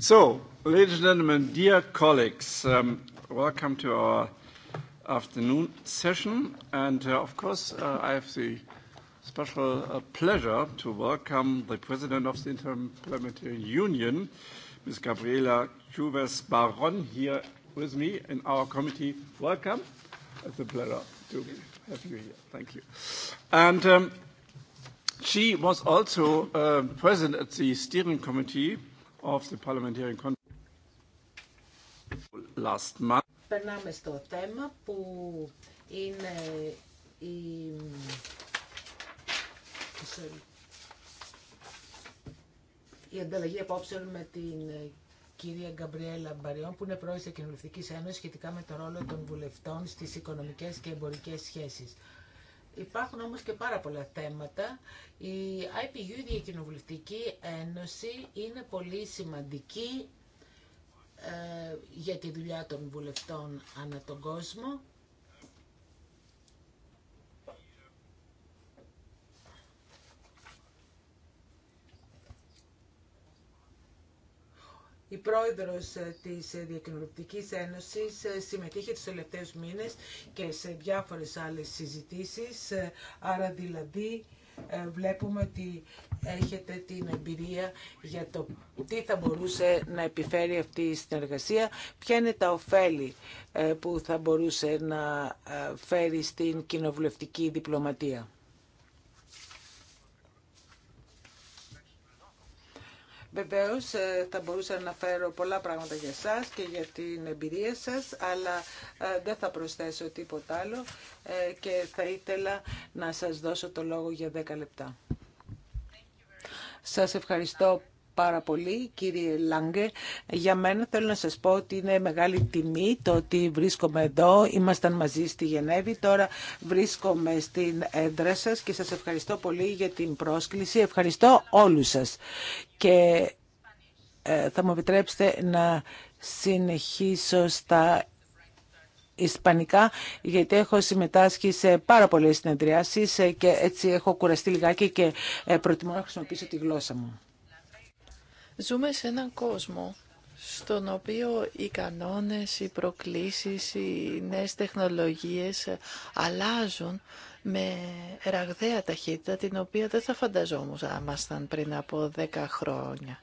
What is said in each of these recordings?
So, ladies and gentlemen, dear colleagues, um welcome to our afternoon session. And of course, I have the special pleasure to welcome the President of the Interparliamentary Union, Ms. Gabriela Chuves Baron, here with me in our committee. Welcome. It's a pleasure to have you here. Thank you. And um she was also present at the steering committee of the Parliamentary last month. Περνάμε στο θέμα που είναι η η ανταλλαγή απόψεων με την ε, κυρία Γκαμπριέλα Μπαριών, που είναι πρόεδρο τη Κοινοβουλευτική Ένωση σχετικά με το ρόλο των βουλευτών στι οικονομικέ και εμπορικέ σχέσει. Υπάρχουν όμως και πάρα πολλά θέματα. Η IPU, η Διακοινοβουλευτική Ένωση, είναι πολύ σημαντική ε, για τη δουλειά των βουλευτών ανά τον κόσμο. Η πρόεδρος ε, της ε, Διακοινωνιστικής Ένωσης ε, συμμετείχε τους τελευταίους μήνες και σε διάφορες άλλες συζητήσεις, άρα δηλαδή βλέπουμε ότι έχετε την εμπειρία για το τι θα μπορούσε να επιφέρει αυτή η συνεργασία, ποια είναι τα ωφέλη που θα μπορούσε να φέρει στην κοινοβουλευτική διπλωματία. Βεβαίως ε, θα μπορούσα να φέρω πολλά πράγματα για σας και για την εμπειρία σας, αλλά ε, δεν θα προσθέσω τίποτα άλλο ε, και θα ήθελα να σας δώσω το λόγο για 10 λεπτά. Σας ευχαριστώ πάρα πολύ κύριε Λάγκε. Για μένα θέλω να σας πω ότι είναι μεγάλη τιμή το ότι βρίσκομαι εδώ. Ήμασταν μαζί στη Γενέβη, τώρα βρίσκομαι στην έντρα σας και σας ευχαριστώ πολύ για την πρόσκληση. Ευχαριστώ όλους σας. Και ε, θα μου επιτρέψετε να συνεχίσω στα ισπανικά, γιατί έχω συμμετάσχει σε πάρα πολλές συνεδριάσεις και έτσι έχω κουραστεί λιγάκι και ε, προτιμώ να χρησιμοποιήσω τη γλώσσα μου. Ζούμε σε έναν κόσμο στον οποίο οι κανόνες, οι προκλήσεις, οι νέες τεχνολογίες αλλάζουν με ραγδαία ταχύτητα την οποία δεν θα φανταζόμουν ήμασταν πριν από 10 χρόνια.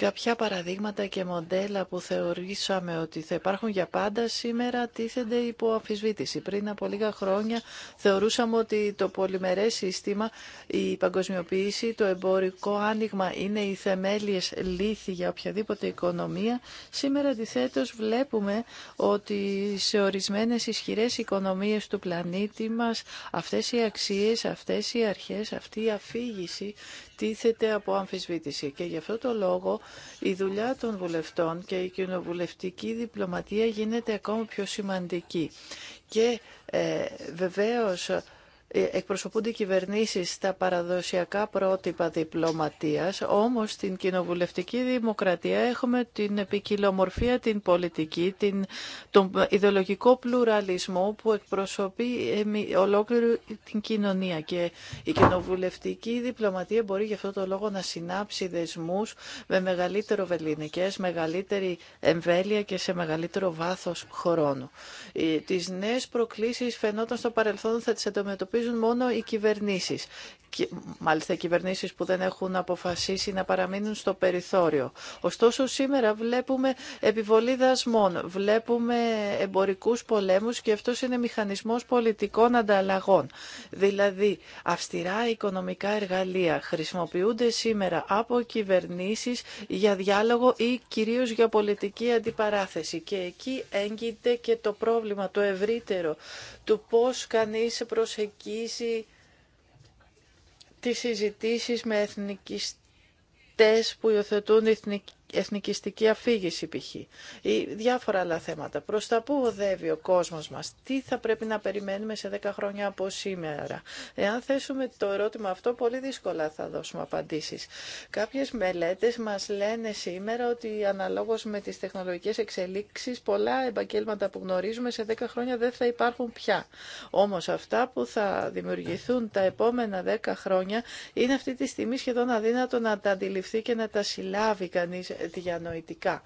Κάποια παραδείγματα και μοντέλα που θεωρήσαμε ότι θα υπάρχουν για πάντα σήμερα τίθενται υπό αμφισβήτηση. Πριν από λίγα χρόνια θεωρούσαμε ότι το πολυμερές σύστημα, η παγκοσμιοποίηση, το εμπορικό άνοιγμα είναι οι θεμέλιες λύθη για οποιαδήποτε οικονομία. Σήμερα αντιθέτω βλέπουμε ότι σε ορισμένες ισχυρές οικονομίες του πλανήτη μας αυτές οι αξίες, αυτές οι αρχές, αυτή η αφήγηση τίθεται από αμφισβήτηση. Και γι' αυτό το λόγο η δουλειά των βουλευτών και η κοινοβουλευτική διπλωματία γίνεται ακόμα πιο σημαντική. Και ε, βεβαίως ε, εκπροσωπούνται οι κυβερνήσεις στα παραδοσιακά πρότυπα διπλωματίας, όμως στην κοινοβουλευτική δημοκρατία έχουμε την επικοινομορφία, την πολιτική, την, τον ιδεολογικό πλουραλισμό που εκπροσωπεί ολόκληρη την κοινωνία και η κοινοβουλευτική διπλωματία μπορεί γι' αυτό το λόγο να συνάψει δεσμούς με μεγαλύτερο βεληνικέ, μεγαλύτερη εμβέλεια και σε μεγαλύτερο βάθο χρόνου. Ε, τις νέες προκλήσει φαινόταν στο παρελθόν θα αντιμετωπίζουν μόνο οι κυβερνήσει. μάλιστα οι κυβερνήσεις που δεν έχουν αποφασίσει να παραμείνουν στο περιθώριο. Ωστόσο σήμερα βλέπουμε επιβολή δασμών, βλέπουμε εμπορικούς πολέμους και αυτός είναι μηχανισμός πολιτικών ανταλλαγών. Δηλαδή αυστηρά οικονομικά εργαλεία χρησιμοποιούνται σήμερα από κυβερνήσεις για διάλογο ή κυρίως για πολιτική αντιπαράθεση. Και εκεί έγκυται και το πρόβλημα το ευρύτερο του πώς κανείς προσεγγίζει τις συζητήσεις με εθνικιστές που υιοθετούν εθνικιστική αφήγηση π.χ. ή διάφορα άλλα θέματα. Προς τα πού οδεύει ο κόσμος μας, τι θα πρέπει να περιμένουμε σε 10 χρόνια από σήμερα. Εάν θέσουμε το ερώτημα αυτό, πολύ δύσκολα θα δώσουμε απαντήσεις. Κάποιες μελέτες μας λένε σήμερα ότι αναλόγως με τις τεχνολογικές εξελίξεις, πολλά επαγγέλματα που γνωρίζουμε σε 10 χρόνια δεν θα υπάρχουν πια. Όμως αυτά που θα δημιουργηθούν τα επόμενα 10 χρόνια είναι αυτή τη στιγμή σχεδόν αδύνατο να τα αντιληφθεί και να τα συλλάβει κανείς διανοητικά.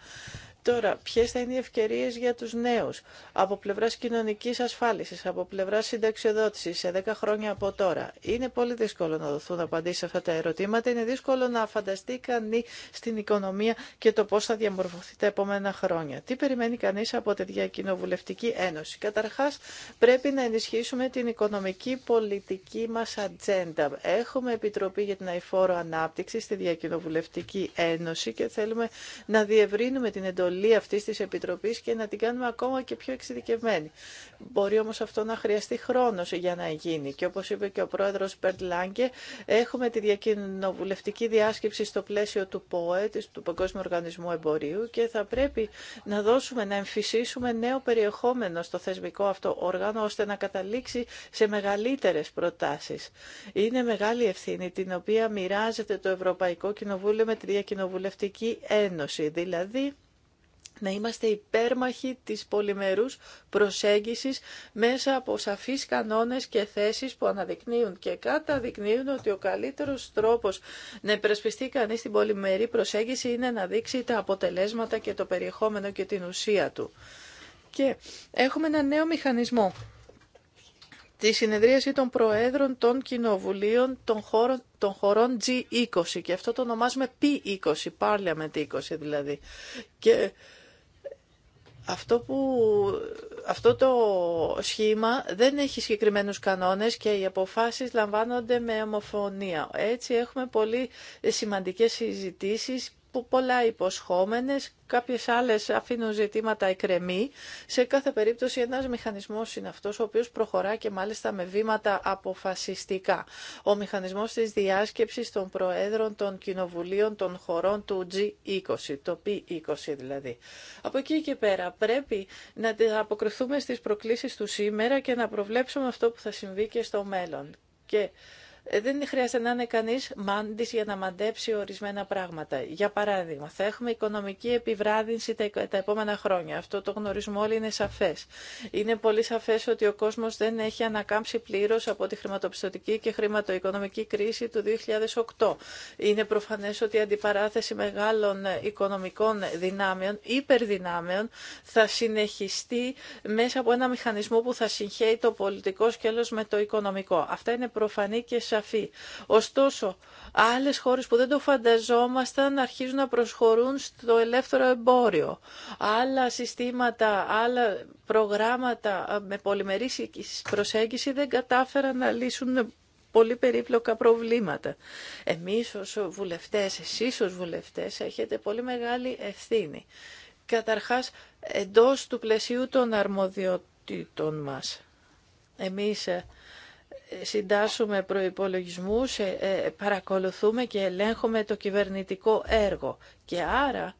Τώρα, ποιε θα είναι οι ευκαιρίε για του νέου από πλευρά κοινωνική ασφάλισης, από πλευρά συνταξιοδότηση σε 10 χρόνια από τώρα. Είναι πολύ δύσκολο να δοθούν απαντήσει σε αυτά τα ερωτήματα. Είναι δύσκολο να φανταστεί κανεί στην οικονομία και το πώ θα διαμορφωθεί τα επόμενα χρόνια. Τι περιμένει κανεί από τη Διακοινοβουλευτική Ένωση. Καταρχά πρέπει να ενισχύσουμε την οικονομική πολιτική μα ατζέντα. Έχουμε Επιτροπή για την Αηφόρο Ανάπτυξη στη Διακοινοβουλευτική Ένωση και θέλουμε να διευρύνουμε την εντολή εντολή αυτή τη Επιτροπή και να την κάνουμε ακόμα και πιο εξειδικευμένη. Μπορεί όμω αυτό να χρειαστεί χρόνο για να γίνει. Και όπω είπε και ο πρόεδρο Μπερτ Λάγκε, έχουμε τη διακοινοβουλευτική διάσκεψη στο πλαίσιο του ΠΟΕ, του Παγκόσμιου Οργανισμού Εμπορίου, και θα πρέπει να δώσουμε, να εμφυσίσουμε νέο περιεχόμενο στο θεσμικό αυτό όργανο, ώστε να καταλήξει σε μεγαλύτερε προτάσει. Είναι μεγάλη ευθύνη την οποία μοιράζεται το Ευρωπαϊκό Κοινοβούλιο με τη Διακοινοβουλευτική Ένωση. Δηλαδή, να είμαστε υπέρμαχοι της πολυμερούς προσέγγισης μέσα από σαφείς κανόνες και θέσεις που αναδεικνύουν και καταδεικνύουν ότι ο καλύτερος τρόπος να υπερασπιστεί κανείς την πολυμερή προσέγγιση είναι να δείξει τα αποτελέσματα και το περιεχόμενο και την ουσία του. Και έχουμε ένα νέο μηχανισμό τη συνεδρίαση των Προέδρων των Κοινοβουλίων των χωρών, των χωρών G20 και αυτό το ονομάζουμε P20, Parliament 20 δηλαδή. Και αυτό, που, αυτό το σχήμα δεν έχει συγκεκριμένους κανόνες και οι αποφάσεις λαμβάνονται με ομοφωνία. Έτσι έχουμε πολύ σημαντικές συζητήσεις που πολλά υποσχόμενες, κάποιες άλλες αφήνουν ζητήματα εκρεμή. Σε κάθε περίπτωση ένας μηχανισμός είναι αυτός ο οποίος προχωρά και μάλιστα με βήματα αποφασιστικά. Ο μηχανισμός της διάσκεψης των προέδρων των κοινοβουλίων των χωρών του G20, το P20 δηλαδή. Από εκεί και πέρα πρέπει να αποκριθούμε στις προκλήσεις του σήμερα και να προβλέψουμε αυτό που θα συμβεί και στο μέλλον. Και ε, δεν χρειάζεται να είναι κανεί μάντη για να μαντέψει ορισμένα πράγματα. Για παράδειγμα, θα έχουμε οικονομική επιβράδυνση τα επόμενα χρόνια. Αυτό το γνωρίζουμε όλοι, είναι σαφέ. Είναι πολύ σαφέ ότι ο κόσμο δεν έχει ανακάμψει πλήρω από τη χρηματοπιστωτική και χρηματοοικονομική κρίση του 2008. Είναι προφανέ ότι η αντιπαράθεση μεγάλων ε, οικονομικών δυνάμεων, υπερδυνάμεων, θα συνεχιστεί μέσα από ένα μηχανισμό που θα συγχαίει το πολιτικό σκέλο με το οικονομικό. Αυτά είναι προφανή και σαφή. Ωστόσο, άλλε χώρε που δεν το φανταζόμασταν αρχίζουν να προσχωρούν στο ελεύθερο εμπόριο. Άλλα συστήματα, άλλα προγράμματα με πολυμερή προσέγγιση δεν κατάφεραν να λύσουν πολύ περίπλοκα προβλήματα. Εμείς ως βουλευτές, εσείς ως βουλευτές έχετε πολύ μεγάλη ευθύνη. Καταρχάς εντός του πλαισίου των αρμοδιοτήτων μας. Εμείς ε, συντάσσουμε προϋπολογισμούς, ε, ε, παρακολουθούμε και ελέγχουμε το κυβερνητικό έργο. Και άρα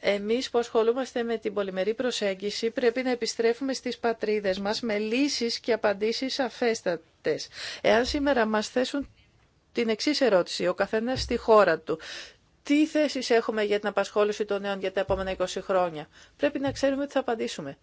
εμείς που ασχολούμαστε με την πολυμερή προσέγγιση πρέπει να επιστρέφουμε στις πατρίδες μας με λύσεις και απαντήσεις αφέστατες. Εάν σήμερα μας θέσουν την εξής ερώτηση, ο καθένας στη χώρα του, τι θέσεις έχουμε για την απασχόληση των νέων για τα επόμενα 20 χρόνια, πρέπει να ξέρουμε τι θα απαντήσουμε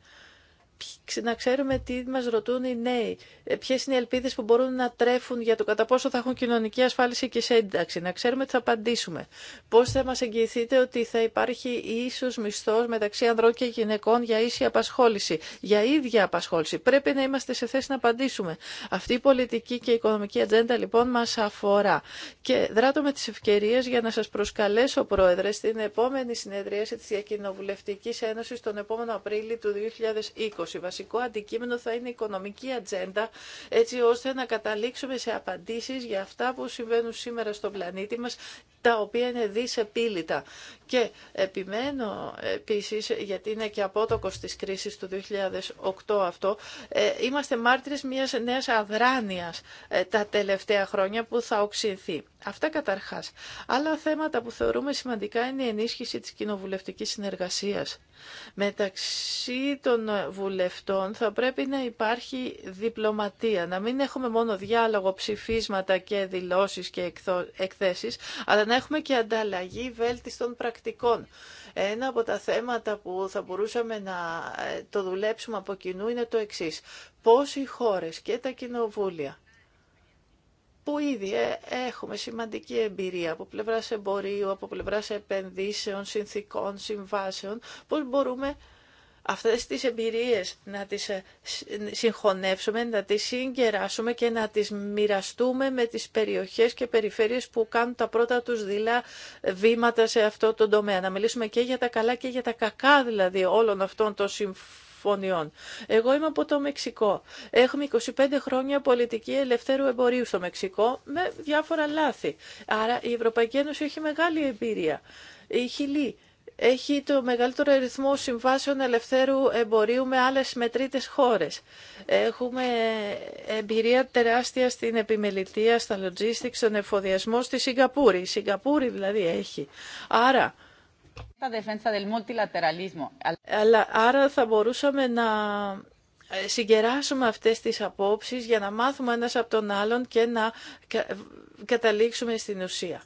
να ξέρουμε τι μας ρωτούν οι νέοι, ε, ποιες είναι οι ελπίδες που μπορούν να τρέφουν για το κατά πόσο θα έχουν κοινωνική ασφάλιση και σύνταξη, να ξέρουμε τι θα απαντήσουμε, πώς θα μας εγγυηθείτε ότι θα υπάρχει ίσως μισθός μεταξύ ανδρών και γυναικών για ίση απασχόληση, για ίδια απασχόληση. Πρέπει να είμαστε σε θέση να απαντήσουμε. Αυτή η πολιτική και η οικονομική ατζέντα λοιπόν μας αφορά. Και δράτω με τις ευκαιρίες για να σας προσκαλέσω, Πρόεδρε, στην επόμενη συνεδρίαση της Διακοινοβουλευτικής Ένωσης τον επόμενο Απρίλιο του 2020. 2020. Βασικό αντικείμενο θα είναι η οικονομική ατζέντα, έτσι ώστε να καταλήξουμε σε απαντήσεις για αυτά που συμβαίνουν σήμερα στον πλανήτη μας, τα οποία είναι δυσεπίλητα. Και επιμένω επίσης, γιατί είναι και απότοκος της κρίσης του 2008 αυτό, ε, είμαστε μάρτυρες μιας νέας αδράνειας ε, τα τελευταία χρόνια που θα οξυνθεί. Αυτά καταρχάς. Άλλα θέματα που θεωρούμε σημαντικά είναι η ενίσχυση της κοινοβουλευτική συνεργασίας. Μεταξύ των βουλευτών θα πρέπει να υπάρχει διπλωματία, να μην έχουμε μόνο διάλογο, ψηφίσματα και δηλώσεις και εκθέσεις, αλλά να έχουμε και ανταλλαγή βέλτιστων πρακτικών. Ένα από τα θέματα που θα μπορούσαμε να ε, το δουλέψουμε από κοινού είναι το εξή. Πώς οι χώρες και τα κοινοβούλια που ήδη ε, έχουμε σημαντική εμπειρία από πλευράς εμπορίου, από πλευράς επενδύσεων, συνθήκων, συμβάσεων, πώς μπορούμε αυτές τις εμπειρίες να τις ε, συγχωνεύσουμε, να τις συγκεράσουμε και να τις μοιραστούμε με τις περιοχές και περιφέρειες που κάνουν τα πρώτα τους δειλά βήματα σε αυτό το τομέα. Να μιλήσουμε και για τα καλά και για τα κακά δηλαδή όλων αυτών των συμφώνων φωνιών. Εγώ είμαι από το Μεξικό. Έχουμε 25 χρόνια πολιτική ελευθέρου εμπορίου στο Μεξικό με διάφορα λάθη. Άρα η Ευρωπαϊκή Ένωση έχει μεγάλη εμπειρία. Η Χιλή έχει το μεγαλύτερο αριθμό συμβάσεων ελευθέρου εμπορίου με άλλες μετρήτες χώρες. Έχουμε εμπειρία τεράστια στην επιμελητία, στα logistics, στον εφοδιασμό στη Σιγκαπούρη. Η Σιγκαπούρη δηλαδή έχει. Άρα αλλά άρα θα μπορούσαμε να ε, συγκεράσουμε αυτές τις απόψεις για να μάθουμε ένας από τον άλλον και να καταλήξουμε στην ουσία.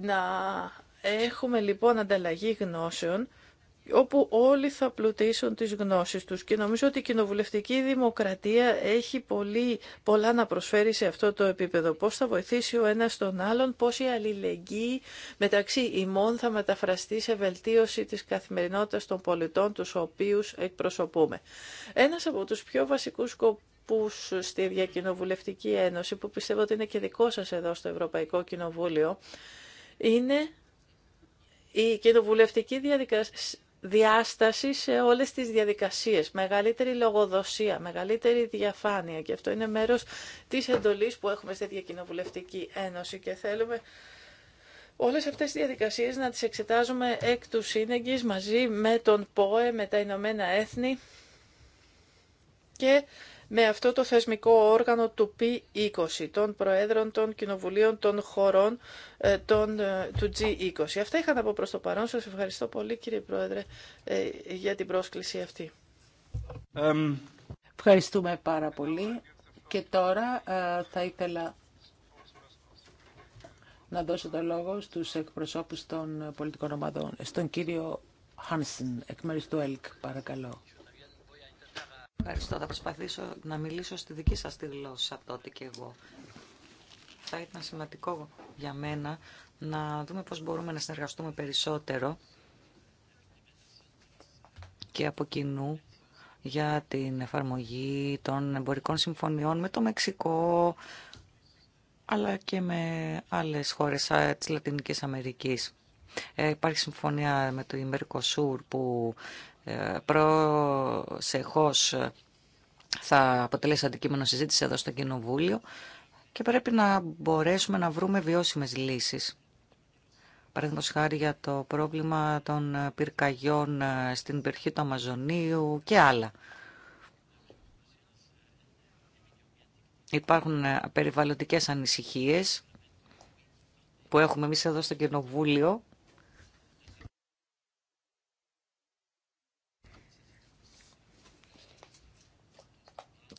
Να έχουμε λοιπόν ανταλλαγή γνώσεων όπου όλοι θα πλουτίσουν τις γνώσεις τους. Και νομίζω ότι η κοινοβουλευτική δημοκρατία έχει πολύ, πολλά να προσφέρει σε αυτό το επίπεδο. Πώς θα βοηθήσει ο ένας τον άλλον, πώς η αλληλεγγύη μεταξύ ημών θα μεταφραστεί σε βελτίωση της καθημερινότητας των πολιτών, τους οποίους εκπροσωπούμε. Ένας από τους πιο βασικούς σκοπούς στη Διακοινοβουλευτική Ένωση, που πιστεύω ότι είναι και δικό σας εδώ στο Ευρωπαϊκό Κοινοβούλιο, είναι η κοινοβουλευτική διαδικασία διάσταση σε όλες τις διαδικασίες, μεγαλύτερη λογοδοσία, μεγαλύτερη διαφάνεια και αυτό είναι μέρος της εντολής που έχουμε στη Διακοινοβουλευτική Ένωση και θέλουμε όλες αυτές τις διαδικασίες να τις εξετάζουμε εκ του σύνεγγυς μαζί με τον ΠΟΕ, με τα Ηνωμένα Έθνη και με αυτό το θεσμικό όργανο του P20, των Προέδρων των Κοινοβουλίων των Χωρών ε, των, ε, του G20. Αυτά είχα να πω προς το παρόν. Σας ευχαριστώ πολύ κύριε Πρόεδρε ε, για την πρόσκληση αυτή. Ευχαριστούμε πάρα πολύ. Και τώρα θα ήθελα να δώσω το λόγο στους εκπροσώπους των πολιτικών ομάδων. Στον κύριο Χάνσεν, εκ μέρους του ΕΛΚ, παρακαλώ. Ευχαριστώ. Θα προσπαθήσω να μιλήσω στη δική σας τη γλώσσα τότε και εγώ. Θα ήταν σημαντικό για μένα να δούμε πώς μπορούμε να συνεργαστούμε περισσότερο και από κοινού για την εφαρμογή των εμπορικών συμφωνιών με το Μεξικό αλλά και με άλλες χώρες της Λατινικής Αμερικής. Ε, υπάρχει συμφωνία με το Ιμερικοσούρ που ε, προσεχώς ε, θα αποτελέσει αντικείμενο συζήτηση εδώ στο Κοινοβούλιο και πρέπει να μπορέσουμε να βρούμε βιώσιμες λύσεις. Παραδείγματο χάρη για το πρόβλημα των ε, πυρκαγιών στην περιοχή του Αμαζονίου και άλλα. Υπάρχουν περιβαλλοντικές ανησυχίες που έχουμε εμείς εδώ στο Κοινοβούλιο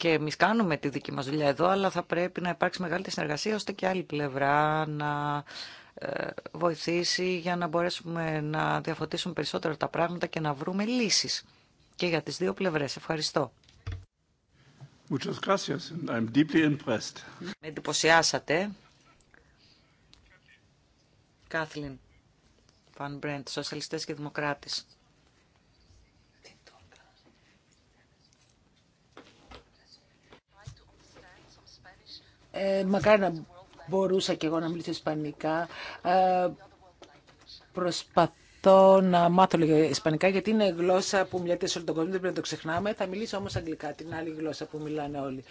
και εμείς κάνουμε τη δική μας δουλειά εδώ, αλλά θα πρέπει να υπάρξει μεγαλύτερη συνεργασία ώστε και άλλη πλευρά να ε, βοηθήσει για να μπορέσουμε να διαφωτίσουμε περισσότερο τα πράγματα και να βρούμε λύσεις και για τις δύο πλευρές. Ευχαριστώ. Με εντυπωσιάσατε. Κάθλιν Φαν Σοσιαλιστές και Δημοκράτης. Ε, μακάρι να μπορούσα και εγώ να μιλήσω ισπανικά. Ε, προσπαθώ να μάθω λίγο Ισπανικά, γιατί είναι γλώσσα που μιλάτε σε όλο τον κόσμο, δεν πρέπει να το ξεχνάμε. Θα μιλήσω όμως Αγγλικά, την άλλη γλώσσα που μιλάνε όλοι.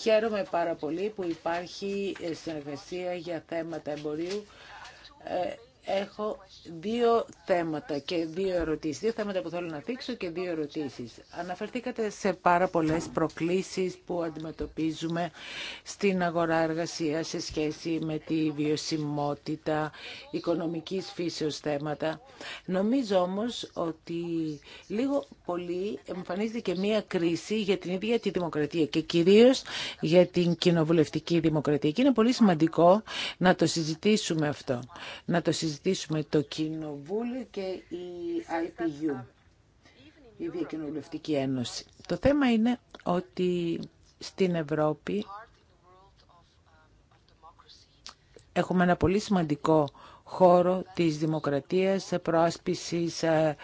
Χαίρομαι πάρα πολύ που υπάρχει συνεργασία για θέματα εμπορίου. Ε, Έχω δύο θέματα και δύο ερωτήσεις. Δύο θέματα που θέλω να θίξω και δύο ερωτήσεις. Αναφερθήκατε σε πάρα πολλές προκλήσεις που αντιμετωπίζουμε στην αγορά εργασία σε σχέση με τη βιωσιμότητα, οικονομικής φύσεως θέματα. Νομίζω όμως ότι λίγο πολύ εμφανίζεται και μία κρίση για την ίδια τη δημοκρατία και κυρίως για την κοινοβουλευτική δημοκρατία. Και είναι πολύ σημαντικό να το συζητήσουμε αυτό. Να το συζητήσουμε το Κοινοβούλιο και η IPU, η Διακοινοβουλευτική Ένωση. Το θέμα είναι ότι στην Ευρώπη έχουμε ένα πολύ σημαντικό χώρο της δημοκρατίας, προάσπισης ε,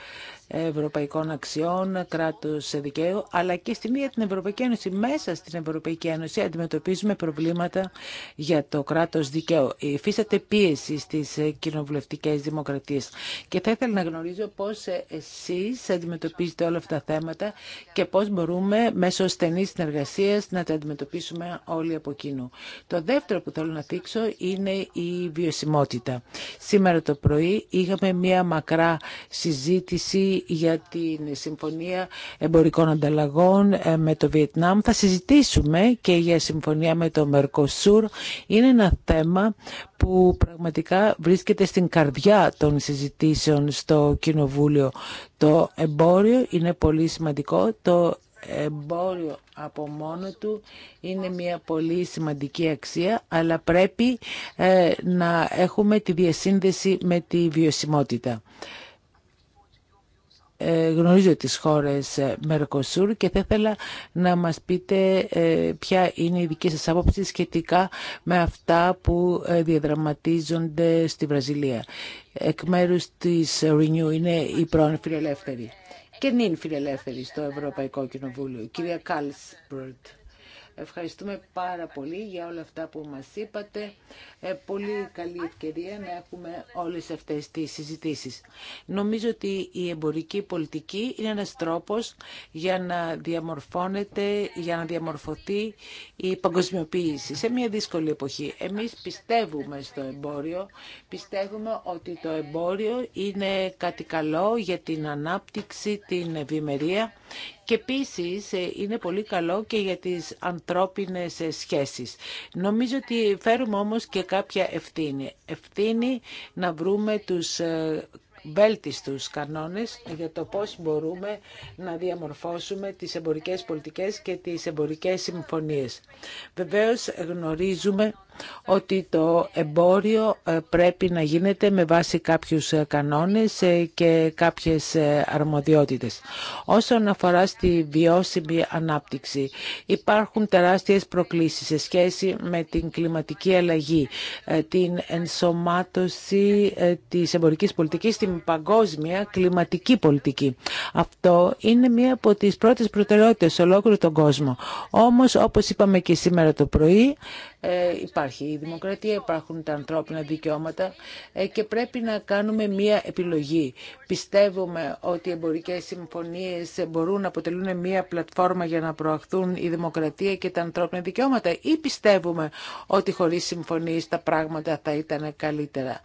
ευρωπαϊκών αξιών, κράτους δικαίου, αλλά και στη μία την Ευρωπαϊκή Ένωση. Μέσα στην Ευρωπαϊκή Ένωση αντιμετωπίζουμε προβλήματα για το κράτος δικαίου. Φύσατε πίεση στις κοινοβουλευτικές δημοκρατίες. Και θα ήθελα να γνωρίζω πώς εσείς αντιμετωπίζετε όλα αυτά τα θέματα και πώς μπορούμε μέσω στενής συνεργασίας να τα αντιμετωπίσουμε όλοι από κοινού. Το δεύτερο που θέλω να θίξω είναι η βιωσιμότητα. Σήμερα το πρωί είχαμε μία μακρά συζήτηση για την Συμφωνία Εμπορικών Ανταλλαγών ε, με το Βιετνάμ. Θα συζητήσουμε και για συμφωνία με το Μερκοσούρ. Είναι ένα θέμα που πραγματικά βρίσκεται στην καρδιά των συζητήσεων στο Κοινοβούλιο. Το εμπόριο είναι πολύ σημαντικό. Το εμπόριο από μόνο του είναι μια πολύ σημαντική αξία, αλλά πρέπει ε, να έχουμε τη διασύνδεση με τη βιωσιμότητα γνωρίζω τις χώρες ε, Μερκοσούρ και θα ήθελα να μας πείτε ε, ποια είναι η δική σας άποψη σχετικά με αυτά που ε, διαδραματίζονται στη Βραζιλία. Εκ μέρους της Renew είναι η πρώην φιλελεύθερη και νυν φιλελεύθερη στο Ευρωπαϊκό Κοινοβούλιο. Κυρία Κάλσπρουρτ. Ευχαριστούμε πάρα πολύ για όλα αυτά που μας είπατε. Ε, πολύ καλή ευκαιρία να έχουμε όλες αυτές τις συζητήσεις. Νομίζω ότι η εμπορική πολιτική είναι ένας τρόπος για να διαμορφώνεται, για να διαμορφωθεί η παγκοσμιοποίηση σε μια δύσκολη εποχή. Εμείς πιστεύουμε στο εμπόριο, πιστεύουμε ότι το εμπόριο είναι κάτι καλό για την ανάπτυξη, την ευημερία και επίση ε, είναι πολύ καλό και για τις ανθρώπινες ε, σχέσεις. Νομίζω ότι φέρουμε όμως και κάποια ευθύνη. Ευθύνη να βρούμε τους ε, βέλτιστους κανόνες για το πώς μπορούμε να διαμορφώσουμε τις εμπορικές πολιτικές και τις εμπορικές συμφωνίες. Βεβαίως γνωρίζουμε ότι το εμπόριο ε, πρέπει να γίνεται με βάση κάποιους ε, κανόνες ε, και κάποιες αρμοδιότητες. Όσον αφορά στη βιώσιμη ανάπτυξη, υπάρχουν τεράστιες προκλήσεις σε σχέση με την κλιματική αλλαγή, την ενσωμάτωση της εμπορικής πολιτικής στην παγκόσμια κλιματική πολιτική. Αυτό είναι μία από τις πρώτες προτεραιότητες σε ολόκληρο τον κόσμο. Όμως, όπως είπαμε και σήμερα το πρωί, ε, υπάρχει η δημοκρατία, υπάρχουν τα ανθρώπινα δικαιώματα ε, και πρέπει να κάνουμε μία επιλογή. Πιστεύουμε ότι οι εμπορικές συμφωνίες ε, μπορούν να αποτελούν μία πλατφόρμα για να προαχθούν η δημοκρατία και τα ανθρώπινα δικαιώματα ή πιστεύουμε ότι χωρίς συμφωνίες τα πράγματα θα ήταν καλύτερα.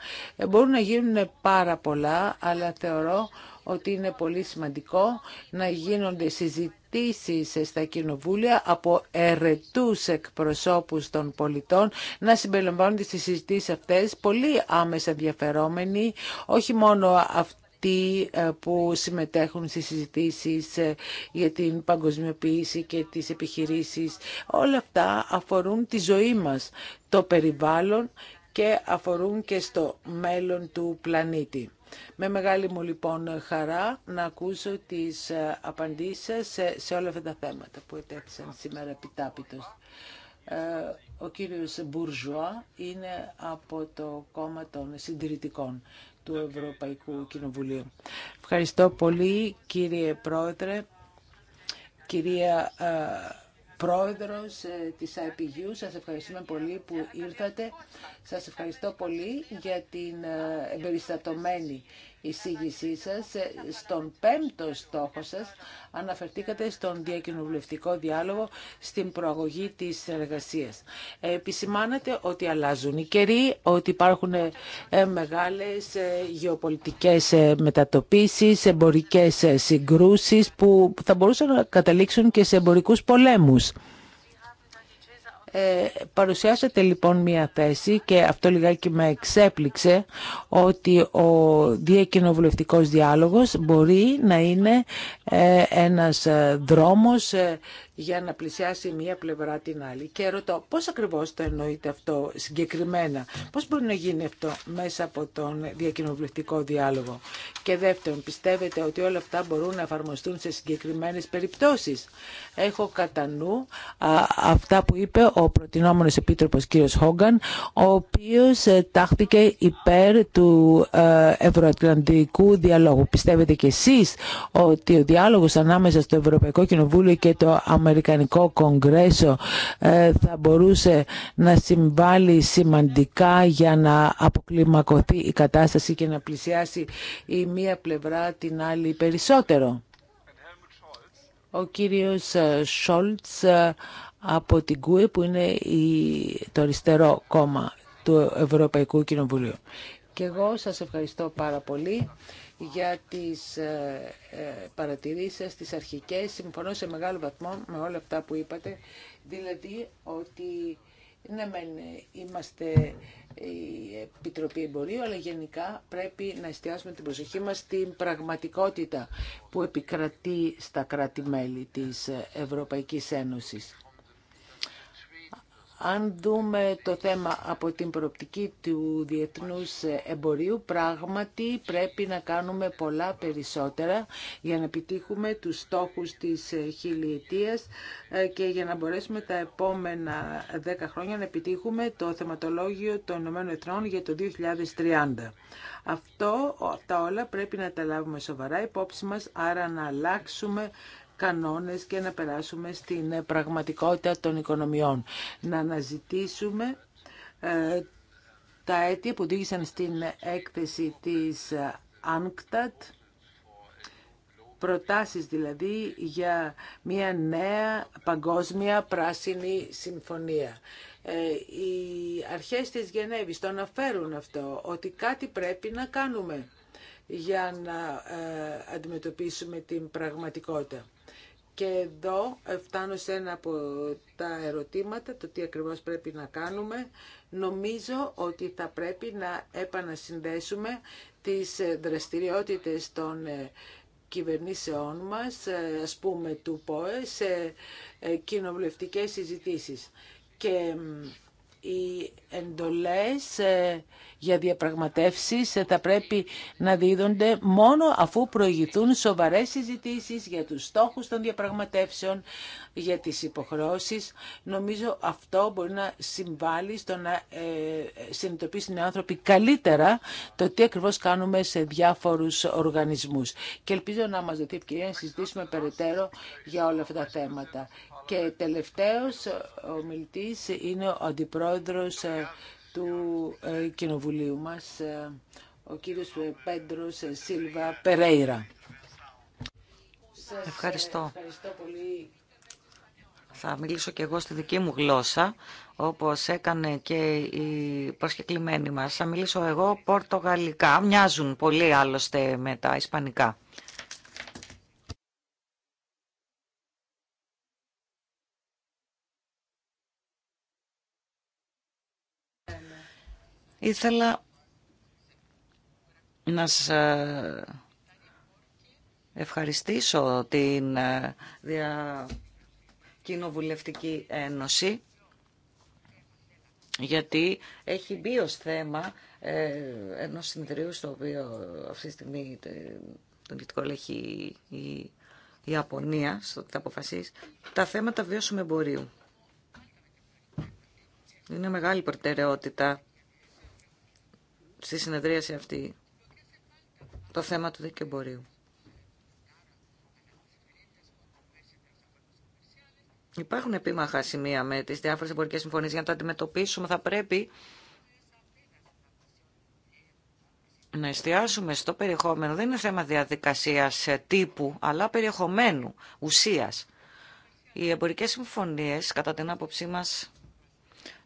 Μπορούν να γίνουν πάρα πολλά, αλλά θεωρώ ότι είναι πολύ σημαντικό να γίνονται συζητήσεις στα κοινοβούλια από ερετούς εκπροσώπους των πολιτών να συμπεριλαμβάνονται στις συζητήσεις αυτές πολύ άμεσα ενδιαφερόμενοι, όχι μόνο αυτοί ε, που συμμετέχουν στις συζητήσεις ε, για την παγκοσμιοποίηση και τις επιχειρήσεις. Όλα αυτά αφορούν τη ζωή μας, το περιβάλλον και αφορούν και στο μέλλον του πλανήτη. Με μεγάλη μου λοιπόν χαρά να ακούσω τις ε, απαντήσεις σε, όλα αυτά τα θέματα που ετέθησαν σήμερα επιτάπητος. Ε, ο κύριος Μπουρζουά είναι από το κόμμα των συντηρητικών του Ευρωπαϊκού Κοινοβουλίου. Ευχαριστώ πολύ κύριε Πρόεδρε, κυρία ε, πρόεδρος ε, της IPU. Σας ευχαριστούμε πολύ που ήρθατε. Σας ευχαριστώ πολύ για την ε, εμπεριστατωμένη εισήγησή σα ε, στον πέμπτο στόχο σας αναφερθήκατε στον διακοινοβουλευτικό διάλογο στην προαγωγή της εργασίας. Επισημάνατε ότι αλλάζουν οι καιροί, ότι υπάρχουν ε, ε, μεγάλες γεωπολιτικές μετατοπίσεις, εμπορικές συγκρούσεις που θα μπορούσαν να καταλήξουν και σε εμπορικούς πολέμους. Ε, παρουσιάσατε λοιπόν μια θέση και αυτό λιγάκι με εξέπληξε ότι ο διακοινοβουλευτικός διάλογος μπορεί να είναι ε, ένας ε, δρόμος ε, για να πλησιάσει μία πλευρά την άλλη. Και ρωτώ πώς ακριβώς το εννοείται αυτό συγκεκριμένα. Πώς μπορεί να γίνει αυτό μέσα από τον διακοινοβουλευτικό διάλογο. Και δεύτερον, πιστεύετε ότι όλα αυτά μπορούν να εφαρμοστούν σε συγκεκριμένες περιπτώσεις. Έχω κατά αυτά που είπε ο ο προτινόμενος επίτροπος κύριος Χόγκαν, ο οποίος ε, τάχθηκε υπέρ του ε, ευρωατλαντικού διαλόγου. Πιστεύετε κι εσείς ότι ο διάλογος ανάμεσα στο Ευρωπαϊκό Κοινοβούλιο και το Αμερικανικό Κογκρέσο ε, θα μπορούσε να συμβάλλει σημαντικά για να αποκλιμακωθεί η κατάσταση και να πλησιάσει η μία πλευρά την άλλη περισσότερο. Ο κύριος Σόλτς από την ΚΟΕ που είναι το αριστερό κόμμα του Ευρωπαϊκού Κοινοβουλίου. Και εγώ σας ευχαριστώ πάρα πολύ για τις ε, ε, παρατηρήσεις σας, τις αρχικές. Συμφωνώ σε μεγάλο βαθμό με όλα αυτά που είπατε. Δηλαδή ότι ναι, μεν είμαστε η Επιτροπή Εμπορίου, αλλά γενικά πρέπει να εστιάσουμε την προσοχή μας στην πραγματικότητα που επικρατεί στα κράτη-μέλη της Ευρωπαϊκής Ένωσης. Αν δούμε το θέμα από την προοπτική του διεθνούς εμπορίου, πράγματι πρέπει να κάνουμε πολλά περισσότερα για να επιτύχουμε τους στόχους της χιλιετίας ε, και για να μπορέσουμε τα επόμενα δέκα χρόνια να επιτύχουμε το θεματολόγιο των ΗΕ για το 2030. Αυτό, όλα πρέπει να τα λάβουμε σοβαρά υπόψη μας, άρα να αλλάξουμε κανόνες και να περάσουμε στην πραγματικότητα των οικονομιών. Να αναζητήσουμε ε, τα αίτια που οδήγησαν στην έκθεση της ΑΝΚΤΑΤ, προτάσεις δηλαδή για μια νέα παγκόσμια πράσινη συμφωνία. Ε, οι αρχές της Γενέβης το αναφέρουν αυτό, ότι κάτι πρέπει να κάνουμε για να ε, αντιμετωπίσουμε την πραγματικότητα. Και εδώ ε, φτάνω σε ένα από τα ερωτήματα, το τι ακριβώς πρέπει να κάνουμε. Νομίζω ότι θα πρέπει να επανασυνδέσουμε τις ε, δραστηριότητες των ε, κυβερνήσεών μας, ας πούμε του ΠΟΕ, σε κοινοβουλευτικές συζητήσεις. Και οι εντολές ε, για διαπραγματεύσεις ε, θα πρέπει να δίδονται μόνο αφού προηγηθούν σοβαρές συζητήσεις για τους στόχους των διαπραγματεύσεων, για τις υποχρεώσεις. Νομίζω αυτό μπορεί να συμβάλλει στο να ε, συνειδητοποιήσουν οι άνθρωποι καλύτερα το τι ακριβώς κάνουμε σε διάφορους οργανισμούς. Και ελπίζω να μας δοθεί ευκαιρία να συζητήσουμε περαιτέρω για όλα αυτά τα θέματα. Και τελευταίος ο μιλητής είναι ο αντιπρόεδρος ε, του ε, κοινοβουλίου μας, ε, ο κύριος Πέντρος Σίλβα Περέιρα. ευχαριστώ. Θα μιλήσω και εγώ στη δική μου γλώσσα, όπως έκανε και η προσκεκλημένη μας. Θα μιλήσω εγώ πορτογαλικά. Μοιάζουν πολύ άλλωστε με τα ισπανικά. Ήθελα να σας ε, ευχαριστήσω την ε, Κοινοβουλευτική Ένωση γιατί έχει μπει ως θέμα ε, ενός συνεδρίου στο οποίο αυτή τη στιγμή τον δυτικό έχει η Ιαπωνία, στο ότι θα αποφασίσει, τα θέματα βιώσιμου εμπορίου. Είναι μεγάλη προτεραιότητα στη συνεδρίαση αυτή το θέμα του δικαιομπορίου. Υπάρχουν επίμαχα σημεία με τις διάφορες εμπορικές συμφωνίες. Για να τα αντιμετωπίσουμε θα πρέπει να εστιάσουμε στο περιεχόμενο. Δεν είναι θέμα διαδικασίας τύπου, αλλά περιεχομένου, ουσίας. Οι εμπορικές συμφωνίες, κατά την άποψή μας,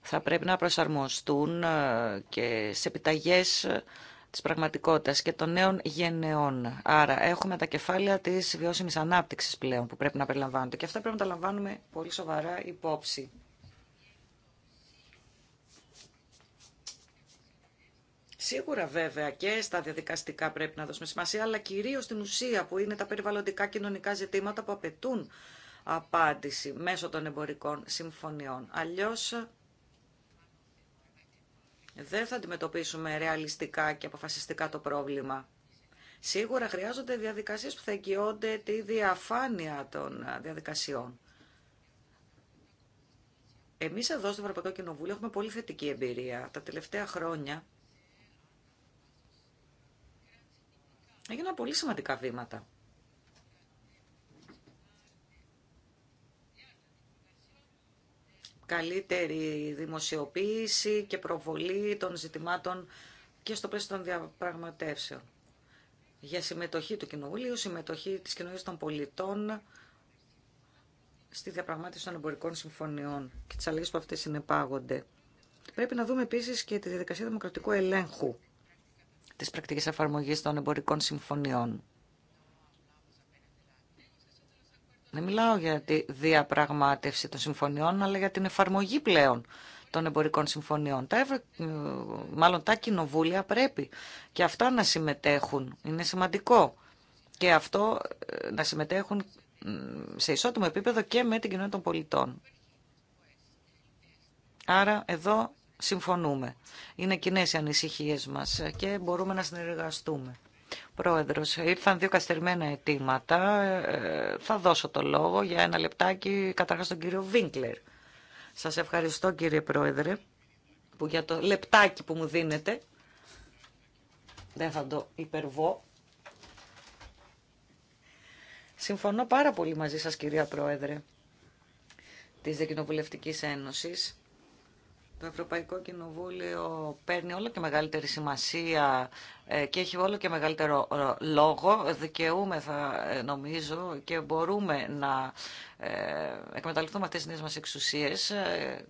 θα πρέπει να προσαρμοστούν ε, και σε επιταγές ε, της πραγματικότητας και των νέων γενεών. Άρα έχουμε τα κεφάλαια της βιώσιμης ανάπτυξης πλέον που πρέπει να περιλαμβάνονται και αυτά πρέπει να τα λαμβάνουμε πολύ σοβαρά υπόψη. Σίγουρα βέβαια και στα διαδικαστικά πρέπει να δώσουμε σημασία, αλλά κυρίως στην ουσία που είναι τα περιβαλλοντικά κοινωνικά ζητήματα που απαιτούν απάντηση μέσω των εμπορικών συμφωνιών. Αλλιώς δεν θα αντιμετωπίσουμε ρεαλιστικά και αποφασιστικά το πρόβλημα. Σίγουρα χρειάζονται διαδικασίες που θα εγγυώνται τη διαφάνεια των διαδικασιών. Εμείς εδώ στο Ευρωπαϊκό Κοινοβούλιο έχουμε πολύ θετική εμπειρία. Τα τελευταία χρόνια έγιναν πολύ σημαντικά βήματα καλύτερη δημοσιοποίηση και προβολή των ζητημάτων και στο πλαίσιο των διαπραγματεύσεων. Για συμμετοχή του Κοινοβουλίου, συμμετοχή της κοινωνίας των πολιτών στη διαπραγμάτευση των εμπορικών συμφωνιών και τις αλλαγές που αυτές συνεπάγονται. Πρέπει να δούμε επίσης και τη διαδικασία δημοκρατικού ελέγχου της πρακτικής εφαρμογής των εμπορικών συμφωνιών. Δεν μιλάω για τη διαπραγμάτευση των συμφωνιών, αλλά για την εφαρμογή πλέον των εμπορικών συμφωνιών. Τα Μάλλον τα κοινοβούλια πρέπει και αυτά να συμμετέχουν. Είναι σημαντικό. Και αυτό ε, να συμμετέχουν σε ισότιμο επίπεδο και με την κοινότητα των πολιτών. Άρα εδώ συμφωνούμε. Είναι κοινέ οι ανησυχίες μας και μπορούμε να συνεργαστούμε. Πρόεδρος, ήρθαν δύο καστερμένα αιτήματα. Ε, θα δώσω το λόγο για ένα λεπτάκι, καταρχάς τον κύριο Βίνκλερ. Σας ευχαριστώ κύριε Πρόεδρε, που για το λεπτάκι που μου δίνετε, δεν θα το υπερβώ. Συμφωνώ πάρα πολύ μαζί σας κυρία Πρόεδρε της Δεκοινοβουλευτικής Ένωσης. Το Ευρωπαϊκό Κοινοβούλιο παίρνει όλο και μεγαλύτερη σημασία ε, και έχει όλο και μεγαλύτερο ε, λόγο. θα ε, νομίζω, και μπορούμε να εκμεταλλευτούμε αυτές τις νέες μας εξουσίες.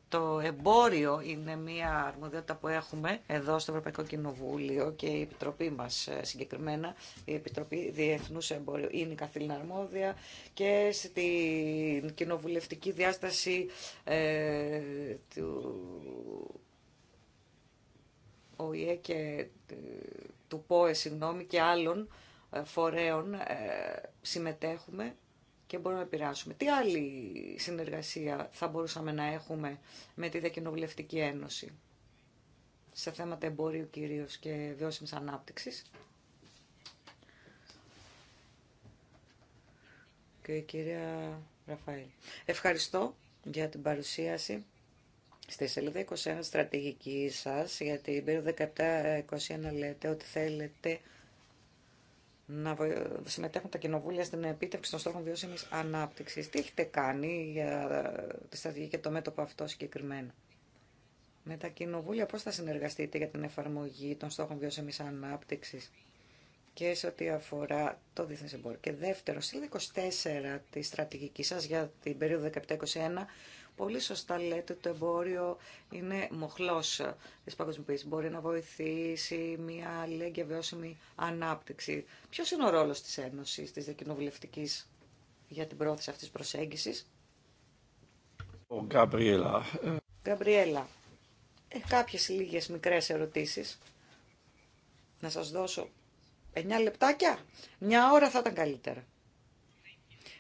Το εμπόριο είναι μια αρμοδιότητα που έχουμε εδώ στο Ευρωπαϊκό Κοινοβούλιο και η Επιτροπή μας συγκεκριμένα, η Επιτροπή Διεθνούς Εμπόριου είναι η καθήλυνα αρμόδια και στην κοινοβουλευτική διάσταση του ΟΗΕ και του ΠΟΕ συγγνώμη, και άλλων ε, φορέων ε, συμμετέχουμε και μπορούμε να επηρεάσουμε. Τι άλλη συνεργασία θα μπορούσαμε να έχουμε με τη Διακοινοβουλευτική Ένωση σε θέματα εμπορίου κυρίως και βιώσιμης ανάπτυξης. Και η κυρία Ραφαήλ. Ευχαριστώ για την παρουσίαση Στη σελίδα 21 στρατηγική σας για την περίοδο 17-21 λέτε ότι θέλετε να συμμετέχουν τα κοινοβούλια στην επίτευξη των στόχων βιώσιμης ανάπτυξη. Τι έχετε κάνει για τη στρατηγική και το μέτωπο αυτό συγκεκριμένα. Με τα κοινοβούλια πώς θα συνεργαστείτε για την εφαρμογή των στόχων βιώσιμη ανάπτυξης και σε ό,τι αφορά το διεθνές εμπόριο. Και δεύτερο, σελίδα 24 τη στρατηγική σας για την περίοδο 17-21 Πολύ σωστά λέτε ότι το εμπόριο είναι μοχλός τη παγκοσμιοποίησης. Μπορεί να βοηθήσει μια αλληλέγγυα βιώσιμη ανάπτυξη. Ποιο είναι ο ρόλο τη ένωση τη Δεκοινοβουλευτική, για την πρόθεση αυτή τη προσέγγιση. Ο Γκαμπριέλα. Γκαμπριέλα, ε, κάποιες λίγες μικρές ερωτήσεις. Να σας δώσω 9 λεπτάκια. Μια ώρα θα ήταν καλύτερα.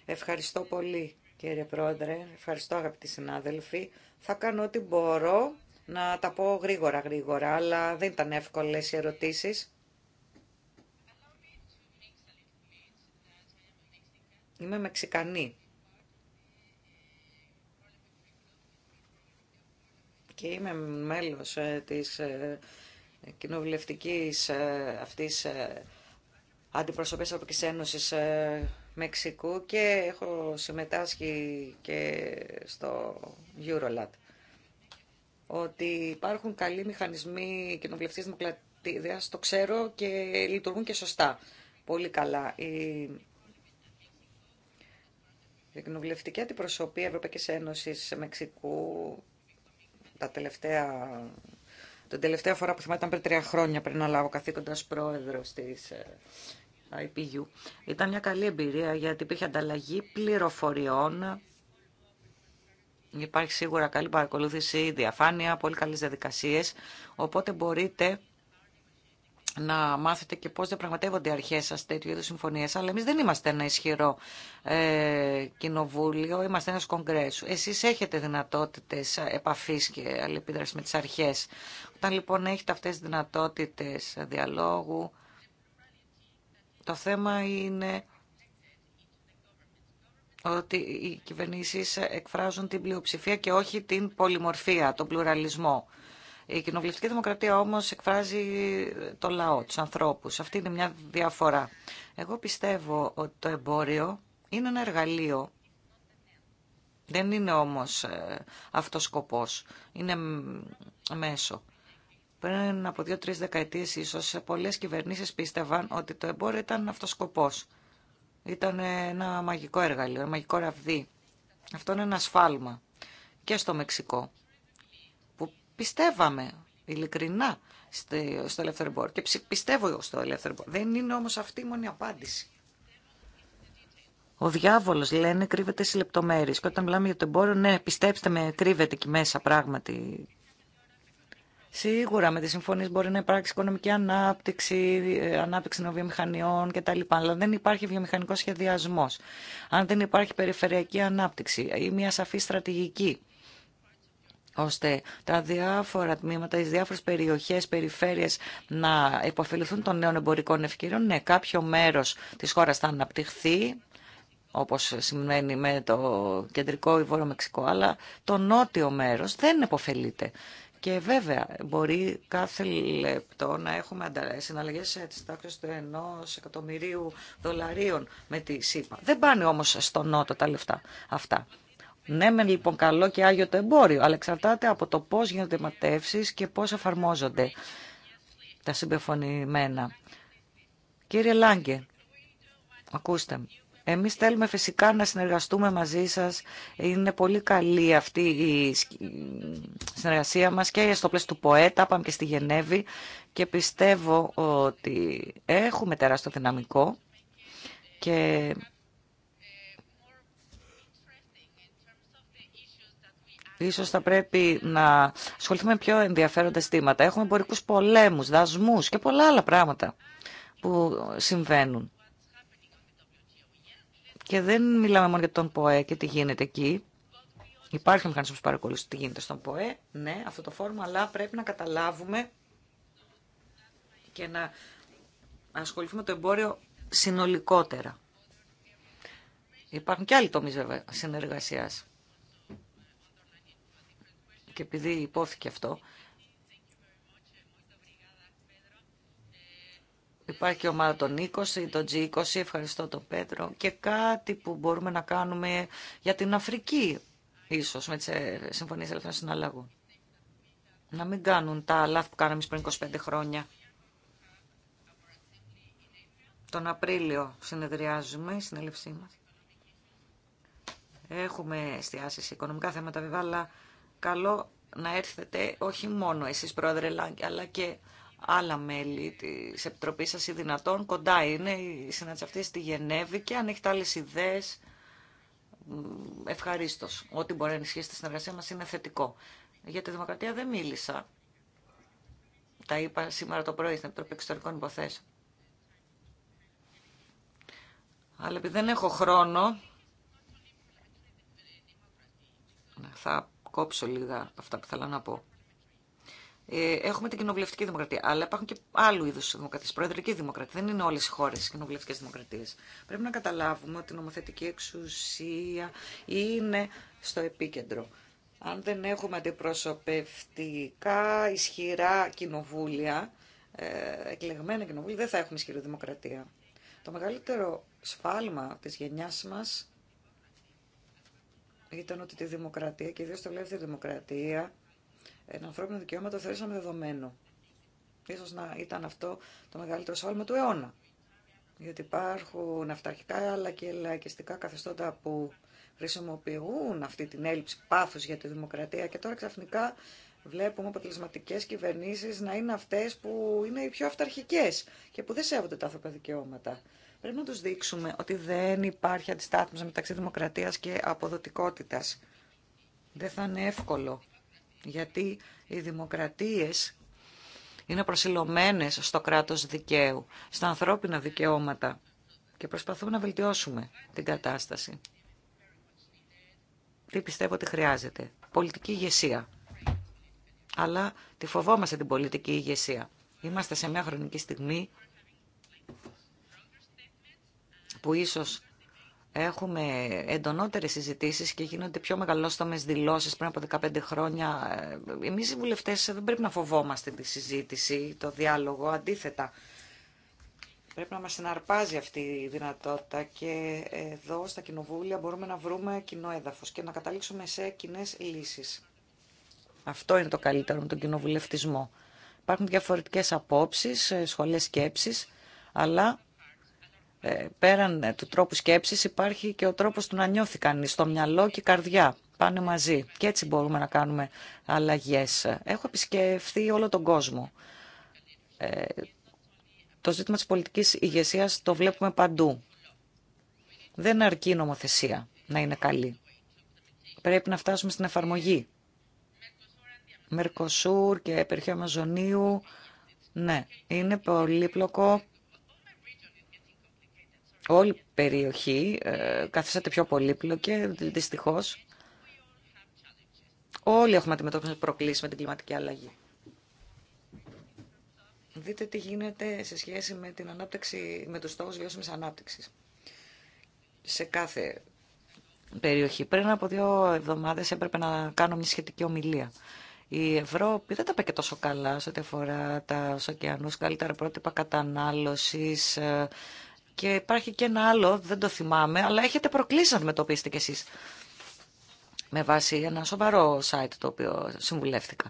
Ευχαριστώ πολύ Κύριε Πρόεδρε, ευχαριστώ αγαπητοί συνάδελφοι. Θα κάνω ό,τι μπορώ να τα πω γρήγορα γρήγορα, αλλά δεν ήταν εύκολες οι ερωτήσεις. Είμαι Μεξικανή. Και είμαι μέλος ε, της ε, κοινοβουλευτικής ε, αυτής αντιπροσωπής Ευρωπαϊκής Ένωσης Μεξικού και έχω συμμετάσχει και στο Eurolat ότι υπάρχουν καλοί μηχανισμοί κοινοβουλευτής δημοκρατίας, το ξέρω και λειτουργούν και σωστά. Πολύ καλά. Η η κοινοβουλευτική αντιπροσωπεία Ευρωπαϊκής Ένωσης Μεξικού τα τελευταία, την τελευταία φορά που θυμάμαι ήταν πριν τρία χρόνια πριν να λάβω καθήκοντας πρόεδρος της ε, IPU. Ήταν μια καλή εμπειρία γιατί υπήρχε ανταλλαγή πληροφοριών. Υπάρχει σίγουρα καλή παρακολούθηση, διαφάνεια, πολύ καλές διαδικασίες. Οπότε μπορείτε να μάθετε και πώς δεν πραγματεύονται οι αρχές σας τέτοιου είδους συμφωνίες. Αλλά εμείς δεν είμαστε ένα ισχυρό ε, κοινοβούλιο, είμαστε ένας κογκρέσου. Εσείς έχετε δυνατότητες επαφής και αλληλεπίδραση με τις αρχές. Όταν λοιπόν έχετε αυτές τις δυνατότητες διαλόγου, το θέμα είναι ότι οι κυβερνήσεις εκφράζουν την πλειοψηφία και όχι την πολυμορφία, τον πλουραλισμό. Η κοινοβουλευτική δημοκρατία όμως εκφράζει το λαό, τους ανθρώπους. Αυτή είναι μια διαφορά. Εγώ πιστεύω ότι το εμπόριο είναι ένα εργαλείο. Δεν είναι όμως ε, αυτός σκοπός. Είναι μέσο. Πριν από δύο-τρει δεκαετίε, ίσω πολλέ κυβερνήσει πίστευαν ότι το εμπόριο ήταν αυτό σκοπό. Ήταν ένα μαγικό εργαλείο, ένα μαγικό ραβδί. Αυτό είναι ένα σφάλμα. Και στο Μεξικό. Που πιστεύαμε ειλικρινά στο ελεύθερο εμπόριο. Και πιστεύω εγώ στο ελεύθερο εμπόριο. Δεν είναι όμω αυτή η μόνη απάντηση. Ο διάβολο, λένε, κρύβεται στι λεπτομέρειε. Και όταν μιλάμε για το εμπόριο, ναι, πιστέψτε με, κρύβεται εκεί μέσα πράγματι Σίγουρα με τις συμφωνίες μπορεί να υπάρξει οικονομική ανάπτυξη, ε, ανάπτυξη των βιομηχανιών κτλ. Αλλά δεν υπάρχει βιομηχανικό σχεδιασμός. Αν δεν υπάρχει περιφερειακή ανάπτυξη ή μια σαφή στρατηγική ώστε τα διάφορα τμήματα, οι διάφορες περιοχές, περιφέρειες να υποφεληθούν των νέων εμπορικών ευκαιριών. Ναι, κάποιο μέρος της χώρας θα αναπτυχθεί, όπως σημαίνει με το κεντρικό ή βόρειο Μεξικό, αλλά το νότιο μέρος δεν επωφελείται. Και βέβαια μπορεί κάθε λεπτό να έχουμε συναλλαγέ ε, τη τάξη του ενό εκατομμυρίου δολαρίων με τη ΣΥΠΑ. Δεν πάνε όμω στον Νότο τα λεφτά αυτά. Ναι, μεν λοιπόν καλό και άγιο το εμπόριο, αλλά εξαρτάται από το πώ γίνονται ματεύσει και πώ εφαρμόζονται τα συμπεφωνημένα. Κύριε Λάγκε, ακούστε με. Εμείς θέλουμε φυσικά να συνεργαστούμε μαζί σας. Είναι πολύ καλή αυτή η συνεργασία μας και στο πλαίσιο του ΠΟΕΤΑ, πάμε και στη Γενέβη και πιστεύω ότι έχουμε τεράστιο δυναμικό και Ίσως θα πρέπει να ασχοληθούμε πιο ενδιαφέροντα στήματα. Έχουμε εμπορικούς πολέμους, δασμούς και πολλά άλλα πράγματα που συμβαίνουν. Και δεν μιλάμε μόνο για τον ΠΟΕ και τι γίνεται εκεί. Υπάρχει ο μηχανισμό παρακολούθηση τι γίνεται στον ΠΟΕ, ναι, αυτό το φόρμα, αλλά πρέπει να καταλάβουμε και να ασχοληθούμε με το εμπόριο συνολικότερα. Υπάρχουν και άλλοι τομείς βέβαια συνεργασίας. Και επειδή υπόθηκε αυτό, Υπάρχει και ομάδα των 20, των G20, ευχαριστώ τον Πέτρο, και κάτι που μπορούμε να κάνουμε για την Αφρική, ίσως, με τις ε, συμφωνίες ελεύθερων συναλλαγών. Να μην κάνουν τα λάθη που κάναμε πριν 25 χρόνια. Τον Απρίλιο συνεδριάζουμε, η συνέλευσή μας. Έχουμε εστιάσει σε οικονομικά θέματα, βέβαια, αλλά καλό να έρθετε όχι μόνο εσείς, Πρόεδρε, αλλά και άλλα μέλη τη επιτροπή σα η συνάντηση αυτή στη Γενέβη και αν έχετε άλλε ιδέε. Ευχαριστώ. Ό,τι μπορεί να ενισχύσει τη συνεργασία μα είναι θετικό. Για τη δημοκρατία δεν μίλησα. Τα είπα σήμερα το πρωί στην Επιτροπή Εξωτερικών Υποθέσεων. Αλλά επειδή δεν έχω χρόνο, θα κόψω λίγα αυτά που θέλω να πω. Ε, έχουμε την κοινοβουλευτική δημοκρατία. Αλλά υπάρχουν και άλλου είδου δημοκρατίε. Προεδρική δημοκρατία. Δεν είναι όλε οι χώρε κοινοβουλευτικέ δημοκρατίε. Πρέπει να καταλάβουμε ότι η νομοθετική εξουσία είναι στο επίκεντρο. Αν δεν έχουμε αντιπροσωπευτικά ισχυρά κοινοβούλια, ε, εκλεγμένα κοινοβούλια, δεν θα έχουμε ισχυρή δημοκρατία. Το μεγαλύτερο σφάλμα της γενιάς μας ήταν ότι τη δημοκρατία και ιδίως τη δημοκρατία ανθρώπινα δικαιώματα θεωρήσαμε δεδομένο. Ίσως να ήταν αυτό το μεγαλύτερο σφάλμα του αιώνα. Γιατί υπάρχουν αυταρχικά αλλά και λαϊκιστικά καθεστώτα που χρησιμοποιούν αυτή την έλλειψη πάθους για τη δημοκρατία και τώρα ξαφνικά βλέπουμε αποτελεσματικέ κυβερνήσεις να είναι αυτές που είναι οι πιο αυταρχικές και που δεν σέβονται τα άνθρωπα δικαιώματα. Πρέπει να τους δείξουμε ότι δεν υπάρχει αντιστάθμιση μεταξύ δημοκρατίας και αποδοτικότητας. Δεν θα είναι εύκολο γιατί οι δημοκρατίες είναι προσιλωμένες στο κράτος δικαίου, στα ανθρώπινα δικαιώματα και προσπαθούμε να βελτιώσουμε την κατάσταση. Τι πιστεύω ότι χρειάζεται. Πολιτική ηγεσία. Αλλά τη φοβόμαστε την πολιτική ηγεσία. Είμαστε σε μια χρονική στιγμή που ίσως έχουμε εντονότερες συζητήσεις και γίνονται πιο μεγαλόστομες δηλώσεις πριν από 15 χρόνια. Ε, εμείς οι βουλευτές δεν πρέπει να φοβόμαστε τη συζήτηση, το διάλογο, αντίθετα. Πρέπει να μας συναρπάζει αυτή η δυνατότητα και εδώ στα κοινοβούλια μπορούμε να βρούμε κοινό έδαφος και να καταλήξουμε σε κοινέ λύσεις. Αυτό είναι το καλύτερο με τον κοινοβουλευτισμό. Υπάρχουν διαφορετικές απόψεις, ε, σχολές σκέψης, αλλά ε, πέραν ε, του τρόπου σκέψης υπάρχει και ο τρόπος του να νιώθει κανείς στο μυαλό και η καρδιά πάνε μαζί και έτσι μπορούμε να κάνουμε αλλαγέ. Έχω επισκεφθεί όλο τον κόσμο. Ε, το ζήτημα τη πολιτικής ηγεσία το βλέπουμε παντού. Δεν αρκεί η νομοθεσία να είναι καλή. Πρέπει να φτάσουμε στην εφαρμογή. Μερκοσούρ και περιοχή Αμαζονίου, ναι, είναι πολύπλοκο όλη η περιοχή ε, καθίσατε πιο πολύπλοκε δυστυχώ. Όλοι έχουμε αντιμετώπιση προκλήσεις με την κλιματική αλλαγή. Δείτε τι γίνεται σε σχέση με την ανάπτυξη, με τους στόχους βιώσιμης ανάπτυξης. Σε κάθε περιοχή. Πριν από δύο εβδομάδες έπρεπε να κάνω μια σχετική ομιλία. Η Ευρώπη δεν τα πάει και τόσο καλά σε ό,τι αφορά τα ωκεανούς, καλύτερα πρότυπα κατανάλωσης, ε, και υπάρχει και ένα άλλο, δεν το θυμάμαι, αλλά έχετε προκλήσει να αντιμετωπίσετε κι εσείς. Με βάση ένα σοβαρό site το οποίο συμβουλεύτηκα.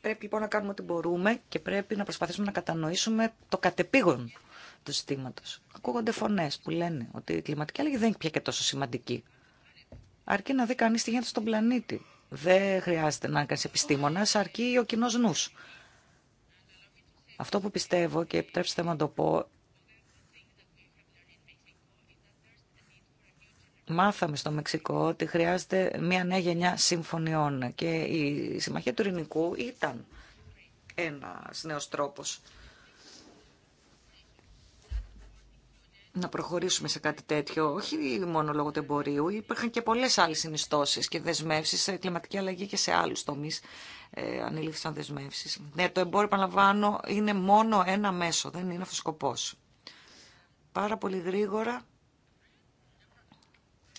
Πρέπει λοιπόν να κάνουμε ό,τι μπορούμε και πρέπει να προσπαθήσουμε να κατανοήσουμε το κατεπήγον του συστήματο. Ακούγονται φωνέ που λένε ότι η κλιματική αλλαγή δεν είναι πια και τόσο σημαντική. Αρκεί να δει κανεί τι γίνεται στον πλανήτη. Δεν χρειάζεται να κάνει επιστήμονα, αρκεί ο κοινό νου. Αυτό που πιστεύω και επιτρέψτε να το πω μάθαμε στο Μεξικό ότι χρειάζεται μια νέα γενιά συμφωνιών και η Συμμαχία του Ειρηνικού ήταν ένας νέος τρόπος να προχωρήσουμε σε κάτι τέτοιο, όχι μόνο λόγω του εμπορίου, υπήρχαν και πολλές άλλες συνιστώσεις και δεσμεύσεις σε κλιματική αλλαγή και σε άλλους τομείς ε, ανήλυφθησαν δεσμεύσεις. Ναι, το εμπόριο, επαναλαμβάνω, είναι μόνο ένα μέσο, δεν είναι αυτός ο σκοπός. Πάρα πολύ γρήγορα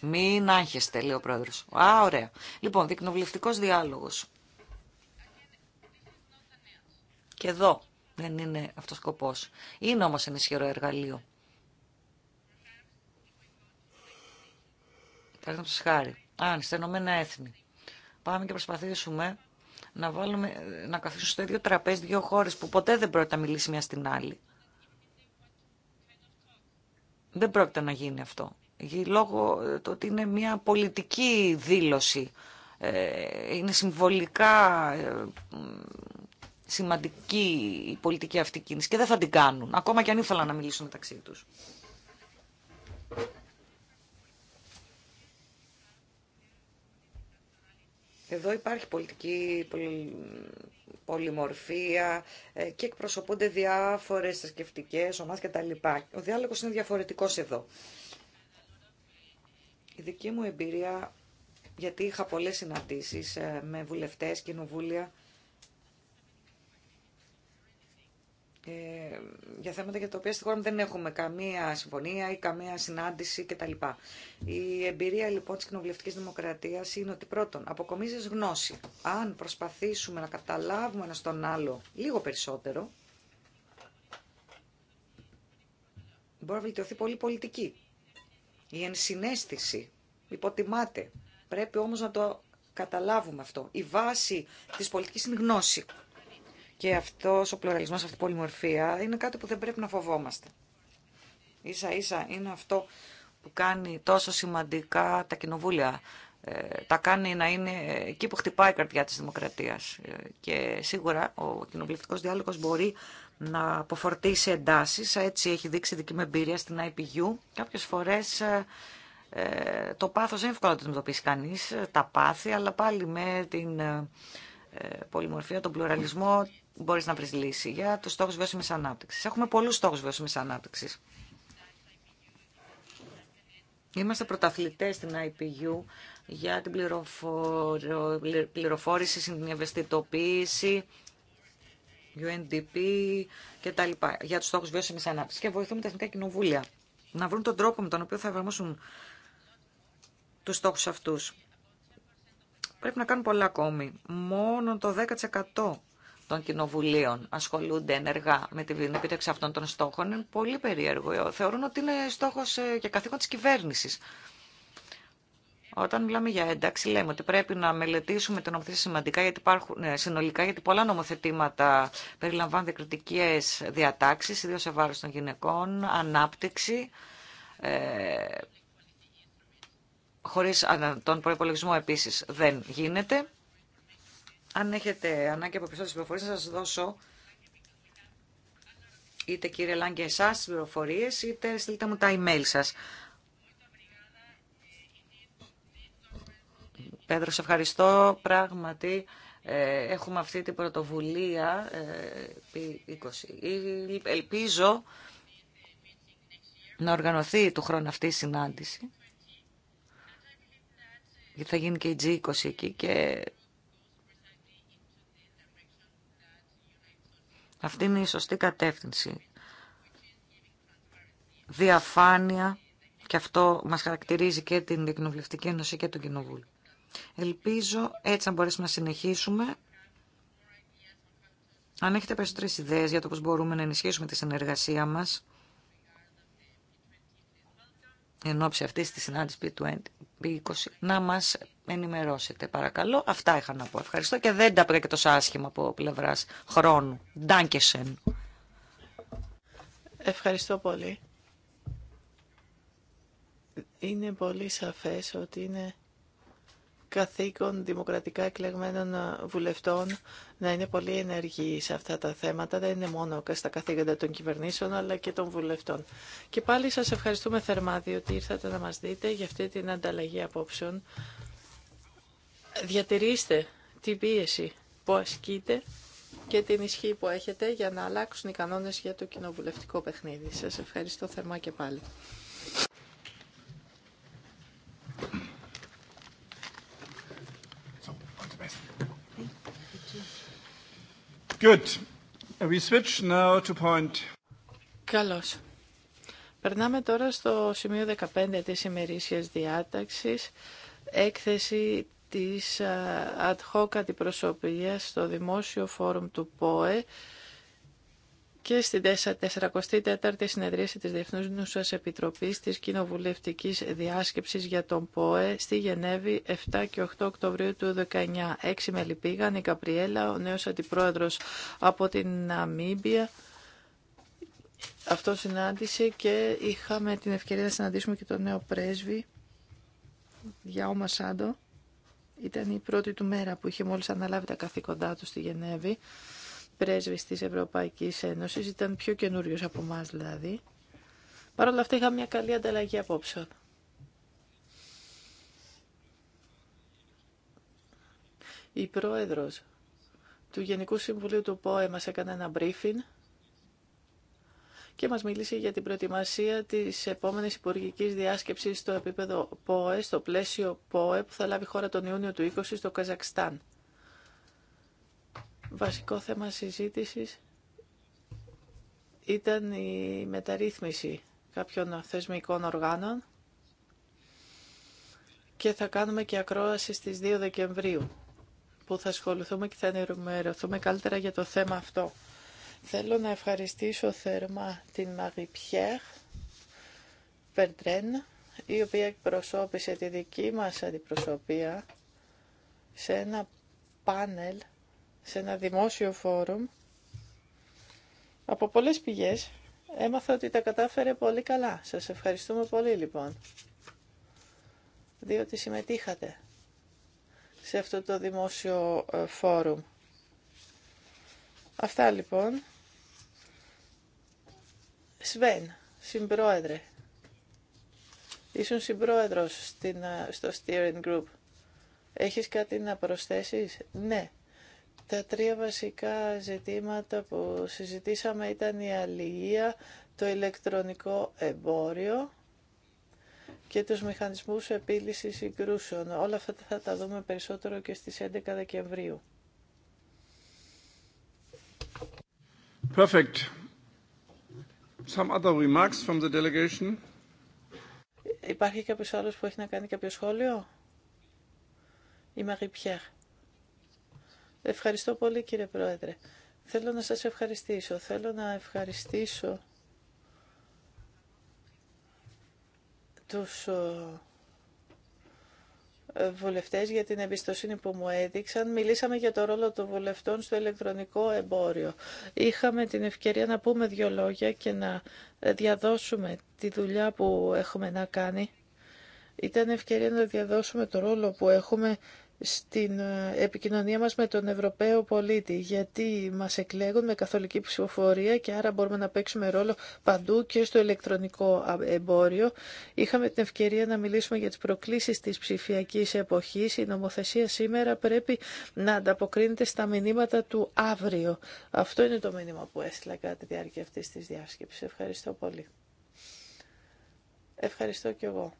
μην άγχεστε, λέει ο πρόεδρο. Α, ωραία. Λοιπόν, δεικνοβουλευτικό διάλογο. Και εδώ δεν είναι αυτό ο σκοπό. Είναι όμω ένα ισχυρό εργαλείο. Παραδείγματο χάρη. Αν στενομένα Έθνη πάμε και προσπαθήσουμε να, βάλουμε, να καθίσουμε στο ίδιο τραπέζι δύο χώρε που ποτέ δεν πρόκειται να μιλήσει μια στην άλλη. Δεν πρόκειται να γίνει αυτό λόγω ε, του ότι είναι μια πολιτική δήλωση. Ε, είναι συμβολικά ε, σημαντική η πολιτική αυτή κίνηση και δεν θα την κάνουν, ακόμα και αν ήθελαν να μιλήσουν μεταξύ τους. Εδώ υπάρχει πολιτική πολυμορφία και εκπροσωπούνται διάφορες θρησκευτικέ ομάδες κτλ. Ο διάλογος είναι διαφορετικός εδώ. Η δική μου εμπειρία, γιατί είχα πολλές συναντήσεις ε, με βουλευτές, κοινοβούλια, ε, για θέματα για τα οποία στη χώρα μου δεν έχουμε καμία συμφωνία ή καμία συνάντηση κτλ. Η εμπειρία λοιπόν της κοινοβουλευτικής δημοκρατίας είναι ότι πρώτον αποκομίζεις γνώση. Αν προσπαθήσουμε να καταλάβουμε ένα τον άλλο λίγο περισσότερο, μπορεί να βελτιωθεί πολύ πολιτική η ενσυναίσθηση υποτιμάται. Πρέπει όμως να το καταλάβουμε αυτό. Η βάση της πολιτικής είναι γνώση. Και αυτός ο πλουραλισμός, αυτή η πολυμορφία είναι κάτι που δεν πρέπει να φοβόμαστε. Ίσα ίσα είναι αυτό που κάνει τόσο σημαντικά τα κοινοβούλια ε, τα κάνει να είναι εκεί που χτυπάει η καρδιά της δημοκρατίας. Ε, και σίγουρα ο κοινοβουλευτικό διάλογος μπορεί να αποφορτήσει εντάσεις, έτσι έχει δείξει δική μου εμπειρία στην IPU. Κάποιες φορές ε, το πάθος δεν εύκολο να το αντιμετωπίσει κανείς, τα πάθη, αλλά πάλι με την πολυμορφία, τον πλουραλισμό μπορείς να βρεις λύση για τους στόχους βιώσιμης ανάπτυξης. Έχουμε πολλούς στόχους βιώσιμης ανάπτυξης. Είμαστε πρωταθλητές στην IPU για την πληροφόρηση, την ευαισθητοποίηση, UNDP λοιπά. Για τους στόχους βιώσιμης ανάπτυξης και βοηθούμε τα εθνικά κοινοβούλια να βρουν τον τρόπο με τον οποίο θα εφαρμόσουν τους στόχους αυτούς. Πρέπει να κάνουν πολλά ακόμη. Μόνο το 10% των κοινοβουλίων ασχολούνται ενεργά με την επίτευξη αυτών των στόχων. Είναι πολύ περίεργο. Θεωρούν ότι είναι στόχος ε, και καθήκον της κυβέρνησης όταν μιλάμε για ένταξη, λέμε ότι πρέπει να μελετήσουμε την νομοθεσία σημαντικά, γιατί υπάρχουν, ε, συνολικά, γιατί πολλά νομοθετήματα περιλαμβάνουν διακριτικέ διατάξει, ιδίω σε βάρο των γυναικών, ανάπτυξη. Ε, χωρίς τον προπολογισμό επίσης δεν γίνεται. Αν έχετε ανάγκη από περισσότερες πληροφορίες, θα σας δώσω είτε κύριε Λάγκη εσά τι πληροφορίε, είτε στείλτε μου τα email σα. Πέτρο, σε ευχαριστώ. Πράγματι, ε, έχουμε αυτή την πρωτοβουλια ε, P20. Ε, ελπίζω να οργανωθεί του χρόνου αυτή η συνάντηση. Γιατί θα γίνει και η G20 εκεί και αυτή είναι η σωστή κατεύθυνση. Διαφάνεια και αυτό μας χαρακτηρίζει και την Κοινοβουλευτική Ένωση και τον Κοινοβούλιο. Ελπίζω έτσι να μπορέσουμε να συνεχίσουμε. Αν έχετε περισσότερες ιδέες για το πώς μπορούμε να ενισχύσουμε τη συνεργασία μας εν ώψη αυτής της συνάντησης P20, να μας ενημερώσετε παρακαλώ. Αυτά είχα να πω. Ευχαριστώ και δεν τα πήγα και τόσο άσχημα από πλευράς χρόνου. Ντάνκεσεν. Ευχαριστώ πολύ. Είναι πολύ σαφές ότι είναι καθήκον δημοκρατικά εκλεγμένων ε, βουλευτών να είναι πολύ ενεργοί σε αυτά τα θέματα. Δεν είναι μόνο στα καθήκοντα των κυβερνήσεων, αλλά και των βουλευτών. Και πάλι σας ευχαριστούμε θερμά, διότι ήρθατε να μας δείτε για αυτή την ανταλλαγή απόψεων. Διατηρήστε την πίεση που ασκείτε και την ισχύ που έχετε για να αλλάξουν οι κανόνες για το κοινοβουλευτικό παιχνίδι. Σας ευχαριστώ θερμά και πάλι. Καλώς. Περνάμε τώρα στο σημείο 15 της ημερήσιας διάταξης, έκθεση της ε, ad hoc αντιπροσωπείας στο Δημόσιο Φόρουμ του ΠΟΕ και στην 44η συνεδρίαση της Διεθνούς Επιτροπής της Κοινοβουλευτικής Διάσκεψης για τον ΠΟΕ στη Γενέβη 7 και 8 Οκτωβρίου του 19. Έξι μέλη πήγαν, η Καπριέλα, ο νέος αντιπρόεδρος από την Ναμίμπια, αυτό συνάντησε και είχαμε την ευκαιρία να συναντήσουμε και τον νέο πρέσβη, Γιάο Μασάντο. Ήταν η πρώτη του μέρα που είχε μόλις αναλάβει τα καθήκοντά του στη Γενέβη πρέσβης της Ευρωπαϊκής Ένωσης, ήταν πιο καινούριο από εμά δηλαδή. Παρ' όλα αυτά είχα μια καλή ανταλλαγή απόψεων. Η πρόεδρος του Γενικού Συμβουλίου του ΠΟΕ μας έκανε ένα briefing και μας μίλησε για την προετοιμασία της επόμενης υπουργικής διάσκεψης στο επίπεδο ΠΟΕ, στο πλαίσιο ΠΟΕ, που θα λάβει χώρα τον Ιούνιο του 20 στο Καζακστάν βασικό θέμα συζήτησης ήταν η μεταρρύθμιση κάποιων θεσμικών οργάνων και θα κάνουμε και ακρόαση στις 2 Δεκεμβρίου που θα ασχοληθούμε και θα ενημερωθούμε καλύτερα για το θέμα αυτό. Θέλω να ευχαριστήσω θερμά την Μαριπιέρ Περτρέν η οποία εκπροσώπησε τη δική μας αντιπροσωπεία σε ένα πάνελ σε ένα δημόσιο φόρουμ, από πολλές πηγές έμαθα ότι τα κατάφερε πολύ καλά. Σας ευχαριστούμε πολύ λοιπόν, διότι συμμετείχατε σε αυτό το δημόσιο ε, φόρουμ. Αυτά λοιπόν. Σβέν, συμπρόεδρε. Ήσουν συμπρόεδρος στην, ε, στο Steering Group. Έχεις κάτι να προσθέσεις? Ναι. Τα τρία βασικά ζητήματα που συζητήσαμε ήταν η αλληλεία, το ηλεκτρονικό εμπόριο και τους μηχανισμούς επίλυσης συγκρούσεων. Όλα αυτά θα τα δούμε περισσότερο και στις 11 Δεκεμβρίου. Perfect. Some other remarks from the delegation. Υπάρχει κάποιος άλλος που έχει να κάνει κάποιο σχόλιο? Η Marie Pierre. Ευχαριστώ πολύ κύριε Πρόεδρε. Θέλω να σας ευχαριστήσω. Θέλω να ευχαριστήσω τους ε, βουλευτές για την εμπιστοσύνη που μου έδειξαν. Μιλήσαμε για το ρόλο των βουλευτών στο ηλεκτρονικό εμπόριο. Είχαμε την ευκαιρία να πούμε δύο λόγια και να ε, διαδώσουμε τη δουλειά που έχουμε να κάνει. Ήταν ευκαιρία να διαδώσουμε το ρόλο που έχουμε στην ε, επικοινωνία μας με τον Ευρωπαίο πολίτη, γιατί μας εκλέγουν με καθολική ψηφοφορία και άρα μπορούμε να παίξουμε ρόλο παντού και στο ηλεκτρονικό εμπόριο. Είχαμε την ευκαιρία να μιλήσουμε για τις προκλήσεις της ψηφιακής εποχής. Η νομοθεσία σήμερα πρέπει να ανταποκρίνεται στα μηνύματα του αύριο. Αυτό είναι το μήνυμα που έστειλα κατά τη διάρκεια αυτής της διάσκεψης. Ευχαριστώ πολύ. Ευχαριστώ και εγώ.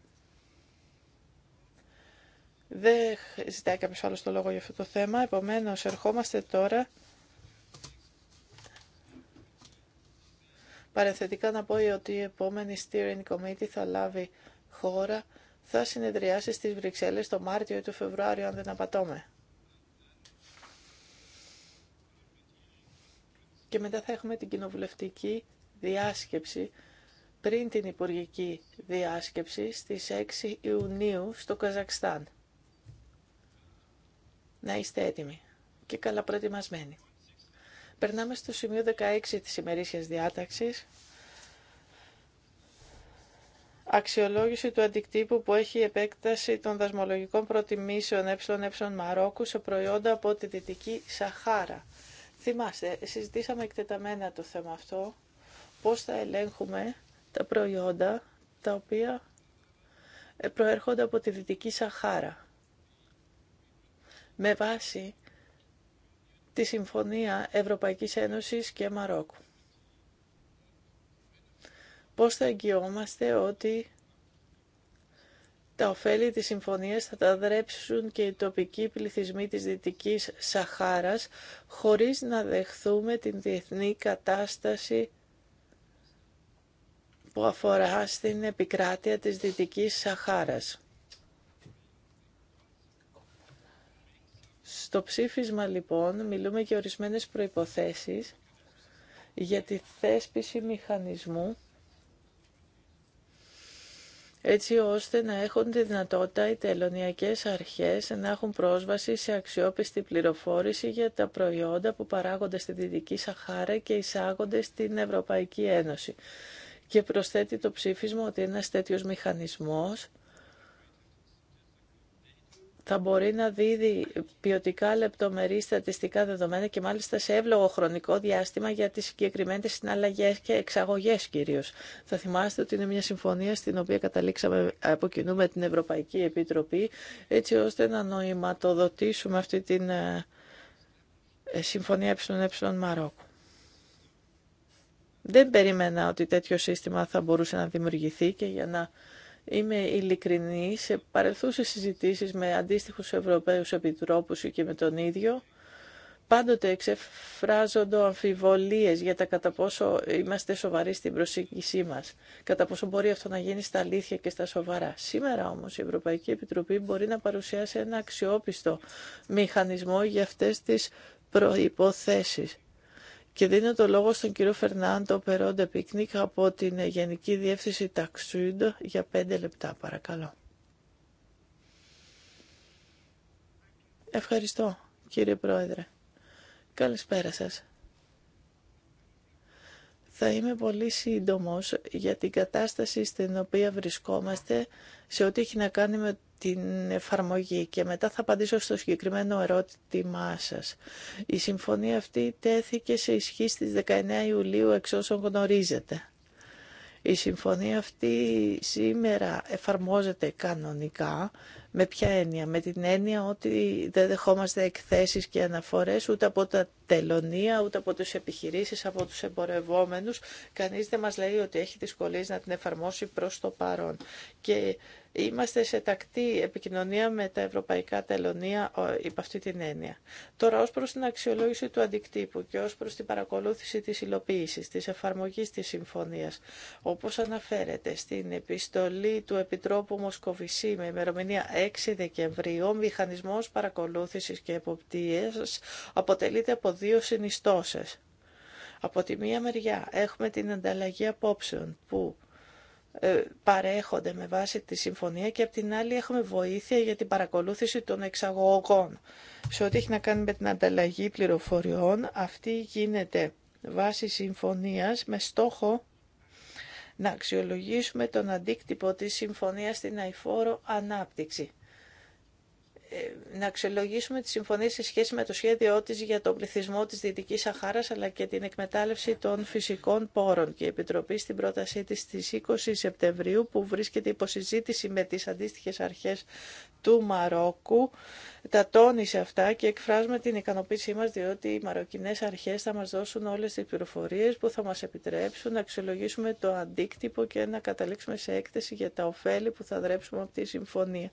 Δεν ζητάει κάποιος άλλο το λόγο για αυτό το θέμα, Επομένω, ερχόμαστε τώρα Παρενθετικά να πω ότι η επόμενη steering committee θα λάβει χώρα, θα συνεδριάσει στις Βρυξέλλες το Μάρτιο ή το Φεβρουάριο, αν δεν απατώμε. Και μετά θα έχουμε την κοινοβουλευτική διάσκεψη πριν την υπουργική διάσκεψη στις 6 Ιουνίου στο Καζακστάν να είστε έτοιμοι και καλά προετοιμασμένοι. Περνάμε στο σημείο 16 της ημερήσιας διάταξης. Αξιολόγηση του αντικτύπου που έχει η επέκταση των δασμολογικών προτιμήσεων ΕΕ Μαρόκου σε προϊόντα από τη Δυτική Σαχάρα. Θυμάστε, συζητήσαμε εκτεταμένα το θέμα αυτό, πώς θα ελέγχουμε τα προϊόντα τα οποία ε, προέρχονται από τη Δυτική Σαχάρα με βάση τη Συμφωνία Ευρωπαϊκής Ένωσης και Μαρόκου. Πώς θα εγγυόμαστε ότι τα ωφέλη της συμφωνίας θα τα δρέψουν και οι τοπικοί πληθυσμοί της Δυτικής Σαχάρας χωρίς να δεχθούμε την διεθνή κατάσταση που αφορά στην επικράτεια της Δυτικής Σαχάρας. Στο ψήφισμα λοιπόν μιλούμε για ορισμένες προϋποθέσεις για τη θέσπιση μηχανισμού έτσι ώστε να έχουν τη δυνατότητα οι τελωνιακές αρχές να έχουν πρόσβαση σε αξιόπιστη πληροφόρηση για τα προϊόντα που παράγονται στη Δυτική Σαχάρα και εισάγονται στην Ευρωπαϊκή Ένωση. Και προσθέτει το ψήφισμα ότι ένας τέτοιος μηχανισμός θα μπορεί να δίδει ποιοτικά λεπτομερή στατιστικά δεδομένα και μάλιστα σε εύλογο χρονικό διάστημα για τις συγκεκριμένες συναλλαγές και εξαγωγές κυρίως. Θα θυμάστε ότι είναι μια συμφωνία στην οποία καταλήξαμε από κοινού με την Ευρωπαϊκή Επιτροπή έτσι ώστε να νοηματοδοτήσουμε αυτή την ε, συμφωνία ΕΕ Μαρόκου. Δεν περίμενα ότι τέτοιο σύστημα θα μπορούσε να δημιουργηθεί και για να Είμαι ειλικρινή σε παρελθούσες συζητήσεις με αντίστοιχους Ευρωπαίους Επιτρόπους και με τον ίδιο. Πάντοτε εξεφράζονται αμφιβολίες για τα κατά πόσο είμαστε σοβαροί στην προσήγησή μας, κατά πόσο μπορεί αυτό να γίνει στα αλήθεια και στα σοβαρά. Σήμερα όμως η Ευρωπαϊκή Επιτροπή μπορεί να παρουσιάσει ένα αξιόπιστο μηχανισμό για αυτές τις προϋποθέσεις. Και δίνω το λόγο στον κύριο Φερνάντο Περόντε Πίκνικ από την Γενική Διεύθυνση Ταξούντ για πέντε λεπτά, παρακαλώ. Ευχαριστώ, κύριε Πρόεδρε. Καλησπέρα σας. Θα είμαι πολύ σύντομος για την κατάσταση στην οποία βρισκόμαστε σε ό,τι έχει να κάνει με την εφαρμογή και μετά θα απαντήσω στο συγκεκριμένο ερώτημά σας. Η συμφωνία αυτή τέθηκε σε ισχύ στις 19 Ιουλίου εξ όσων γνωρίζετε. Η συμφωνία αυτή σήμερα εφαρμόζεται κανονικά. Με ποια έννοια. Με την έννοια ότι δεν δεχόμαστε εκθέσεις και αναφορές ούτε από τα τελωνία, ούτε από τις επιχειρήσεις, από τους εμπορευόμενους. Κανείς δεν μας λέει ότι έχει δυσκολίες να την εφαρμόσει προς το παρόν. Είμαστε σε τακτή επικοινωνία με τα ευρωπαϊκά τελωνία υπ' αυτή την έννοια. Τώρα, ως προς την αξιολόγηση του αντικτύπου και ως προς την παρακολούθηση της υλοποίησης, της εφαρμογής της συμφωνίας, όπως αναφέρεται στην επιστολή του Επιτρόπου Μοσκοβισή με ημερομηνία 6 Δεκεμβρίου, ο μηχανισμός παρακολούθησης και εποπτείας αποτελείται από δύο συνιστώσεις. Από τη μία μεριά έχουμε την ανταλλαγή απόψεων που ε, παρέχονται με βάση τη συμφωνία και από την άλλη έχουμε βοήθεια για την παρακολούθηση των εξαγωγών. Σε ό,τι έχει να κάνει με την ανταλλαγή πληροφοριών, αυτή γίνεται βάση συμφωνίας με στόχο να αξιολογήσουμε τον αντίκτυπο της συμφωνίας στην αηφόρο ανάπτυξη. Ε, να αξιολογήσουμε τη συμφωνία σε σχέση με το σχέδιό της για τον πληθυσμό της Δυτικής Σαχάρας αλλά και την εκμετάλλευση των φυσικών πόρων και η Επιτροπή στην πρότασή της στις 20 Σεπτεμβρίου που βρίσκεται συζήτηση με τις αντίστοιχες αρχές του Μαρόκου τα τόνισε αυτά και εκφράζουμε την ικανοποίησή μας διότι οι μαροκινές αρχές θα μας δώσουν όλες τις πληροφορίες που θα μας επιτρέψουν να αξιολογήσουμε το αντίκτυπο και να καταλήξουμε σε έκθεση για τα ωφέλη που θα δρέψουμε από τη συμφωνία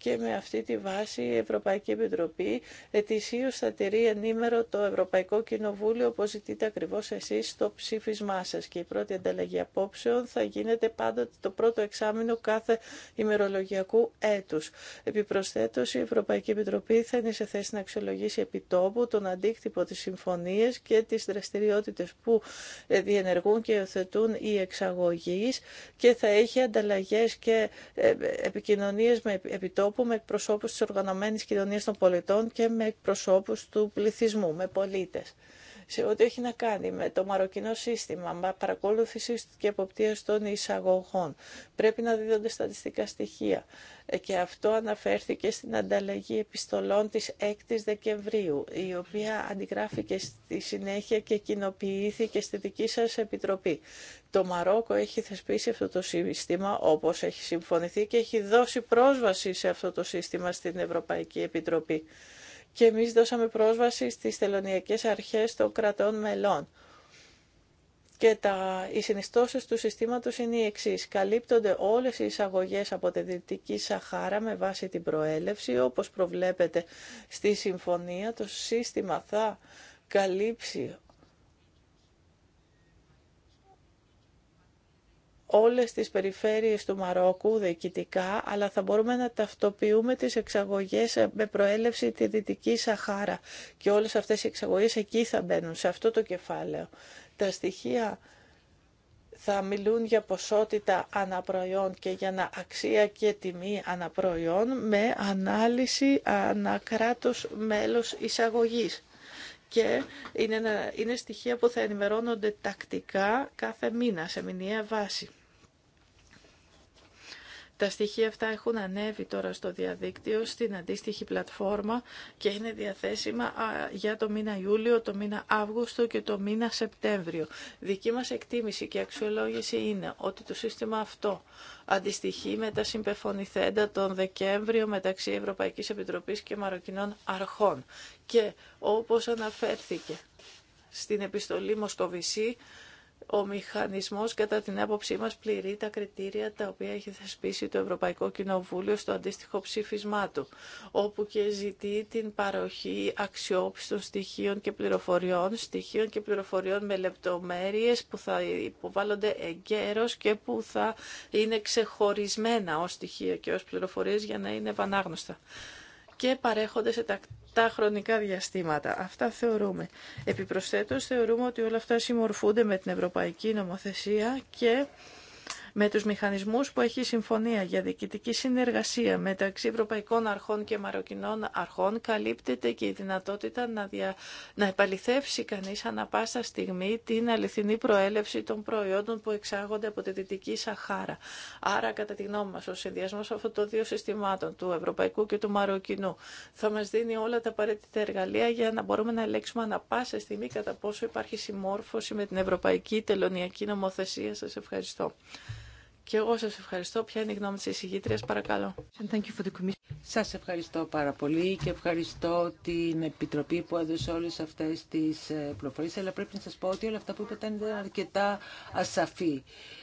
και με αυτή τη βάση η Ευρωπαϊκή Επιτροπή ετησίως θα τηρεί ενήμερο το Ευρωπαϊκό Κοινοβούλιο όπως ζητείτε ακριβώς εσείς στο ψήφισμά σας και η πρώτη ανταλλαγή απόψεων θα γίνεται πάντοτε το πρώτο εξάμεινο κάθε ημερολογιακού έτους. Επιπροσθέτως η Ευρωπαϊκή Επιτροπή θα είναι σε θέση να αξιολογήσει επιτόπου τον αντίκτυπο της συμφωνίας και τις δραστηριότητες που διενεργούν και υιοθετούν οι εξαγωγείς και θα έχει ανταλλαγές και ε, επικοινωνίες με επιτόπου με εκπροσώπους της οργανωμένης κοινωνίας των πολιτών και με εκπροσώπους του πληθυσμού, με πολίτες σε ό,τι έχει να κάνει με το μαροκινό σύστημα παρακολούθηση και εποπτεία των εισαγωγών. Πρέπει να δίδονται στατιστικά στοιχεία. Ε, και αυτό αναφέρθηκε στην ανταλλαγή επιστολών της 6ης Δεκεμβρίου, η οποία αντιγράφηκε στη συνέχεια και κοινοποιήθηκε στη δική σας Επιτροπή. Το Μαρόκο έχει θεσπίσει αυτό το σύστημα όπως έχει συμφωνηθεί και έχει δώσει πρόσβαση σε αυτό το σύστημα στην Ευρωπαϊκή Επιτροπή και εμείς δώσαμε πρόσβαση στις τελωνιακές αρχές των κρατών μελών. Και τα, οι συνιστώσεις του συστήματος είναι οι εξή. Καλύπτονται όλες οι εισαγωγές από τη Δυτική Σαχάρα με βάση την προέλευση, όπως προβλέπεται στη Συμφωνία. Το σύστημα θα καλύψει όλες τις περιφέρειες του Μαρόκου διοικητικά, αλλά θα μπορούμε να ταυτοποιούμε τις εξαγωγές με προέλευση τη Δυτική Σαχάρα και όλες αυτές οι εξαγωγές εκεί θα μπαίνουν, σε αυτό το κεφάλαιο. Τα στοιχεία θα μιλούν για ποσότητα αναπροϊόν και για να αξία και τιμή αναπροϊόν με ανάλυση ανακράτους μέλος εισαγωγής. Και είναι, είναι στοιχεία που θα ενημερώνονται τακτικά κάθε μήνα σε μηνιαία βάση. Τα στοιχεία αυτά έχουν ανέβει τώρα στο διαδίκτυο, στην αντίστοιχη πλατφόρμα και είναι διαθέσιμα για το μήνα Ιούλιο, το μήνα Αύγουστο και το μήνα Σεπτέμβριο. Δική μας εκτίμηση και αξιολόγηση είναι ότι το σύστημα αυτό αντιστοιχεί με τα συμπεφωνηθέντα τον Δεκέμβριο μεταξύ Ευρωπαϊκής Επιτροπής και Μαροκινών Αρχών. Και όπως αναφέρθηκε στην επιστολή Μοσκοβισή, ο μηχανισμός κατά την άποψή μας πληρεί τα κριτήρια τα οποία έχει θεσπίσει το Ευρωπαϊκό Κοινοβούλιο στο αντίστοιχο ψήφισμά του, όπου και ζητεί την παροχή αξιόπιστων στοιχείων και πληροφοριών, στοιχείων και πληροφοριών με λεπτομέρειες που θα υποβάλλονται εγκαίρως και που θα είναι ξεχωρισμένα ως στοιχεία και ως πληροφορίες για να είναι επανάγνωστα και παρέχονται σε τακτά χρονικά διαστήματα. Αυτά θεωρούμε. Επιπροσθέτως θεωρούμε ότι όλα αυτά συμμορφούνται με την Ευρωπαϊκή Νομοθεσία και με τους μηχανισμούς που έχει η Συμφωνία για διοικητική συνεργασία μεταξύ Ευρωπαϊκών Αρχών και Μαροκινών Αρχών καλύπτεται και η δυνατότητα να, να επαληθεύσει κανείς ανα πάσα στιγμή την αληθινή προέλευση των προϊόντων που εξάγονται από τη Δυτική Σαχάρα. Άρα, κατά τη γνώμη μας, ο συνδυασμός αυτών των δύο συστημάτων, του Ευρωπαϊκού και του Μαροκινού, θα μας δίνει όλα τα απαραίτητα εργαλεία για να μπορούμε να ελέγξουμε ανα πάσα στιγμή κατά πόσο υπάρχει συμμόρφωση με την Ευρωπαϊκή Τελωνιακή Νομοθεσία. Σας ευχαριστώ. Και εγώ σας ευχαριστώ. Ποια είναι η γνώμη της εισηγήτριας, παρακαλώ. Σας ευχαριστώ πάρα πολύ και ευχαριστώ την Επιτροπή που έδωσε όλες αυτές τις ε, προφορίες. Αλλά πρέπει να σας πω ότι όλα αυτά που είπατε ήταν αρκετά ασαφή.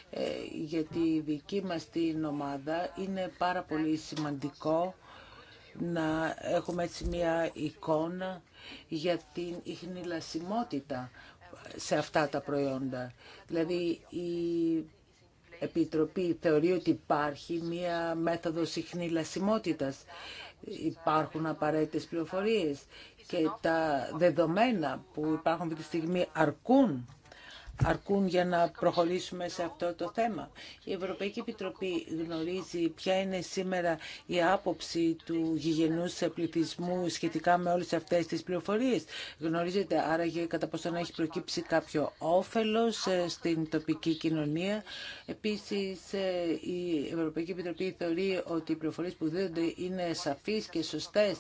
Ε, γιατί η δική μας την ομάδα είναι πάρα πολύ σημαντικό να έχουμε έτσι μια εικόνα για την ιχνηλασιμότητα σε αυτά τα προϊόντα. Δηλαδή η Επιτροπή θεωρεί ότι υπάρχει μία μέθοδος συχνή λασιμότητας. Υπάρχουν απαραίτητες πληροφορίες και τα δεδομένα που υπάρχουν αυτή τη στιγμή αρκούν αρκούν για να προχωρήσουμε σε αυτό το θέμα. Η Ευρωπαϊκή Επιτροπή γνωρίζει ποια είναι σήμερα η άποψη του σε πληθυσμού σχετικά με όλες αυτές τις πληροφορίες. Γνωρίζεται άραγε κατά πόσο να έχει προκύψει κάποιο όφελος ε, στην τοπική κοινωνία. Επίσης, ε, η Ευρωπαϊκή Επιτροπή θεωρεί ότι οι πληροφορίες που δίνονται είναι σαφείς και σωστές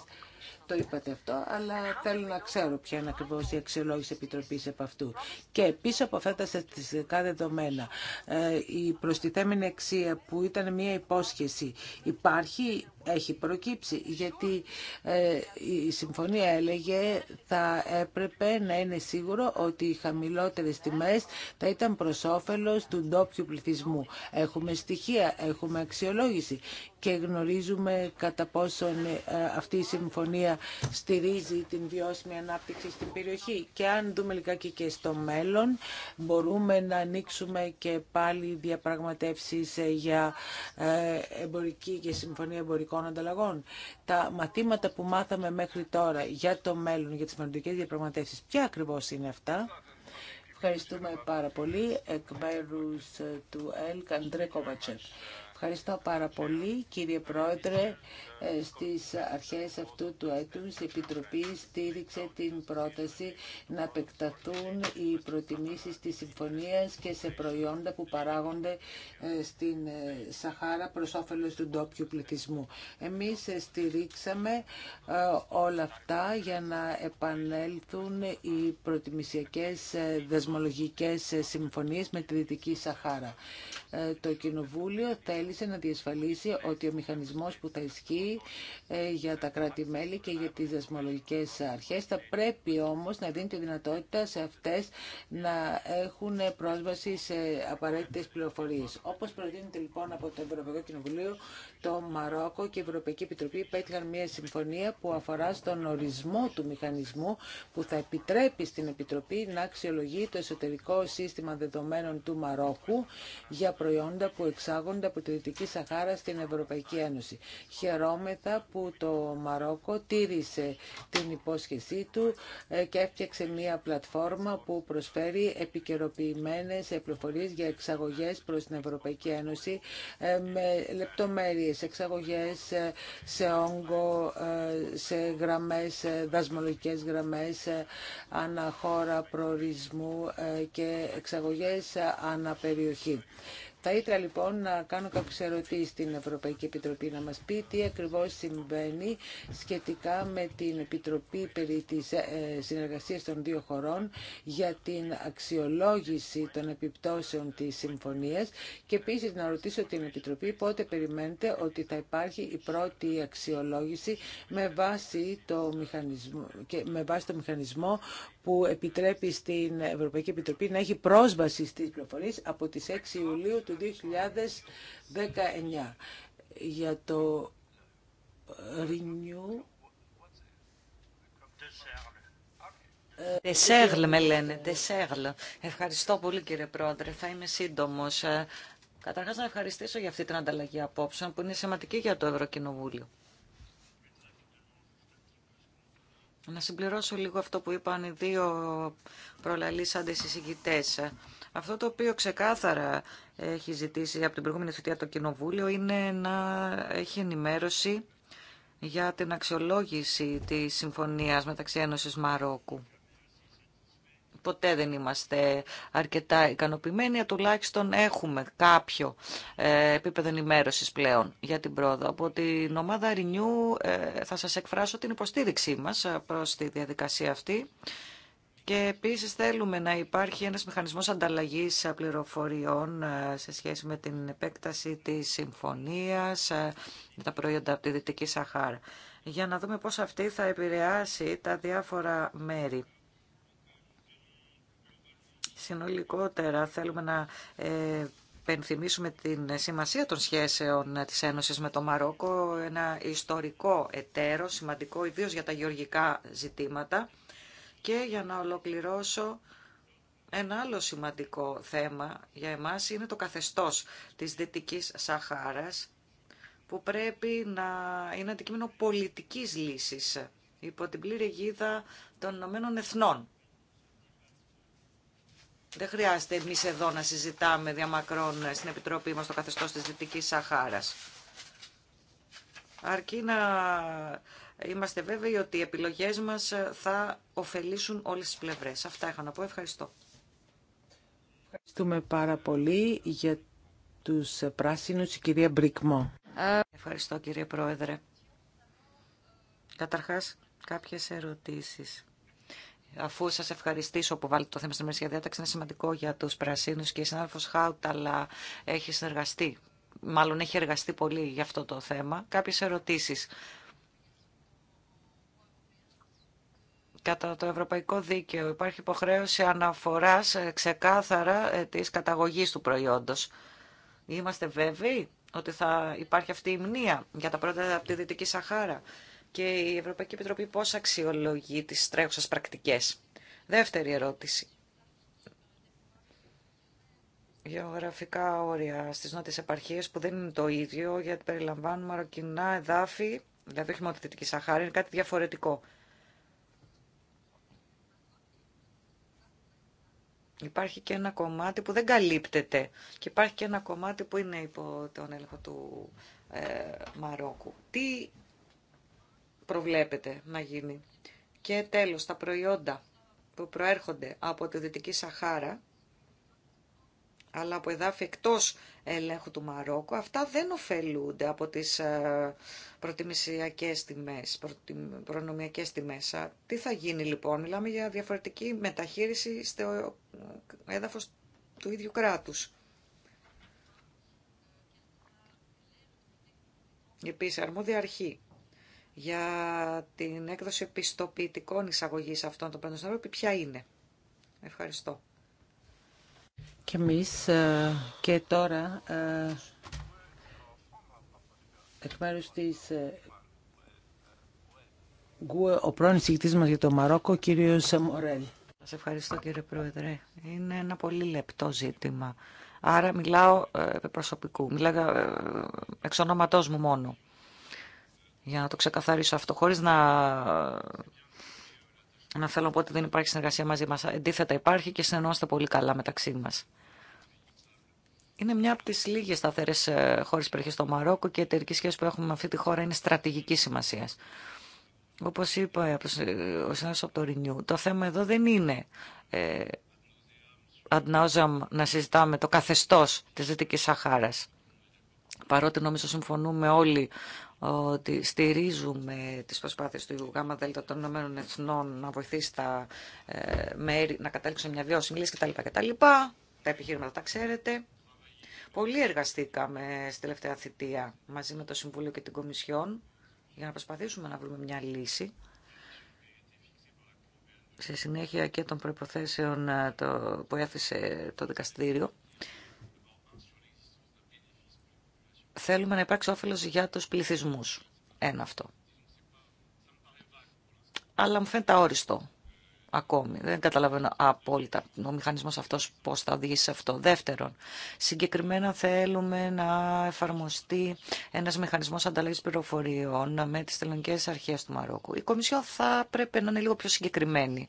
το είπατε αυτό, αλλά θέλω να ξέρω ποια είναι ακριβώ η αξιολόγηση επιτροπή από αυτού. Και πίσω από αυτά τα στατιστικά δεδομένα, ε, η προστιθέμενη αξία που ήταν μια υπόσχεση υπάρχει, έχει προκύψει, γιατί ε, η συμφωνία έλεγε θα έπρεπε να είναι σίγουρο ότι οι χαμηλότερες τιμές θα ήταν προς όφελος του ντόπιου πληθυσμού. Έχουμε στοιχεία, έχουμε αξιολόγηση και γνωρίζουμε κατά πόσον ε, αυτή η συμφωνία στηρίζει την βιώσιμη ανάπτυξη στην περιοχή. Και αν δούμε λιγάκι και στο μέλλον, μπορούμε να ανοίξουμε και πάλι διαπραγματεύσεις ε, για ε, εμπορική και συμφωνία εμπορικών ανταλλαγών. Τα μαθήματα που μάθαμε μέχρι τώρα για το μέλλον, για τις μελλοντικές διαπραγματεύσεις, ποια ακριβώς είναι αυτά. Ευχαριστούμε πάρα πολύ εκ μέρου ε, του ΕΛΚ Αντρέ Ευχαριστώ πάρα πολύ κύριε Πρόεδρε. Ε, στις αρχές αυτού του έτους η Επιτροπή στήριξε την πρόταση να επεκταθούν οι προτιμήσεις της συμφωνίας και σε προϊόντα που παράγονται ε, στην ε, Σαχάρα προς όφελος του ντόπιου πληθυσμού. Εμείς στηρίξαμε όλα αυτά για να επανέλθουν οι προτιμησιακές δεσμολογικές συμφωνίες με τη Δυτική Σαχάρα. Το Κοινοβούλιο θέλει θέλησε να διασφαλίσει ότι ο μηχανισμός που θα ισχύει ε, για τα κράτη-μέλη και για τις δασμολογικές αρχές θα πρέπει όμως να δίνει τη δυνατότητα σε αυτές να έχουν πρόσβαση σε απαραίτητες πληροφορίες. Όπως προτείνεται λοιπόν από το Ευρωπαϊκό Κοινοβουλίο, το Μαρόκο και η Ευρωπαϊκή Επιτροπή υπέτυχαν μια συμφωνία που αφορά στον ορισμό του μηχανισμού που θα επιτρέπει στην Επιτροπή να αξιολογεί το εσωτερικό σύστημα δεδομένων του Μαρόκου για προϊόντα που εξάγονται από τη Δυτική Σαχάρα στην Ευρωπαϊκή Ένωση. Χαιρόμεθα που το Μαρόκο τήρησε την υπόσχεσή του ε, και έφτιαξε μια πλατφόρμα που προσφέρει επικαιροποιημένες πληροφορίες για εξαγωγές προς την Ευρωπαϊκή Ένωση ε, με λεπτομέρειε εταιρείες, εξαγωγές σε όγκο, ε, σε γραμμές, δασμολογικές γραμμές, αναχώρα προορισμού ε, και εξαγωγές αναπεριοχή. Θα ήθελα λοιπόν να κάνω κάποιες ερωτήσεις στην Ευρωπαϊκή Επιτροπή να μας πει τι ακριβώς συμβαίνει σχετικά με την Επιτροπή περί της ε, συνεργασίας των δύο χωρών για την αξιολόγηση των επιπτώσεων της συμφωνίας και επίσης να ρωτήσω την Επιτροπή πότε περιμένετε ότι θα υπάρχει η πρώτη αξιολόγηση με βάση το μηχανισμό, με βάση το μηχανισμό που επιτρέπει στην Ευρωπαϊκή Επιτροπή να έχει πρόσβαση στις πληροφορίες από τις 6 Ιουλίου του 2019. Για το Renew... Τεσέγλ με λένε, Τεσέγλ. Ευχαριστώ πολύ κύριε Πρόεδρε, θα είμαι σύντομος. Ε, καταρχάς να ευχαριστήσω για αυτή την ανταλλαγή απόψεων που είναι σημαντική για το Ευρωκοινοβούλιο. Να συμπληρώσω λίγο αυτό που είπαν οι δύο προλαλήσαντες εισηγητές. Αυτό το οποίο ξεκάθαρα έχει ζητήσει από την προηγούμενη θητεία το Κοινοβούλιο είναι να έχει ενημέρωση για την αξιολόγηση της συμφωνίας μεταξύ Ένωσης Μαρόκου ποτέ δεν είμαστε αρκετά ικανοποιημένοι, τουλάχιστον έχουμε κάποιο ε, επίπεδο ενημέρωση πλέον για την πρόοδο. Από την ομάδα Renew ε, θα σας εκφράσω την υποστήριξή μας ε, προς τη διαδικασία αυτή. Και επίσης θέλουμε να υπάρχει ένας μηχανισμός ανταλλαγής πληροφοριών σε σχέση με την επέκταση της συμφωνίας με τα προϊόντα από τη Δυτική Σαχάρα για να δούμε πώς αυτή θα επηρεάσει τα διάφορα μέρη Συνολικότερα θέλουμε να ε, πενθυμίσουμε την σημασία των σχέσεων της Ένωσης με το Μαρόκο, ένα ιστορικό εταίρο, σημαντικό ιδίως για τα γεωργικά ζητήματα. Και για να ολοκληρώσω, ένα άλλο σημαντικό θέμα για εμάς είναι το καθεστώς της Δυτικής Σαχάρας, που πρέπει να είναι αντικείμενο πολιτικής λύσης υπό την πλήρη αιγίδα των Ηνωμένων Εθνών. Δεν χρειάζεται εμείς εδώ να συζητάμε διαμακρών στην Επιτροπή μας το καθεστώς της Δυτικής Σαχάρας. Αρκεί να είμαστε βέβαιοι ότι οι επιλογές μας θα ωφελήσουν όλες τις πλευρές. Αυτά είχα να πω. Ευχαριστώ. Ευχαριστούμε πάρα πολύ για τους πράσινους, η κυρία Μπρικμό. Ευχαριστώ κύριε Πρόεδρε. Καταρχάς, κάποιες ερωτήσεις αφού σα ευχαριστήσω που βάλετε το θέμα στην ημερήσια διάταξη, είναι σημαντικό για του πρασίνου και η συνάδελφο αλλά έχει συνεργαστεί. Μάλλον έχει εργαστεί πολύ για αυτό το θέμα. Κάποιε ερωτήσει. Κατά το ευρωπαϊκό δίκαιο υπάρχει υποχρέωση αναφοράς ξεκάθαρα ε, της καταγωγής του προϊόντος. Είμαστε βέβαιοι ότι θα υπάρχει αυτή η μνήμα για τα πρώτα από τη Δυτική Σαχάρα και η Ευρωπαϊκή Επιτροπή πώς αξιολογεί τις τρέχουσες πρακτικές. Δεύτερη ερώτηση. Γεωγραφικά όρια στις νότιες επαρχίες που δεν είναι το ίδιο γιατί περιλαμβάνουν μαροκινά εδάφη, δηλαδή όχι μόνο τη Σαχάρη, είναι κάτι διαφορετικό. Υπάρχει και ένα κομμάτι που δεν καλύπτεται και υπάρχει και ένα κομμάτι που είναι υπό τον έλεγχο του ε, Μαρόκου. Τι προβλέπεται να γίνει. Και τέλος, τα προϊόντα που προέρχονται από τη Δυτική Σαχάρα, αλλά από εδάφη εκτός ελέγχου του Μαρόκου, αυτά δεν ωφελούνται από τις ε, προτιμησιακές τιμές, προνομιακές τιμές. Τι θα γίνει λοιπόν, μιλάμε για διαφορετική μεταχείριση στο έδαφος του ίδιου κράτους. Επίσης, αρμόδια αρχή για την έκδοση επιστοποιητικών εισαγωγή αυτών των Πέντε στην Ευρώπη, ποια είναι. Ευχαριστώ. Και εμείς ε, και τώρα ε, εκ μέρους της ε, ο πρώην συγκητής μας για το Μαρόκο, κύριο Μορέλ. Σας ευχαριστώ κύριε Πρόεδρε. Είναι ένα πολύ λεπτό ζήτημα. Άρα μιλάω επί προσωπικού, μιλάω εξ ονόματός μου μόνο για να το ξεκαθαρίσω αυτό, χωρίς να, να θέλω να πω ότι δεν υπάρχει συνεργασία μαζί μας. Εντίθετα υπάρχει και συνεννόμαστε πολύ καλά μεταξύ μας. Είναι μια από τις λίγες σταθερές ε, χώρες περιοχής στο Μαρόκο και η εταιρική σχέση που έχουμε με αυτή τη χώρα είναι στρατηγική σημασίας. Όπως είπα ε, ο συνάδελφος από το Ρινιού, το θέμα εδώ δεν είναι ε, να συζητάμε το καθεστώς της Δυτικής Σαχάρας. Παρότι νομίζω συμφωνούμε όλοι ότι στηρίζουμε τις προσπάθειες του ΓΑΜΑ των Ηνωμένων Εθνών να βοηθήσει τα ε, μέρη να καταλήξουν μια βιώσιμη λύση κτλ. κτλ. Τα επιχείρηματα τα ξέρετε. Πολύ εργαστήκαμε στη τελευταία θητεία μαζί με το Συμβούλιο και την Κομισιόν για να προσπαθήσουμε να βρούμε μια λύση. Σε συνέχεια και των προϋποθέσεων ε, που έθεσε το δικαστήριο θέλουμε να υπάρξει όφελος για τους πληθυσμούς. Ένα αυτό. Αλλά μου φαίνεται αόριστο ακόμη. Δεν καταλαβαίνω απόλυτα ο μηχανισμός αυτός πώς θα οδηγήσει σε αυτό. Δεύτερον, συγκεκριμένα θέλουμε να εφαρμοστεί ένας μηχανισμός ανταλλαγής πληροφοριών με τις τελωνικές αρχές του Μαρόκου. Η Κομισιόν θα πρέπει να είναι λίγο πιο συγκεκριμένη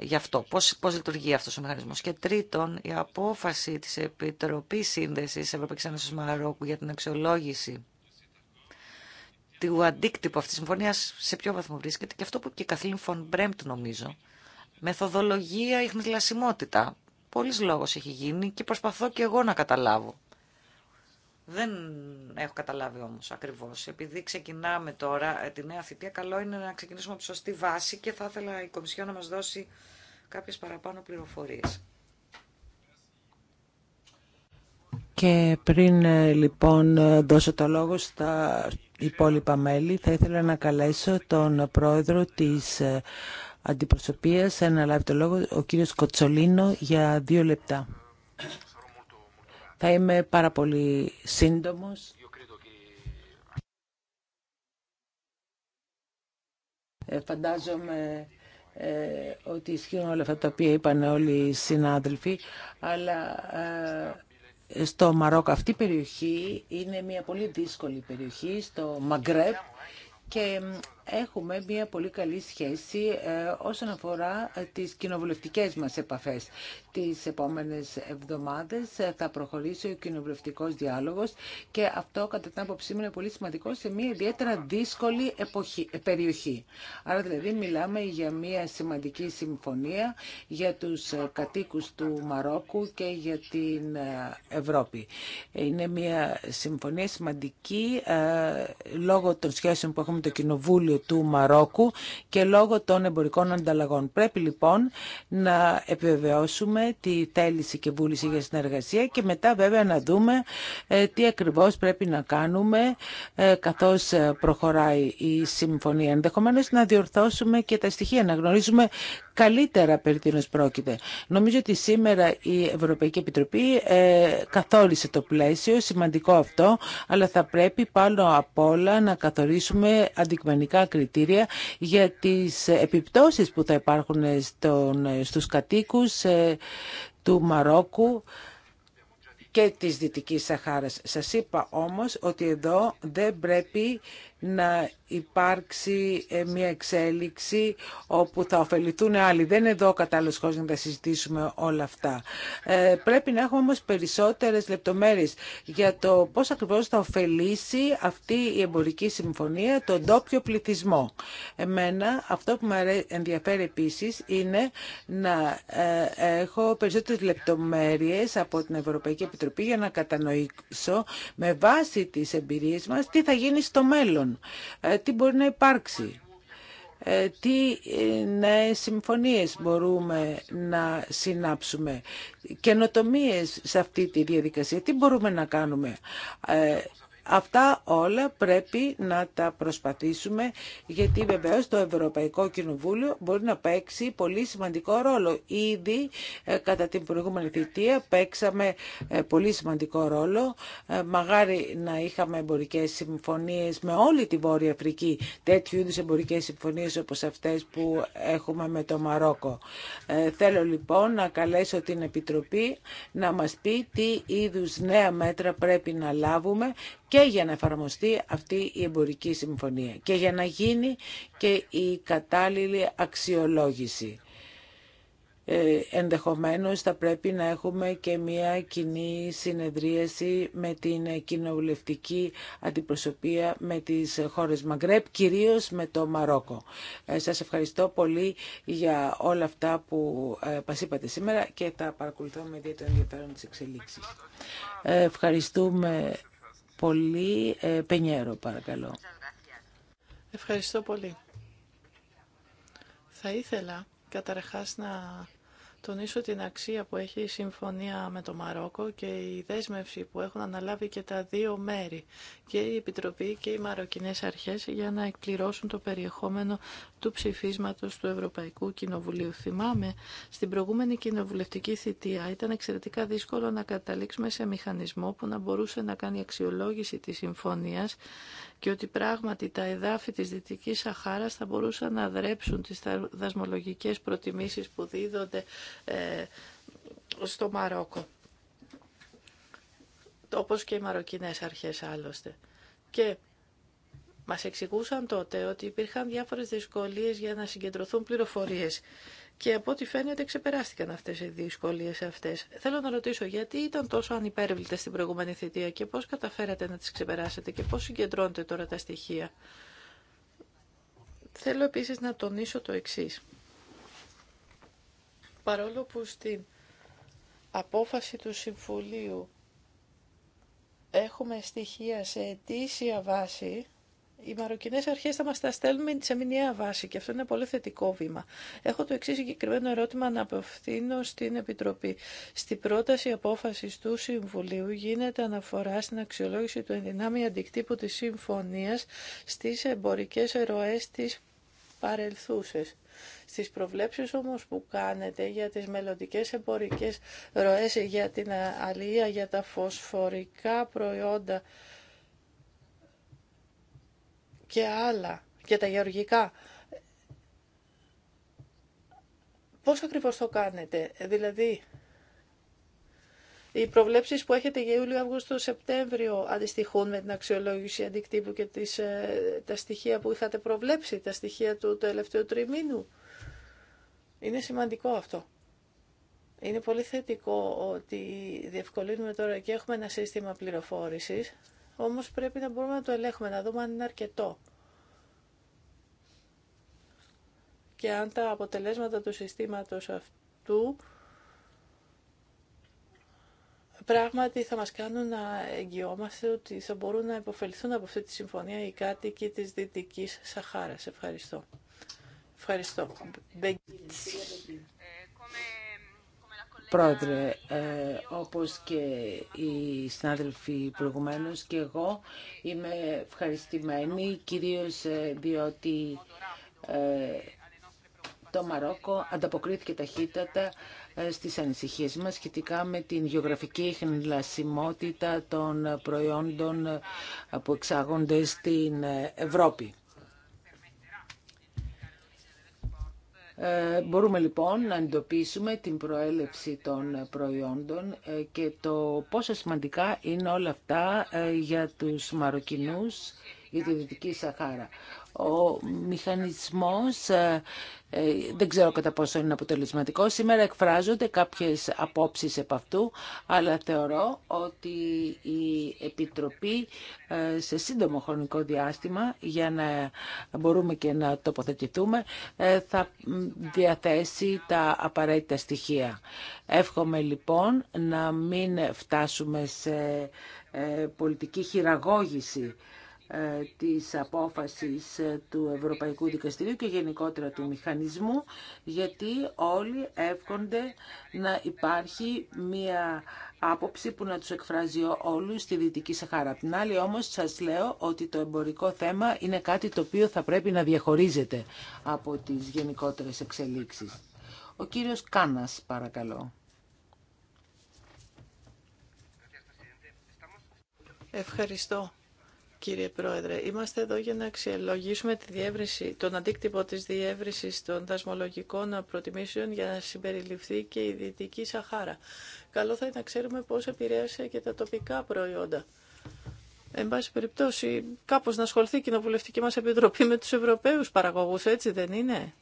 γι' αυτό. Πώς, πώς λειτουργεί αυτός ο μηχανισμός. Και τρίτον, η απόφαση της Επιτροπής Σύνδεσης Ευρωπαϊκής Ένωσης Μαρόκου για την αξιολόγηση του αντίκτυπου αυτής της συμφωνίας σε ποιο βαθμό βρίσκεται και αυτό που και η Καθλήν Φον Μπρέμπτ νομίζω. Μεθοδολογία, ηχνηλασιμότητα. Πολλής λόγος έχει γίνει και προσπαθώ και εγώ να καταλάβω. Δεν έχω καταλάβει όμως ακριβώς. Επειδή ξεκινάμε τώρα ε, τη νέα θητεία, καλό είναι να ξεκινήσουμε από τη σωστή βάση και θα ήθελα η Κομισιόν να μας δώσει κάποιες παραπάνω πληροφορίες. Και πριν ε, λοιπόν ε, δώσω το λόγο στα υπόλοιπα μέλη, θα ήθελα να καλέσω τον πρόεδρο της αντιπροσωπείας να λάβει το λόγο, ο κύριος Κοτσολίνο, για δύο λεπτά. Θα είμαι πάρα πολύ σύντομος. Ε, φαντάζομαι ε, ότι ισχύουν όλα αυτά τα οποία είπαν όλοι οι συνάδελφοι, αλλά ε, στο Μαρόκο αυτή η περιοχή είναι μια πολύ δύσκολη περιοχή, στο Μαγκρέπ, και έχουμε μια πολύ καλή σχέση ε, όσον αφορά ε, τις κοινοβουλευτικές μας επαφές. Τις επόμενες εβδομάδες ε, θα προχωρήσει ο κοινοβουλευτικός διάλογος και αυτό κατά την άποψή μου είναι πολύ σημαντικό σε μια ιδιαίτερα δύσκολη περιοχή. Άρα δηλαδή μιλάμε για μια σημαντική συμφωνία για τους κατοίκους του Μαρόκου και για την Ευρώπη. Είναι μια συμφωνία σημαντική λόγω των σχέσεων που έχουμε το Κοινοβούλιο του Μαρόκου και λόγω των εμπορικών ανταλλαγών. Πρέπει λοιπόν να επιβεβαιώσουμε τη θέληση και βούληση για συνεργασία και μετά βέβαια να δούμε ε, τι ακριβώς πρέπει να κάνουμε ε, καθώς ε, προχωράει η συμφωνία. Ενδεχομένως να διορθώσουμε και τα στοιχεία, να γνωρίζουμε καλύτερα περί τίνος πρόκειται. Νομίζω ότι σήμερα η Ευρωπαϊκή Επιτροπή ε, καθόρισε το πλαίσιο, σημαντικό αυτό, αλλά θα πρέπει πάνω απ' όλα να καθορίσουμε αντικειμενικά κριτήρια για τις επιπτώσεις που θα υπάρχουν στον, στους κατοίκους ε, του Μαρόκου και της Δυτικής Σαχάρας. Σας είπα όμως ότι εδώ δεν πρέπει να υπάρξει ε, μια εξέλιξη όπου θα ωφεληθούν άλλοι. Δεν είναι εδώ ο κατάλληλος χώρος να τα συζητήσουμε όλα αυτά. Ε, πρέπει να έχουμε όμως περισσότερες λεπτομέρειες για το πώς ακριβώς θα ωφελήσει αυτή η εμπορική συμφωνία τον τόπιο πληθυσμό. Εμένα αυτό που με ενδιαφέρει επίσης είναι να ε, έχω περισσότερες λεπτομέρειες από την Ευρωπαϊκή Επιτροπή για να κατανοήσω με βάση τις εμπειρίες μας τι θα γίνει στο μέλλον. Ε, τι μπορεί να υπάρξει ε, τι ε, νέες συμφωνίες μπορούμε να συνάψουμε, καινοτομίε σε αυτή τη διαδικασία, τι μπορούμε να κάνουμε. Αυτά όλα πρέπει να τα προσπαθήσουμε γιατί βεβαίως το Ευρωπαϊκό Κοινοβούλιο μπορεί να παίξει πολύ σημαντικό ρόλο. Ήδη ε, κατά την προηγούμενη θητεία παίξαμε ε, πολύ σημαντικό ρόλο. Ε, μαγάρι να είχαμε εμπορικέ συμφωνίες με όλη τη Βόρεια Αφρική, τέτοιου είδους εμπορικές συμφωνίες όπως αυτές που έχουμε με το Μαρόκο. Θέλω λοιπόν να καλέσω την Επιτροπή να μας πει τι είδους νέα μέτρα πρέπει να λάβουμε και για να εφαρμοστεί αυτή η εμπορική συμφωνία και για να γίνει και η κατάλληλη αξιολόγηση. Ε, ενδεχομένως θα πρέπει να έχουμε και μια κοινή συνεδρίαση με την κοινοβουλευτική αντιπροσωπεία με τις χώρες Μαγκρέπ, κυρίως με το Μαρόκο. Ε, σας ευχαριστώ πολύ για όλα αυτά που ε, μας είπατε σήμερα και τα παρακολουθώ με ιδιαίτερο ενδιαφέρον ε, ευχαριστούμε πολύ. Ε, Πενιέρο, παρακαλώ. Ευχαριστώ πολύ. Θα ήθελα καταρχάς να τονίσω την αξία που έχει η συμφωνία με το Μαρόκο και η δέσμευση που έχουν αναλάβει και τα δύο μέρη, και η Επιτροπή και οι Μαροκινές Αρχές, για να εκπληρώσουν το περιεχόμενο του ψηφίσματος του Ευρωπαϊκού Κοινοβουλίου. Θυμάμαι, στην προηγούμενη κοινοβουλευτική θητεία ήταν εξαιρετικά δύσκολο να καταλήξουμε σε μηχανισμό που να μπορούσε να κάνει αξιολόγηση της συμφωνίας και ότι πράγματι τα εδάφη της Δυτικής Σαχάρας θα μπορούσαν να δρέψουν τις δασμολογικές προτιμήσεις που δίδονται ε, στο Μαρόκο. Όπως και οι μαροκινές αρχές άλλωστε. Και μας εξηγούσαν τότε ότι υπήρχαν διάφορες δυσκολίες για να συγκεντρωθούν πληροφορίες και από ό,τι φαίνεται ξεπεράστηκαν αυτές οι δυσκολίε αυτές. Θέλω να ρωτήσω γιατί ήταν τόσο ανυπέρβλητες στην προηγούμενη θητεία και πώς καταφέρατε να τις ξεπεράσετε και πώς συγκεντρώνετε τώρα τα στοιχεία. Θέλω επίσης να τονίσω το εξή. Παρόλο που στην απόφαση του Συμβουλίου έχουμε στοιχεία σε αιτήσια βάση οι μαροκινές αρχέ θα μα τα στέλνουν σε μηνιαία βάση και αυτό είναι πολύ θετικό βήμα. Έχω το εξή συγκεκριμένο ερώτημα να απευθύνω στην Επιτροπή. Στην πρόταση απόφαση του Συμβουλίου γίνεται αναφορά στην αξιολόγηση του ενδυνάμει αντικτύπου της Συμφωνία στις εμπορικές ροέ τη παρελθούσε. Στις προβλέψεις όμως που κάνετε για τις μελλοντικές εμπορικές ροές, για την αλία, για τα φωσφορικά προϊόντα, και άλλα και τα γεωργικά. Πώς ακριβώς το κάνετε, δηλαδή οι προβλέψεις που έχετε για Ιούλιο, Αύγουστο, Σεπτέμβριο αντιστοιχούν με την αξιολόγηση αντικτύπου και τις, ε, τα στοιχεία που είχατε προβλέψει, τα στοιχεία του τελευταίου τριμήνου. Είναι σημαντικό αυτό. Είναι πολύ θετικό ότι διευκολύνουμε τώρα και έχουμε ένα σύστημα πληροφόρησης όμως πρέπει να μπορούμε να το ελέγχουμε, να δούμε αν είναι αρκετό. Και αν τα αποτελέσματα του συστήματος αυτού πράγματι θα μας κάνουν να εγγυόμαστε ότι θα μπορούν να υποφεληθούν από αυτή τη συμφωνία οι κάτοικοι της Δυτικής Σαχάρας. Ευχαριστώ. Ευχαριστώ. Πρόεδρε, ε, όπως και οι συνάδελφοι προηγουμένως και εγώ είμαι ευχαριστημένη κυρίως ε, διότι ε, το Μαρόκο ανταποκρίθηκε ταχύτατα στις ανησυχίες μας σχετικά με την γεωγραφική χνηλασιμότητα των προϊόντων που εξάγονται στην Ευρώπη. Ε, μπορούμε λοιπόν να εντοπίσουμε την προέλευση των προϊόντων ε, και το πόσο σημαντικά είναι όλα αυτά ε, για τους Μαροκινούς για τη Δυτική Σαχάρα ο μηχανισμός ε, ε, δεν ξέρω κατά πόσο είναι αποτελεσματικό. Σήμερα εκφράζονται κάποιες απόψεις επ' αυτού, αλλά θεωρώ ότι η Επιτροπή ε, σε σύντομο χρονικό διάστημα, για να μπορούμε και να τοποθετηθούμε, θα διαθέσει τα απαραίτητα στοιχεία. Εύχομαι λοιπόν να μην φτάσουμε σε πολιτική χειραγώγηση ε, της απόφασης ε, του Ευρωπαϊκού Δικαστηρίου και γενικότερα του μηχανισμού, γιατί όλοι εύχονται να υπάρχει μία άποψη που να τους εκφράζει όλους στη Δυτική Σαχάρα. Απ' την άλλη όμως σας λέω ότι το εμπορικό θέμα είναι κάτι το οποίο θα πρέπει να διαχωρίζεται από τις γενικότερες εξελίξεις. Ο κύριος Κάνας, παρακαλώ. Ευχαριστώ κύριε Πρόεδρε. Είμαστε εδώ για να αξιολογήσουμε τη διεύρυνση, τον αντίκτυπο της διεύρυνσης των δασμολογικών προτιμήσεων για να συμπεριληφθεί και η Δυτική Σαχάρα. Καλό θα είναι να ξέρουμε πώς επηρέασε και τα τοπικά προϊόντα. Εν πάση περιπτώσει, κάπως να ασχοληθεί η Κοινοβουλευτική μας Επιτροπή με τους Ευρωπαίους παραγωγούς, έτσι δεν είναι.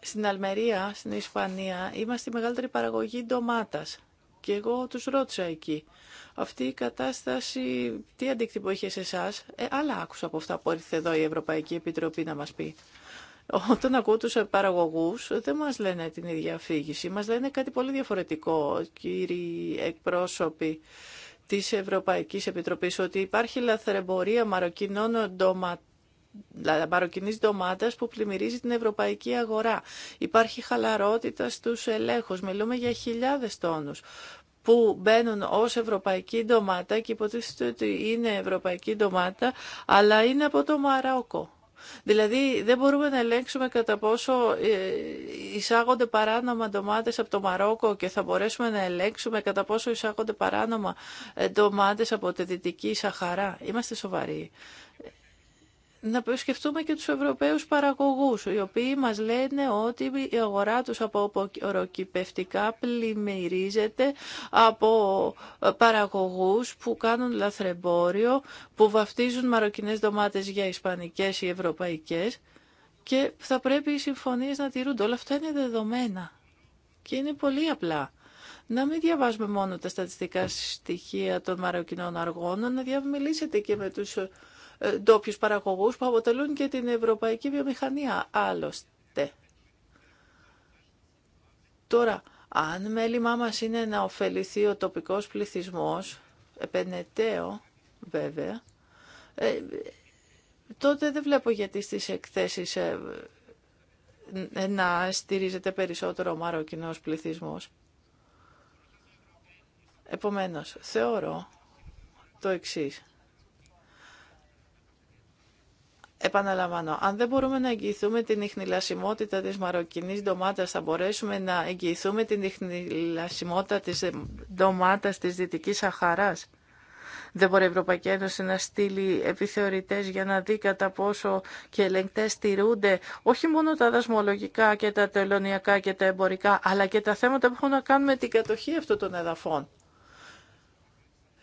Στην Αλμερία, στην Ισπανία, είμαστε η μεγαλύτερη παραγωγή ντομάτας. Και εγώ τους ρώτησα εκεί αυτή η κατάσταση, τι αντίκτυπο είχε σε εσά, αλλά ε, άκουσα από αυτά που έρθει εδώ η Ευρωπαϊκή Επιτροπή να μας πει. Όταν ακούω τους παραγωγούς δεν μας λένε την ίδια αφήγηση, μας λένε κάτι πολύ διαφορετικό, κύριοι εκπρόσωποι της Ευρωπαϊκής Επιτροπής, ότι υπάρχει λαθρεμπορία μαροκινών ντοματών μαροκινή ντομάτα που πλημμυρίζει την ευρωπαϊκή αγορά. Υπάρχει χαλαρότητα στου ελέγχου. Μιλούμε για χιλιάδε τόνου που μπαίνουν ως ευρωπαϊκή ντομάτα και υποτίθεται ότι είναι ευρωπαϊκή ντομάτα, αλλά είναι από το Μαρόκο. Δηλαδή δεν μπορούμε να ελέγξουμε κατά πόσο ε, εισάγονται παράνομα ντομάτες από το Μαρόκο και θα μπορέσουμε να ελέγξουμε κατά πόσο εισάγονται παράνομα ε, ντομάτες από τη Δυτική Σαχαρά. Είμαστε σοβαροί να σκεφτούμε και τους Ευρωπαίους παραγωγούς, οι οποίοι μας λένε ότι η αγορά τους από οροκυπευτικά πλημμυρίζεται από ε, παραγωγούς που κάνουν λαθρεμπόριο, που βαφτίζουν μαροκινές ντομάτες για ισπανικές ή ευρωπαϊκές και θα πρέπει οι συμφωνίες να τηρούνται. Όλα αυτά είναι δεδομένα και είναι πολύ απλά. Να μην διαβάζουμε μόνο τα στατιστικά στοιχεία των μαροκινών αργών, να διαμιλήσετε και με τους ε, ντόπιου παραγωγούς που αποτελούν και την ευρωπαϊκή βιομηχανία άλλωστε. Τώρα, αν μέλημά μας είναι να ωφεληθεί ο τοπικός πληθυσμός, επενεταίο βέβαια, ε, τότε δεν βλέπω γιατί στις εκθέσεις ε, να στηρίζεται περισσότερο ο μαροκινός πληθυσμός. Επομένως, θεωρώ το εξής. Επαναλαμβάνω, αν δεν μπορούμε να εγγυηθούμε την ιχνηλασιμότητα της μαροκινής ντομάτας, θα μπορέσουμε να εγγυηθούμε την ιχνηλασιμότητα της ε, ντομάτας της Δυτικής Σαχαράς. Δεν μπορεί η Ευρωπαϊκή Ένωση να στείλει επιθεωρητές για να δει κατά πόσο και ελεγκτές στηρούνται όχι μόνο τα δασμολογικά και τα τελωνιακά και τα εμπορικά, αλλά και τα θέματα που έχουν να κάνουν με την κατοχή αυτών των εδαφών.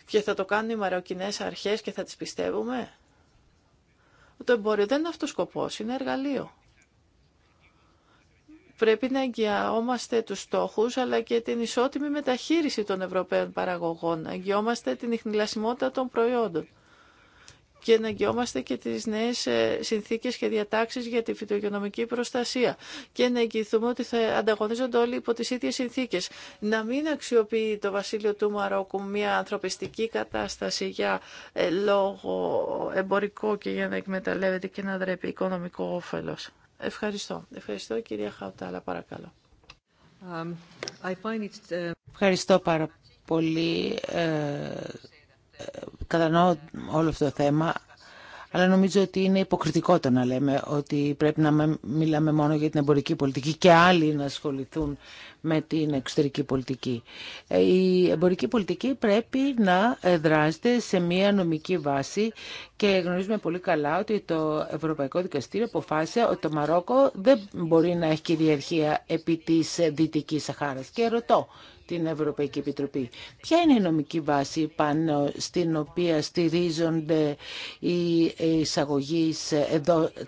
Και θα το κάνουν οι μαροκινές αρχές και θα τις πιστεύουμε. Το εμπόριο δεν είναι αυτός ο σκοπός, είναι εργαλείο. Πρέπει να εγγυαόμαστε τους στόχους αλλά και την ισότιμη μεταχείριση των Ευρωπαίων παραγωγών. Εγγυόμαστε την ιχνηλασιμότητα των προϊόντων και εγγυόμαστε και τις νέες ε, συνθήκες και διατάξεις για τη φυτογενομική προστασία και να εγγυηθούμε ότι θα ανταγωνίζονται όλοι υπό τις ίδιες συνθήκες. Να μην αξιοποιεί το βασίλειο του Μαρόκου μια ανθρωπιστική κατάσταση για ε, λόγο εμπορικό και για να εκμεταλλεύεται και να δρέπει οικονομικό όφελος. Ευχαριστώ. Ευχαριστώ κυρία Χαουτάλα, παρακαλώ. Um, I find it... Uh, Ευχαριστώ πάρα πολύ. Ε, κατανοώ όλο αυτό το θέμα, αλλά νομίζω ότι είναι υποκριτικό το να λέμε ότι πρέπει να μιλάμε μόνο για την εμπορική πολιτική και άλλοι να ασχοληθούν με την εξωτερική πολιτική. Ε, η εμπορική πολιτική πρέπει να ε, δράζεται σε μια νομική βάση και γνωρίζουμε πολύ καλά ότι το Ευρωπαϊκό Δικαστήριο αποφάσισε ότι το Μαρόκο δεν μπορεί να έχει κυριαρχία επί της Δυτικής Σαχάρας. Και ρωτώ, την Ευρωπαϊκή Επιτροπή. Ποια είναι η νομική βάση πάνω στην οποία στηρίζονται οι εισαγωγεί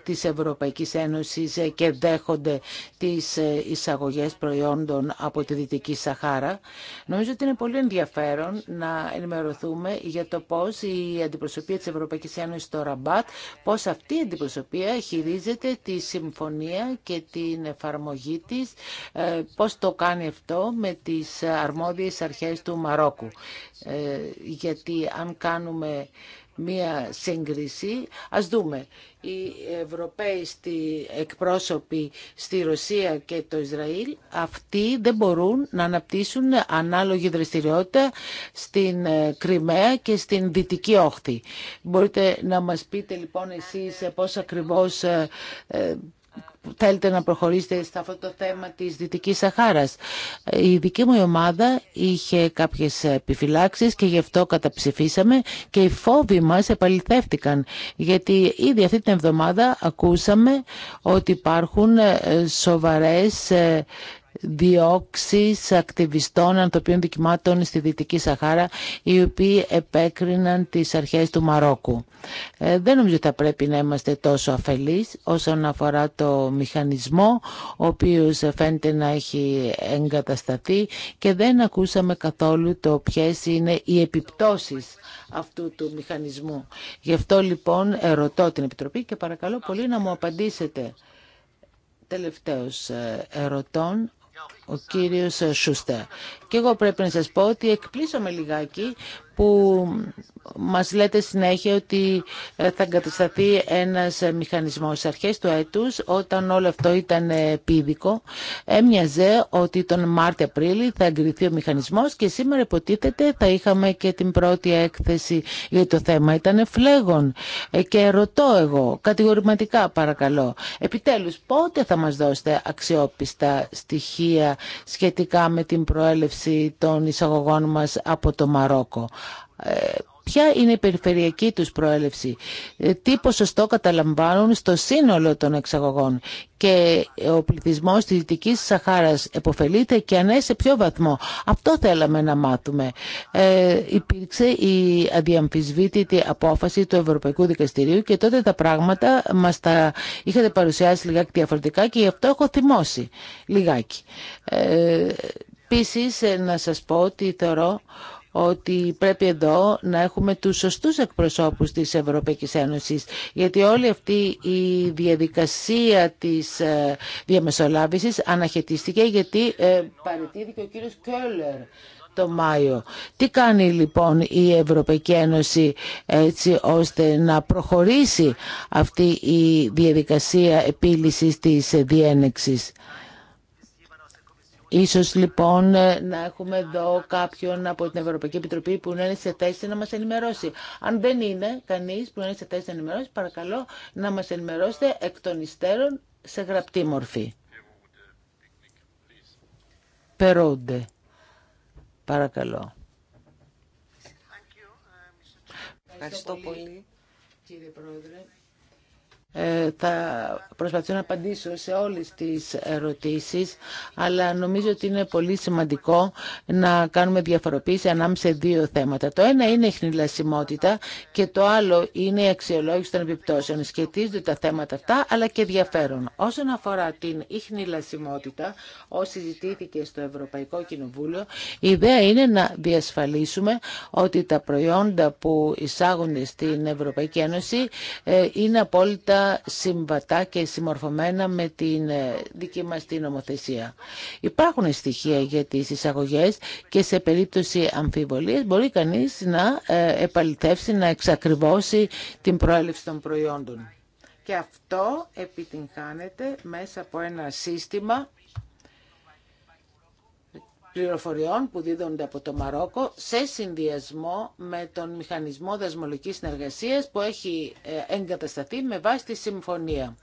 της Ευρωπαϊκής Ένωσης και δέχονται τις εισαγωγές προϊόντων από τη Δυτική Σαχάρα. Νομίζω ότι είναι πολύ ενδιαφέρον να ενημερωθούμε για το πώς η αντιπροσωπεία της Ευρωπαϊκής Ένωσης στο Ραμπάτ, πώς αυτή η αντιπροσωπεία χειρίζεται τη συμφωνία και την εφαρμογή της, ε, πώς το κάνει αυτό με τις αρμόδιες αρχές του Μαρόκου. Ε, γιατί αν κάνουμε μία σύγκριση. Ας δούμε, οι Ευρωπαίοι στη, εκπρόσωποι στη Ρωσία και το Ισραήλ, αυτοί δεν μπορούν να αναπτύσσουν ανάλογη δραστηριότητα στην ε, Κρυμαία και στην Δυτική Όχθη. Μπορείτε να μας πείτε λοιπόν εσείς ε, πώς ακριβώς θέλετε να προχωρήσετε σε αυτό το θέμα της Δυτικής Σαχάρας. Η δική μου ομάδα είχε κάποιες επιφυλάξεις και γι' αυτό καταψηφίσαμε και οι φόβοι μας επαληθεύτηκαν. Γιατί ήδη αυτή την εβδομάδα ακούσαμε ότι υπάρχουν ε, σοβαρές ε, διώξει ακτιβιστών ανθρωπίνων δικημάτων στη Δυτική Σαχάρα οι οποίοι επέκριναν τι αρχές του Μαρόκου. Ε, δεν νομίζω ότι θα πρέπει να είμαστε τόσο αφελείς όσον αφορά το μηχανισμό ο οποίο φαίνεται να έχει εγκατασταθεί και δεν ακούσαμε καθόλου το ποιε είναι οι επιπτώσει αυτού του μηχανισμού. Γι' αυτό λοιπόν ερωτώ την Επιτροπή και παρακαλώ πολύ να μου απαντήσετε τελευταίος ε, ερωτών 要 ο κύριος ε, Σουστέρ Και εγώ πρέπει να σας πω ότι με λιγάκι που μας λέτε συνέχεια ότι ε, θα εγκατασταθεί ένας ε, μηχανισμός στις αρχές του έτους όταν όλο αυτό ήταν πίδικο έμοιαζε ότι τον Μάρτιο-Απρίλη θα εγκριθεί ο μηχανισμός και σήμερα υποτίθεται θα είχαμε και την πρώτη έκθεση για το θέμα ήταν φλέγον και ρωτώ εγώ κατηγορηματικά παρακαλώ επιτέλους πότε θα μας δώσετε αξιόπιστα στοιχεία σχετικά με την προέλευση των εισαγωγών μας από το Μαρόκο. Ε, ποια είναι η περιφερειακή τους προέλευση, ε, τι ποσοστό καταλαμβάνουν στο σύνολο των εξαγωγών και ε, ο πληθυσμός της Δυτικής Σαχάρας επωφελείται και αν ναι, σε ποιο βαθμό. Αυτό θέλαμε να μάθουμε. Ε, υπήρξε η αδιαμφισβήτητη απόφαση του Ευρωπαϊκού Δικαστηρίου και τότε τα πράγματα μας τα είχατε παρουσιάσει λιγάκι διαφορετικά και γι' αυτό έχω θυμώσει λιγάκι. Ε, Επίση, ε, να σας πω ότι θεωρώ ότι πρέπει εδώ να έχουμε τους σωστούς εκπροσώπους της Ευρωπαϊκής Ένωσης γιατί όλη αυτή η διαδικασία της ε, διαμεσολάβησης αναχαιτίστηκε γιατί ε, παραιτήθηκε ο κύριος Κέλλερ το Μάιο. Τι κάνει λοιπόν η Ευρωπαϊκή Ένωση έτσι ώστε να προχωρήσει αυτή η διαδικασία επίλυσης της διένεξης. Ίσως λοιπόν ε, να έχουμε εδώ κάποιον από την Ευρωπαϊκή Επιτροπή που να είναι σε θέση να μας ενημερώσει. Αν δεν είναι κανείς που να είναι σε θέση να ενημερώσει, παρακαλώ να μας ενημερώσετε εκ των υστέρων σε γραπτή μορφή. Περόντε. Παρακαλώ. Ευχαριστώ πολύ, κύριε Πρόεδρε. Ε, θα προσπαθήσω να απαντήσω σε όλες τις ερωτήσεις, αλλά νομίζω ότι είναι πολύ σημαντικό να κάνουμε διαφοροποίηση ανάμεσα σε δύο θέματα. Το ένα είναι η χνηλασιμότητα και το άλλο είναι η αξιολόγηση των επιπτώσεων. Σχετίζονται τα θέματα αυτά, αλλά και ενδιαφέρον. Όσον αφορά την χνηλασιμότητα, όσο συζητήθηκε στο Ευρωπαϊκό Κοινοβούλιο, η ιδέα είναι να διασφαλίσουμε ότι τα προϊόντα που εισάγονται στην Ευρωπαϊκή Ένωση ε, είναι απόλυτα συμβατά και συμμορφωμένα με την ε, δική μας την νομοθεσία. Υπάρχουν στοιχεία για τις εισαγωγές και σε περίπτωση αμφιβολίας μπορεί κανείς να ε, επαληθεύσει, να εξακριβώσει την προέλευση των προϊόντων. Και αυτό επιτυγχάνεται μέσα από ένα σύστημα πληροφοριών που δίδονται από το Μαρόκο σε συνδυασμό με τον μηχανισμό δεσμολογικής συνεργασίας που έχει ε, εγκατασταθεί με βάση τη συμφωνία.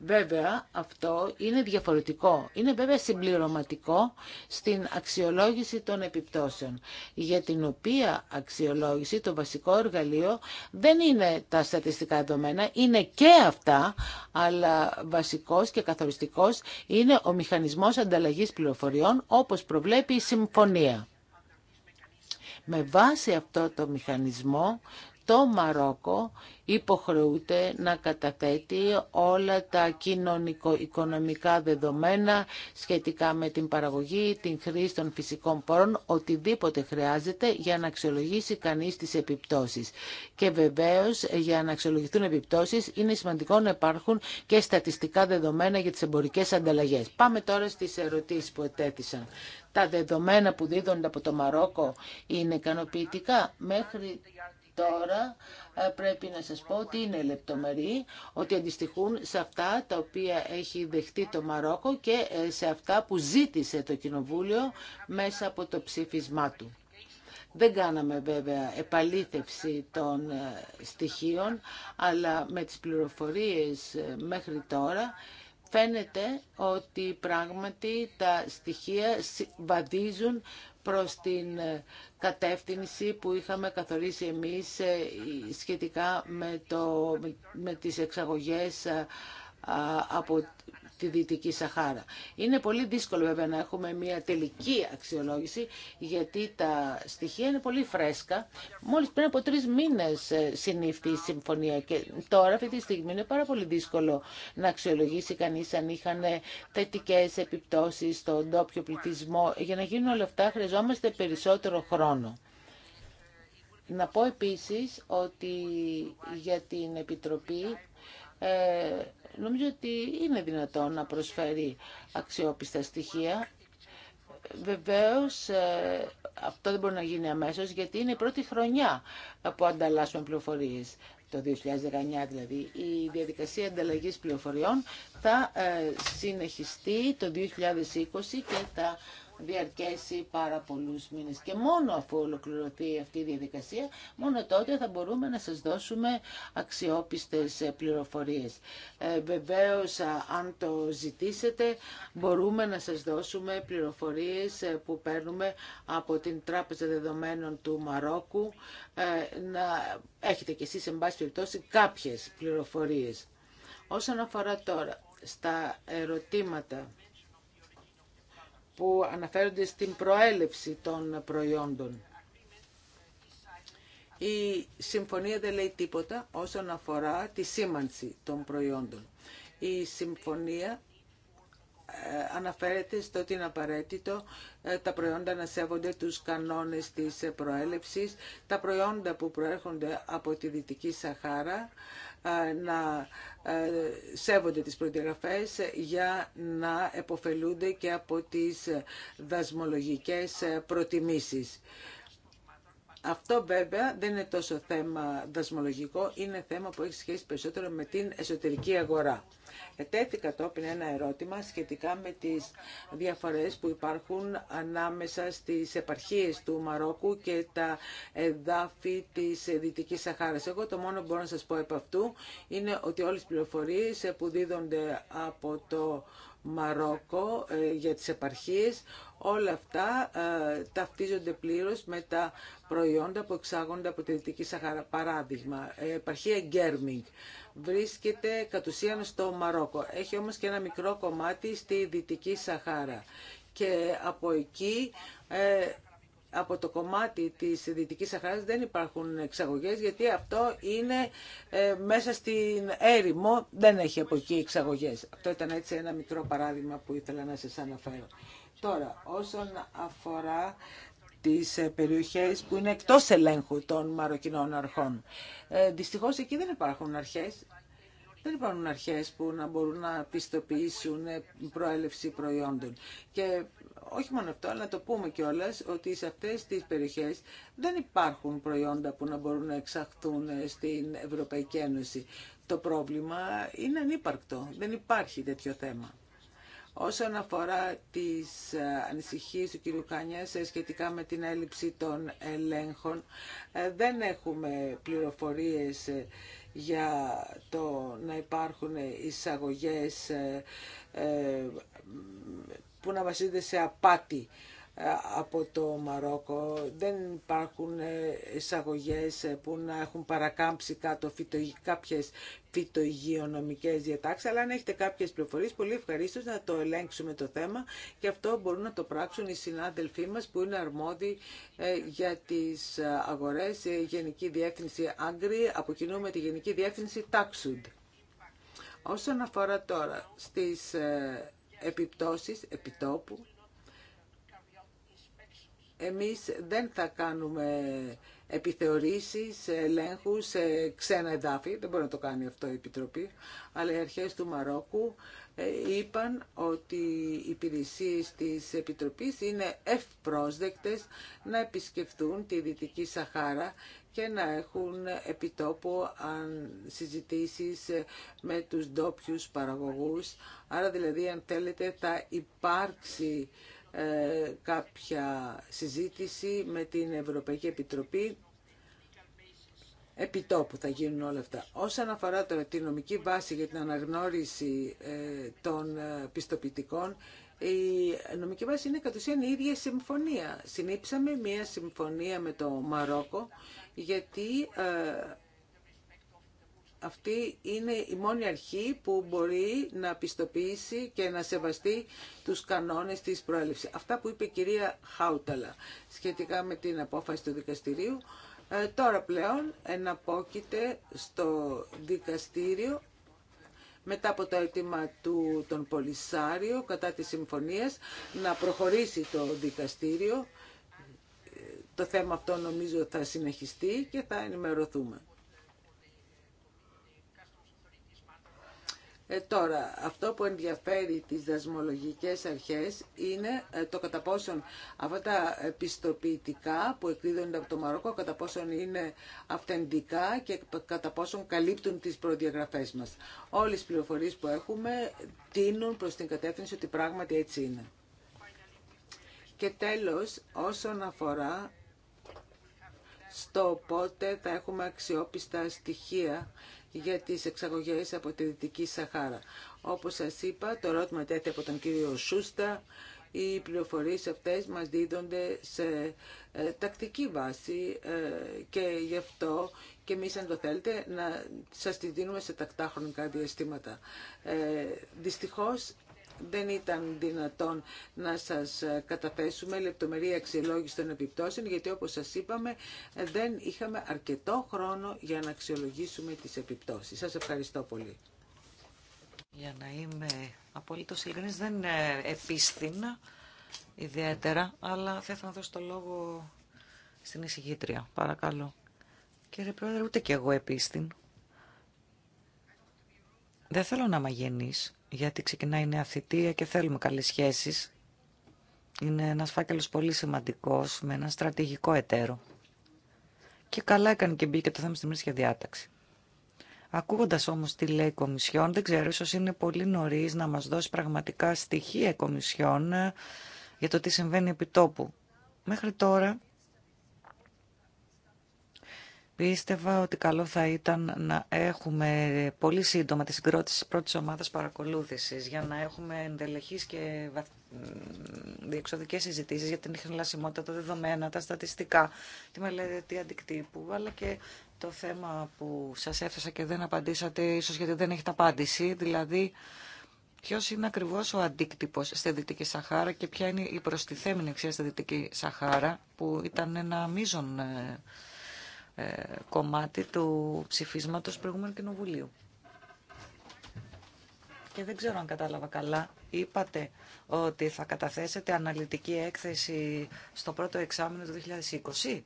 Βέβαια, αυτό είναι διαφορετικό. Είναι βέβαια συμπληρωματικό στην αξιολόγηση των επιπτώσεων, για την οποία αξιολόγηση το βασικό εργαλείο δεν είναι τα στατιστικά δεδομένα, είναι και αυτά, αλλά βασικός και καθοριστικός είναι ο μηχανισμός ανταλλαγής πληροφοριών, όπως προβλέπει η συμφωνία. Με βάση αυτό το μηχανισμό το Μαρόκο υποχρεούται να καταθέτει όλα τα κοινωνικο-οικονομικά δεδομένα σχετικά με την παραγωγή, την χρήση των φυσικών πόρων, οτιδήποτε χρειάζεται για να αξιολογήσει κανείς τις επιπτώσεις. Και βεβαίως για να αξιολογηθούν επιπτώσεις είναι σημαντικό να υπάρχουν και στατιστικά δεδομένα για τις εμπορικές ανταλλαγές. Πάμε τώρα στις ερωτήσεις που ετέθησαν. Τα δεδομένα που δίδονται από το Μαρόκο είναι ικανοποιητικά μέχρι Τώρα ε, πρέπει να σας πω ότι είναι λεπτομερή, ότι αντιστοιχούν σε αυτά τα οποία έχει δεχτεί το Μαρόκο και ε, σε αυτά που ζήτησε το Κοινοβούλιο μέσα από το ψήφισμά του. Δεν κάναμε βέβαια επαλήθευση των ε, στοιχείων, αλλά με τις πληροφορίες μέχρι τώρα φαίνεται ότι πράγματι τα στοιχεία βαδίζουν προς την ε, κατεύθυνση που είχαμε καθορίσει εμείς ε, σχετικά με, το, με τις εξαγωγές ε, από τη Δυτική Σαχάρα. Είναι πολύ δύσκολο βέβαια να έχουμε μια τελική αξιολόγηση γιατί τα στοιχεία είναι πολύ φρέσκα. Μόλις πριν από τρεις μήνες ε, συνήφθη η συμφωνία και τώρα αυτή τη στιγμή είναι πάρα πολύ δύσκολο να αξιολογήσει κανείς αν είχαν θετικές επιπτώσεις στον τόπιο πληθυσμό. Για να γίνουν όλα αυτά χρειαζόμαστε περισσότερο χρόνο. Να πω επίσης ότι για την Επιτροπή ε, Νομίζω ότι είναι δυνατόν να προσφέρει αξιόπιστα στοιχεία. Βεβαίως, ε, αυτό δεν μπορεί να γίνει αμέσως, γιατί είναι η πρώτη χρονιά που ανταλλάσσουμε πληροφορίες το 2019 δηλαδή. Η διαδικασία ανταλλαγής πληροφοριών θα ε, συνεχιστεί το 2020 και τα διαρκέσει πάρα πολλούς μήνες. Και μόνο αφού ολοκληρωθεί αυτή η διαδικασία, μόνο τότε θα μπορούμε να σας δώσουμε αξιόπιστες πληροφορίες. Ε, βεβαίως, αν το ζητήσετε, μπορούμε να σας δώσουμε πληροφορίες ε, που παίρνουμε από την Τράπεζα Δεδομένων του Μαρόκου, ε, να έχετε κι εσείς, εν πάση περιπτώσει, κάποιες πληροφορίες. Όσον αφορά τώρα στα ερωτήματα που αναφέρονται στην προέλευση των προϊόντων. Η συμφωνία δεν λέει τίποτα όσον αφορά τη σήμανση των προϊόντων. Η συμφωνία ε, αναφέρεται στο ότι είναι απαραίτητο ε, τα προϊόντα να σέβονται τους κανόνες της προέλευσης. Τα προϊόντα που προέρχονται από τη Δυτική Σαχάρα ε, να ε, σέβονται τις προδιαγραφές για να επωφελούνται και από τις δασμολογικές ε, προτιμήσεις. Αυτό βέβαια δεν είναι τόσο θέμα δασμολογικό, είναι θέμα που έχει σχέση περισσότερο με την εσωτερική αγορά. Ετέθη κατόπιν ένα ερώτημα σχετικά με τις διαφορές που υπάρχουν ανάμεσα στις επαρχίες του Μαρόκου και τα εδάφη της Δυτικής Σαχάρας. Εγώ το μόνο που μπορώ να σας πω επ' αυτού είναι ότι όλες τις πληροφορίες που δίδονται από το Μαρόκο ε, για τις επαρχίες όλα αυτά ε, ταυτίζονται πλήρως με τα προϊόντα που εξάγονται από τη Δυτική Σαχάρα. Παράδειγμα, ε, επαρχία Γκέρμιγκ βρίσκεται κατ' ουσίαν στο Μαρόκο. Έχει όμως και ένα μικρό κομμάτι στη Δυτική Σαχάρα. Και από εκεί ε, από το κομμάτι της Δυτικής Σαχάρας δεν υπάρχουν εξαγωγές γιατί αυτό είναι ε, μέσα στην έρημο, δεν έχει από εκεί εξαγωγές. Αυτό ήταν έτσι ένα μικρό παράδειγμα που ήθελα να σας αναφέρω. Τώρα, όσον αφορά τις ε, περιοχές που είναι εκτός ελέγχου των μαροκινών αρχών. Ε, δυστυχώς εκεί δεν υπάρχουν αρχές. Δεν υπάρχουν αρχές που να μπορούν να πιστοποιήσουν ε, προέλευση προϊόντων. Και όχι μόνο αυτό, αλλά να το πούμε κιόλα ότι σε αυτές τις περιοχές δεν υπάρχουν προϊόντα που να μπορούν να εξαχθούν στην Ευρωπαϊκή Ένωση. Το πρόβλημα είναι ανύπαρκτο. Δεν υπάρχει τέτοιο θέμα. Όσον αφορά τις ε, ανησυχίες του κ. Κάνια ε, σχετικά με την έλλειψη των ελέγχων, ε, δεν έχουμε πληροφορίες για το να υπάρχουν εισαγωγές που να βασίζονται σε απάτη ε, από το Μαρόκο. Δεν υπάρχουν ε, εισαγωγές ε, που να έχουν παρακάμψει κάτω κάποιες φυτογειονομικές διατάξεις, αλλά αν έχετε κάποιες πληροφορίες, πολύ ευχαρίστω να το ελέγξουμε το θέμα και αυτό μπορούν να το πράξουν οι συνάδελφοί μας που είναι αρμόδιοι για τις αγορές, η Γενική Διεύθυνση Άγκρη, από με τη Γενική Διεύθυνση Τάξουντ. Όσον αφορά τώρα στις επιπτώσεις επιτόπου, εμείς δεν θα κάνουμε επιθεωρήσεις, ελέγχου σε ξένα εδάφη, δεν μπορεί να το κάνει αυτό η Επιτροπή, αλλά οι αρχές του Μαρόκου ε, είπαν ότι οι υπηρεσίες της Επιτροπής είναι ευπρόσδεκτες να επισκεφθούν τη Δυτική Σαχάρα και να έχουν επιτόπου αν συζητήσεις με τους ντόπιου παραγωγούς. Άρα δηλαδή αν θέλετε θα υπάρξει ε, κάποια συζήτηση με την Ευρωπαϊκή Επιτροπή επιτόπου θα γίνουν όλα αυτά. Όσον αφορά τώρα τη νομική βάση για την αναγνώριση ε, των ε, πιστοποιητικών, η νομική βάση είναι κατ' ουσίαν η ίδια συμφωνία. Συνήψαμε μία συμφωνία με το Μαρόκο, γιατί αυτή είναι η μόνη αρχή που μπορεί να πιστοποιήσει και να σεβαστεί τους κανόνες της προέλευσης. Αυτά που είπε η κυρία Χάουταλα σχετικά με την απόφαση του δικαστηρίου, ε, τώρα πλέον εναπόκειται στο δικαστήριο μετά από το αίτημα του, τον Πολυσάριο κατά της συμφωνίας να προχωρήσει το δικαστήριο. Ε, το θέμα αυτό νομίζω θα συνεχιστεί και θα ενημερωθούμε. Ε, τώρα, αυτό που ενδιαφέρει τις δασμολογικές αρχές είναι ε, το κατά πόσον αυτά τα πιστοποιητικά που εκδίδονται από το Μαρόκο, κατά πόσον είναι αυθεντικά και κατά πόσον καλύπτουν τις προδιαγραφές μας. Όλες οι πληροφορίες που έχουμε τίνουν προς την κατεύθυνση ότι πράγματι έτσι είναι. Και τέλος, όσον αφορά στο πότε θα έχουμε αξιόπιστα στοιχεία για τις εξαγωγές από τη Δυτική Σαχάρα. Όπως σας είπα, το ερώτημα τέτοιο από τον κύριο Σούστα, οι πληροφορίες αυτές μας δίδονται σε ε, τακτική βάση ε, και γι' αυτό και εμείς αν το θέλετε να σας τη δίνουμε σε τακτά χρονικά διαστήματα. Ε, δυστυχώς δεν ήταν δυνατόν να σας καταθέσουμε λεπτομερή αξιολόγηση των επιπτώσεων, γιατί όπως σας είπαμε δεν είχαμε αρκετό χρόνο για να αξιολογήσουμε τις επιπτώσεις. Σας ευχαριστώ πολύ. Για να είμαι απολύτως ειλικρινής, δεν ε, επίστηνα ιδιαίτερα, αλλά θα ήθελα να δώσω το λόγο στην εισηγήτρια. Παρακαλώ. Κύριε Πρόεδρε, ούτε κι εγώ επίστην. Δεν θέλω να είμαι γιατί ξεκινάει η νέα θητεία και θέλουμε καλές σχέσεις. Είναι ένας φάκελος πολύ σημαντικός με ένα στρατηγικό εταίρο. Και καλά έκανε και μπήκε το θέμα στη μέση διάταξη. Ακούγοντα όμω τι λέει η Κομισιόν, δεν ξέρω, ίσω είναι πολύ νωρί να μα δώσει πραγματικά στοιχεία η Κομισιόν ε, για το τι συμβαίνει επί τόπου. Μέχρι τώρα Πίστευα ότι καλό θα ήταν να έχουμε πολύ σύντομα τη συγκρότηση της πρώτης ομάδας παρακολούθησης για να έχουμε εντελεχείς και βαθ... διεξοδικές συζητήσεις για την ειχνηλασιμότητα, τα δεδομένα, τα στατιστικά, τη μελέτη αντικτύπου, αλλά και το θέμα που σας έθεσα και δεν απαντήσατε, ίσως γιατί δεν έχετε απάντηση, δηλαδή ποιο είναι ακριβώ ο αντίκτυπο στη Δυτική Σαχάρα και ποια είναι η προστιθέμενη αξία στη Δυτική Σαχάρα, που ήταν ένα μείζον ε, ε, κομμάτι του ψηφίσματος προηγούμενου κοινοβουλίου. Και δεν ξέρω αν κατάλαβα καλά. Είπατε ότι θα καταθέσετε αναλυτική έκθεση στο πρώτο εξάμεινο του 2020.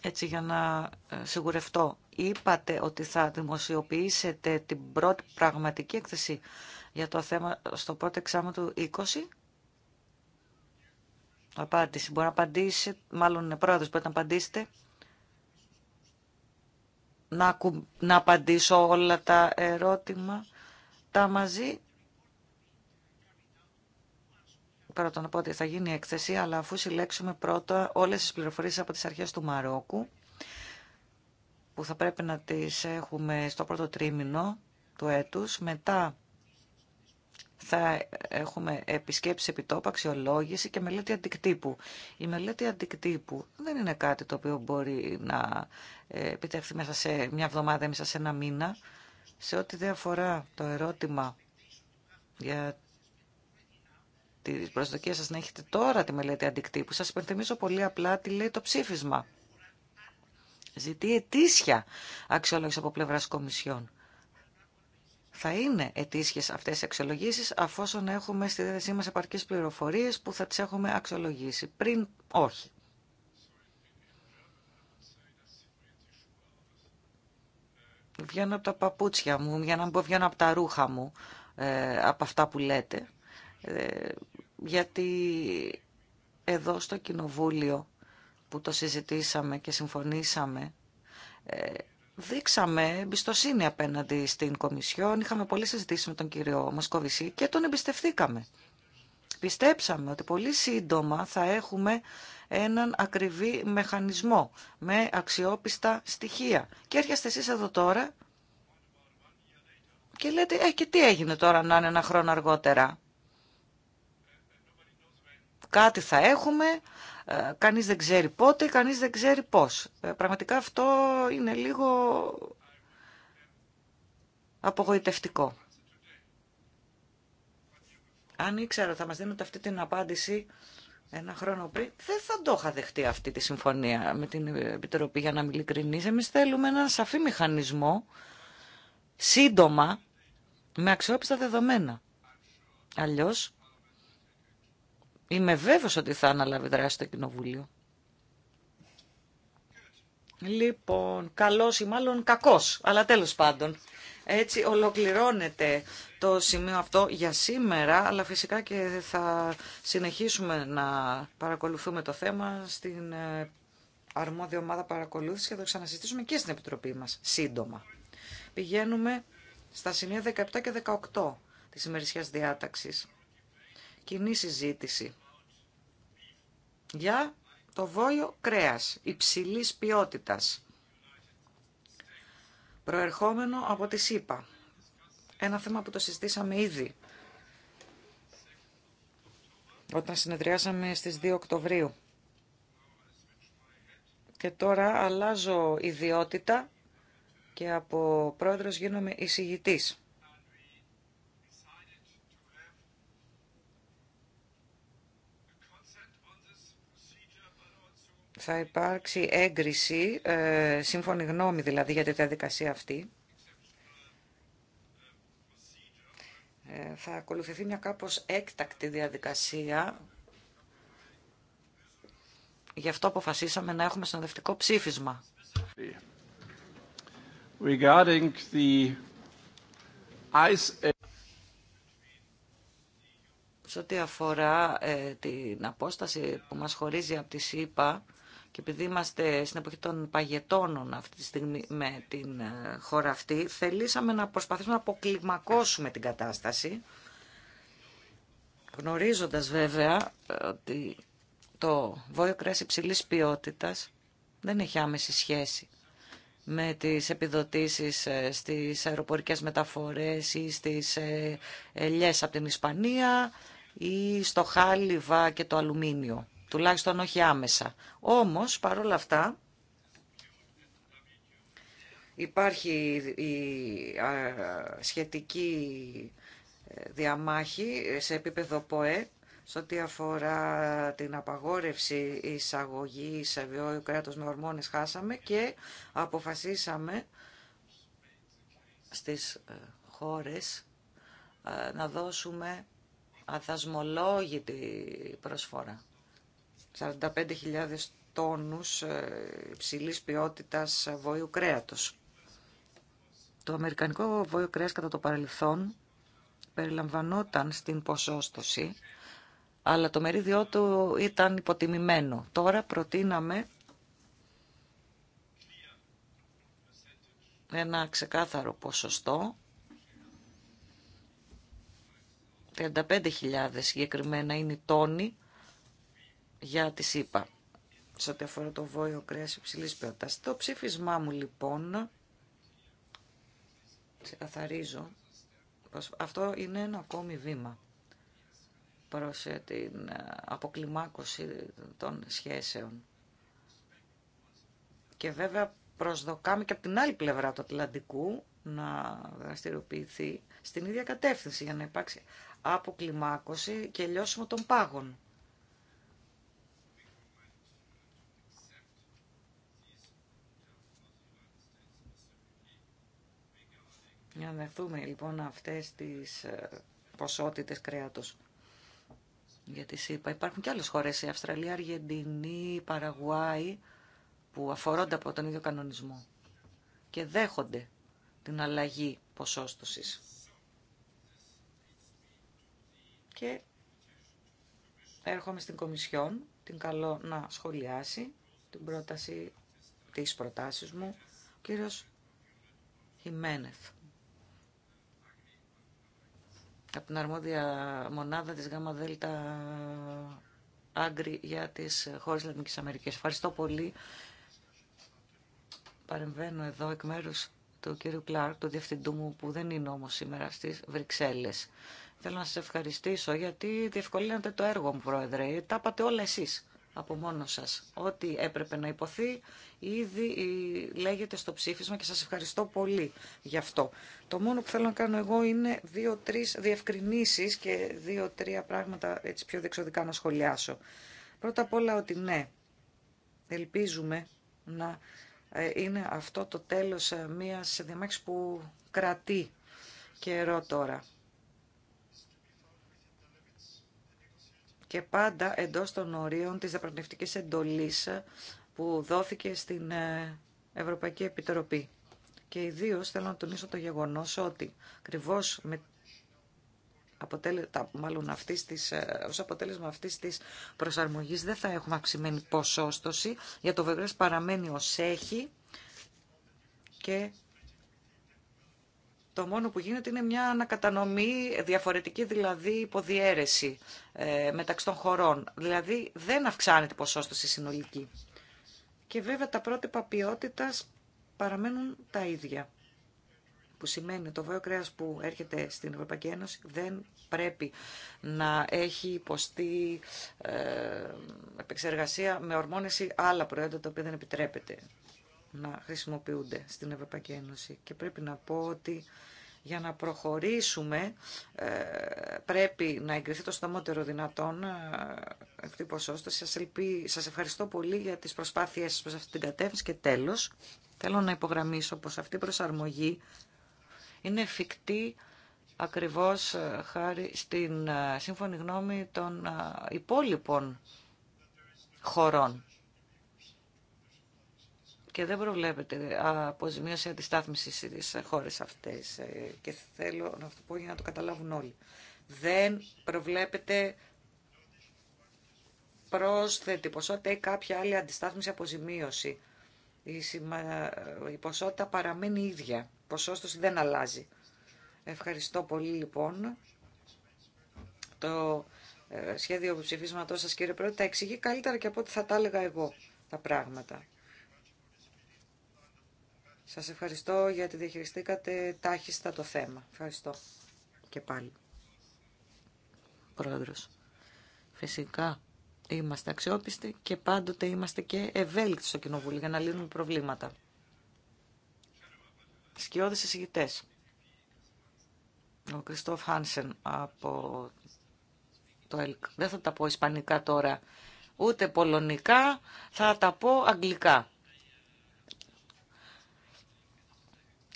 Έτσι για να ε, σιγουρευτώ. Είπατε ότι θα δημοσιοποιήσετε την πρώτη πραγματική έκθεση για το θέμα στο πρώτο εξάμεινο του 2020 Απάντηση. Μπορεί να απαντήσει, μάλλον είναι πρόεδρος, μπορείτε να απαντήσετε. Να, ακου, να απαντήσω όλα τα ερώτημα, τα μαζί. Πρώτον, να πω ότι θα γίνει η έκθεση, αλλά αφού συλλέξουμε πρώτα όλες τις πληροφορίες από τις αρχές του Μαρόκου, που θα πρέπει να τις έχουμε στο πρώτο τρίμηνο του έτους, μετά θα έχουμε επισκέψει επιτόπου, αξιολόγηση και μελέτη αντικτύπου. Η μελέτη αντικτύπου δεν είναι κάτι το οποίο μπορεί να ε, επιτευχθεί μέσα σε μια εβδομάδα ή μέσα σε ένα μήνα. Σε ό,τι διαφορά αφορά το ερώτημα για τι προσδοκίες σας να έχετε τώρα τη μελέτη αντικτύπου, σας υπενθυμίζω πολύ απλά τι λέει το ψήφισμα. Ζητεί ετήσια αξιολόγηση από πλευράς κομισιών θα είναι ετήσιες αυτέ οι αξιολογήσεις αφόσον έχουμε στη διάθεσή μας επαρκεί πληροφορίες που θα τι έχουμε αξιολογήσει. Πριν όχι. Βγαίνω από τα παπούτσια μου, για να μην πω βγαίνω από τα ρούχα μου, ε, από αυτά που λέτε. Ε, γιατί εδώ στο Κοινοβούλιο που το συζητήσαμε και συμφωνήσαμε, ε, δείξαμε εμπιστοσύνη απέναντι στην Κομισιόν. Είχαμε πολλές συζητήσεις με τον κύριο Μοσκοβισή και τον εμπιστευτήκαμε. Πιστέψαμε ότι πολύ σύντομα θα έχουμε έναν ακριβή μεχανισμό με αξιόπιστα στοιχεία. Και έρχεστε εσείς εδώ τώρα και λέτε, ε, και τι έγινε τώρα να είναι ένα χρόνο αργότερα. Κάτι θα έχουμε, ε, κανείς δεν ξέρει πότε, κανείς δεν ξέρει πώς. Ε, πραγματικά αυτό είναι λίγο απογοητευτικό. Αν ήξερα θα μας δίνετε αυτή την απάντηση ένα χρόνο πριν, δεν θα το είχα δεχτεί αυτή τη συμφωνία με την Επιτροπή για να μην ειλικρινείς. Εμείς θέλουμε έναν σαφή μηχανισμό, σύντομα, με αξιόπιστα δεδομένα. Αλλιώς Είμαι βέβαιος ότι θα αναλάβει δράση το Κοινοβούλιο. Λοιπόν, καλός ή μάλλον κακός, αλλά τέλος πάντων. Έτσι ολοκληρώνεται το σημείο αυτό για σήμερα, αλλά φυσικά και θα συνεχίσουμε να παρακολουθούμε το θέμα στην ε, αρμόδια ομάδα παρακολούθηση και θα το ξανασυστήσουμε και στην Επιτροπή μας σύντομα. Πηγαίνουμε στα σημεία 17 και 18 της ημερησιάς διάταξης. Κοινή συζήτηση για το βόλιο κρέας υψηλής ποιότητας προερχόμενο από τη ΣΥΠΑ. Ένα θέμα που το συζητήσαμε ήδη όταν συνεδριάσαμε στις 2 Οκτωβρίου. Και τώρα αλλάζω ιδιότητα και από πρόεδρος γίνομαι εισηγητής. θα υπάρξει έγκριση, ε, σύμφωνη γνώμη δηλαδή για τη διαδικασία αυτή. Ε, θα ακολουθηθεί μια κάπως έκτακτη διαδικασία. Γι' αυτό αποφασίσαμε να έχουμε συνοδευτικό ψήφισμα. Regarding Σε ό,τι αφορά ε, την απόσταση που μας χωρίζει από τη ΣΥΠΑ, και επειδή είμαστε στην εποχή των παγετώνων αυτή τη στιγμή με την ε, χώρα αυτή, θελήσαμε να προσπαθήσουμε να αποκλιμακώσουμε την κατάσταση, γνωρίζοντας βέβαια ε, ότι το βόλιο κρέας υψηλής ποιότητας δεν έχει άμεση σχέση με τις επιδοτήσεις ε, στις αεροπορικές μεταφορές ή στις ελιές από την Ισπανία ή στο χάλιβα και το αλουμίνιο τουλάχιστον όχι άμεσα. Όμως, παρόλα αυτά, υπάρχει η σχετική ε, διαμάχη σε επίπεδο ΠΟΕ σε ό,τι αφορά την απαγόρευση εισαγωγή σε βιώιο κράτος με ορμόνες χάσαμε και αποφασίσαμε στις ε, χώρες ε, να δώσουμε αθασμολόγητη προσφορά. 45.000 τόνους ε, υψηλής ποιότητας βόηου κρέατος. Το αμερικανικό βόηο κρέας κατά το παρελθόν περιλαμβανόταν στην ποσόστοση, αλλά το μερίδιό του ήταν υποτιμημένο. Τώρα προτείναμε ένα ξεκάθαρο ποσοστό, 35.000 συγκεκριμένα είναι οι τόνοι, για τη ΣΥΠΑ σε ό,τι αφορά το βόλιο κρέας υψηλής ποιότητας. Το ψήφισμά μου λοιπόν, ξεκαθαρίζω, πως αυτό είναι ένα ακόμη βήμα προς ε, την ε, αποκλιμάκωση των σχέσεων. Και βέβαια προσδοκάμε και από την άλλη πλευρά του Ατλαντικού να δραστηριοποιηθεί στην ίδια κατεύθυνση για να υπάρξει αποκλιμάκωση και λιώσιμο των πάγων. να δεχθούμε λοιπόν αυτές τις ε, ποσότητες κρέατος. Γιατί είπα, υπάρχουν και άλλες χώρες, η Αυστραλία, η Αργεντινή, η Παραγουάη, που αφορώνται από τον ίδιο κανονισμό και δέχονται την αλλαγή ποσόστοσης. Και έρχομαι στην Κομισιόν, την καλώ να σχολιάσει την πρόταση, της προτάσεις μου, ο κύριος Χιμένεθ από την αρμόδια μονάδα της ΓΑΜΑ ΔΕΛΤΑ Άγκρη για τις χώρες Λατινικής Αμερικής. Ευχαριστώ πολύ. Παρεμβαίνω εδώ εκ μέρους του κύριου Κλάρκ, του διευθυντού μου, που δεν είναι όμως σήμερα στις Βρυξέλλες. Θέλω να σας ευχαριστήσω γιατί διευκολύνατε το έργο μου, Πρόεδρε. Τα είπατε όλα εσείς από μόνο σας. Ό,τι έπρεπε να υποθεί ήδη λέγεται στο ψήφισμα και σας ευχαριστώ πολύ γι' αυτό. Το μόνο που θέλω να κάνω εγώ είναι δύο-τρει διευκρινήσει και δύο-τρία πράγματα έτσι πιο δεξοδικά να σχολιάσω. Πρώτα απ' όλα ότι ναι, ελπίζουμε να ε, είναι αυτό το τέλος ε, μιας διαμάχης που κρατεί καιρό τώρα. και πάντα εντός των ορίων της διαπραγματευτικής εντολής που δόθηκε στην ε, Ευρωπαϊκή Επιτροπή. Και ιδίω θέλω να τονίσω το γεγονός ότι ακριβώ με αποτέλεσμα, μάλλον αυτής της, ε, ως αποτέλεσμα αυτής της προσαρμογής δεν θα έχουμε αυξημένη ποσόστοση, για το βεβαίως παραμένει ως έχει και το μόνο που γίνεται είναι μια ανακατανομή διαφορετική, δηλαδή υποδιέρεση ε, μεταξύ των χωρών. Δηλαδή δεν αυξάνεται η ποσόστοση συνολική. Και βέβαια τα πρότυπα ποιότητα παραμένουν τα ίδια. Που σημαίνει το βέβαιο κρέας που έρχεται στην Ευρωπαϊκή Ένωση δεν πρέπει να έχει υποστεί ε, επεξεργασία με ορμόνες άλλα προϊόντα τα οποία δεν επιτρέπεται να χρησιμοποιούνται στην Ευρωπαϊκή Ένωση. Και πρέπει να πω ότι για να προχωρήσουμε ε, πρέπει να εγκριθεί το σταμότερο δυνατόν ε, αυτή η ποσόστοση. Σας, σας ευχαριστώ πολύ για τις προσπάθειές σας προς αυτή την κατεύθυνση και τέλος θέλω να υπογραμμίσω πως αυτή η προσαρμογή είναι εφικτή ακριβώς ε, χάρη στην σύμφωνη γνώμη των υπόλοιπων χωρών και δεν προβλέπεται αποζημίωση αντιστάθμιση στι χώρες αυτές. Ε, και θέλω να το πω για να το καταλάβουν όλοι. Δεν προβλέπεται πρόσθετη ποσότητα ή κάποια άλλη αντιστάθμιση αποζημίωση. Η, σημα... η ποσότητα παραμένει ίδια. Η ποσόστοση δεν αλλάζει. Ευχαριστώ πολύ λοιπόν. Το ε, σχέδιο ψηφίσματός σας κύριε Πρόεδρε τα εξηγεί καλύτερα και από ό,τι θα τα έλεγα εγώ τα πράγματα. Σας ευχαριστώ γιατί διαχειριστήκατε τάχιστα το θέμα. Ευχαριστώ και πάλι. Πρόεδρος, φυσικά είμαστε αξιόπιστοι και πάντοτε είμαστε και ευέλικτοι στο Κοινοβούλιο για να λύνουμε προβλήματα. Σκιώδες εισηγητές. Ο Κριστόφ Χάνσεν από το ΕΛΚ. Δεν θα τα πω ισπανικά τώρα, ούτε πολωνικά, θα τα πω αγγλικά.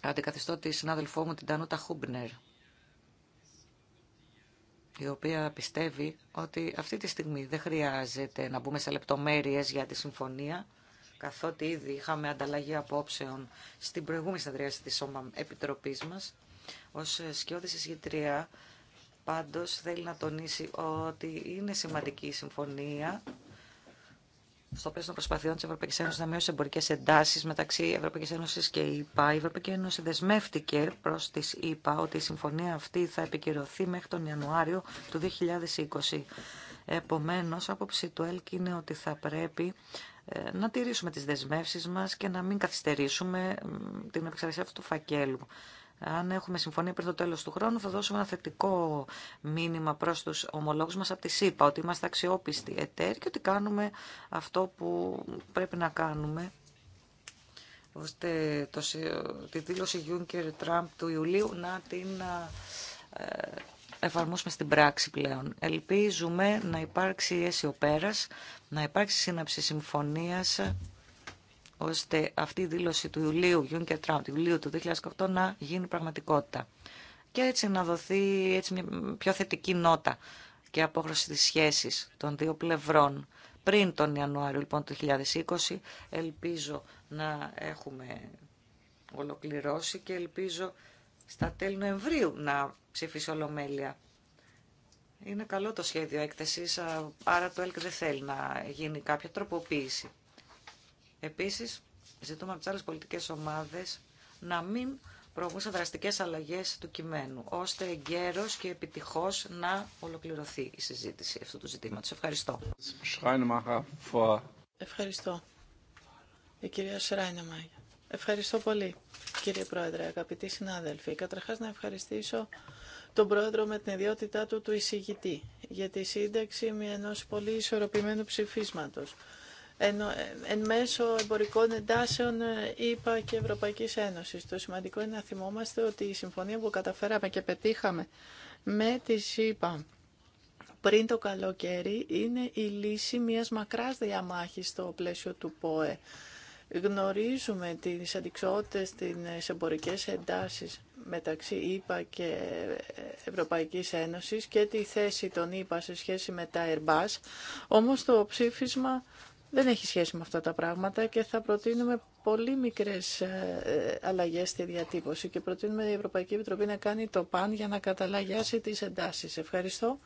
Αντικαθιστώ τη συνάδελφό μου την Τανούτα Χούμπνερ, η οποία πιστεύει ότι αυτή τη στιγμή δεν χρειάζεται να μπούμε σε λεπτομέρειες για τη συμφωνία, καθότι ήδη είχαμε ανταλλαγή απόψεων στην προηγούμενη συνεδρίαση της Επιτροπής μας. Ως σκιώδης εισηγητρία πάντως θέλει να τονίσει ότι είναι σημαντική η συμφωνία στο πλαίσιο των προσπαθειών τη Ευρωπαϊκή Ένωση να μειώσει εμπορικέ εντάσει μεταξύ Ευρωπαϊκή Ένωση και ΗΠΑ. Η Ευρωπαϊκή Ένωση δεσμεύτηκε προ τη ΗΠΑ ότι η συμφωνία αυτή θα επικυρωθεί μέχρι τον Ιανουάριο του 2020. Επομένω, άποψη του ΕΛΚ είναι ότι θα πρέπει ε, να τηρήσουμε τις δεσμεύσεις μας και να μην καθυστερήσουμε την επεξεργασία αυτού του φακέλου. Αν έχουμε συμφωνία πριν το τέλος του χρόνου, θα δώσουμε ένα θετικό μήνυμα προς τους ομολόγους μας από τη ΣΥΠΑ, ότι είμαστε αξιόπιστοι εταίροι και ότι κάνουμε αυτό που πρέπει να κάνουμε ώστε το, τη δήλωση Γιούνκερ Τραμπ του Ιουλίου να την ε, εφαρμόσουμε στην πράξη πλέον. Ελπίζουμε να υπάρξει αίσιο πέρας, να υπάρξει σύναψη συμφωνίας ώστε αυτή η δήλωση του Ιουλίου, Γιούνκερ τράμπ του Ιουλίου του 2008 να γίνει πραγματικότητα. Και έτσι να δοθεί έτσι μια πιο θετική νότα και απόχρωση της σχέσης των δύο πλευρών. Πριν τον Ιανουάριο λοιπόν του 2020 ελπίζω να έχουμε ολοκληρώσει και ελπίζω στα τέλη Νοεμβρίου να ψηφίσει ολομέλεια. Είναι καλό το σχέδιο έκθεσης, άρα το ΕΛΚ δεν θέλει να γίνει κάποια τροποποίηση. Επίση, ζητούμε από τι άλλε πολιτικέ ομάδε να μην προβούν σε δραστικές αλλαγές του κειμένου, ώστε εγκαίρω και επιτυχώ να ολοκληρωθεί η συζήτηση αυτού του ζητήματο. Ευχαριστώ. Ευχαριστώ. Η κυρία Σράινεμαγια. Ευχαριστώ πολύ, κύριε Πρόεδρε, αγαπητοί συνάδελφοι. καταρχά να ευχαριστήσω τον Πρόεδρο με την ιδιότητά του του εισηγητή για τη σύνταξη ενό πολύ ισορροπημένου ψηφίσματος εν, μέσω εμπορικών εντάσεων ΗΠΑ ε, και Ευρωπαϊκής Ένωσης. Το σημαντικό είναι να θυμόμαστε ότι η συμφωνία που καταφέραμε και πετύχαμε με τις ΗΠΑ πριν το καλοκαίρι είναι η λύση μιας μακράς διαμάχης στο πλαίσιο του ΠΟΕ. Γνωρίζουμε τις αντικσότητες, την εμπορικές εντάσεις μεταξύ ΙΠΑ και Ευρωπαϊκής Ένωσης και τη θέση των ΙΠΑ σε σχέση με τα Airbus. Όμως το ψήφισμα δεν έχει σχέση με αυτά τα πράγματα και θα προτείνουμε πολύ μικρές ε, αλλαγές στη διατύπωση και προτείνουμε η Ευρωπαϊκή Επιτροπή να κάνει το παν για να καταλαγιάσει τις εντάσεις. Ευχαριστώ.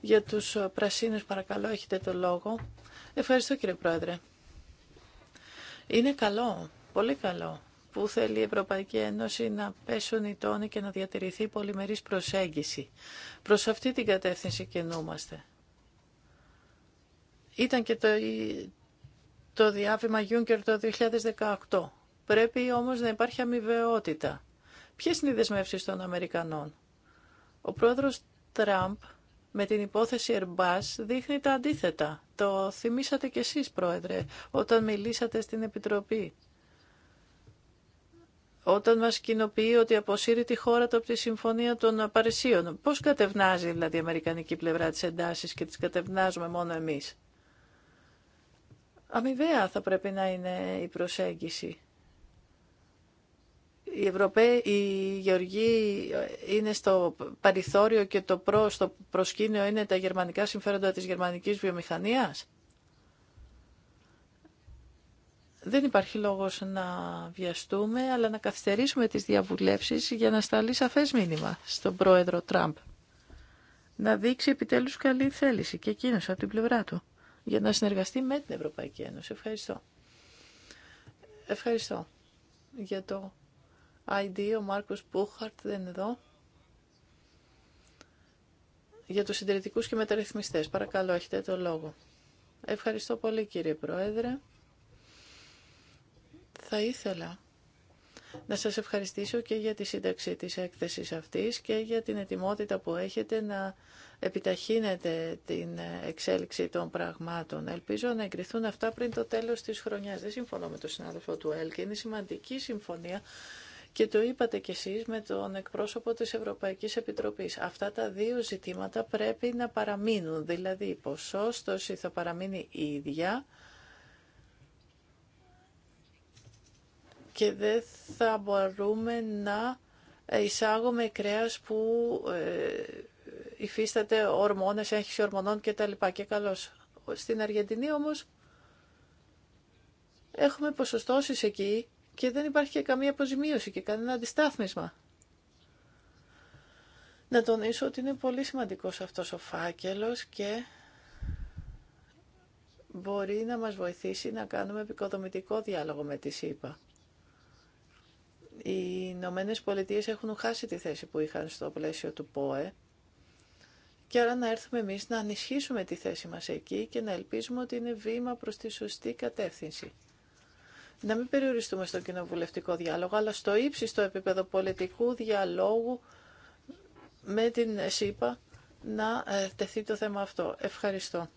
Για τους πρασίνους παρακαλώ έχετε το λόγο. Ευχαριστώ κύριε Πρόεδρε. Είναι καλό, πολύ καλό που θέλει η Ευρωπαϊκή Ένωση να πέσουν οι τόνοι και να διατηρηθεί πολυμερής προσέγγιση. Προς αυτή την κατεύθυνση κινούμαστε. Ήταν και το, το διάβημα Juncker το 2018. Πρέπει όμως να υπάρχει αμοιβαιότητα. Ποιε είναι οι δεσμεύσει των Αμερικανών. Ο πρόεδρος Τραμπ με την υπόθεση Airbus δείχνει τα αντίθετα. Το θυμήσατε κι εσείς, Πρόεδρε, όταν μιλήσατε στην Επιτροπή. Όταν μας κοινοποιεί ότι αποσύρει τη χώρα του από τη Συμφωνία των Παρισίων. Πώς κατευνάζει δηλαδή η Αμερικανική πλευρά τις εντάσεις και τις κατευνάζουμε μόνο εμείς αμοιβαία θα πρέπει να είναι η προσέγγιση. Οι, Ευρωπαίοι, η Γεωργοί είναι στο παριθώριο και το προ, στο προσκήνιο είναι τα γερμανικά συμφέροντα της γερμανικής βιομηχανίας. Δεν υπάρχει λόγος να βιαστούμε, αλλά να καθυστερήσουμε τις διαβουλεύσεις για να σταλεί σαφές μήνυμα στον πρόεδρο Τραμπ. Να δείξει επιτέλους καλή θέληση και εκείνος από την πλευρά του για να συνεργαστεί με την Ευρωπαϊκή Ένωση. Ευχαριστώ. Ευχαριστώ για το ID. Ο Μάρκος Μπούχαρτ δεν είναι εδώ. Για τους συντηρητικούς και μεταρρυθμιστές. Παρακαλώ, έχετε το λόγο. Ευχαριστώ πολύ κύριε Πρόεδρε. Θα ήθελα να σας ευχαριστήσω και για τη σύνταξη της έκθεσης αυτής και για την ετοιμότητα που έχετε να επιταχύνετε την εξέλιξη των πραγμάτων. Ελπίζω να εγκριθούν αυτά πριν το τέλος της χρονιάς. Δεν συμφωνώ με τον συνάδελφο του ΕΛΚ. Είναι σημαντική συμφωνία και το είπατε κι εσείς με τον εκπρόσωπο της Ευρωπαϊκής Επιτροπής. Αυτά τα δύο ζητήματα πρέπει να παραμείνουν, δηλαδή η ποσόστοση θα παραμείνει η ίδια, και δεν θα μπορούμε να εισάγουμε κρέας που ε, υφίσταται ορμόνες, έχει ορμονών και τα λοιπά. Και καλώς. Στην Αργεντινή όμως έχουμε ποσοστώσεις εκεί και δεν υπάρχει καμία αποζημίωση και κανένα αντιστάθμισμα. Να τονίσω ότι είναι πολύ σημαντικός αυτός ο φάκελος και μπορεί να μας βοηθήσει να κάνουμε επικοδομητικό διάλογο με τη ΣΥΠΑ. Οι Ηνωμένε Πολιτείε έχουν χάσει τη θέση που είχαν στο πλαίσιο του ΠΟΕ και άρα να έρθουμε εμείς να ανισχύσουμε τη θέση μας εκεί και να ελπίζουμε ότι είναι βήμα προς τη σωστή κατεύθυνση. Να μην περιοριστούμε στο κοινοβουλευτικό διάλογο, αλλά στο ύψιστο επίπεδο πολιτικού διαλόγου με την ΣΥΠΑ να ε, τεθεί το θέμα αυτό. Ευχαριστώ.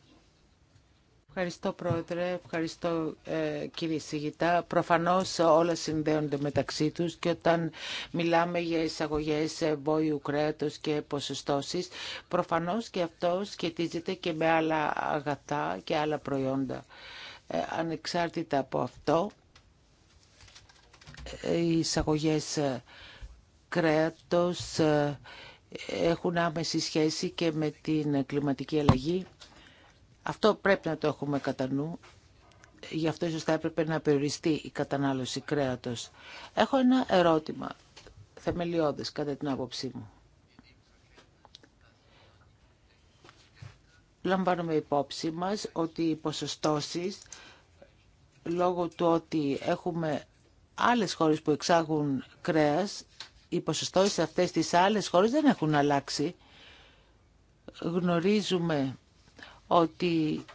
Ευχαριστώ Πρόεδρε, ευχαριστώ ε, κύριε Σιγητά. Προφανώς όλα συνδέονται μεταξύ τους και όταν μιλάμε για εισαγωγές βόηου κρέατος και ποσοστώσεις, προφανώς και αυτό σχετίζεται και με άλλα αγαθά και άλλα προϊόντα. Ε, ανεξάρτητα από αυτό, ε, οι εισαγωγές ε, κρέατος έχουν άμεση σχέση και με την κλιματική αλλαγή αυτό πρέπει να το έχουμε κατά νου. Γι' αυτό ίσως θα έπρεπε να περιοριστεί η κατανάλωση κρέατος. Έχω ένα ερώτημα, θεμελιώδες κατά την άποψή μου. Λαμβάνουμε υπόψη μας ότι οι ποσοστώσεις, λόγω του ότι έχουμε άλλες χώρες που εξάγουν κρέας, οι ποσοστώσεις αυτές τις άλλες χώρες δεν έχουν αλλάξει. Γνωρίζουμε ότι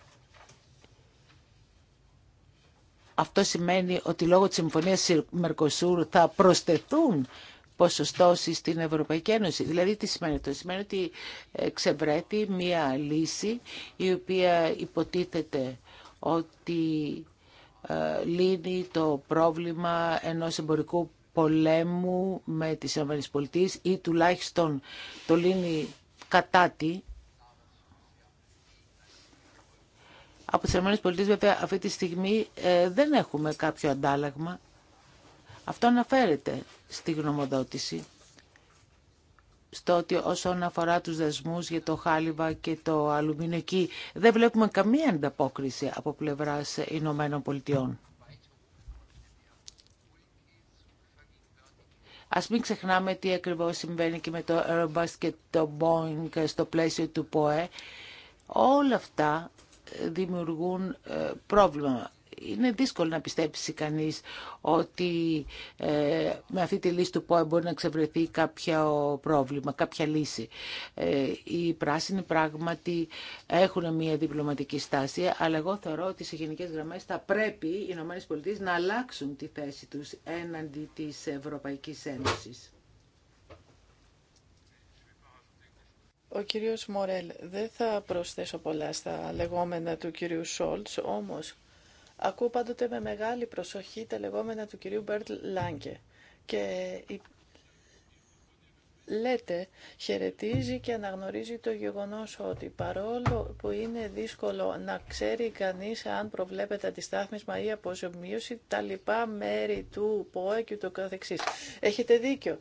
αυτό σημαίνει ότι λόγω της συμφωνίας Μερκοσούρ θα προσθεθούν ποσοστώσει στην Ευρωπαϊκή Ένωση. Δηλαδή τι σημαίνει αυτό. Σημαίνει ότι ε, ξεβρέτει μία λύση η οποία υποτίθεται ότι ε, λύνει το πρόβλημα ενός εμπορικού πολέμου με τις ΗΠΑ ή τουλάχιστον το λύνει κατά τη Από τις ΗΠΑ βέβαια αυτή τη στιγμή ε, δεν έχουμε κάποιο αντάλλαγμα. Αυτό αναφέρεται στη γνωμοδότηση στο ότι όσον αφορά τους δεσμούς για το χάλιβα και το αλουμίνιο εκεί δεν βλέπουμε καμία ανταπόκριση από πλευράς Ηνωμένων Πολιτειών. Ας μην ξεχνάμε τι ακριβώς συμβαίνει και με το Airbus και το Boeing στο πλαίσιο του ΠΟΕ. Όλα αυτά δημιουργούν ε, πρόβλημα. Είναι δύσκολο να πιστέψει κανείς ότι ε, με αυτή τη λύση του ΠΟΕ μπορεί να ξεβρεθεί κάποιο πρόβλημα, κάποια λύση. Ε, οι πράσινοι πράγματι έχουν μια διπλωματική στάση, αλλά εγώ θεωρώ ότι σε γενικές γραμμές θα πρέπει οι ΗΠΑ να αλλάξουν τη θέση τους έναντι της Ευρωπαϊκής Ένωσης. Ο κύριος Μορέλ, δεν θα προσθέσω πολλά στα λεγόμενα του κυρίου Σόλτς, όμως ακούω πάντοτε με μεγάλη προσοχή τα λεγόμενα του κυρίου Μπέρτ Λάγκε και λέτε, χαιρετίζει και αναγνωρίζει το γεγονός ότι παρόλο που είναι δύσκολο να ξέρει κανείς αν προβλέπεται αντιστάθμισμα ή αποζημίωση, τα λοιπά μέρη του ΠΟΕ και το καθεξής. Έχετε δίκιο.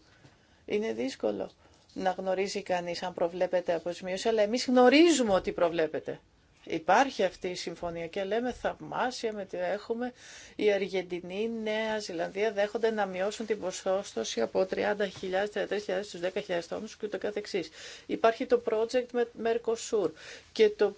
Είναι δύσκολο να γνωρίζει κανείς αν προβλέπεται αποσμίωση, αλλά εμείς γνωρίζουμε ότι προβλέπεται. Υπάρχει αυτή η συμφωνία και λέμε θαυμάσια με τι έχουμε. Η Αργεντινή, η Νέα Ζηλανδία δέχονται να μειώσουν την ποσόστοση από 30.000, 33.000 στους 10.000 τόνους και ούτω καθεξής. Υπάρχει το project με Mercosur και το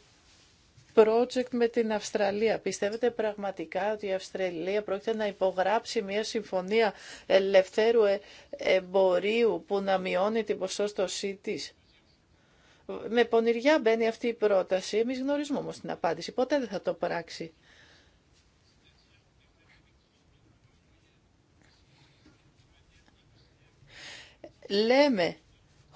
project με την Αυστραλία. Πιστεύετε πραγματικά ότι η Αυστραλία πρόκειται να υπογράψει μια συμφωνία ελευθέρου ε, εμπορίου που να μειώνει την ποσόστοσή τη. Με πονηριά μπαίνει αυτή η πρόταση. Εμεί γνωρίζουμε όμω την απάντηση. Ποτέ δεν θα το πράξει. Λέμε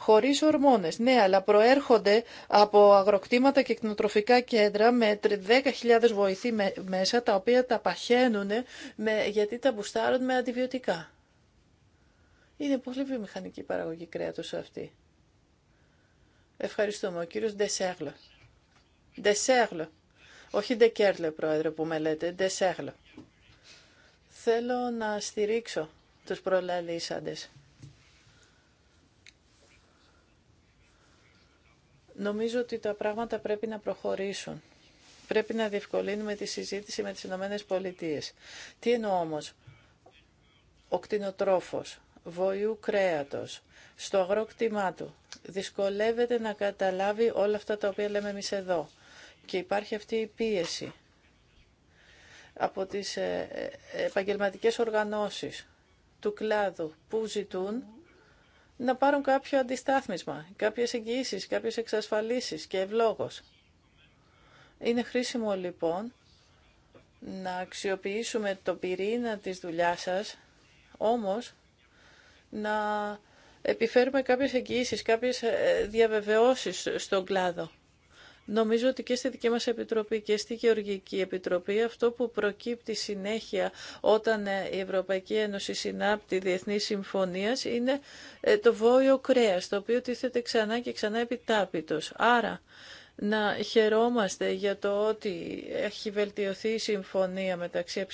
χωρίς ορμόνες. Ναι, αλλά προέρχονται από αγροκτήματα και κτηνοτροφικά κέντρα με 10.000 βοηθοί μέσα, τα οποία τα παχαίνουν με, γιατί τα μπουστάρουν με αντιβιωτικά. Είναι πολύ βιομηχανική παραγωγή κρέατος αυτή. Ευχαριστούμε. Ο κύριος Ντεσέγλο. Ντεσέγλο. Όχι Ντεκέρλε, πρόεδρε, που με λέτε. Ντεσέγλο. Θέλω να στηρίξω τους προλαλήσαντες. Νομίζω ότι τα πράγματα πρέπει να προχωρήσουν. Πρέπει να διευκολύνουμε τη συζήτηση με τις Ηνωμένες Πολιτείες. Τι εννοώ όμως. Ο κτηνοτρόφος, βοηού κρέατος, στο αγρόκτημά του, δυσκολεύεται να καταλάβει όλα αυτά τα οποία λέμε εμείς εδώ. Και υπάρχει αυτή η πίεση από τις ε, ε, επαγγελματικές οργανώσεις του κλάδου που ζητούν να πάρουν κάποιο αντιστάθμισμα, κάποιες εγγυήσεις, κάποιες εξασφαλίσεις και ευλόγως. Είναι χρήσιμο λοιπόν να αξιοποιήσουμε το πυρήνα της δουλειά σας, όμως να επιφέρουμε κάποιες εγγυήσεις, κάποιες ε, διαβεβαιώσεις στον κλάδο. Νομίζω ότι και στη δική μας Επιτροπή και στη Γεωργική Επιτροπή αυτό που προκύπτει συνέχεια όταν ε, η Ευρωπαϊκή Ένωση συνάπτει διεθνή συμφωνία είναι ε, το βόλιο κρέας, το οποίο τίθεται ξανά και ξανά επιτάπητος. Άρα να χαιρόμαστε για το ότι έχει βελτιωθεί η συμφωνία μεταξύ ΕΕ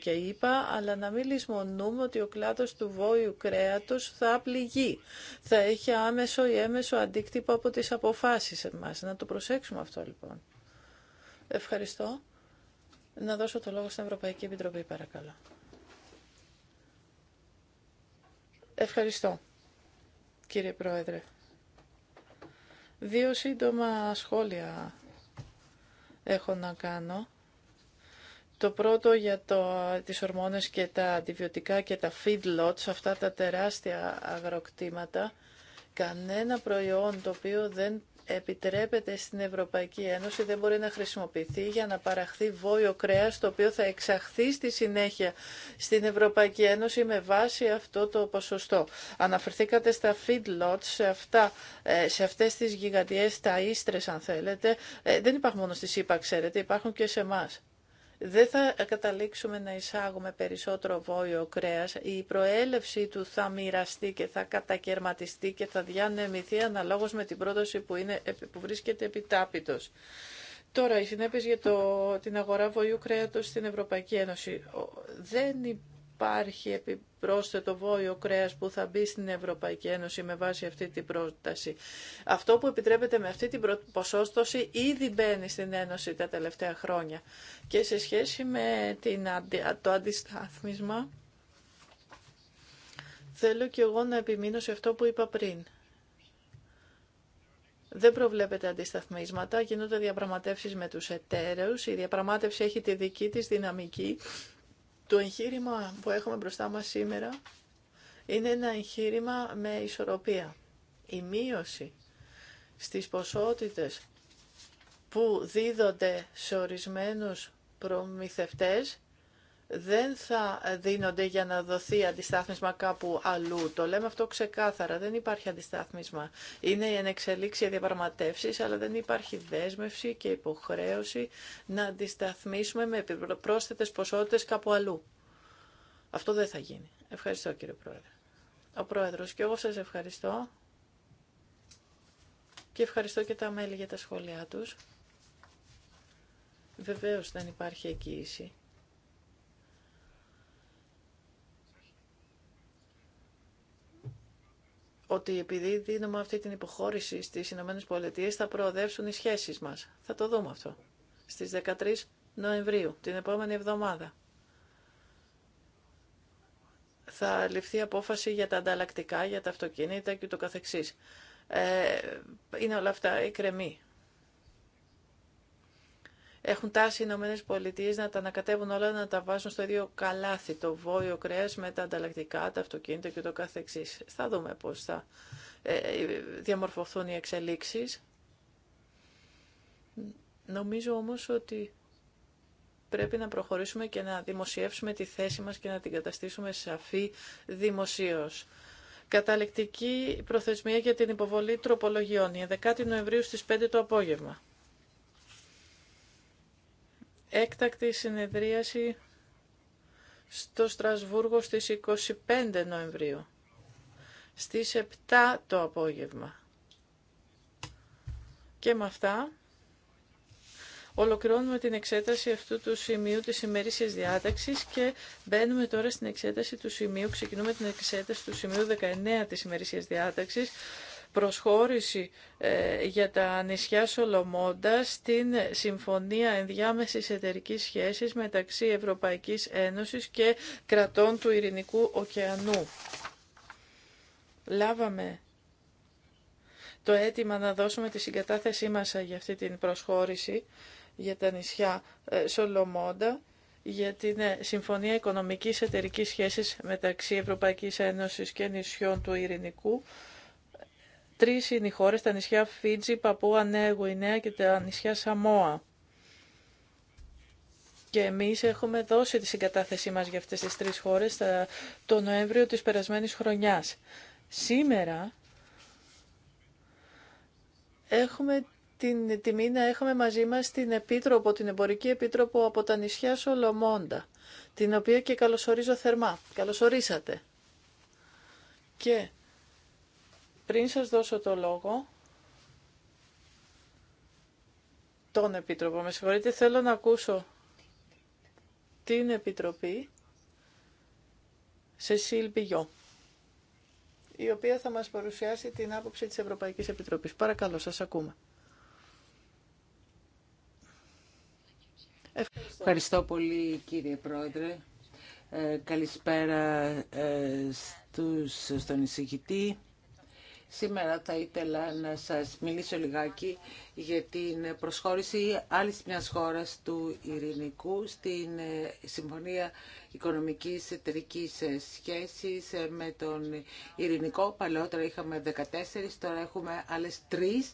και ΕΠΑ, ΕΕ, αλλά να μην λησμονούμε ότι ο κλάδος του βόηου κρέατος θα πληγεί. Θα έχει άμεσο ή έμεσο αντίκτυπο από τις αποφάσεις μας. Να το προσέξουμε αυτό λοιπόν. Ευχαριστώ. Να δώσω το λόγο στην Ευρωπαϊκή Επιτροπή, παρακαλώ. Ευχαριστώ, κύριε Πρόεδρε. Δύο σύντομα σχόλια έχω να κάνω. Το πρώτο για το, τις ορμόνες και τα αντιβιωτικά και τα feedlots, αυτά τα τεράστια αγροκτήματα. Κανένα προϊόν το οποίο δεν επιτρέπεται στην Ευρωπαϊκή Ένωση δεν μπορεί να χρησιμοποιηθεί για να παραχθεί βόλιο κρέας το οποίο θα εξαχθεί στη συνέχεια στην Ευρωπαϊκή Ένωση με βάση αυτό το ποσοστό. Αναφερθήκατε στα feedlots, σε, αυτά, ε, σε αυτές τις γιγαντιές τα ίστρες αν θέλετε. Ε, δεν υπάρχουν μόνο στη ΣΥΠΑ ξέρετε, υπάρχουν και σε εμάς δεν θα καταλήξουμε να εισάγουμε περισσότερο βόλιο κρέας. Η προέλευση του θα μοιραστεί και θα κατακαιρματιστεί και θα διανεμηθεί αναλόγως με την πρόταση που, είναι, που βρίσκεται επιτάπητος. Τώρα, οι συνέπειε για την αγορά βοηού κρέατος στην Ευρωπαϊκή Ένωση. Δεν υπάρχει επιπρόσθετο βόλιο κρέας που θα μπει στην Ευρωπαϊκή Ένωση με βάση αυτή την πρόταση. Αυτό που επιτρέπεται με αυτή την ποσόστοση ήδη μπαίνει στην Ένωση τα τελευταία χρόνια. Και σε σχέση με την, το αντιστάθμισμα, θέλω και εγώ να επιμείνω σε αυτό που είπα πριν. Δεν προβλέπεται αντισταθμίσματα, γίνονται διαπραγματεύσεις με τους εταίρους, η διαπραγμάτευση έχει τη δική της δυναμική το εγχείρημα που έχουμε μπροστά μας σήμερα είναι ένα εγχείρημα με ισορροπία. Η μείωση στις ποσότητες που δίδονται σε ορισμένους προμηθευτές δεν θα δίνονται για να δοθεί αντιστάθμισμα κάπου αλλού. Το λέμε αυτό ξεκάθαρα. Δεν υπάρχει αντιστάθμισμα. Είναι η ενεξελίξη διαπραγματεύσει, αλλά δεν υπάρχει δέσμευση και υποχρέωση να αντισταθμίσουμε με πρόσθετε ποσότητε κάπου αλλού. Αυτό δεν θα γίνει. Ευχαριστώ κύριε Πρόεδρε. Ο Πρόεδρος και εγώ σα ευχαριστώ και ευχαριστώ και τα μέλη για τα σχόλιά τους. Βεβαίως δεν υπάρχει εγγύηση ότι επειδή δίνουμε αυτή την υποχώρηση στις Ηνωμένες Πολιτείες θα προοδεύσουν οι σχέσεις μας. Θα το δούμε αυτό. Στις 13 Νοεμβρίου, την επόμενη εβδομάδα. Θα ληφθεί απόφαση για τα ανταλλακτικά, για τα αυτοκίνητα και το καθεξής. Ε, είναι όλα αυτά κρεμή έχουν τάσει οι Ηνωμένε Πολιτείε να τα ανακατεύουν όλα, να τα βάζουν στο ίδιο καλάθι, το βόλιο κρέα με τα ανταλλακτικά, τα αυτοκίνητα και το καθεξή. Θα δούμε πώ θα ε, διαμορφωθούν οι εξελίξει. Νομίζω όμω ότι πρέπει να προχωρήσουμε και να δημοσιεύσουμε τη θέση μας και να την καταστήσουμε σαφή δημοσίως. Καταληκτική προθεσμία για την υποβολή τροπολογιών, η 10η Νοεμβρίου στις 5 το απόγευμα έκτακτη συνεδρίαση στο Στρασβούργο στις 25 Νοεμβρίου, στις 7 το απόγευμα. Και με αυτά ολοκληρώνουμε την εξέταση αυτού του σημείου της ημερήσιας διάταξης και μπαίνουμε τώρα στην εξέταση του σημείου, ξεκινούμε την εξέταση του σημείου 19 της ημερήσιας διάταξης, προσχώρηση ε, για τα νησιά Σολομώντα στην Συμφωνία Ενδιάμεσης Εταιρικής Σχέσης μεταξύ Ευρωπαϊκής Ένωσης και κρατών του Ειρηνικού Ωκεανού. Λάβαμε το αίτημα να δώσουμε τη συγκατάθεσή μας ε, για αυτή την προσχώρηση για τα νησιά ε, Σολομώντα για την Συμφωνία Οικονομικής Εταιρικής Σχέσης μεταξύ Ευρωπαϊκής Ένωσης και νησιών του Ειρηνικού Τρεις είναι οι χώρες, τα νησιά Φίτζι, Παπούα, Νέα Γουινέα και τα νησιά Σαμόα. Και εμείς έχουμε δώσει τη συγκατάθεσή μας για αυτές τις τρεις χώρες το Νοέμβριο της περασμένης χρονιάς. Σήμερα έχουμε την τιμή να έχουμε μαζί μας την Επίτροπο, την Εμπορική Επίτροπο από τα νησιά Σολομόντα, την οποία και καλωσορίζω θερμά. Καλωσορίσατε. Και πριν σας δώσω το λόγο, τον Επίτροπο, με συγχωρείτε, θέλω να ακούσω την Επιτροπή σε Πιγιό, η οποία θα μας παρουσιάσει την άποψη της Ευρωπαϊκής Επιτροπής. Παρακαλώ, σας ακούμε. Ευχαριστώ, πολύ κύριε Πρόεδρε. Ε, καλησπέρα ε, στους, στον εισηγητή Σήμερα θα ήθελα να σας μιλήσω λιγάκι για την προσχώρηση άλλη μιας χώρα του ειρηνικού στην ε, Συμφωνία Οικονομικής Εταιρικής Σχέσης ε, με τον ειρηνικό. Παλαιότερα είχαμε 14, τώρα έχουμε άλλε τρει,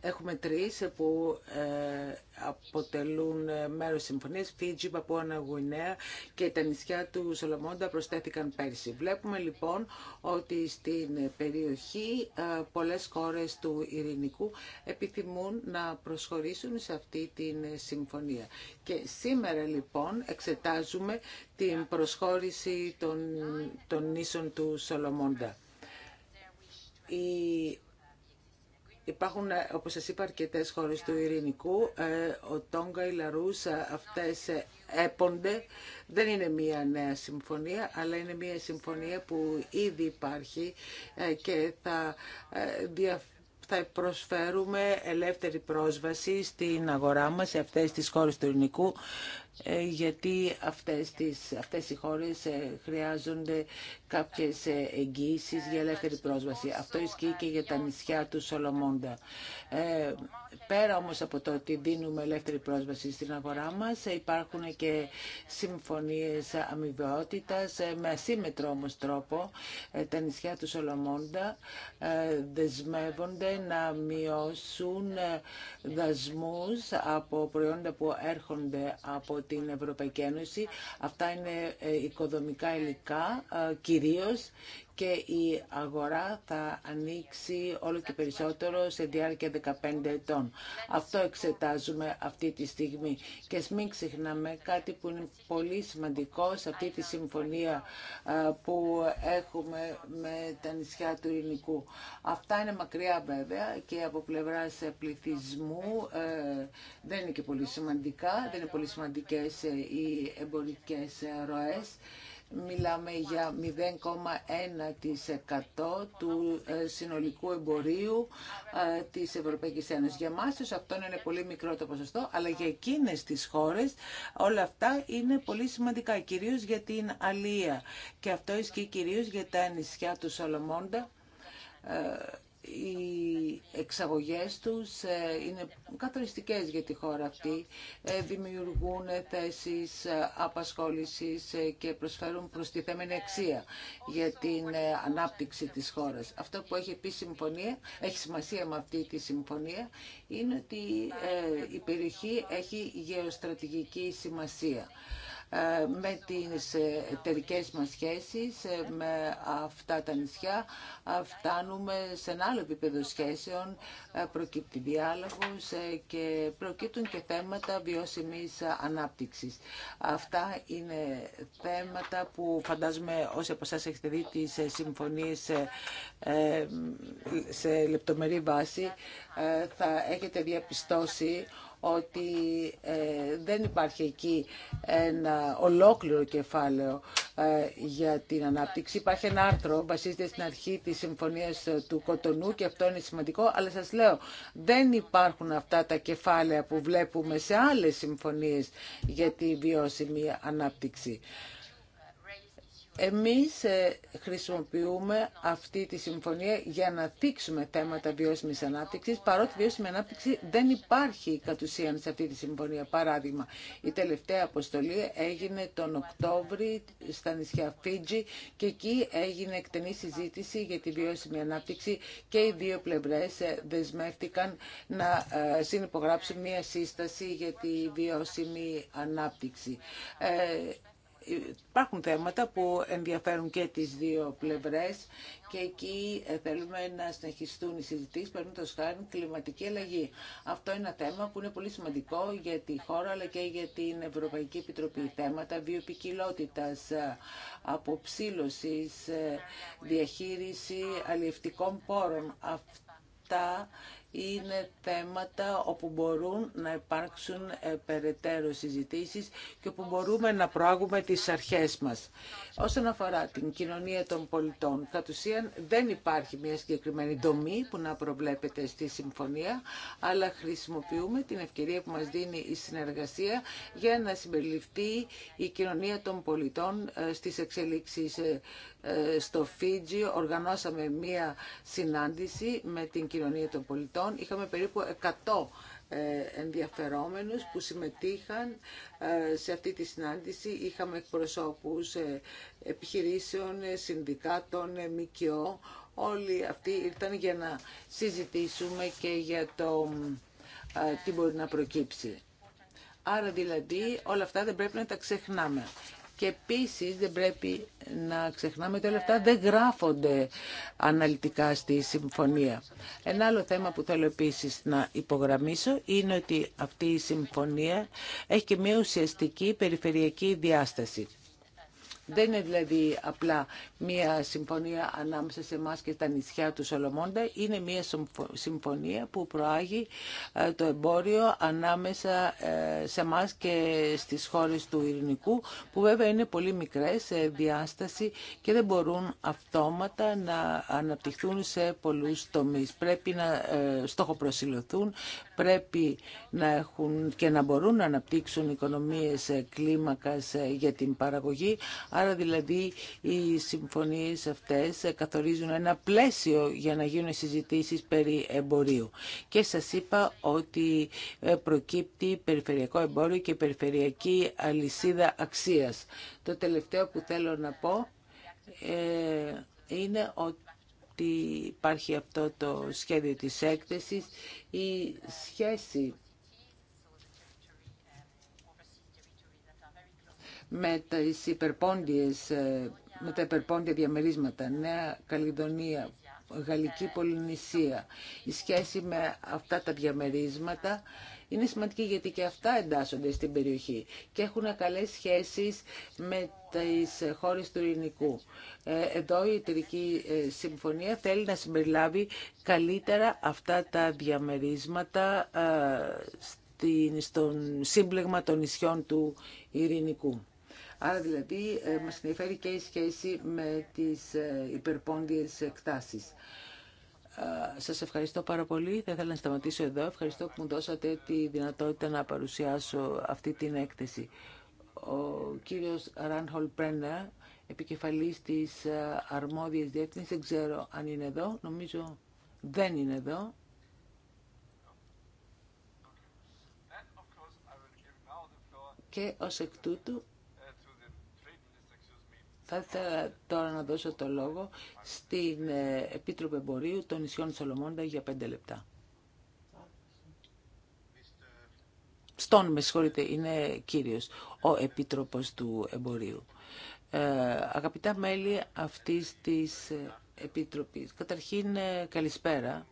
Έχουμε τρεις που ε, αποτελούν μέρος συμφωνία. Φίτζι, Παπούανα, Γουινέα και τα νησιά του Σολομόντα προσθέθηκαν πέρσι. Βλέπουμε λοιπόν ότι στην περιοχή πολλέ χώρε του ειρηνικού επιθυμούν να προσχωρήσουν σε αυτή την συμφωνία. Και σήμερα λοιπόν εξετάζουμε την προσχώρηση των, των νήσων του Σολομόντα. Η Υπάρχουν, όπως σας είπα, αρκετές χώρες του ειρηνικού. Ε, ο Τόγκα, η Λαρούσα, αυτές έπονται. Δεν είναι μία νέα συμφωνία, αλλά είναι μία συμφωνία που ήδη υπάρχει ε, και θα ε, διαφέρει θα προσφέρουμε ελεύθερη πρόσβαση στην αγορά μας σε αυτές τις χώρες του ελληνικού ε, γιατί αυτές, τις, αυτές οι χώρες ε, χρειάζονται κάποιες ε, εγγύησει για ελεύθερη πρόσβαση. Αυτό ισχύει και για τα νησιά του Σολομόντα. πέρα όμως από το ότι δίνουμε ελεύθερη πρόσβαση στην αγορά μας, υπάρχουν και συμφωνίες αμοιβαιότητας με ασύμετρο όμως τρόπο. τα νησιά του Σολομόντα δεσμεύονται να μειώσουν δασμούς από προϊόντα που έρχονται από την Ευρωπαϊκή Ένωση. Αυτά είναι ε, οικοδομικά υλικά ε, κυρίως και η αγορά θα ανοίξει όλο και περισσότερο σε διάρκεια 15 ετών. Αυτό εξετάζουμε αυτή τη στιγμή. Και μην ξεχνάμε κάτι που είναι πολύ σημαντικό σε αυτή τη συμφωνία που έχουμε με τα νησιά του Ειρηνικού. Αυτά είναι μακριά βέβαια και από πλευρά πληθυσμού ε, δεν είναι και πολύ σημαντικά, δεν είναι πολύ σημαντικές ε, οι εμπορικές ε, ροές. Μιλάμε για 0,1% του ε, συνολικού εμπορίου ε, της Ευρωπαϊκής Ένωσης. Για εμάς αυτό είναι πολύ μικρό το ποσοστό, αλλά για εκείνες τις χώρες όλα αυτά είναι πολύ σημαντικά, κυρίως για την αλία. Και αυτό ισχύει κυρίως για τα νησιά του Σολομόντα, ε, οι εξαγωγές τους ε, είναι καθοριστικές για τη χώρα αυτή, ε, δημιουργούν θέσεις ε, απασχόλησης και προσφέρουν προστιθέμενη αξία για την ανάπτυξη της χώρας. Αυτό που έχει πει συμφωνία, έχει σημασία με αυτή τη συμφωνία, είναι ότι η περιοχή έχει γεωστρατηγική σημασία. Ε, με τις ε, εταιρικέ μας σχέσεις ε, με αυτά τα νησιά φτάνουμε σε ένα άλλο επίπεδο σχέσεων, προκύπτει διάλογος και προκύπτουν και θέματα βιώσιμης ανάπτυξης. Αυτά είναι θέματα που φαντάζομαι όσοι από εσάς έχετε δει τις συμφωνίες σε λεπτομερή βάση θα έχετε διαπιστώσει ότι ε, δεν υπάρχει εκεί ένα ολόκληρο κεφάλαιο ε, για την ανάπτυξη. Υπάρχει ένα άρθρο, βασίζεται στην αρχή της Συμφωνίας ε, του Κοτονού και αυτό είναι σημαντικό, αλλά σας λέω, δεν υπάρχουν αυτά τα κεφάλαια που βλέπουμε σε άλλες συμφωνίες για τη βιώσιμη ανάπτυξη. Εμείς ε, χρησιμοποιούμε αυτή τη συμφωνία για να δείξουμε θέματα βιώσιμης ανάπτυξης, παρότι βιώσιμη ανάπτυξη δεν υπάρχει κατ' ουσίαν σε αυτή τη συμφωνία. Παράδειγμα, η τελευταία αποστολή έγινε τον Οκτώβρη στα νησιά Φίτζη και εκεί έγινε εκτενή συζήτηση για τη βιώσιμη ανάπτυξη και οι δύο πλευρές ε, δεσμεύτηκαν να ε, συνυπογράψουν μία σύσταση για τη βιώσιμη ανάπτυξη υπάρχουν θέματα που ενδιαφέρουν και τις δύο πλευρές και εκεί ε, θέλουμε να συνεχιστούν οι συζητήσεις, το χάρη κλιματική αλλαγή. Αυτό είναι ένα θέμα που είναι πολύ σημαντικό για τη χώρα αλλά και για την Ευρωπαϊκή Επιτροπή. Θέματα βιοποικιλότητας ε, αποψήλωσης, ε, διαχείριση αλλιευτικών πόρων. Αυτά είναι θέματα όπου μπορούν να υπάρξουν ε, περαιτέρω συζητήσεις και όπου μπορούμε να προάγουμε τις αρχές μας. Όσον αφορά την κοινωνία των πολιτών, κατ' ουσίαν δεν υπάρχει μια συγκεκριμένη δομή που να προβλέπεται στη συμφωνία, αλλά χρησιμοποιούμε την ευκαιρία που μας δίνει η συνεργασία για να συμπεριληφθεί η κοινωνία των πολιτών ε, στις εξελίξεις ε, ε, στο Φίτζι οργανώσαμε μία συνάντηση με την κοινωνία των πολιτών. Είχαμε περίπου 100 ε, ενδιαφερόμενους που συμμετείχαν ε, σε αυτή τη συνάντηση. Είχαμε εκπροσώπους επιχειρήσεων, συνδικάτων, ΜΚΟ. Όλοι αυτοί ήρθαν για να συζητήσουμε και για το τι μπορεί να προκύψει. Άρα δηλαδή όλα αυτά δεν πρέπει να τα ξεχνάμε. Και επίση δεν πρέπει να ξεχνάμε ότι όλα αυτά δεν γράφονται αναλυτικά στη συμφωνία. Ένα άλλο θέμα που θέλω επίσης να υπογραμμίσω είναι ότι αυτή η συμφωνία έχει και μια ουσιαστική περιφερειακή διάσταση. Δεν είναι δηλαδή απλά μια συμφωνία ανάμεσα σε εμά και τα νησιά του Σολομόντα. Είναι μια συμφωνία που προάγει ε, το εμπόριο ανάμεσα ε, σε εμά και στις χώρες του Ειρηνικού, που βέβαια είναι πολύ μικρές σε διάσταση και δεν μπορούν αυτόματα να αναπτυχθούν σε πολλούς τομείς. Πρέπει να ε, στόχο πρέπει να έχουν και να μπορούν να αναπτύξουν οικονομίες κλίμακας ε, για την παραγωγή. Άρα δηλαδή οι συμφωνίες αυτές ε, καθορίζουν ένα πλαίσιο για να γίνουν συζητήσεις περί εμπορίου. Και σας είπα ότι ε, προκύπτει περιφερειακό εμπόριο και περιφερειακή αλυσίδα αξίας. Το τελευταίο που θέλω να πω είναι ότι ότι υπάρχει αυτό το σχέδιο της έκθεσης. Η σχέση με, τις υπερπόντιες, ε, με τα υπερπόντια διαμερίσματα, Νέα Καλλιδονία, Γαλλική Πολυνησία, η σχέση με αυτά τα διαμερίσματα είναι σημαντική γιατί και αυτά εντάσσονται στην περιοχή και έχουν καλές σχέσεις με τις χώρες του ειρηνικού. Ε, εδώ η εταιρική ε, συμφωνία θέλει να συμπεριλάβει καλύτερα αυτά τα διαμερίσματα ε, στον σύμπλεγμα των νησιών του ειρηνικού. Άρα δηλαδή μας ενδιαφέρει και η σχέση με τις υπερπόντιες εκτάσεις. Ε, σας ευχαριστώ πάρα πολύ. Θα ήθελα να σταματήσω εδώ. Ευχαριστώ που μου δώσατε τη δυνατότητα να παρουσιάσω αυτή την έκθεση. Ο κύριος Ράνχολ Πρένα, επικεφαλής της ε, αρμόδιας διεύθυνσης, δεν ξέρω αν είναι εδώ. Νομίζω δεν είναι εδώ. Και ως εκ τούτου θα ήθελα τώρα να δώσω το λόγο στην ε, Επίτροπο Εμπορίου των Ισιών Σολομώντα για πέντε λεπτά. Στον, με συγχωρείτε, είναι κύριος, ο Επίτροπος του Εμπορίου. Ε, αγαπητά μέλη αυτής της ε, Επιτροπής, καταρχήν ε, καλησπέρα.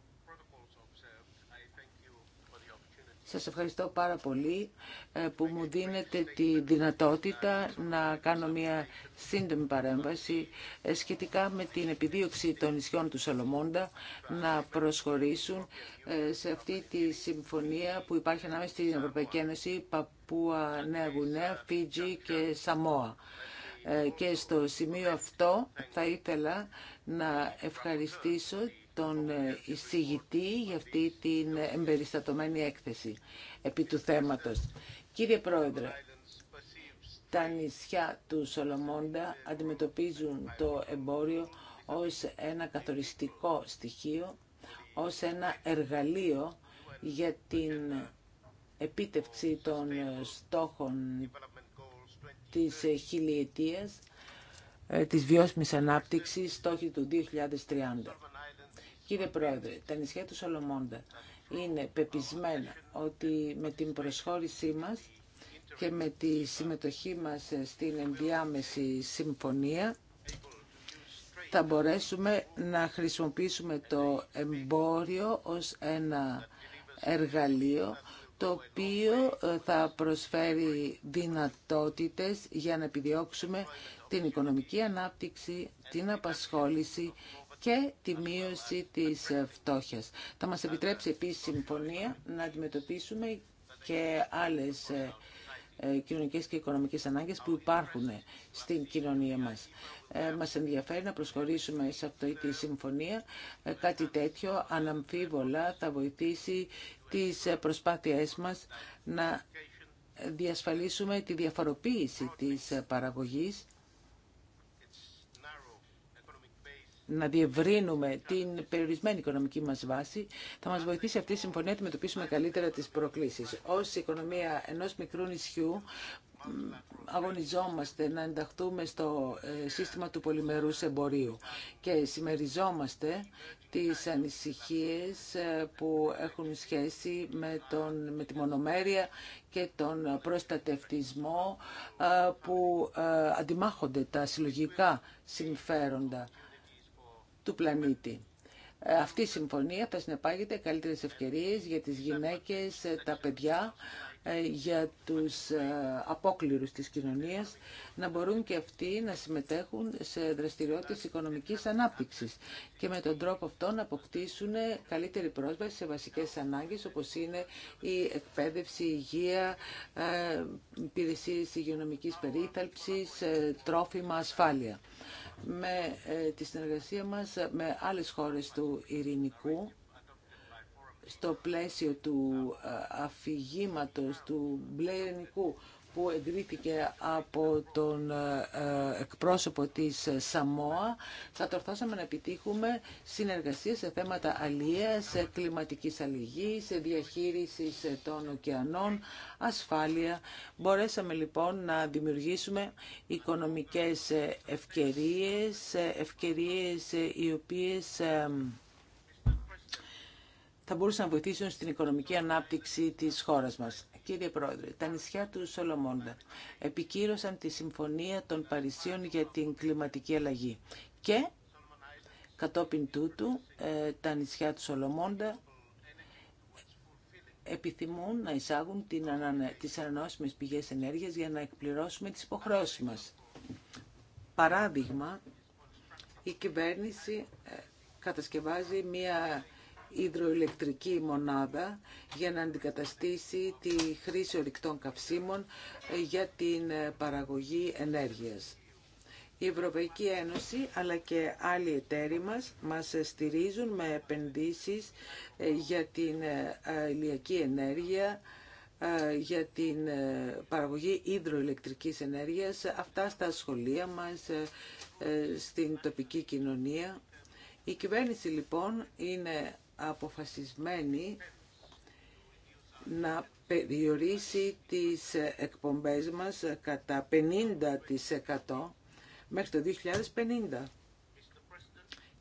Σας ευχαριστώ πάρα πολύ ε, που μου δίνετε τη δυνατότητα να κάνω μια σύντομη παρέμβαση ε, σχετικά με την επιδίωξη των νησιών του Σολομώντα να προσχωρήσουν ε, σε αυτή τη συμφωνία που υπάρχει ανάμεσα στην Ευρωπαϊκή Ένωση, Παππούα, Νέα Γουνέα, Φίτζι και Σαμόα. Και στο σημείο αυτό θα ήθελα να ευχαριστήσω τον ε, εισηγητή για αυτή την εμπεριστατωμένη έκθεση επί του θέματος. Κύριε Πρόεδρε, τα νησιά του Σολομόντα αντιμετωπίζουν το εμπόριο ως ένα καθοριστικό στοιχείο, ως ένα εργαλείο για την επίτευξη των στόχων της χιλιετίας, ε, της βιώσιμης ανάπτυξης, στόχοι του 2030. Κύριε Πρόεδρε, τα νησιά του Σολομώντα είναι πεπισμένα ότι με την προσχώρησή μας και με τη συμμετοχή μας στην ενδιάμεση συμφωνία θα μπορέσουμε να χρησιμοποιήσουμε το εμπόριο ως ένα εργαλείο το οποίο ε, θα προσφέρει δυνατότητες για να επιδιώξουμε την οικονομική ανάπτυξη, την απασχόληση και τη μείωση της φτώχειας. Θα μας επιτρέψει επίσης η συμφωνία να αντιμετωπίσουμε και άλλες ε, ε, κοινωνικές και οικονομικές ανάγκες που υπάρχουν στην κοινωνία μας. Ε, μας ενδιαφέρει να προσχωρήσουμε σε αυτή τη συμφωνία. Κάτι τέτοιο αναμφίβολα θα βοηθήσει τις προσπάθειές μας να διασφαλίσουμε τη διαφοροποίηση της παραγωγής να διευρύνουμε την περιορισμένη οικονομική μας βάση, θα μας βοηθήσει αυτή η συμφωνία να αντιμετωπίσουμε καλύτερα τις προκλήσεις. Ως οικονομία ενός μικρού νησιού, αγωνιζόμαστε να ενταχθούμε στο ε, σύστημα του πολυμερούς εμπορίου και συμμεριζόμαστε τις ανησυχίες ε, που έχουν σχέση με, τον, με τη μονομέρεια και τον προστατευτισμό ε, που αντιμάχονται τα συλλογικά συμφέροντα του πλανήτη. Ε, αυτή η συμφωνία θα συνεπάγεται καλύτερες ευκαιρίες για τις γυναίκες, ε, τα παιδιά, ε, για τους απόκληρους της κοινωνίας να μπορούν και αυτοί να συμμετέχουν σε δραστηριότητες οικονομικής ανάπτυξης και με τον τρόπο αυτό να αποκτήσουν καλύτερη πρόσβαση σε βασικές ανάγκες όπως είναι η εκπαίδευση, η υγεία, υπηρεσίες υγειονομικής περίθαλψης, τρόφιμα, ασφάλεια με ε, τη συνεργασία μας με άλλες χώρες του ειρηνικού στο πλαίσιο του ε, αφηγήματος του μπλε ειρηνικού που εγκρίθηκε από τον ε, εκπρόσωπο της ΣΑΜΟΑ θα τορθώσαμε να επιτύχουμε συνεργασία σε θέματα αλλία, κλιματικής αλληγής, διαχείρισης των ωκεανών, ασφάλεια. Μπορέσαμε λοιπόν να δημιουργήσουμε οικονομικές ευκαιρίες, ευκαιρίες οι οποίες ε, θα μπορούσαν να βοηθήσουν στην οικονομική ανάπτυξη της χώρας μας. Κύριε Πρόεδρε, τα νησιά του Σολομόντα επικύρωσαν τη Συμφωνία των Παρισίων για την κλιματική αλλαγή και κατόπιν τούτου ε, τα νησιά του Σολομόντα επιθυμούν να εισάγουν την τις ανανεώσιμες πηγές ενέργειας για να εκπληρώσουμε τις υποχρεώσεις μας. Παράδειγμα, η κυβέρνηση ε, κατασκευάζει μία υδροηλεκτρική μονάδα για να αντικαταστήσει τη χρήση ορυκτών καυσίμων ε, για την ε, παραγωγή ενέργειας. Η Ευρωπαϊκή Ένωση αλλά και άλλοι εταίροι μας μας στηρίζουν με επενδύσεις ε, για την ηλιακή ενέργεια, για την παραγωγή υδροηλεκτρικής ενέργειας, αυτά στα σχολεία μας, στην τοπική κοινωνία. Η κυβέρνηση λοιπόν είναι αποφασισμένη να περιορίσει τις εκπομπές μας κατά 50% μέχρι το 2050.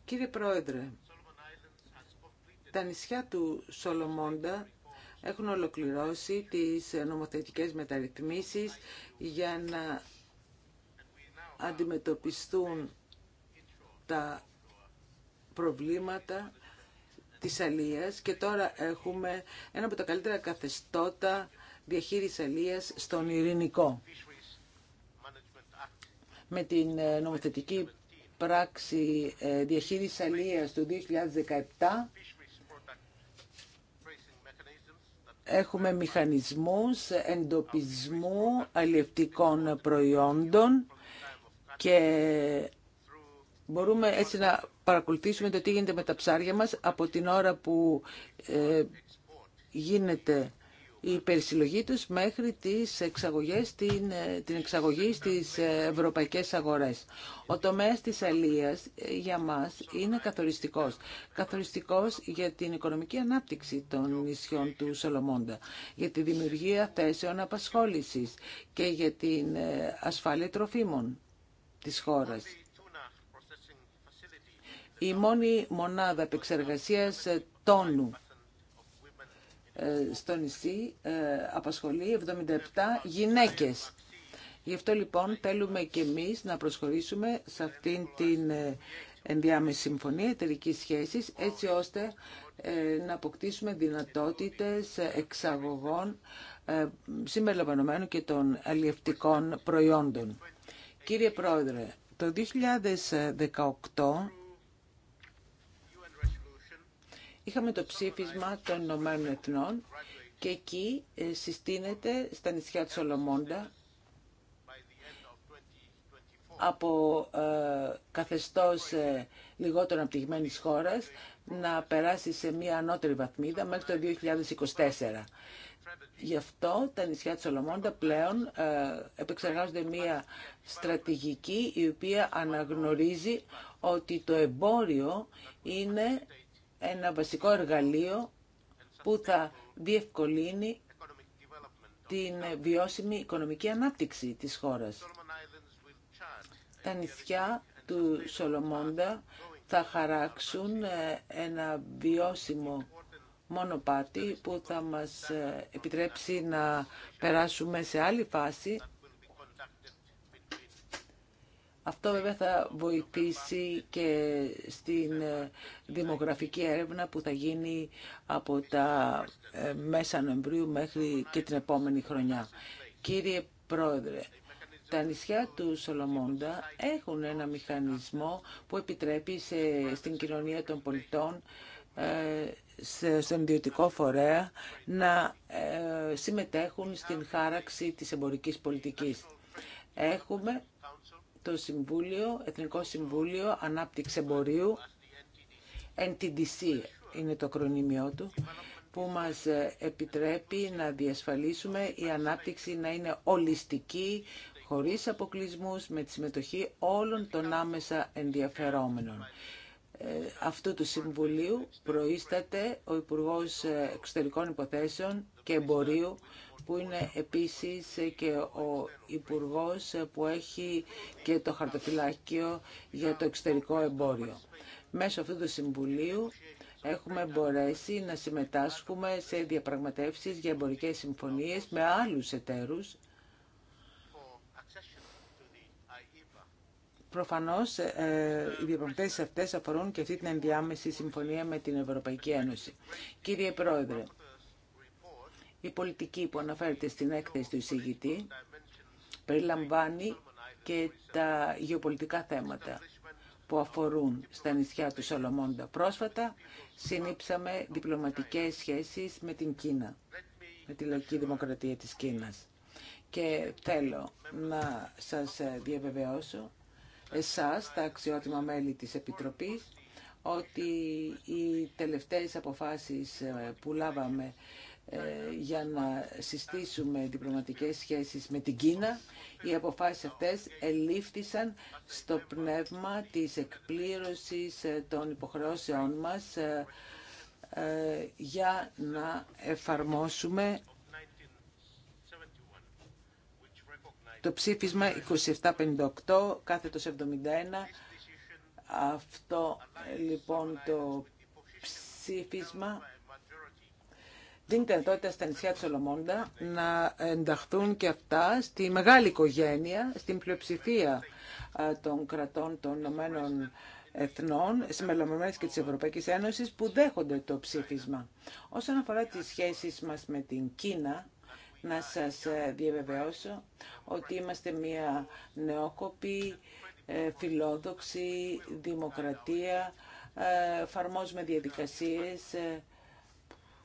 Κύριε Πρόεδρε, τα νησιά του Σολομόντα έχουν ολοκληρώσει τις νομοθετικές μεταρρυθμίσεις για να αντιμετωπιστούν τα προβλήματα της αλίας και τώρα έχουμε ένα από τα καλύτερα καθεστώτα διαχείρισης αλίας στον ειρηνικό. Με την ε, νομοθετική πράξη ε, διαχείρισης αλίας του 2017 έχουμε μηχανισμούς εντοπισμού αλλιευτικών προϊόντων και μπορούμε έτσι να παρακολουθήσουμε το τι γίνεται με τα ψάρια μας από την ώρα που ε, γίνεται η περισυλλογή τους μέχρι τις εξαγωγές, την, ε, την εξαγωγή στις ε, ευρωπαϊκές αγορές. Ο τομέας της αλίας για μας είναι καθοριστικός. Καθοριστικός για την οικονομική ανάπτυξη των νησιών του Σολομόντα, για τη δημιουργία θέσεων απασχόλησης και για την ασφάλεια τροφίμων της χώρας η μόνη μονάδα επεξεργασίας ε, τόνου ε, στο νησί ε, απασχολεί 77 γυναίκες. Γι' αυτό λοιπόν θέλουμε και εμείς να προσχωρήσουμε σε αυτήν την ενδιάμεση συμφωνία εταιρική σχέσης έτσι ώστε να αποκτήσουμε δυνατότητες εξαγωγών συμπεριλαμβανομένων και των αλλιευτικών προϊόντων. Κύριε Πρόεδρε, το 2018 Είχαμε το ψήφισμα των Ηνωμένων Εθνών και εκεί ε, συστήνεται στα νησιά της Σολομόντα από ε, καθεστώς ε, λιγότερο αναπτυγμένης χώρας να περάσει σε μία ανώτερη βαθμίδα μέχρι το 2024. Γι' αυτό τα νησιά της Σολομόντα πλέον ε, επεξεργάζονται μία στρατηγική η οποία αναγνωρίζει ότι το εμπόριο είναι ένα βασικό εργαλείο που θα διευκολύνει την βιώσιμη οικονομική ανάπτυξη της χώρας. Τα νησιά του Σολομόντα θα χαράξουν ε, ένα βιώσιμο μονοπάτι που θα μας ε, επιτρέψει να περάσουμε σε άλλη φάση αυτό βέβαια θα βοηθήσει και στην ε, δημογραφική έρευνα που θα γίνει από τα ε, μέσα Νοεμβρίου μέχρι και την επόμενη χρονιά. Κύριε Πρόεδρε, τα νησιά του Σολομόντα έχουν ένα μηχανισμό που επιτρέπει σε, στην κοινωνία των πολιτών ε, σε, στον ιδιωτικό φορέα να συμμετέχουν στην χάραξη της εμπορικής πολιτικής. Έχουμε το Συμβούλιο, Εθνικό Συμβούλιο Ανάπτυξη Εμπορίου, NTDC είναι το κρονίμιό του, που μας επιτρέπει να διασφαλίσουμε η ανάπτυξη να είναι ολιστική, χωρίς αποκλεισμούς, με τη συμμετοχή όλων των άμεσα ενδιαφερόμενων. Ε, αυτού του Συμβουλίου προείσταται ο Υπουργός Εξωτερικών Υποθέσεων και Εμπορίου, που είναι επίσης και ο Υπουργός που έχει και το χαρτοφυλάκιο για το εξωτερικό εμπόριο. Μέσω αυτού του Συμβουλίου έχουμε μπορέσει να συμμετάσχουμε σε διαπραγματεύσεις για εμπορικές συμφωνίες με άλλους εταίρους. Προφανώς ε, οι διαπραγματεύσεις αυτές αφορούν και αυτή την ενδιάμεση συμφωνία με την Ευρωπαϊκή Ένωση. Κύριε Πρόεδρε, η πολιτική που αναφέρεται στην έκθεση του εισηγητή περιλαμβάνει και τα γεωπολιτικά θέματα που αφορούν στα νησιά του Σολομόντα. Πρόσφατα συνήψαμε διπλωματικές σχέσεις με την Κίνα, με τη λαϊκή δημοκρατία της Κίνας. Και θέλω να σας διαβεβαιώσω εσάς, τα αξιότιμα μέλη της Επιτροπής, ότι οι τελευταίες αποφάσεις ε, που λάβαμε ε, για να συστήσουμε διπλωματικές σχέσεις με την Κίνα. Οι αποφάσεις αυτές ελήφθησαν στο πνεύμα της εκπλήρωσης ε, των υποχρεώσεών μας ε, για να εφαρμόσουμε το ψήφισμα 2758 κάθετος 71. Αυτό λοιπόν το ψήφισμα δίνει τότε δυνατότητα στα νησιά της Ολομόντα να ενταχθούν και αυτά στη μεγάλη οικογένεια, στην πλειοψηφία των κρατών των Ηνωμένων Εθνών, συμμελωμένες και της Ευρωπαϊκής Ένωσης, που δέχονται το ψήφισμα. Όσον αφορά τις σχέσεις μας με την Κίνα, να σας ε, διαβεβαιώσω ότι είμαστε μια νεόκοπη, ε, φιλόδοξη δημοκρατία, ε, εφαρμόζουμε διαδικασίες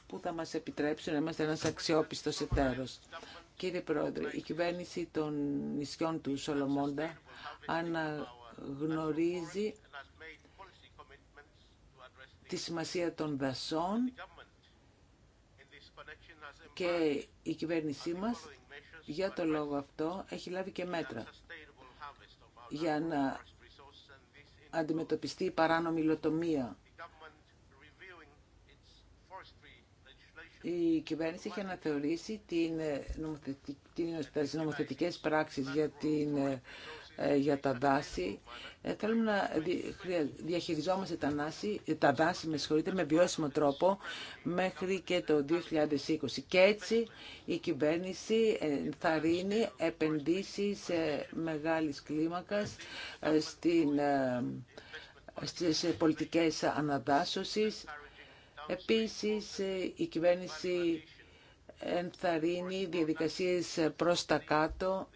που θα μας επιτρέψουν να είμαστε ένας αξιόπιστος εταίρος. Κύριε Πρόεδρε, η κυβέρνηση των νησιών του Σολομόντα αναγνωρίζει τη σημασία των δασών και η κυβέρνησή μας για το λόγο αυτό έχει λάβει και μέτρα για να αντιμετωπιστεί η παράνομη λοτομία η κυβέρνηση είχε αναθεωρήσει την τις νομοθετικές πράξεις για, την, ε, για τα δάση. Ε, θέλουμε να διαχειριζόμαστε τα, τα δάση με, με βιώσιμο τρόπο μέχρι και το 2020. Και έτσι η κυβέρνηση θα ρίνει επενδύσεις ε, μεγάλης κλίμακας στην, στις πολιτικές αναδάσωσης Επίσης, ε, η κυβέρνηση ενθαρρύνει διαδικασίες προς τα κάτω.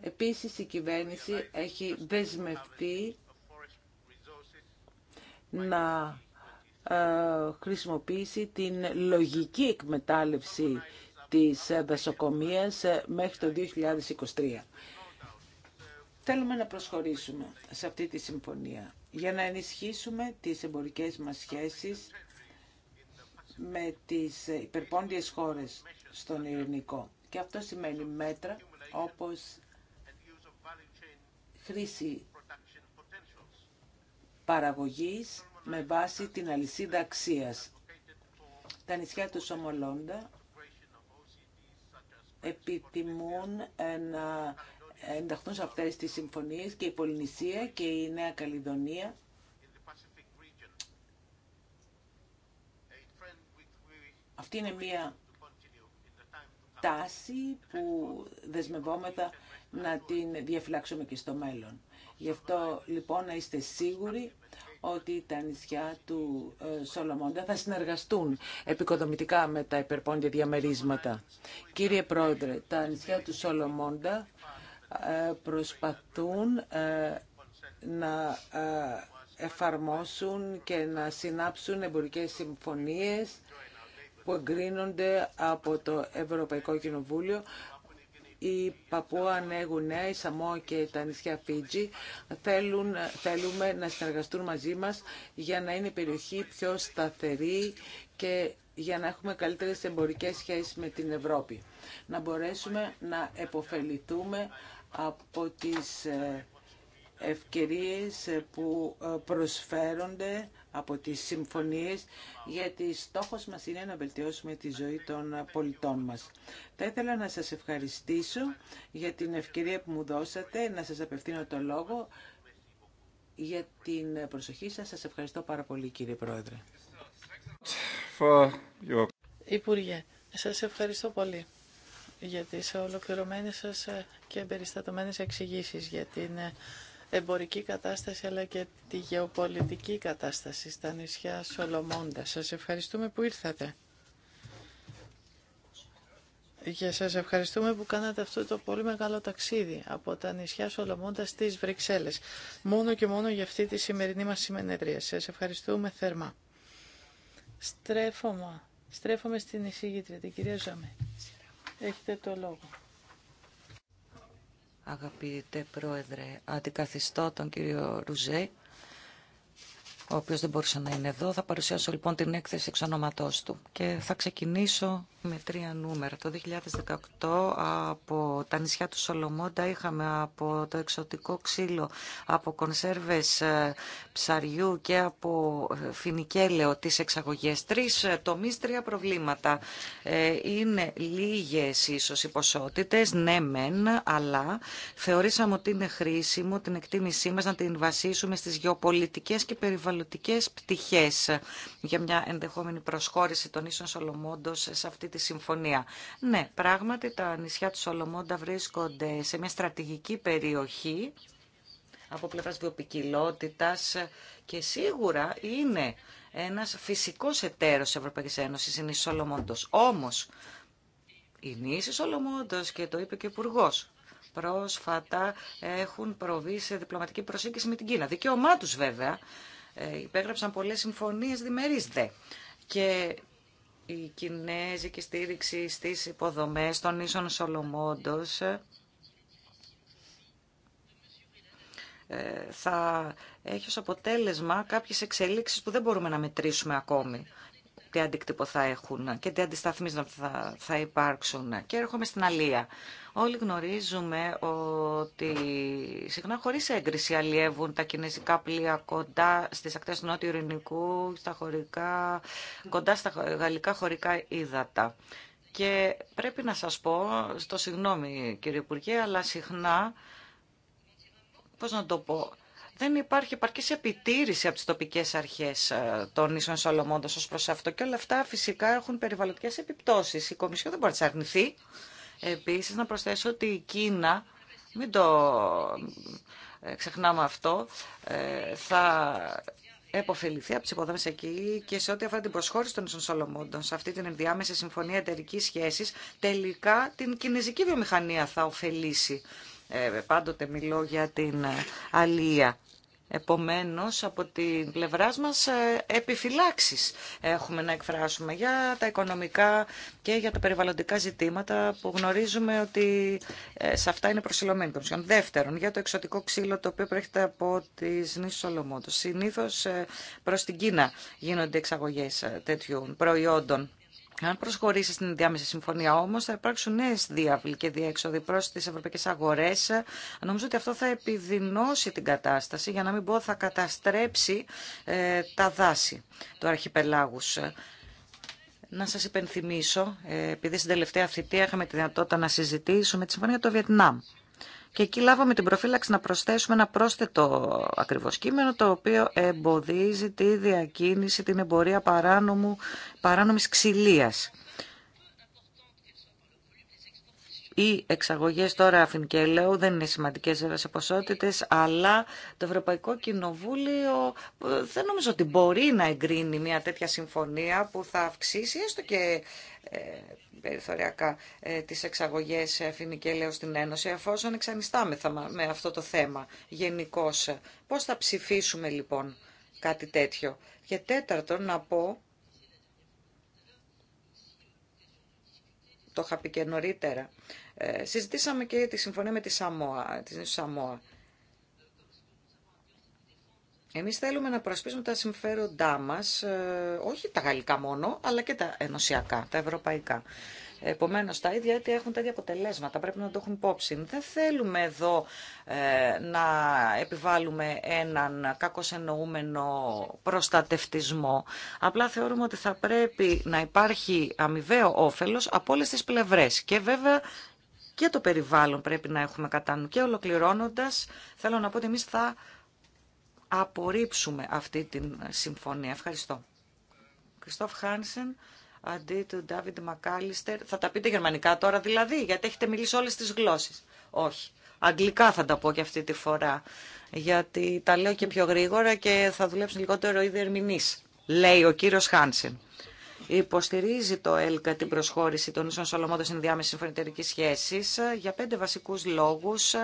Επίσης, η κυβέρνηση έχει δεσμευτεί να ε, χρησιμοποιήσει την λογική εκμετάλλευση της δασοκομείας ε, μέχρι το 2023. Θέλουμε να προσχωρήσουμε σε αυτή τη συμφωνία για να ενισχύσουμε τις εμπορικές μας σχέσεις με τις υπερπόντιες χώρες στον ειρηνικό. Και αυτό σημαίνει μέτρα όπως χρήση παραγωγής με βάση την αλυσίδα αξίας. Τα νησιά του Σομολόντα επιθυμούν να ενταχθούν σε αυτές τις συμφωνίες και η Πολυνησία και η Νέα Καλλιδονία. Αυτή είναι μια τάση που δεσμευόμεθα να την διαφυλάξουμε και στο μέλλον. Γι' αυτό λοιπόν να είστε σίγουροι ότι τα νησιά του ε, Σολομώντα θα συνεργαστούν επικοδομητικά με τα υπερπόντια διαμερίσματα. Κύριε Πρόεδρε, τα νησιά του Σολομόντα... Ε, προσπαθούν ε, να ε, εφαρμόσουν και να συνάψουν εμπορικές συμφωνίες που εγκρίνονται από το Ευρωπαϊκό Κοινοβούλιο. Οι Παππούα Νέγου Νέα, η Σαμό και τα νησιά Φίτζη θέλουν, θέλουμε να συνεργαστούν μαζί μας για να είναι η περιοχή πιο σταθερή και για να έχουμε καλύτερες εμπορικές σχέσεις με την Ευρώπη. Να μπορέσουμε να επωφεληθούμε από τις ε, ευκαιρίες ε, που ε, προσφέρονται από τις συμφωνίες, γιατί στόχος μας είναι να βελτιώσουμε τη ζωή των πολιτών μας. Θα ήθελα να σας ευχαριστήσω για την ευκαιρία που μου δώσατε, να σας απευθύνω το λόγο για την προσοχή σας. Σας ευχαριστώ πάρα πολύ κύριε Πρόεδρε. Υπουργέ, σας ευχαριστώ πολύ για τις ολοκληρωμένες σας ε, και περιστατωμένες εξηγήσεις για την ε, εμπορική κατάσταση αλλά και τη γεωπολιτική κατάσταση στα νησιά Σολομώντα. Σας ευχαριστούμε που ήρθατε. Και σας ευχαριστούμε που κάνατε αυτό το πολύ μεγάλο ταξίδι από τα νησιά Σολομώντα στις Βρυξέλλες. Μόνο και μόνο για αυτή τη σημερινή μας συμμενεδρία. Σας ευχαριστούμε θερμά. Στρέφομαι, στρέφομαι στην εισηγήτρια, την κυρία Ζαμή. Έχετε το λόγο. Αγαπητέ Πρόεδρε, αντικαθιστώ τον κύριο Ρουζέ ο οποίο δεν μπορούσε να είναι εδώ. Θα παρουσιάσω λοιπόν την έκθεση εξ ονοματό του. Και θα ξεκινήσω με τρία νούμερα. Το 2018 από τα νησιά του Σολομόντα είχαμε από το εξωτικό ξύλο, από κονσέρβες ε, ψαριού και από ε, φινικέλαιο τις εξαγωγές. Τρεις ε, τομείς, τρία προβλήματα. Είναι λίγες ίσως οι ποσότητες, ναι μεν, αλλά θεωρήσαμε ότι είναι χρήσιμο την εκτίμησή μας να την βασίσουμε στις γεωπολιτικές και περιβαλλοντικές πολιτικές πτυχές για μια ενδεχόμενη προσχώρηση των νήσων Σολομόντος σε αυτή τη συμφωνία. Ναι, πράγματι τα νησιά του Σολομόντα βρίσκονται σε μια στρατηγική περιοχή από πλευράς βιοπικιλότητας και σίγουρα είναι ένας φυσικός εταίρος της Ευρωπαϊκής Ένωσης, η νήση Σολομόντος. Όμως, η νήση Σολομόντος και το είπε και ο υπουργό. Πρόσφατα έχουν προβεί σε διπλωματική προσέγγιση με την Κίνα. Δικαίωμά του βέβαια ε, υπέγραψαν πολλές συμφωνίες διμερείς δε. Και η κινέζικη στήριξη στις υποδομές των ίσων Σολομόντος ε, θα έχει ως αποτέλεσμα κάποιες εξελίξεις που δεν μπορούμε να μετρήσουμε ακόμη τι αντίκτυπο θα έχουν και τι να θα, θα υπάρξουν. Και έρχομαι στην αλία. Όλοι γνωρίζουμε ότι συχνά χωρίς έγκριση αλλιεύουν τα κινέζικα πλοία κοντά στις ακτές του Νότιου Ειρηνικού, στα χωρικά, κοντά στα γαλλικά χωρικά ύδατα. Και πρέπει να σας πω, στο συγγνώμη κύριε Υπουργέ, αλλά συχνά, πώς να το πω, δεν υπάρχει επαρκή επιτήρηση από τι τοπικέ αρχέ ε, των νήσων Σολομόντο ω προς αυτό και όλα αυτά φυσικά έχουν περιβαλλοντικέ επιπτώσει. Η Κομισιό δεν μπορεί να τι αρνηθεί. Επίσης να προσθέσω ότι η Κίνα, μην το ε, ξεχνάμε αυτό, ε, θα εποφεληθεί από τι υποδομέ εκεί και σε ό,τι αφορά την προσχώρηση των νησών Σολομόντων σε αυτή την ενδιάμεση συμφωνία εταιρική σχέση, τελικά την κινέζικη βιομηχανία θα ωφελήσει. πάντοτε μιλώ για την αλία. Επομένως, από την πλευρά μας ε, επιφυλάξεις έχουμε να εκφράσουμε για τα οικονομικά και για τα περιβαλλοντικά ζητήματα που γνωρίζουμε ότι ε, σε αυτά είναι προσιλωμένοι. Δεύτερον, για το εξωτικό ξύλο το οποίο προέρχεται από τις νήσεις Σολομόντος. Συνήθως ε, προς την Κίνα γίνονται εξαγωγές τέτοιων προϊόντων αν προσχωρήσει στην διάμεση συμφωνία όμω, θα υπάρξουν νέε διάβλοι και διέξοδοι προ τι ευρωπαϊκέ αγορέ. Νομίζω ότι αυτό θα επιδεινώσει την κατάσταση, για να μην πω θα καταστρέψει ε, τα δάση του αρχιπελάγου. Να σας υπενθυμίσω, ε, επειδή στην τελευταία θητεία είχαμε τη δυνατότητα να συζητήσουμε τη συμφωνία του Βιετνάμ. Και εκεί λάβαμε την προφύλαξη να προσθέσουμε ένα πρόσθετο ακριβώς κείμενο το οποίο εμποδίζει τη διακίνηση, την εμπορία παράνομου, παράνομης ξυλίας. Οι εξαγωγές τώρα λέω δεν είναι σημαντικές σε ποσότητες, αλλά το Ευρωπαϊκό Κοινοβούλιο ε, δεν νομίζω ότι μπορεί να εγκρίνει μια τέτοια συμφωνία που θα αυξήσει έστω και ε, περιθωριακά ε, τις εξαγωγές ε, λέω στην Ένωση, εφόσον εξανιστάμεθα με αυτό το θέμα γενικώ. Πώς θα ψηφίσουμε λοιπόν κάτι τέτοιο. Και τέταρτον να πω το είχα πει και νωρίτερα. Ε, συζητήσαμε και τη συμφωνία με τη Σαμόα, τη Σαμόα. Εμείς θέλουμε να προασπίσουμε τα συμφέροντά μας, ε, όχι τα γαλλικά μόνο, αλλά και τα ενωσιακά, τα ευρωπαϊκά. Επομένως τα ίδια αίτια έχουν τα ίδια αποτελέσματα, πρέπει να το έχουν υπόψη. Δεν θέλουμε εδώ ε, να επιβάλλουμε έναν κακώς εννοούμενο προστατευτισμό. Απλά θεωρούμε ότι θα πρέπει να υπάρχει αμοιβαίο όφελος από όλες τις πλευρές. Και βέβαια και το περιβάλλον πρέπει να έχουμε κατά νου. Και ολοκληρώνοντας, θέλω να πω ότι εμείς θα απορρίψουμε αυτή την συμφωνία. Ευχαριστώ. Κριστόφ Χάνσεν αντί του Ντάβιντ Μακάλιστερ. Θα τα πείτε γερμανικά τώρα δηλαδή, γιατί έχετε μιλήσει όλες τις γλώσσες. Όχι. Αγγλικά θα τα πω και αυτή τη φορά, γιατί τα λέω και πιο γρήγορα και θα δουλέψουν λιγότερο οι διερμηνείς, λέει ο κύριος Χάνσεν. Υποστηρίζει το ΕΛΚΑ την προσχώρηση των ίσων Σολομόντων στην διάμεση συμφωνητερική σχέση ε, για πέντε βασικού λόγου. Ε,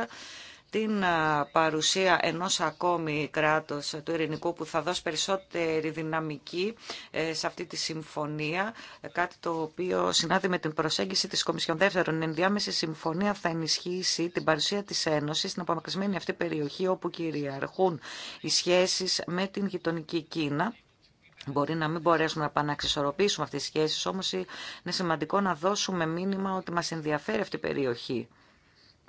την παρουσία ενός ακόμη κράτος του ειρηνικού που θα δώσει περισσότερη δυναμική ε, σε αυτή τη συμφωνία, ε, κάτι το οποίο συνάδει με την προσέγγιση της Κομισιόν Δεύτερον. Η ενδιάμεση συμφωνία θα ενισχύσει την παρουσία της Ένωσης στην απομακρυσμένη αυτή περιοχή όπου κυριαρχούν οι σχέσεις με την γειτονική Κίνα. Μπορεί να μην μπορέσουμε να επαναξισορροπήσουμε αυτές τις σχέσεις, όμως είναι σημαντικό να δώσουμε μήνυμα ότι μας ενδιαφέρει αυτή η περιοχή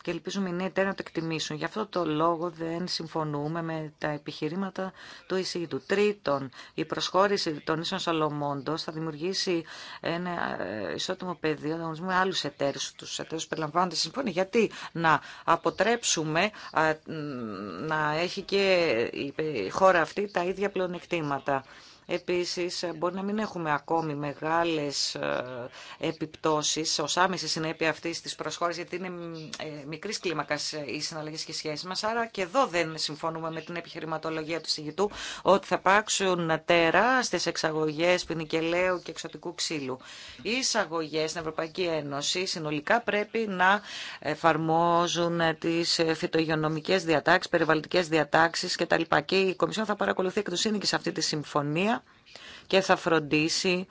και ελπίζουμε οι νέοι να το εκτιμήσουν. Γι' αυτό το λόγο δεν συμφωνούμε με τα επιχειρήματα του εισηγητού. Τρίτον, η προσχώρηση των ίσων Σολομόντο θα δημιουργήσει ένα ε, ισότιμο πεδίο ανταγωνισμού με άλλου εταίρου, του εταίρου που περιλαμβάνονται στη συμφωνία. Γιατί να αποτρέψουμε να έχει και η χώρα αυτή τα ίδια πλεονεκτήματα. Επίσης, ε, μπορεί να μην έχουμε ακόμη μεγάλες ε, επιπτώσεις ως άμεση συνέπεια αυτής της προσχώρησης, γιατί είναι ε, μικρής κλίμακας οι συναλλαγές και οι σχέσεις μας. Άρα και εδώ δεν συμφωνούμε με την επιχειρηματολογία του συγητού ότι θα υπάρξουν τεράστιες εξαγωγές ποινικελαίου και εξωτικού ξύλου. Οι εισαγωγές στην Ευρωπαϊκή Ένωση συνολικά πρέπει να εφαρμόζουν τις φυτογειονομικές διατάξεις, περιβαλλοντικές διατάξεις κτλ. Και η Κομισιόν θα παρακολουθεί εκ του σε αυτή τη συμφωνία και θα φροντίσει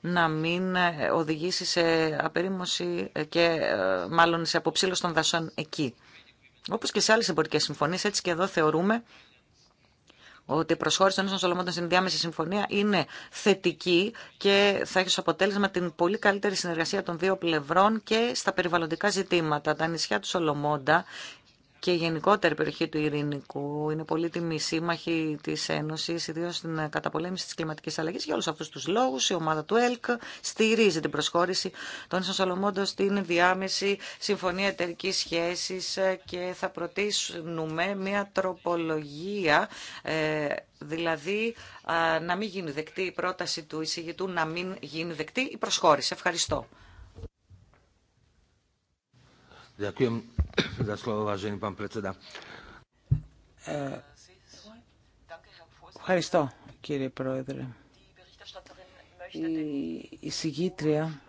να μην ε, οδηγήσει σε απερίμωση ε, και ε, μάλλον σε αποψήλωση των δασών εκεί. Όπως και σε άλλες εμπορικές συμφωνίες, έτσι και εδώ θεωρούμε ότι η προσχώρηση των ίσων στην διάμεση συμφωνία είναι θετική και θα έχει ως αποτέλεσμα την πολύ καλύτερη συνεργασία των δύο πλευρών και στα περιβαλλοντικά ζητήματα. Τα νησιά του Σολομόντα και η γενικότερη περιοχή του Ειρηνικού. Είναι πολύτιμη σύμμαχη τη Ένωση, ιδίω στην καταπολέμηση τη κλιματική αλλαγή. Για όλου αυτού του λόγου, η ομάδα του ΕΛΚ στηρίζει την προσχώρηση των Ισοσαλωμόντων στην διάμεση Συμφωνία Εταιρική Σχέση και θα προτείνουμε μια τροπολογία. Ε, δηλαδή, να μην γίνει δεκτή η πρόταση του εισηγητού, να μην γίνει δεκτή η προσχώρηση. Ευχαριστώ. E, Ευχαριστώ, κύριε Πρόεδρε. Η εισηγήτρια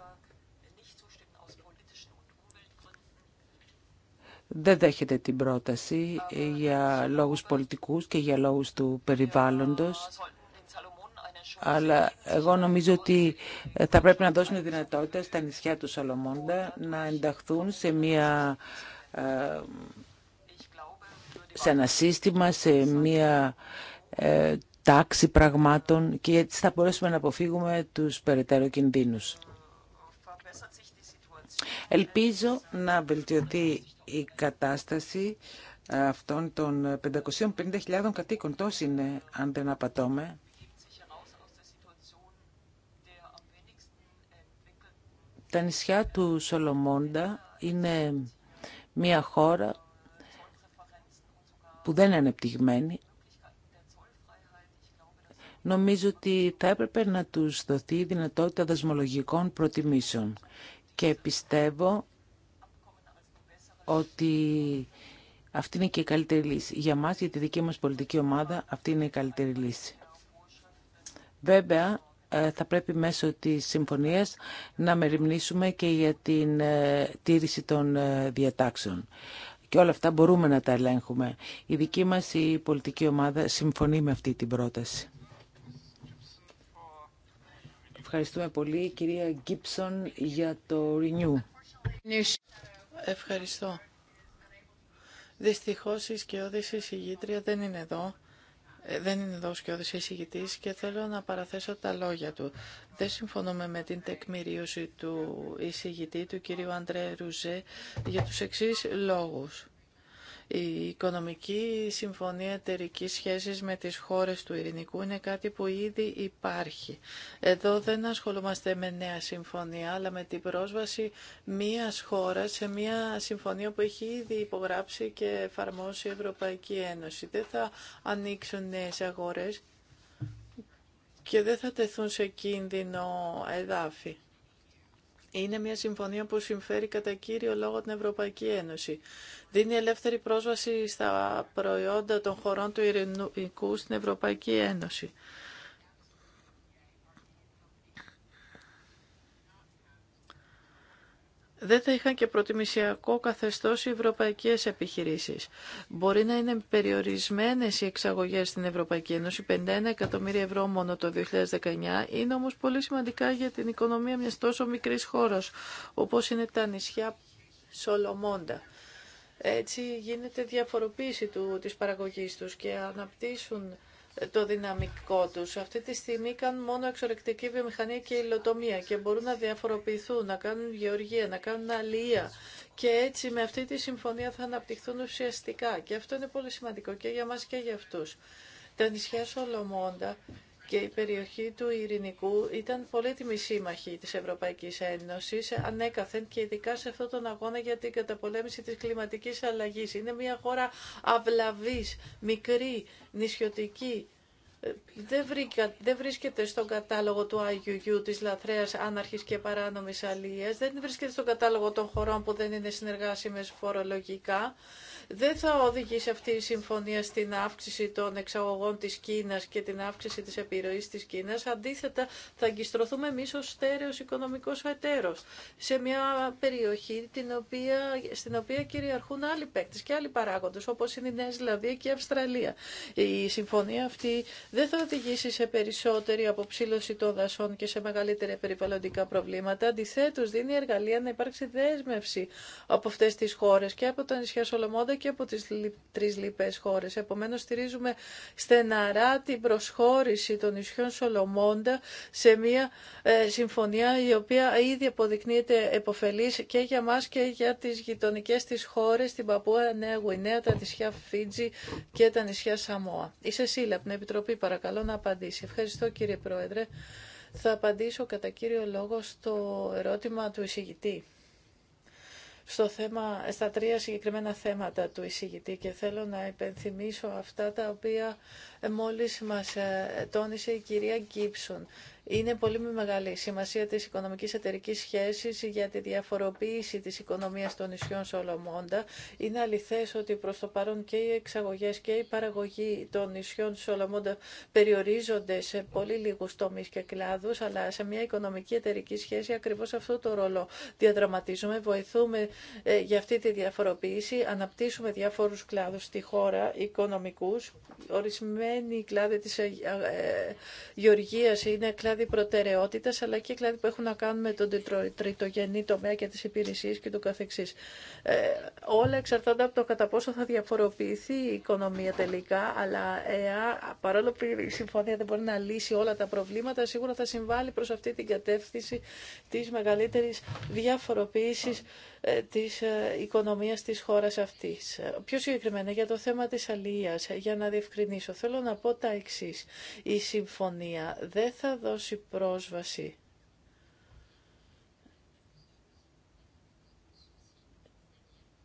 δεν δέχεται την πρόταση για λόγους πολιτικούς και για λόγους του περιβάλλοντος αλλά εγώ νομίζω ότι ε, θα πρέπει να δώσουν δυνατότητα στα νησιά του Σαλομόντα να ενταχθούν σε μια ε, σε ένα σύστημα, σε μια ε, τάξη πραγμάτων και έτσι θα μπορέσουμε να αποφύγουμε τους περαιτέρω κινδύνους. Ελπίζω να βελτιωθεί η κατάσταση αυτών των 550.000 κατοίκων. Τόσοι είναι, αν δεν απατώμε. Τα νησιά του Σολομόντα είναι μια χώρα που δεν είναι ανεπτυγμένη. Νομίζω ότι θα έπρεπε να τους δοθεί η δυνατότητα δασμολογικών προτιμήσεων. Και πιστεύω ότι αυτή είναι και η καλύτερη λύση. Για μας, για τη δική μας πολιτική ομάδα, αυτή είναι η καλύτερη λύση. Βέβαια, ε, θα πρέπει μέσω της συμφωνίας να μεριμνήσουμε και για την ε, τήρηση των ε, διατάξεων. Και όλα αυτά μπορούμε να τα ελέγχουμε. Η δική μας η πολιτική ομάδα συμφωνεί με αυτή την πρόταση. Ευχαριστούμε πολύ, κυρία Γκίψον, για το Renew. Ευχαριστώ. Δυστυχώς η σκιώδης συγγήτρια δεν είναι εδώ. Ε, δεν είναι εδώ ο εισηγητής και θέλω να παραθέσω τα λόγια του. Δεν συμφωνούμε με την τεκμηρίωση του εισηγητή, του κυρίου Αντρέ Ρουζέ, για τους εξής λόγους. Η οικονομική συμφωνία εταιρική σχέση με τις χώρες του ειρηνικού είναι κάτι που ήδη υπάρχει. Εδώ δεν ασχολούμαστε με νέα συμφωνία, αλλά με την πρόσβαση μίας χώρας σε μια συμφωνία που έχει ήδη υπογράψει και εφαρμόσει η Ευρωπαϊκή Ένωση. Δεν θα ανοίξουν νέες αγορές και δεν θα τεθούν σε κίνδυνο εδάφη είναι μια συμφωνία που συμφέρει κατά κύριο λόγο την Ευρωπαϊκή Ένωση. Δίνει ελεύθερη πρόσβαση στα προϊόντα των χωρών του Ειρηνικού στην Ευρωπαϊκή Ένωση. δεν θα είχαν και προτιμησιακό καθεστώς οι ευρωπαϊκές επιχειρήσεις. Μπορεί να είναι περιορισμένες οι εξαγωγές στην Ευρωπαϊκή Ένωση, 51 εκατομμύρια ευρώ μόνο το 2019, είναι όμως πολύ σημαντικά για την οικονομία μιας τόσο μικρής χώρας, όπως είναι τα νησιά Σολομόντα. Έτσι γίνεται διαφοροποίηση του, της παραγωγής τους και αναπτύσσουν το δυναμικό τους. Αυτή τη στιγμή κάνουν μόνο εξορεκτική βιομηχανία και υλοτομία και μπορούν να διαφοροποιηθούν, να κάνουν γεωργία, να κάνουν αλληλεία. Και έτσι με αυτή τη συμφωνία θα αναπτυχθούν ουσιαστικά. Και αυτό είναι πολύ σημαντικό και για μας και για αυτούς. Τα νησιά Σολομώντα και η περιοχή του Ειρηνικού ήταν πολύτιμη σύμμαχη της Ευρωπαϊκής Ένωσης ανέκαθεν και ειδικά σε αυτόν τον αγώνα για την καταπολέμηση της κλιματικής αλλαγής. Είναι μια χώρα αυλαβής, μικρή, νησιωτική, δεν, βρίσκεται στον κατάλογο του IUU της λαθρέας άναρχης και παράνομης αλίας, δεν βρίσκεται στον κατάλογο των χωρών που δεν είναι συνεργάσιμες φορολογικά δεν θα οδηγήσει αυτή η συμφωνία στην αύξηση των εξαγωγών της Κίνας και την αύξηση της επιρροής της Κίνας. Αντίθετα, θα αγκιστρωθούμε εμείς ως στέρεος οικονομικός εταίρος σε μια περιοχή την οποία, στην οποία κυριαρχούν άλλοι παίκτες και άλλοι παράγοντες, όπως είναι η Νέα Ζηλανδία και η Αυστραλία. Η συμφωνία αυτή δεν θα οδηγήσει σε περισσότερη αποψήλωση των δασών και σε μεγαλύτερα περιβαλλοντικά προβλήματα. Αντιθέτω, δίνει εργαλεία να υπάρξει δέσμευση από αυτέ τι χώρε και από τα νησιά Σολομόντα και από τις τρεις λοιπές χώρες. Επομένως, στηρίζουμε στεναρά την προσχώρηση των νησιών Σολομώντα σε μια ε, συμφωνία η οποία ήδη αποδεικνύεται επωφελής και για μας και για τις γειτονικές της χώρες, την Παπούα Νέα Γουινέα, τα νησιά Φίτζη και τα νησιά Σαμόα. Η Σεσίλα, από την Επιτροπή, παρακαλώ να απαντήσει. Ευχαριστώ κύριε Πρόεδρε. Θα απαντήσω κατά κύριο λόγο στο ερώτημα του εισηγητή στο θέμα, στα τρία συγκεκριμένα θέματα του εισηγητή και θέλω να υπενθυμίσω αυτά τα οποία μόλις μας ε, τόνισε η κυρία Γκίψον. Είναι πολύ μεγάλη η σημασία της οικονομικής εταιρικής σχέσης για τη διαφοροποίηση της οικονομίας των νησιών Σολομώντα. Είναι αληθές ότι προς το παρόν και οι εξαγωγές και η παραγωγή των νησιών Σολομώντα περιορίζονται σε πολύ λίγους τομείς και κλάδους, αλλά σε μια οικονομική εταιρική σχέση ακριβώς αυτό το ρόλο διαδραματίζουμε. Βοηθούμε ε, για αυτή τη διαφοροποίηση, αναπτύσσουμε διάφορους κλάδους στη χώρα οικονομικούς, η κλάδη της ε, ε, γεωργίας είναι κλάδη προτεραιότητας, αλλά και κλάδη που έχουν να κάνουν με τον τριτογενή τομέα και τις υπηρεσίες και το καθεξής. Ε, όλα εξαρτάται από το κατά πόσο θα διαφοροποιηθεί η οικονομία τελικά, αλλά ε, παρόλο που η συμφωνία δεν μπορεί να λύσει όλα τα προβλήματα, σίγουρα θα συμβάλλει προς αυτή την κατεύθυνση της μεγαλύτερης διαφοροποίησης ε, της ε, οικονομίας της χώρας αυτής. Πιο συγκεκριμένα για το θέμα της αλληλεία για να διευκρινίσω, θέλω να πω τα εξής. Η συμφωνία δεν θα δώσει πρόσβαση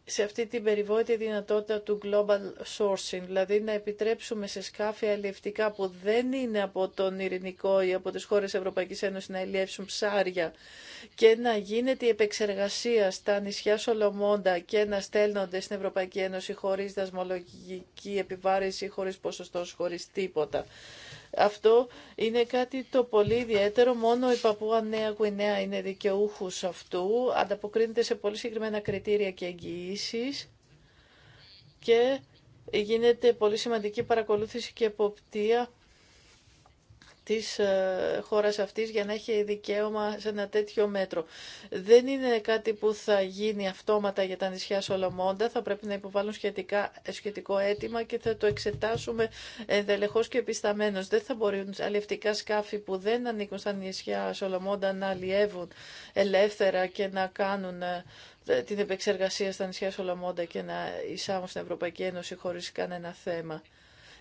σε αυτή την περιβόητη δυνατότητα του global sourcing, δηλαδή να επιτρέψουμε σε σκάφη αλλιευτικά που δεν είναι από τον Ειρηνικό ή από τις χώρες Ευρωπαϊκής Ένωσης να ελιεύσουν ψάρια και να γίνεται η επεξεργασία στα νησιά Σολομώντα και να στέλνονται στην Ευρωπαϊκή Ένωση χωρίς δασμολογική επιβάρηση, χωρίς ποσοστός, χωρίς τίποτα. Αυτό είναι κάτι το πολύ ιδιαίτερο. Μόνο η Παπούα Νέα Γουινέα είναι δικαιούχου αυτού. Ανταποκρίνεται σε πολύ συγκεκριμένα κριτήρια και εγγυήσει. Και γίνεται πολύ σημαντική παρακολούθηση και εποπτεία της ε, χώρας αυτής για να έχει δικαίωμα σε ένα τέτοιο μέτρο. Δεν είναι κάτι που θα γίνει αυτόματα για τα νησιά Σολομόντα, θα πρέπει να υποβάλουν σχετικά, σχετικό αίτημα και θα το εξετάσουμε ενδελεχώς και επισταμένως. Δεν θα μπορούν αλλιευτικά σκάφη που δεν ανήκουν στα νησιά Σολομόντα να αλλιεύουν ελεύθερα και να κάνουν ε, την επεξεργασία στα νησιά Σολομόντα και να εισάγουν στην Ευρωπαϊκή Ένωση χωρίς κανένα θέμα.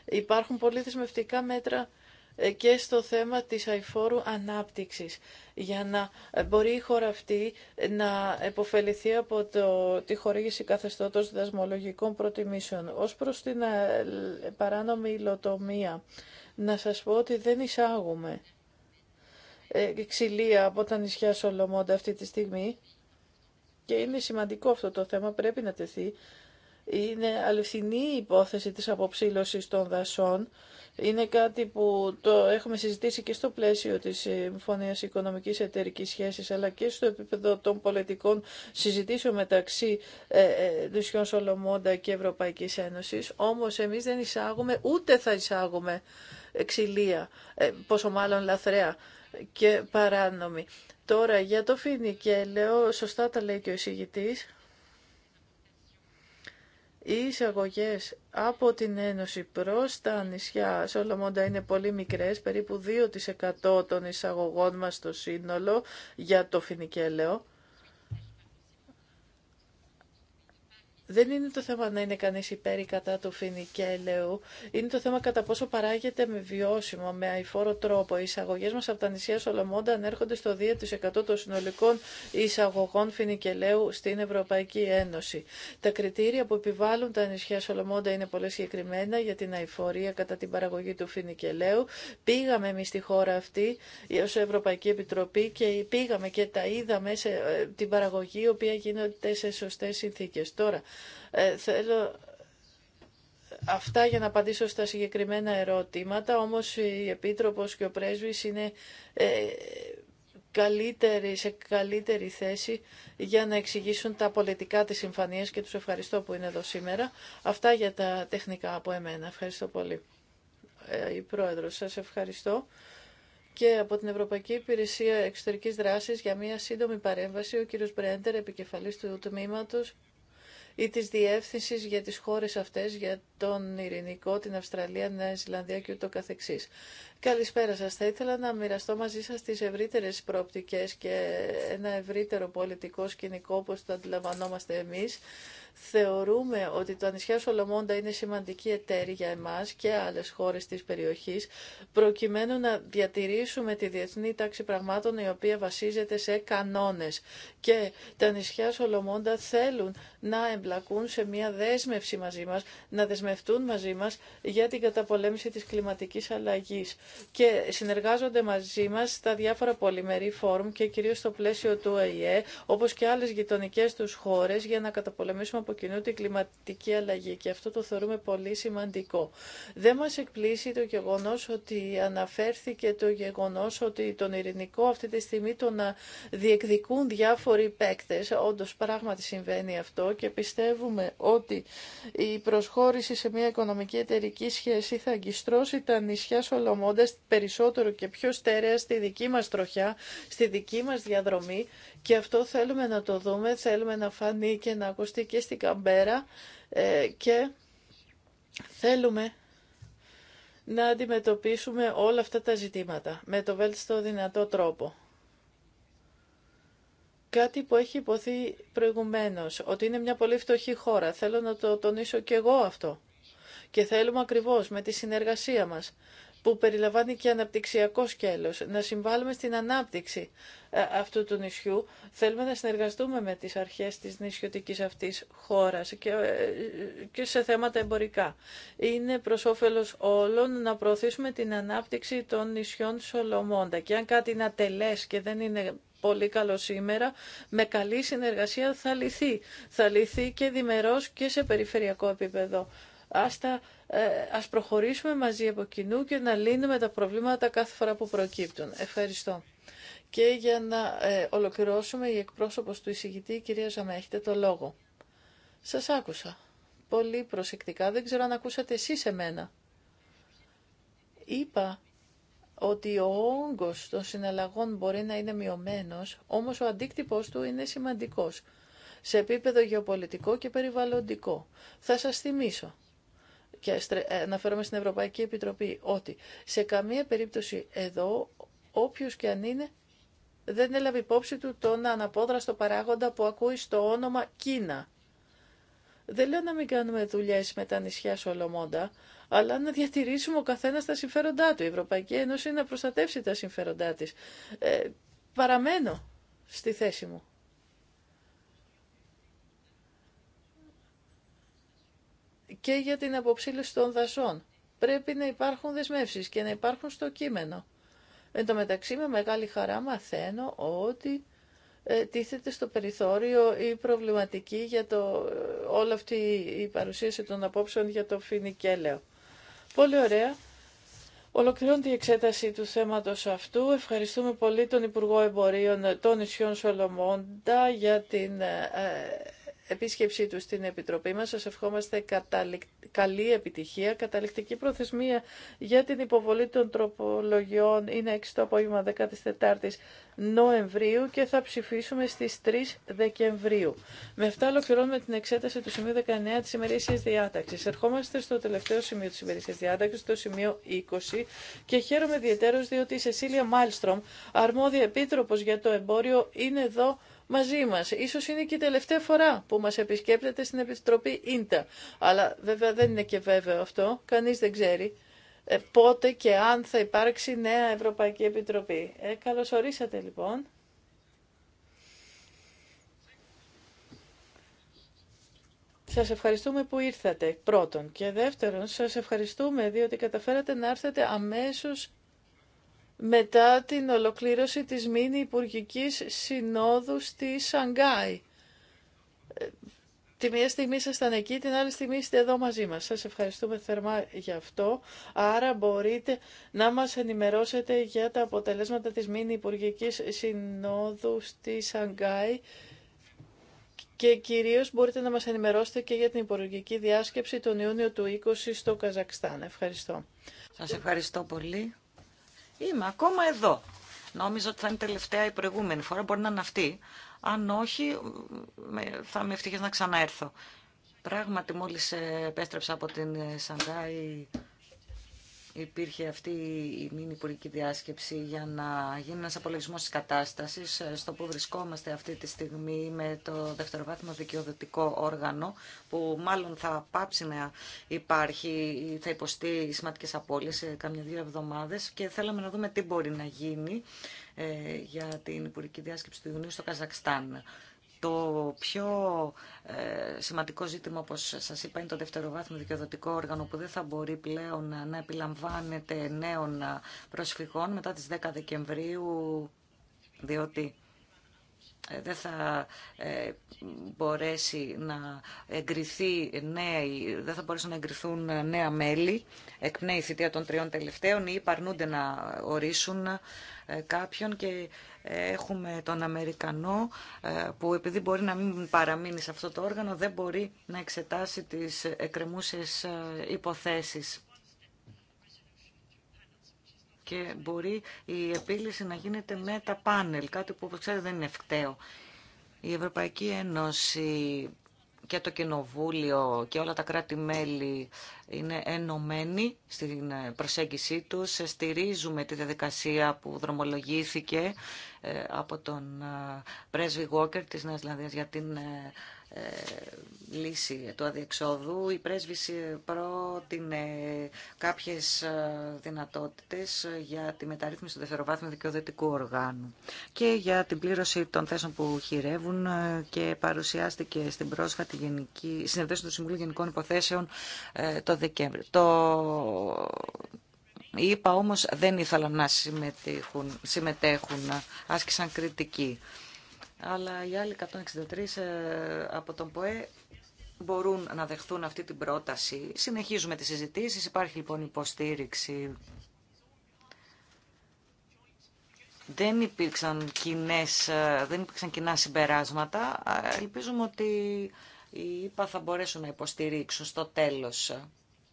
Υπάρχουν πολύ δεσμευτικά μέτρα ε, και στο θέμα της αηφόρου ανάπτυξης για να ε, μπορεί η χώρα αυτή ε, να επωφεληθεί από το, τη χορήγηση καθεστώτος δασμολογικών προτιμήσεων. Ως προς την παράνομη υλοτομία, να σας πω ότι δεν εισάγουμε ξυλία από τα νησιά Σολομόντα αυτή τη στιγμή και είναι σημαντικό αυτό το θέμα, πρέπει να τεθεί είναι αληθινή η υπόθεση της αποψήλωσης των δασών. Είναι κάτι που το έχουμε συζητήσει και στο πλαίσιο της Συμφωνίας Οικονομικής Εταιρικής Σχέσης αλλά και στο επίπεδο των πολιτικών συζητήσεων μεταξύ Δουσιών ε, ε, Σολομώντα και Ευρωπαϊκής Ένωσης. Όμως εμείς δεν εισάγουμε ούτε θα εισάγουμε ξυλία, ε, πόσο μάλλον λαθρέα και παράνομη. Τώρα για το φινικέλαιο, σωστά τα λέει και ο εισηγητής, οι εισαγωγέ από την Ένωση προ τα νησιά Σολομόντα είναι πολύ μικρέ, περίπου 2% των εισαγωγών μα στο σύνολο για το φινικέλαιο. δεν είναι το θέμα να είναι κανείς υπέρ ή κατά του φοινικέλεου. Είναι το θέμα κατά πόσο παράγεται με βιώσιμο, με αηφόρο τρόπο. Οι εισαγωγέ μας από τα νησιά Σολομώντα ανέρχονται στο 2% των συνολικών εισαγωγών φινικελαίου στην Ευρωπαϊκή Ένωση. Τα κριτήρια που επιβάλλουν τα νησιά Σολομώντα είναι πολύ συγκεκριμένα για την αηφορία κατά την παραγωγή του φινικελαίου. Πήγαμε εμεί στη χώρα αυτή ω Ευρωπαϊκή Επιτροπή και πήγαμε και τα είδαμε σε ε, την παραγωγή, η οποία γίνεται σε σωστέ συνθήκε. Τώρα, ε, θέλω αυτά για να απαντήσω στα συγκεκριμένα ερωτήματα, όμως η Επίτροπος και ο Πρέσβης είναι ε, καλύτερη, σε καλύτερη θέση για να εξηγήσουν τα πολιτικά της συμφωνίας και τους ευχαριστώ που είναι εδώ σήμερα. Αυτά για τα τεχνικά από εμένα. Ευχαριστώ πολύ. Ε, η Πρόεδρος, σας ευχαριστώ. Και από την Ευρωπαϊκή Υπηρεσία Εξωτερικής Δράσης για μια σύντομη παρέμβαση, ο κύριος Μπρέντερ, επικεφαλής του τμήματος ή της διεύθυνση για τις χώρες αυτές, για τον Ειρηνικό, την Αυστραλία, Νέα Ζηλανδία και ούτω καθεξής. Καλησπέρα σας. Θα ήθελα να μοιραστώ μαζί σας τις ευρύτερες προοπτικές και ένα ευρύτερο πολιτικό σκηνικό όπως το αντιλαμβανόμαστε εμείς Θεωρούμε ότι τα νησιά Σολομώντα είναι σημαντική εταίρη για εμάς και άλλες χώρες της περιοχής, προκειμένου να διατηρήσουμε τη διεθνή τάξη πραγμάτων η οποία βασίζεται σε κανόνες. Και τα νησιά Σολομώντα θέλουν να εμπλακούν σε μια δέσμευση μαζί μας, να δεσμευτούν μαζί μας για την καταπολέμηση της κλιματικής αλλαγής. Και συνεργάζονται μαζί μας στα διάφορα πολυμερή φόρουμ και κυρίως στο πλαίσιο του ΑΕΕ όπως και άλλες γειτονικές τους χώρες, για να καταπολεμήσουμε από κοινού την κλιματική αλλαγή και αυτό το θεωρούμε πολύ σημαντικό. Δεν μας εκπλήσει το γεγονός ότι αναφέρθηκε το γεγονός ότι τον ειρηνικό αυτή τη στιγμή το να διεκδικούν διάφοροι παίκτες. Όντως πράγματι συμβαίνει αυτό και πιστεύουμε ότι η προσχώρηση σε μια οικονομική εταιρική σχέση θα αγκιστρώσει τα νησιά Σολομώντας περισσότερο και πιο στέρεα στη δική μας τροχιά, στη δική μας διαδρομή και αυτό θέλουμε να το δούμε, θέλουμε να φανεί και να ακουστεί και στη Καμπέρα ε, και θέλουμε να αντιμετωπίσουμε όλα αυτά τα ζητήματα με το βέλτιστο δυνατό τρόπο. Κάτι που έχει υποθεί προηγουμένως, ότι είναι μια πολύ φτωχή χώρα. Θέλω να το τονίσω και εγώ αυτό. Και θέλουμε ακριβώς με τη συνεργασία μας που περιλαμβάνει και αναπτυξιακό σκέλος, να συμβάλλουμε στην ανάπτυξη ε, αυτού του νησιού. Θέλουμε να συνεργαστούμε με τις αρχές της νησιωτικής αυτής χώρας και, ε, και σε θέματα εμπορικά. Είναι προς όφελος όλων να προωθήσουμε την ανάπτυξη των νησιών Σολομώντα και αν κάτι είναι ατελές και δεν είναι πολύ καλό σήμερα, με καλή συνεργασία θα λυθεί. Θα λυθεί και διμερός και σε περιφερειακό επίπεδο. Άστα ε, ας προχωρήσουμε μαζί από κοινού και να λύνουμε τα προβλήματα κάθε φορά που προκύπτουν. Ευχαριστώ. Και για να ε, ολοκληρώσουμε η εκπρόσωπος του εισηγητή, η κυρία Ζαμέ, το λόγο. Σας άκουσα πολύ προσεκτικά, δεν ξέρω αν ακούσατε εσείς εμένα. Είπα ότι ο όγκος των συναλλαγών μπορεί να είναι μειωμένος, όμως ο αντίκτυπος του είναι σημαντικός, σε επίπεδο γεωπολιτικό και περιβαλλοντικό. Θα σας θυμίσω και ε, αναφέρομαι στην Ευρωπαϊκή Επιτροπή, ότι σε καμία περίπτωση εδώ, όποιος και αν είναι, δεν έλαβε υπόψη του τον αναπόδραστο παράγοντα που ακούει στο όνομα Κίνα. Δεν λέω να μην κάνουμε δουλειέ με τα νησιά Σολομόντα, αλλά να διατηρήσουμε ο καθένα τα συμφέροντά του. Η Ευρωπαϊκή Ένωση να προστατεύσει τα συμφέροντά τη. Ε, παραμένω στη θέση μου. και για την αποψήλωση των δασών. Πρέπει να υπάρχουν δεσμεύσεις και να υπάρχουν στο κείμενο. Εν τω μεταξύ με μεγάλη χαρά μαθαίνω ότι ε, τίθεται στο περιθώριο η προβληματική για το, ε, όλη αυτή η παρουσίαση των απόψεων για το φινικέλαιο. Πολύ ωραία. Ολοκληρώνει η εξέταση του θέματος αυτού. Ευχαριστούμε πολύ τον Υπουργό Εμπορίων των Ισιών Σολομώντα για την ε, ε, επίσκεψή του στην Επιτροπή μας. Σας ευχόμαστε καλή επιτυχία. Καταληκτική προθεσμία για την υποβολή των τροπολογιών είναι 6 το απόγευμα 14 Νοεμβρίου και θα ψηφίσουμε στις 3 Δεκεμβρίου. Με αυτά ολοκληρώνουμε την εξέταση του σημείου 19 της ημερήσιας διάταξης. Ερχόμαστε στο τελευταίο σημείο της ημερήσιας διάταξης, το σημείο 20 και χαίρομαι ιδιαίτερως διότι η Σεσίλια Μάλστρομ, αρμόδια επίτροπος για το εμπόριο, είναι εδώ μαζί μας. Ίσως είναι και η τελευταία φορά που μας επισκέπτεται στην Επιστροπή Ίντα. Αλλά βέβαια δεν είναι και βέβαιο αυτό, κανείς δεν ξέρει ε, πότε και αν θα υπάρξει νέα Ευρωπαϊκή Επιτροπή. Ε, ορίσατε λοιπόν. Σας ευχαριστούμε που ήρθατε πρώτον και δεύτερον σας ευχαριστούμε διότι καταφέρατε να έρθετε αμέσως μετά την ολοκλήρωση της μήνυ Υπουργικής Συνόδου στη Σανγκάη. Ε, τη μία στιγμή ήσασταν εκεί, την άλλη στιγμή είστε εδώ μαζί μας. Σας ευχαριστούμε θερμά για αυτό. Άρα μπορείτε να μας ενημερώσετε για τα αποτελέσματα της μήνυ Υπουργικής Συνόδου στη Σανγκάη και κυρίως μπορείτε να μας ενημερώσετε και για την υπουργική διάσκεψη τον Ιούνιο του 20 στο Καζακστάν. Ευχαριστώ. Σας ευχαριστώ πολύ. Είμαι ακόμα εδώ. Νόμιζα ότι θα είναι τελευταία η προηγούμενη φορά, μπορεί να είναι αυτή. Αν όχι, θα με ευτυχής να ξαναέρθω. Πράγματι, μόλις ε, επέστρεψα από την ε, Σανγκάη, υπήρχε αυτή η μην υπουργική διάσκεψη για να γίνει ένας απολογισμός της κατάστασης στο που βρισκόμαστε αυτή τη στιγμή με το δευτεροβάθμιο δικαιοδοτικό όργανο που μάλλον θα πάψει να υπάρχει, θα υποστεί σημαντικές απώλειες σε κάμια δύο εβδομάδες και θέλαμε να δούμε τι μπορεί να γίνει ε, για την υπουργική διάσκεψη του Ιουνίου στο Καζακστάν. Το πιο ε, σημαντικό ζήτημα, όπως σας είπα, είναι το δευτεροβάθμιο δικαιοδοτικό όργανο που δεν θα μπορεί πλέον να επιλαμβάνεται νέων προσφυγών μετά τις 10 Δεκεμβρίου, διότι ε, δεν θα ε, μπορέσει να εγκριθεί νέα, δεν θα μπορέσουν να εγκριθούν νέα μέλη, εκ η θητεία των τριών τελευταίων ή παρνούνται να ορίσουν ε, κάποιον και έχουμε τον Αμερικανό που επειδή μπορεί να μην παραμείνει σε αυτό το όργανο δεν μπορεί να εξετάσει τις εκκρεμούσες υποθέσεις και μπορεί η επίλυση να γίνεται με τα πάνελ, κάτι που όπως ξέρετε δεν είναι ευκταίο. Η Ευρωπαϊκή Ένωση και το Κοινοβούλιο και όλα τα κράτη-μέλη είναι ενωμένοι στην προσέγγιση τους. Στηρίζουμε τη διαδικασία που δρομολογήθηκε ε, από τον ε, πρέσβη Γόκερ της Νέας Λανδίας για την ε, ε, λύση του αδιεξόδου. Η πρέσβηση ε, πρότεινε κάποιες ε, δυνατότητες για τη μεταρρύθμιση του δευτεροβάθμιου δικαιοδοτικού οργάνου και για την πλήρωση των θέσεων που χειρεύουν και παρουσιάστηκε στην πρόσφατη γενική, συνεδρίαση του Συμβουλίου Γενικών Υποθέσεων το Δεκέμβριο. Το... είπα όμως δεν ήθελα να συμμετέχουν, συμμετέχουν άσκησαν κριτική αλλά οι άλλοι 163 ε, από τον ΠΟΕ μπορούν να δεχθούν αυτή την πρόταση. Συνεχίζουμε τις συζητήσεις, υπάρχει λοιπόν υποστήριξη. Δεν υπήρξαν, κοινές, ε, δεν υπήρξαν κοινά συμπεράσματα. Ελπίζουμε ότι οι ΙΠΑ θα μπορέσουν να υποστηρίξουν στο τέλος.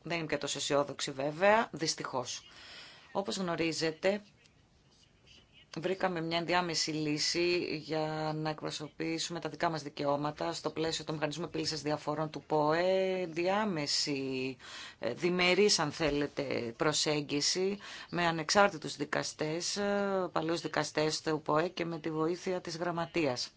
Δεν είμαι και τόσο αισιόδοξη βέβαια, δυστυχώς. Όπως γνωρίζετε, βρήκαμε μια ενδιάμεση λύση για να εκπροσωπήσουμε τα δικά μας δικαιώματα στο πλαίσιο του Μηχανισμού Επίλυσης Διαφορών του ΠΟΕ, διάμεση, ε, διμερής αν θέλετε προσέγγιση με ανεξάρτητους δικαστές, ε, παλαιούς δικαστές του ΠΟΕ και με τη βοήθεια της γραμματείας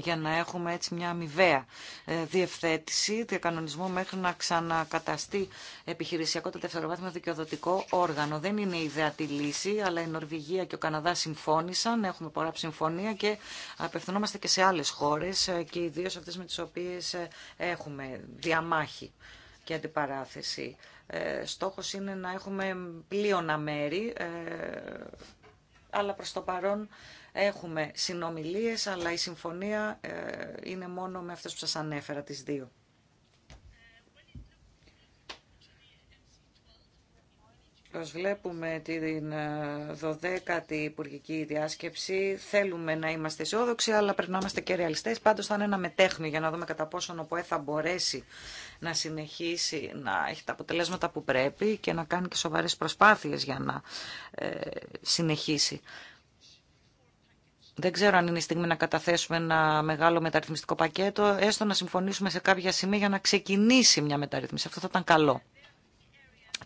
για να έχουμε έτσι μια αμοιβαία ε, διευθέτηση διακανονισμό μέχρι να ξανακαταστεί επιχειρησιακό το δευτεροβάθμιο δικαιοδοτικό όργανο. Δεν είναι ιδέα τη λύση, αλλά η Νορβηγία και ο Καναδά συμφώνησαν, έχουμε πολλά συμφωνία και απευθυνόμαστε και σε άλλες χώρες ε, και ιδίως αυτές με τις οποίες ε, έχουμε διαμάχη και αντιπαράθεση. Στόχος είναι να έχουμε πλείονα μέρη, αλλά προς το παρόν Έχουμε συνομιλίες, αλλά η συμφωνία ε, είναι μόνο με αυτές που σας ανέφερα, τις δύο. Ως βλέπουμε την 12η ε, Υπουργική Διάσκεψη, θέλουμε να είμαστε αισιόδοξοι, αλλά πρέπει να είμαστε και ρεαλιστές. Πάντως θα είναι ένα μετέχνη για να δούμε κατά πόσο ο ΠΟΕ θα μπορέσει να συνεχίσει να έχει τα αποτελέσματα που πρέπει και να κάνει και σοβαρές προσπάθειες για να ε, συνεχίσει δεν ξέρω αν είναι η στιγμή να καταθέσουμε ένα μεγάλο μεταρρυθμιστικό πακέτο, έστω να συμφωνήσουμε σε κάποια σημεία για να ξεκινήσει μια μεταρρύθμιση. Αυτό θα ήταν καλό.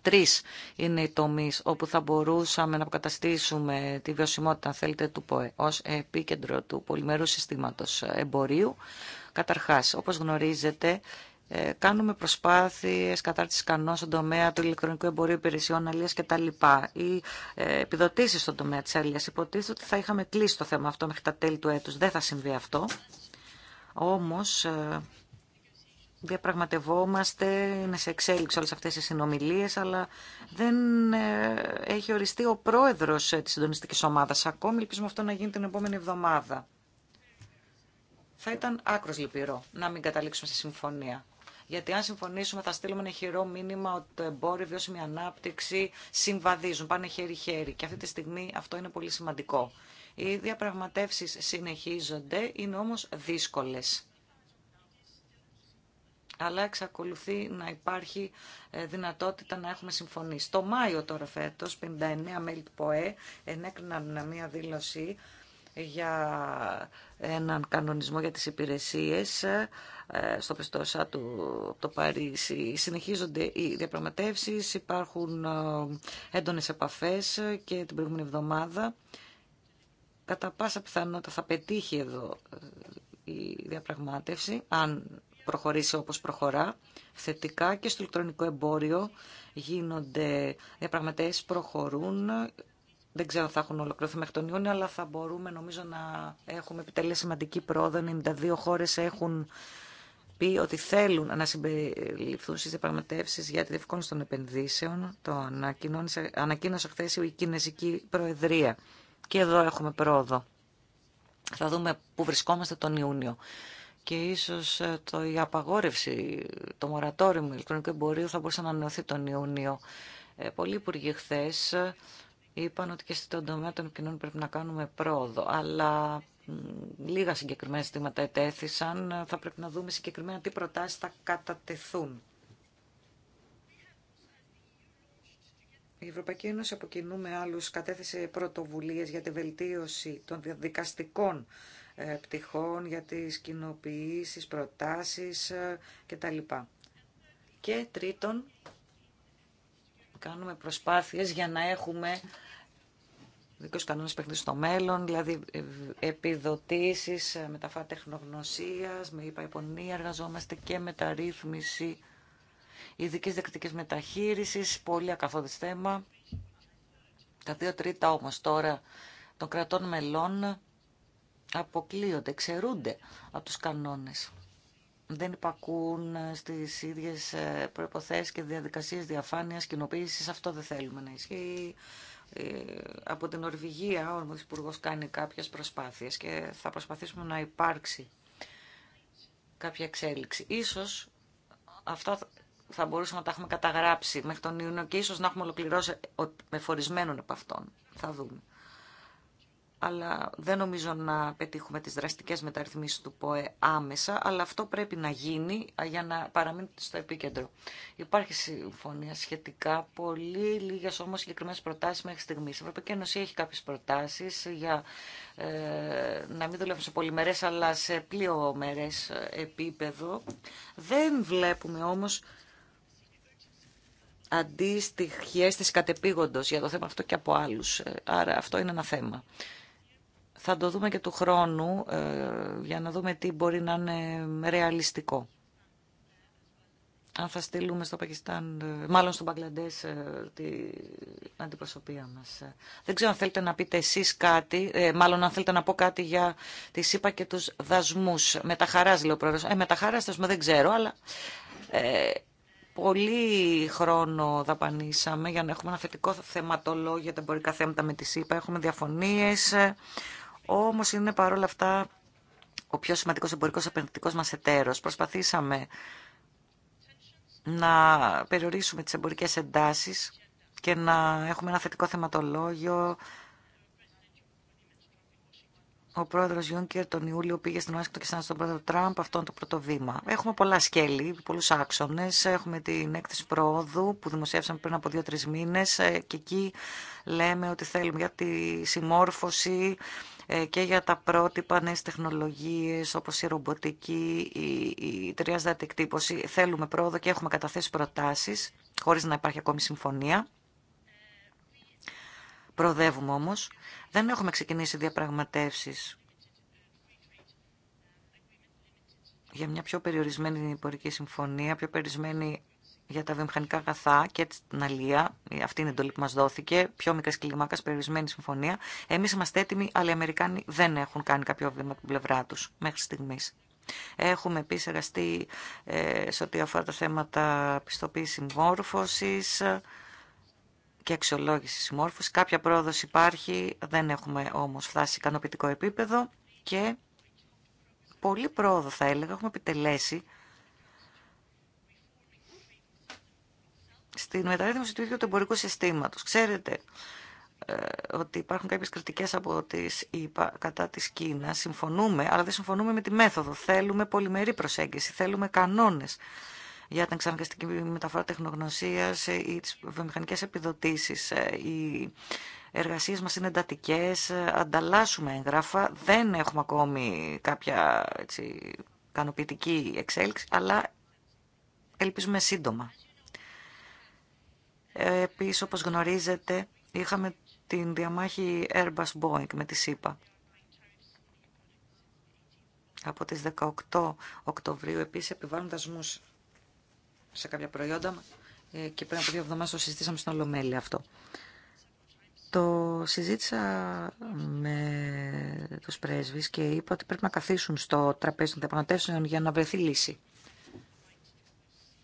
Τρει είναι οι τομεί όπου θα μπορούσαμε να αποκαταστήσουμε τη βιωσιμότητα, αν θέλετε, του ΠΟΕ, ως επίκεντρο του πολυμερού συστήματος εμπορίου. Καταρχά, όπω γνωρίζετε, ε, κάνουμε προσπάθειες κατάρτισης κανόνων στον τομέα του ηλεκτρονικού εμπορίου υπηρεσιών αλίας και τα λοιπά ή ε, επιδοτήσεις στον τομέα της αλίας. Υποτίθεται ότι θα είχαμε κλείσει το θέμα αυτό μέχρι τα τέλη του έτους. Δεν θα συμβεί αυτό. Όμως ε, διαπραγματευόμαστε, είναι σε εξέλιξη όλες αυτές οι συνομιλίες, αλλά δεν ε, έχει οριστεί ο πρόεδρος της συντονιστικής ομάδας ακόμη. Ελπίζουμε αυτό να γίνει την επόμενη εβδομάδα. Θα ήταν άκρος λυπηρό να μην καταλήξουμε σε συμφωνία. Γιατί αν συμφωνήσουμε θα στείλουμε ένα χειρό μήνυμα ότι το εμπόριο, η βιώσιμη ανάπτυξη συμβαδίζουν, πάνε χέρι-χέρι. Και αυτή τη στιγμή αυτό είναι πολύ σημαντικό. Οι διαπραγματεύσει συνεχίζονται, είναι όμως δύσκολες. Αλλά εξακολουθεί να υπάρχει ε, δυνατότητα να έχουμε συμφωνήσει. Το Μάιο τώρα φέτο 59 μέλη του ΠΟΕ ενέκριναν μια δήλωση για έναν κανονισμό για τις υπηρεσίες ε, στο πιστόσα του το Παρίσι. Συνεχίζονται οι διαπραγματεύσεις, υπάρχουν ε, έντονες επαφές ε, και την προηγούμενη εβδομάδα κατά πάσα πιθανότητα θα πετύχει εδώ η διαπραγμάτευση, αν προχωρήσει όπως προχωρά, θετικά και στο ηλεκτρονικό εμπόριο γίνονται διαπραγματεύσεις, προχωρούν δεν ξέρω αν θα έχουν ολοκληρωθεί μέχρι τον Ιούνιο, αλλά θα μπορούμε νομίζω να έχουμε επιτελέσει σημαντική πρόοδο. 92 χώρε έχουν πει ότι θέλουν να συμπεριληφθούν στι διαπραγματεύσει για τη διευκόλυνση των επενδύσεων. Το ανακοίνωσε χθε η Κινέζικη Προεδρία. Και εδώ έχουμε πρόοδο. Θα δούμε πού βρισκόμαστε τον Ιούνιο. Και ίσω ε, η απαγόρευση, το μορατόριο ηλεκτρονικού εμπορίου θα μπορούσε να ανανεωθεί τον Ιούνιο. Ε, πολλοί υπουργοί χθε είπαν ότι και στον τομέα των κοινών πρέπει να κάνουμε πρόοδο, αλλά λίγα συγκεκριμένα ζητήματα ετέθησαν. Θα πρέπει να δούμε συγκεκριμένα τι προτάσεις θα κατατεθούν. Η Ευρωπαϊκή Ένωση από κοινού με άλλους κατέθεσε πρωτοβουλίες για τη βελτίωση των διαδικαστικών ε, πτυχών, για τις κοινοποιήσεις, προτάσεις ε, κτλ. Και τρίτον, κάνουμε προσπάθειες για να έχουμε δικούς κανόνες παιχνίδι στο μέλλον, δηλαδή ε, επιδοτήσεις, ε, μεταφά τεχνογνωσίας, με υπαϊπονία εργαζόμαστε και μεταρρύθμιση ειδική δεκτικής μεταχείρισης, πολύ ακαθόδης θέμα. Τα δύο τρίτα όμως τώρα των κρατών μελών αποκλείονται, ξερούνται από τους κανόνες δεν υπακούν στις ίδιες ε, προποθέσει και διαδικασίες διαφάνειας, κοινοποίηση, Αυτό δεν θέλουμε να ισχύει. Ε, από την Ορβηγία ο Υπουργό κάνει κάποιες προσπάθειες και θα προσπαθήσουμε να υπάρξει κάποια εξέλιξη. Ίσως αυτά θα μπορούσαμε να τα έχουμε καταγράψει μέχρι τον Ιούνιο και ίσως να έχουμε ολοκληρώσει με φορισμένων από αυτόν. Θα δούμε αλλά δεν νομίζω να πετύχουμε τις δραστικές μεταρρυθμίσεις του ΠΟΕ άμεσα, αλλά αυτό πρέπει να γίνει για να παραμείνει στο επίκεντρο. Υπάρχει συμφωνία σχετικά, πολύ λίγες όμως συγκεκριμένες προτάσεις μέχρι στιγμής. Η Ευρωπαϊκή Ένωση έχει κάποιες προτάσεις για ε, να μην δουλεύουν σε πολυμερές, αλλά σε πλειομερές ε, επίπεδο. Δεν βλέπουμε όμως αντίστοιχη αίσθηση κατεπήγοντος για το θέμα αυτό και από άλλους. Ε, άρα αυτό είναι ένα θέμα θα το δούμε και του χρόνου ε, για να δούμε τι μπορεί να είναι ρεαλιστικό. Αν θα στείλουμε στο Πακιστάν, ε, μάλλον στον Παγκλαντές, ε, την αντιπροσωπεία μας. Δεν ξέρω αν θέλετε να πείτε εσείς κάτι, μάλλον αν θέλετε να πω κάτι για τη ΣΥΠΑ και τους δασμούς. Με τα χαράς, λέει ο πρόεδρος. Ε, με τα χαράς, δεν ξέρω, αλλά... πολύ χρόνο δαπανίσαμε για να έχουμε ένα θετικό θεματολόγιο για τα εμπορικά θέματα με τη ΣΥΠΑ. Έχουμε διαφωνίες όμως είναι παρόλα αυτά ο πιο σημαντικός εμπορικός επενδυτικός μας εταίρος. Προσπαθήσαμε να περιορίσουμε τις εμπορικές εντάσεις και να έχουμε ένα θετικό θεματολόγιο. Ο πρόεδρος Γιούνκερ τον Ιούλιο πήγε στην Ουάσιγκτον και στάνε στον πρόεδρο Τραμπ. Αυτό είναι το πρώτο βήμα. Έχουμε πολλά σκέλη, πολλούς άξονες. Έχουμε την έκθεση προόδου που δημοσιεύσαμε πριν από δύο-τρει μήνες ε, και εκεί λέμε ότι θέλουμε για τη συμμόρφωση ε, και για τα πρότυπα, νέες τεχνολογίες όπως η ρομποτική, η, η εκτύπωση. Θέλουμε πρόοδο και έχουμε καταθέσει προτάσεις, χωρίς να υπάρχει ακόμη συμφωνία. Προοδεύουμε όμως. Δεν έχουμε ξεκινήσει διαπραγματεύσεις για μια πιο περιορισμένη υπορική συμφωνία, πιο περιορισμένη για τα βιομηχανικά αγαθά και την αλία, αυτή είναι η εντολή που μα δόθηκε, πιο μικρέ κλιμάκα, περιορισμένη συμφωνία. Εμεί είμαστε έτοιμοι, αλλά οι Αμερικάνοι δεν έχουν κάνει κάποιο βήμα από την πλευρά του μέχρι στιγμή. Έχουμε επίση εργαστεί ε, σε ό,τι αφορά τα θέματα πιστοποίηση μόρφωση και αξιολόγηση μόρφωση. Κάποια πρόοδο υπάρχει, δεν έχουμε όμω φτάσει ικανοποιητικό επίπεδο και πολύ πρόοδο θα έλεγα έχουμε επιτελέσει στην μεταρρύθμιση του ίδιου του εμπορικού συστήματο. Ξέρετε ε, ότι υπάρχουν κάποιες κριτικές από τις ΗΠΑ κατά της Κίνας. Συμφωνούμε, αλλά δεν συμφωνούμε με τη μέθοδο. Θέλουμε πολυμερή προσέγγιση, θέλουμε κανόνες για την εξαναγκαστική μεταφορά τεχνογνωσίας ή ε, τις βιομηχανικές επιδοτήσεις. Ε, οι εργασίες μας είναι εντατικέ, ανταλλάσσουμε έγγραφα, δεν έχουμε ακόμη κάποια έτσι, ικανοποιητική εξέλιξη, αλλά ελπίζουμε σύντομα. Επίσης, όπως γνωρίζετε, είχαμε την διαμάχη Airbus Boeing με τη ΣΥΠΑ. Από τις 18 Οκτωβρίου επίσης επιβάλλουν δασμούς σε κάποια προϊόντα ε, και πριν από δύο εβδομάδες το συζητήσαμε στην Ολομέλη αυτό. Το συζήτησα με τους πρέσβεις και είπα ότι πρέπει να καθίσουν στο τραπέζι των διαπραγματεύσεων για να βρεθεί λύση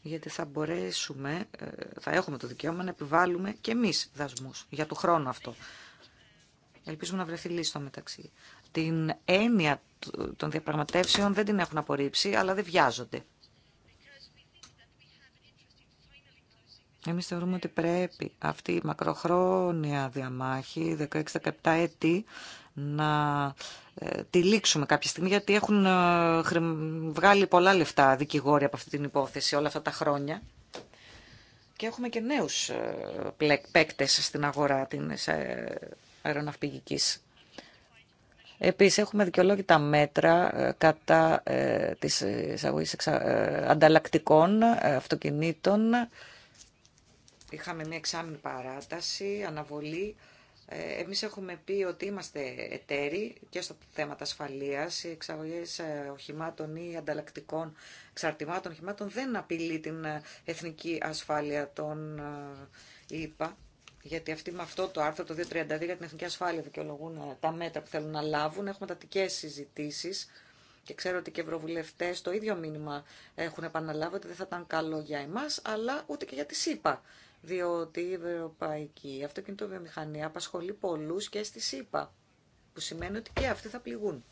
γιατί θα μπορέσουμε, ε, θα έχουμε το δικαίωμα να επιβάλλουμε και εμείς δασμούς για το χρόνο αυτό. Ελπίζουμε να βρεθεί λύση στο μεταξύ. Την έννοια των διαπραγματεύσεων δεν την έχουν απορρίψει, αλλά δεν βιάζονται. Εμείς θεωρούμε ότι πρέπει αυτή η μακροχρόνια διαμάχη, 16-17 έτη, να ε, τυλίξουμε κάποια στιγμή γιατί έχουν ε, βγάλει πολλά λεφτά δικηγόροι από αυτή την υπόθεση όλα αυτά τα χρόνια και έχουμε και νέους ε, παίκτες στην αγορά της αεροναυπηγικής. Επίσης έχουμε δικαιολόγητα μέτρα κατά της εισαγωγής ανταλλακτικών αυτοκινήτων. Είχαμε μια εξάμεινη παράταση, αναβολή ε, εμείς έχουμε πει ότι είμαστε εταίροι και θέμα της ασφαλείας. Οι εξαγωγές ε, οχημάτων ή ανταλλακτικών εξαρτημάτων οχημάτων δεν απειλεί την ε, εθνική ασφάλεια των ήπα, Γιατί αυτοί με αυτό το άρθρο το 232 για την εθνική ασφάλεια δικαιολογούν τα μέτρα που θέλουν να λάβουν. Έχουμε τατικές συζητήσεις και ξέρω ότι και ευρωβουλευτέ το ίδιο μήνυμα έχουν επαναλάβει ότι δεν θα ήταν καλό για εμά, αλλά ούτε και για τη ΣΥΠΑ διότι η ευρωπαϊκή αυτοκινητοβιομηχανία απασχολεί πολλούς και στη ΣΥΠΑ, που σημαίνει ότι και αυτοί θα πληγούν.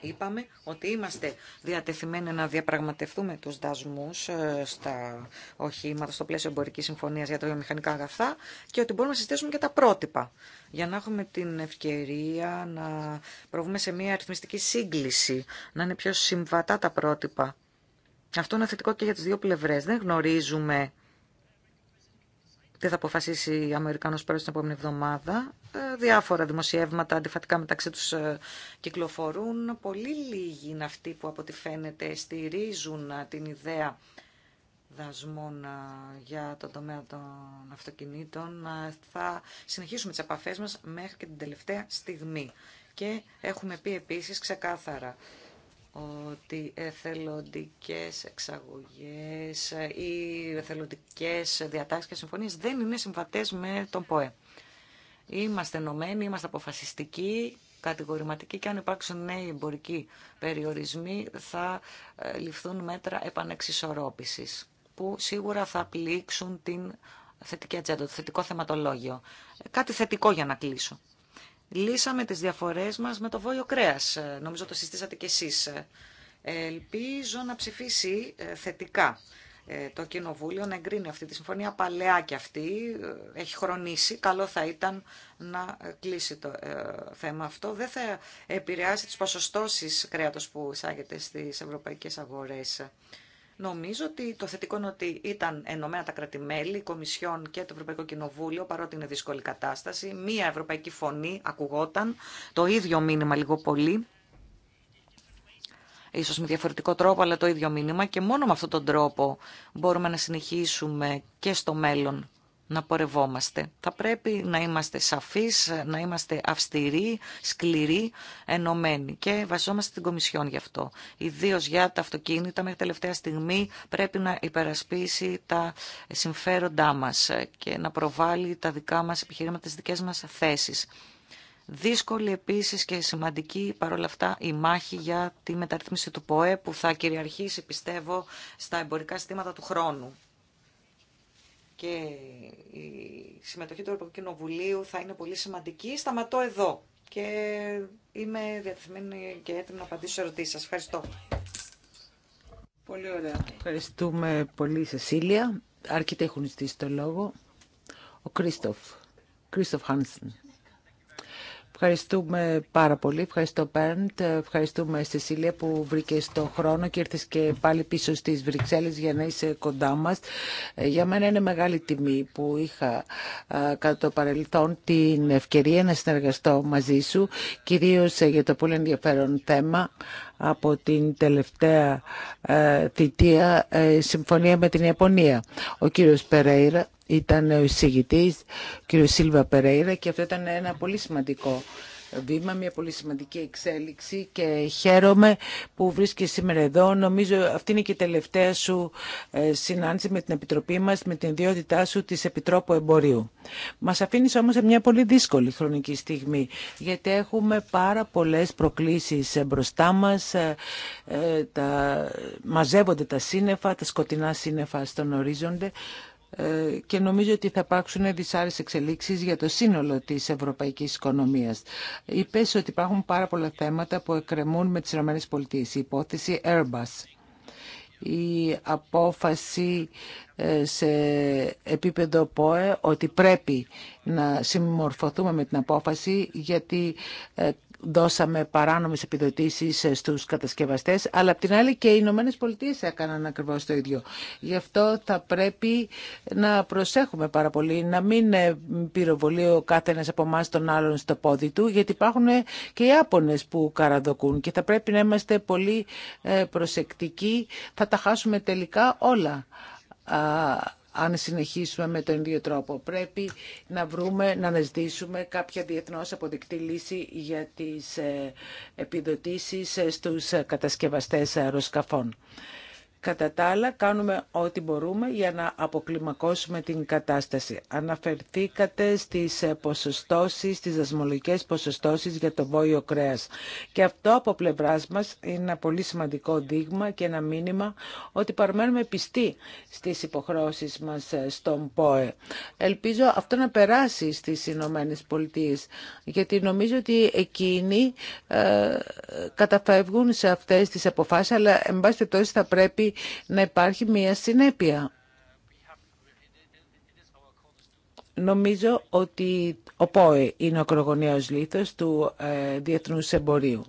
Είπαμε ότι είμαστε διατεθειμένοι να διαπραγματευτούμε τους δασμούς ε, στα οχήματα, στο πλαίσιο εμπορικής συμφωνίας για τα βιομηχανικά αγαθά και ότι μπορούμε να συστήσουμε και τα πρότυπα για να έχουμε την ευκαιρία να προβούμε σε μια αριθμιστική σύγκληση, να είναι πιο συμβατά τα πρότυπα. Αυτό είναι θετικό και για τις δύο πλευρές. Δεν γνωρίζουμε τι θα αποφασίσει ο Αμερικανός πρόεδρος την επόμενη εβδομάδα. Ε, διάφορα δημοσιεύματα αντιφατικά μεταξύ τους ε, κυκλοφορούν. Πολύ λίγοι είναι αυτοί που από ό,τι φαίνεται στηρίζουν ε, την ιδέα δασμών για το τομέα των αυτοκινήτων. Θα συνεχίσουμε τις επαφές μας μέχρι και την τελευταία στιγμή. Και έχουμε πει επίσης ξεκάθαρα ότι εθελοντικές εξαγωγές ή εθελοντικές διατάξεις και συμφωνίες δεν είναι συμβατές με τον ΠΟΕ. Είμαστε ενωμένοι, είμαστε αποφασιστικοί, κατηγορηματικοί και αν υπάρξουν νέοι εμπορικοί περιορισμοί θα ε, ληφθούν μέτρα επανεξισορρόπησης που σίγουρα θα πλήξουν την θετική ατζέντα, το θετικό θεματολόγιο. Ε, κάτι θετικό για να κλείσω λύσαμε τις διαφορές μας με το βόλιο κρέας. Ε, νομίζω το συστήσατε κι εσείς. Ε, ελπίζω να ψηφίσει ε, θετικά το Κοινοβούλιο να εγκρίνει αυτή τη συμφωνία. Παλαιά και αυτή, έχει χρονίσει. Καλό θα ήταν να κλείσει το θέμα αυτό. Δεν θα επηρεάσει τις ποσοστώσεις κρέατος που εισάγεται στις ευρωπαϊκές αγορές. Νομίζω ότι το θετικό είναι ότι ήταν ενωμένα τα κρατημέλη, η Κομισιόν και το Ευρωπαϊκό Κοινοβούλιο, παρότι είναι δύσκολη κατάσταση. Μία ευρωπαϊκή φωνή ακουγόταν, το ίδιο μήνυμα λίγο πολύ, ίσως με διαφορετικό τρόπο, αλλά το ίδιο μήνυμα και μόνο με αυτόν τον τρόπο μπορούμε να συνεχίσουμε και στο μέλλον να πορευόμαστε. Θα πρέπει να είμαστε σαφείς, να είμαστε αυστηροί, σκληροί, ενωμένοι και βασόμαστε την Κομισιόν γι' αυτό. Ιδίως για τα αυτοκίνητα μέχρι τελευταία στιγμή πρέπει να υπερασπίσει τα συμφέροντά μας και να προβάλλει τα δικά μας επιχειρήματα, τις δικές μας θέσεις. Δύσκολη επίσης και σημαντική παρόλα αυτά η μάχη για τη μεταρρύθμιση του ΠΟΕ που θα κυριαρχήσει πιστεύω στα εμπορικά συστήματα του χρόνου και η συμμετοχή του Ευρωπαϊκού Κοινοβουλίου θα είναι πολύ σημαντική. Σταματώ εδώ και είμαι διατεθειμένη και έτοιμη να απαντήσω σε ερωτήσεις σας. Ευχαριστώ. Πολύ ωραία. Ευχαριστούμε πολύ, Σεσίλια. Αρκετά έχουν ζητήσει το λόγο. Ο Κρίστοφ. Κρίστοφ Χάνσεν. Ευχαριστούμε πάρα πολύ. Ευχαριστώ Πέρντ. Ευχαριστούμε Σεσίλια που βρήκε το χρόνο και ήρθες και πάλι πίσω στις Βρυξέλλες για να είσαι κοντά μας. Για μένα είναι μεγάλη τιμή που είχα κατά το παρελθόν την ευκαιρία να συνεργαστώ μαζί σου, κυρίως ε, για το πολύ ενδιαφέρον θέμα από την τελευταία ε, θητεία ε, συμφωνία με την Ιαπωνία. Ο κύριος Περέιρα ήταν ο εισηγητής, ο κύριος Σίλβα Περέιρα και αυτό ήταν ένα πολύ σημαντικό βήμα, μια πολύ σημαντική εξέλιξη και χαίρομαι που βρίσκει σήμερα εδώ. Νομίζω αυτή είναι και η τελευταία σου ε, συνάντηση με την Επιτροπή μας, με την ιδιότητά σου της Επιτρόπου Εμπορίου. Μας αφήνεις όμως σε μια πολύ δύσκολη χρονική στιγμή, γιατί έχουμε πάρα πολλές προκλήσεις ε, μπροστά μας, ε, τα, μαζεύονται τα σύννεφα, τα σκοτεινά σύννεφα στον ορίζοντα. Ε, και νομίζω ότι θα υπάρξουν δυσάρες εξελίξεις για το σύνολο της ευρωπαϊκής οικονομίας. Είπε ότι υπάρχουν πάρα πολλά θέματα που εκκρεμούν με τις ΗΠΑ. Η υπόθεση Airbus, η απόφαση ε, σε επίπεδο ΠΟΕ ότι πρέπει να συμμορφωθούμε με την απόφαση γιατί ε, δώσαμε παράνομες επιδοτήσεις ε, στου κατασκευαστές, αλλά απ' την άλλη και οι Ηνωμένε Πολιτείε έκαναν ακριβώ το ίδιο. Γι' αυτό θα πρέπει να προσέχουμε πάρα πολύ, να μην ε, πυροβολεί ο κάθε ένας από εμά τον άλλον στο πόδι του, γιατί υπάρχουν ε, και οι που καραδοκούν και θα πρέπει να είμαστε πολύ προσεκτικοί, θα τα χάσουμε τελικά όλα αν συνεχίσουμε με τον ίδιο τρόπο. Πρέπει να βρούμε, να αναζητήσουμε κάποια διεθνώς αποδεικτή λύση για τις ε, επιδοτήσεις ε, στους ε, κατασκευαστές αεροσκαφών. Κατά τα άλλα, κάνουμε ό,τι μπορούμε για να αποκλιμακώσουμε την κατάσταση. Αναφερθήκατε στις ε, ποσοστώσεις, στις δασμολογικές ποσοστώσεις για το βόλιο κρέας. Και αυτό από πλευρά μας είναι ένα πολύ σημαντικό δείγμα και ένα μήνυμα ότι παραμένουμε πιστοί στις υποχρώσεις μας ε, στον ΠΟΕ. Ελπίζω αυτό να περάσει στις Ηνωμένε Πολιτείε, γιατί νομίζω ότι εκείνοι ε, καταφεύγουν σε αυτές τις αποφάσεις, αλλά εν πάση θα πρέπει να υπάρχει μία συνέπεια. Νομίζω ότι ο ΠΟΕ είναι ο ακρογωνιαίος λίθος του ε, διεθνούς εμπορίου.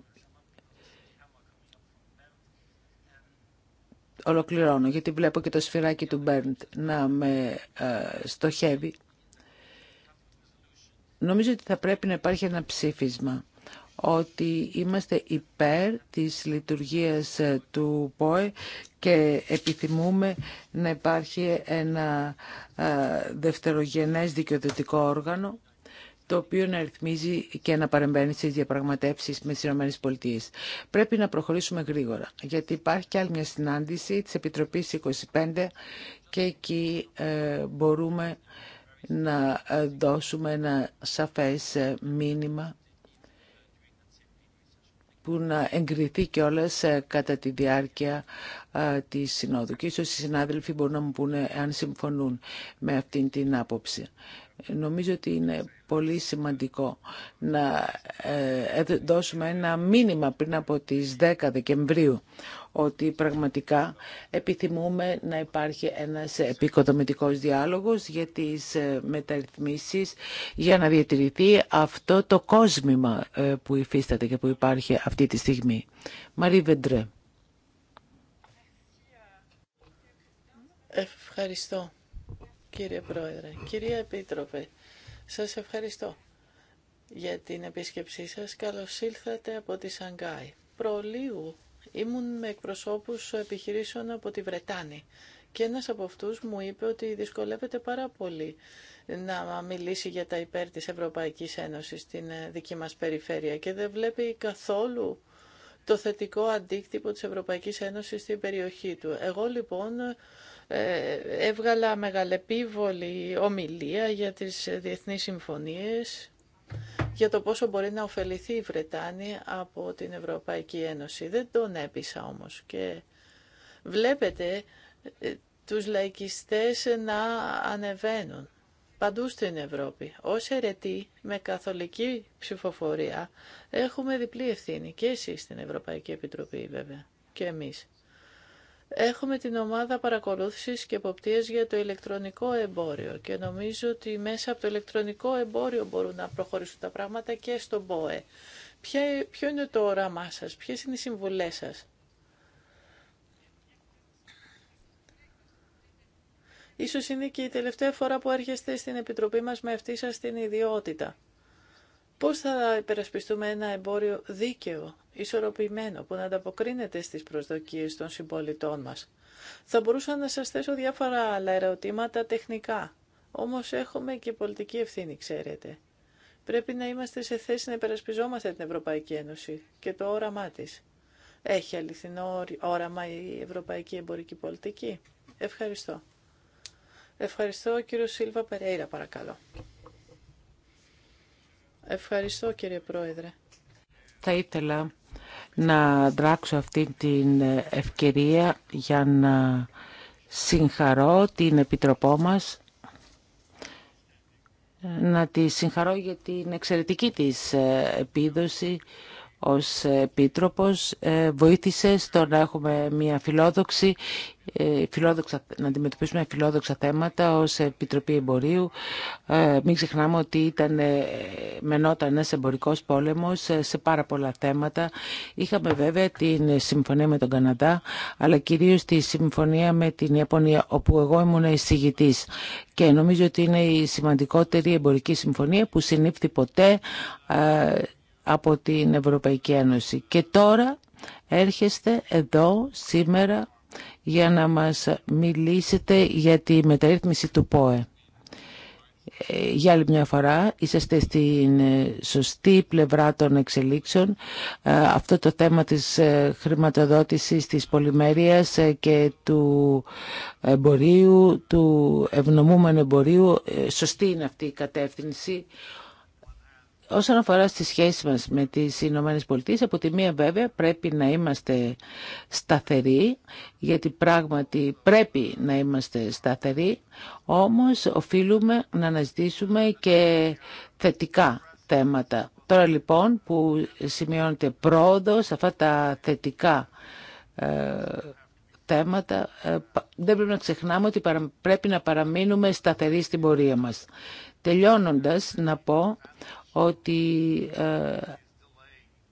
Ολοκληρώνω, γιατί βλέπω και το σφυράκι του Μπέρντ να με ε, στοχεύει. Νομίζω ότι θα πρέπει να υπάρχει ένα ψήφισμα ότι είμαστε υπέρ της λειτουργίας ε, του ΠΟΕ και επιθυμούμε να υπάρχει ένα ε, δευτερογενές δικαιοδοτικό όργανο το οποίο να ρυθμίζει και να παρεμβαίνει στις διαπραγματεύσεις με τις ΗΠΑ. Πρέπει να προχωρήσουμε γρήγορα, γιατί υπάρχει και άλλη μια συνάντηση της Επιτροπής 25 και εκεί ε, μπορούμε να δώσουμε ένα σαφές μήνυμα που να εγκριθεί κιόλα ε, κατά τη διάρκεια ε, τη Συνόδου. Και ίσω οι συνάδελφοι μπορούν να μου πούνε αν συμφωνούν με αυτή την άποψη. Νομίζω ότι είναι πολύ σημαντικό να ε, δώσουμε ένα μήνυμα πριν από τις 10 Δεκεμβρίου ότι πραγματικά επιθυμούμε να υπάρχει ένας επικοδομητικός διάλογος για τις ε, μεταρρυθμίσεις για να διατηρηθεί αυτό το κόσμημα ε, που υφίσταται και που υπάρχει αυτή τη στιγμή. Μαρή Βεντρέ. Ευχαριστώ κύριε Πρόεδρε. Κυρία Επίτροπε, σας ευχαριστώ για την επίσκεψή σας. Καλώς ήλθατε από τη Σανγκάη. Προλίγου Ήμουν με εκπροσώπους επιχειρήσεων από τη Βρετάνη και ένας από αυτούς μου είπε ότι δυσκολεύεται πάρα πολύ να μιλήσει για τα υπέρ της Ευρωπαϊκής Ένωσης στην ε, δική μας περιφέρεια και δεν βλέπει καθόλου το θετικό αντίκτυπο της Ευρωπαϊκής Ένωσης στην περιοχή του. Εγώ λοιπόν ε, έβγαλα μεγαλεπίβολη ομιλία για τις διεθνείς συμφωνίες για το πόσο μπορεί να ωφεληθεί η Βρετάνη από την Ευρωπαϊκή Ένωση. Δεν τον έπεισα όμως και βλέπετε ε, τους λαϊκιστές να ανεβαίνουν παντού στην Ευρώπη. Ως αιρετοί με καθολική ψηφοφορία έχουμε διπλή ευθύνη και εσείς στην Ευρωπαϊκή Επιτροπή βέβαια και εμείς. Έχουμε την ομάδα παρακολούθησης και εποπτείας για το ηλεκτρονικό εμπόριο και νομίζω ότι μέσα από το ηλεκτρονικό εμπόριο μπορούν να προχωρήσουν τα πράγματα και στον ΠΟΕ. Ποιο είναι το όραμά σας, ποιες είναι οι συμβουλές σας. Ίσως είναι και η τελευταία φορά που έρχεστε στην Επιτροπή μας με αυτή σας την ιδιότητα. Πώς θα υπερασπιστούμε ένα εμπόριο δίκαιο ισορροπημένο, που να ανταποκρίνεται στις προσδοκίες των συμπολιτών μας. Θα μπορούσα να σας θέσω διάφορα άλλα ερωτήματα τεχνικά, όμως έχουμε και πολιτική ευθύνη, ξέρετε. Πρέπει να είμαστε σε θέση να υπερασπιζόμαστε την Ευρωπαϊκή Ένωση και το όραμά της. Έχει αληθινό όραμα η Ευρωπαϊκή Εμπορική Πολιτική. Ευχαριστώ. Ευχαριστώ κύριο Σίλβα Περέιρα παρακαλώ. Ευχαριστώ κύριε Πρόεδρε. Θα ήθελα να δράξω αυτή την ευκαιρία για να συγχαρώ την Επιτροπό μας, να τη συγχαρώ για την εξαιρετική της επίδοση ως Επίτροπος ε, βοήθησε στο να έχουμε μια φιλόδοξη, ε, φιλόδοξα, να αντιμετωπίσουμε φιλόδοξα θέματα ως Επιτροπή Εμπορίου. Ε, μην ξεχνάμε ότι ήταν, μενόταν ένα εμπορικός πόλεμος σε πάρα πολλά θέματα. Είχαμε βέβαια την συμφωνία με τον Καναδά, αλλά κυρίως τη συμφωνία με την Ιαπωνία, όπου εγώ ήμουν εισηγητής. Και νομίζω ότι είναι η σημαντικότερη εμπορική συμφωνία που συνήφθη ποτέ από την Ευρωπαϊκή Ένωση. Και τώρα έρχεστε εδώ σήμερα για να μας μιλήσετε για τη μεταρρύθμιση του ΠΟΕ. Ε, για άλλη μια φορά, είσαστε στην ε, σωστή πλευρά των εξελίξεων. Ε, αυτό το θέμα της χρηματοδότησης, της πολυμέρειας και του εμπορίου, του ευνομούμενου εμπορίου, σωστή είναι αυτή η κατεύθυνση. Όσον αφορά στις σχέσεις μας με τις Ηνωμένες Πολιτείες, από τη μία βέβαια πρέπει να είμαστε σταθεροί, γιατί πράγματι πρέπει να είμαστε σταθεροί, όμως οφείλουμε να αναζητήσουμε και θετικά θέματα. Τώρα λοιπόν που σημειώνεται πρόοδο σε αυτά τα θετικά ε, θέματα, ε, δεν πρέπει να ξεχνάμε ότι πρέπει να παραμείνουμε σταθεροί στην πορεία μας. Τελειώνοντας να πω ότι ε,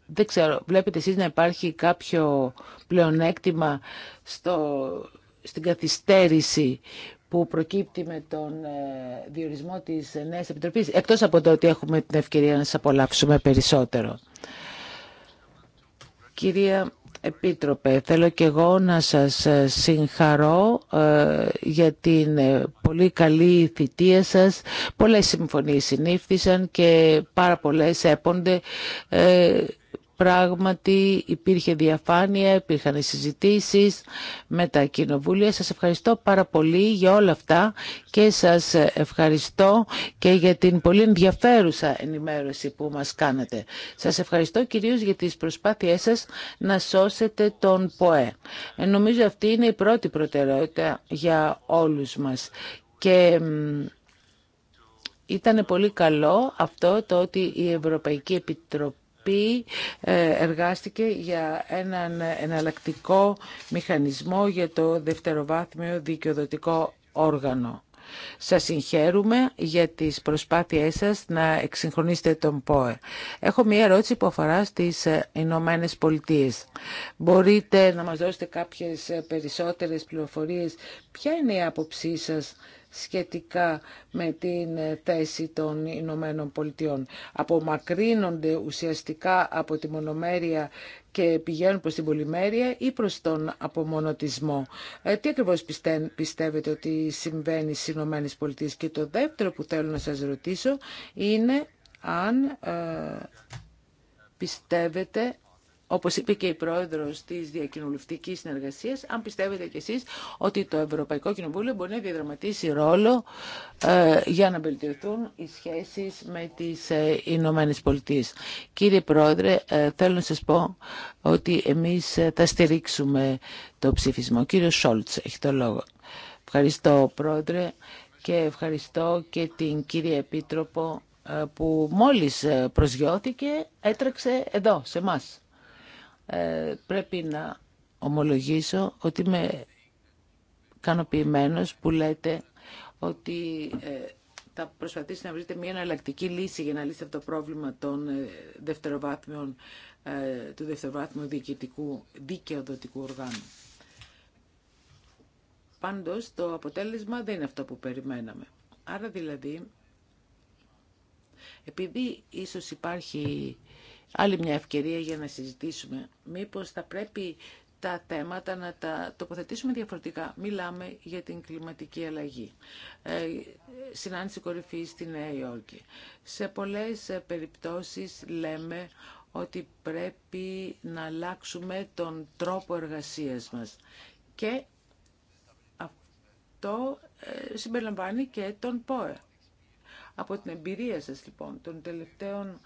δεν ξέρω, βλέπετε εσείς να υπάρχει κάποιο πλεονέκτημα στο, στην καθυστέρηση που προκύπτει με τον ε, διορισμό της Νέας Επιτροπής, εκτός από το ότι έχουμε την ευκαιρία να σας απολαύσουμε περισσότερο. Κυρία Επίτροπε, θέλω και εγώ να σας ε, συγχαρώ ε, για την ε, πολύ καλή θητεία σας. Πολλές συμφωνίες συνήφθησαν και πάρα πολλές έπονται Πράγματι υπήρχε διαφάνεια, υπήρχαν συζητήσεις με τα κοινοβούλια. Σας ευχαριστώ πάρα πολύ για όλα αυτά και σας ευχαριστώ και για την πολύ ενδιαφέρουσα ενημέρωση που μας κάνατε. Σας ευχαριστώ κυρίως για τις προσπάθειές σας να σώσετε τον ΠΟΕ. Ε, νομίζω αυτή είναι η πρώτη προτεραιότητα για όλους μας. Και ήταν πολύ καλό αυτό το ότι η Ευρωπαϊκή Επιτροπή οποίοι ε, εργάστηκε για έναν εναλλακτικό μηχανισμό για το δευτεροβάθμιο δικαιοδοτικό όργανο. Σας συγχαίρουμε για τις προσπάθειές σας να εξυγχρονίσετε τον ΠΟΕ. Έχω μία ερώτηση που αφορά στις ε, Ηνωμένε Πολιτείε. Μπορείτε να μας δώσετε κάποιες ε, περισσότερες πληροφορίες. Ποια είναι η άποψή σας σχετικά με την θέση των Ηνωμένων Πολιτειών. Απομακρύνονται ουσιαστικά από τη μονομέρεια και πηγαίνουν προς την πολυμέρεια ή προς τον απομονωτισμό. Ε, τι ακριβώς πιστεύετε ότι συμβαίνει στις Ηνωμένες Πολιτείες. Και το δεύτερο που θέλω να σας ρωτήσω είναι αν ε, πιστεύετε όπως είπε και η πρόεδρος της διακοινοβουλευτικής συνεργασίας, αν πιστεύετε κι εσείς ότι το Ευρωπαϊκό Κοινοβούλιο μπορεί να διαδραματίσει ρόλο ε, για να βελτιωθούν οι σχέσεις με τις ε, Ηνωμένε Πολιτείε. Κύριε Πρόεδρε, ε, θέλω να σας πω ότι εμείς ε, θα στηρίξουμε το ψήφισμα. Ο κύριος Σόλτς έχει το λόγο. Ευχαριστώ, Πρόεδρε, και ευχαριστώ και την κυρία Επίτροπο που μόλις προσγειώθηκε, έτρεξε εδώ, σε εμά. Ε, πρέπει να ομολογήσω ότι είμαι κανοποιημένος που λέτε ότι ε, θα προσπαθήσετε να βρείτε μια εναλλακτική λύση για να λύσετε αυτό το πρόβλημα των ε, δευτεροβάθμιων, ε, του δευτεροβάθμιου διοικητικού δικαιοδοτικού οργάνου. Πάντως το αποτέλεσμα δεν είναι αυτό που περιμέναμε. Άρα δηλαδή, επειδή ίσως υπάρχει άλλη μια ευκαιρία για να συζητήσουμε. Μήπως θα πρέπει τα θέματα να τα τοποθετήσουμε διαφορετικά. Μιλάμε για την κλιματική αλλαγή. Ε, συνάντηση κορυφή στη Νέα Υόρκη. Σε πολλές ε, περιπτώσεις λέμε ότι πρέπει να αλλάξουμε τον τρόπο εργασίας μας. Και αυτό ε, συμπεριλαμβάνει και τον ΠΟΕ. Από την εμπειρία σας λοιπόν των τελευταίων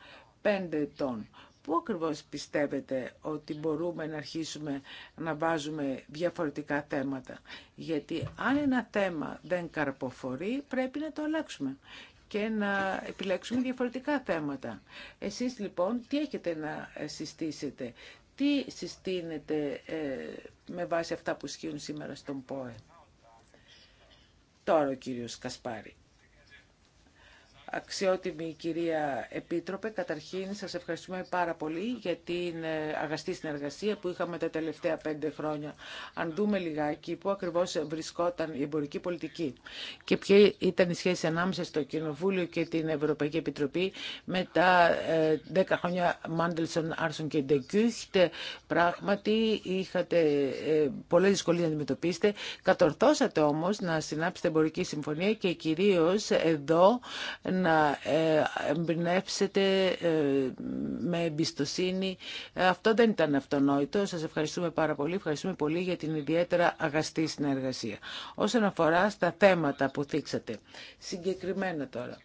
5 ετών. Πού ακριβώς πιστεύετε ότι μπορούμε να αρχίσουμε να βάζουμε διαφορετικά θέματα. Γιατί αν ένα θέμα δεν καρποφορεί πρέπει να το αλλάξουμε και να επιλέξουμε διαφορετικά θέματα. Εσείς λοιπόν τι έχετε να ε, συστήσετε, τι συστήνετε ε, με βάση αυτά που ισχύουν σήμερα στον ΠΟΕ. Τώρα ο κύριος Κασπάρη. Αξιότιμη κυρία Επίτροπε, καταρχήν σας ευχαριστούμε πάρα πολύ για την ε, αγαστή συνεργασία που είχαμε τα τελευταία πέντε χρόνια. Αν δούμε λιγάκι πού ακριβώς βρισκόταν η εμπορική πολιτική και ποια ήταν η σχέση ανάμεσα στο Κοινοβούλιο και την Ευρωπαϊκή Επιτροπή με τα ε, δέκα χρόνια Μάντελσον, Άρσον και Ντεκούχτ. πράγματι είχατε ε, πολλέ δυσκολίε να αντιμετωπίσετε. Κατορθώσατε όμως να συνάψετε εμπορική συμφωνία και κυρίως εδώ να ε, εμπνεύσετε ε, με εμπιστοσύνη. Ε, αυτό δεν ήταν αυτονόητο. Σας ευχαριστούμε πάρα πολύ. Ευχαριστούμε πολύ για την ιδιαίτερα αγαστή συνεργασία. Όσον αφορά στα θέματα που θίξατε, συγκεκριμένα τώρα.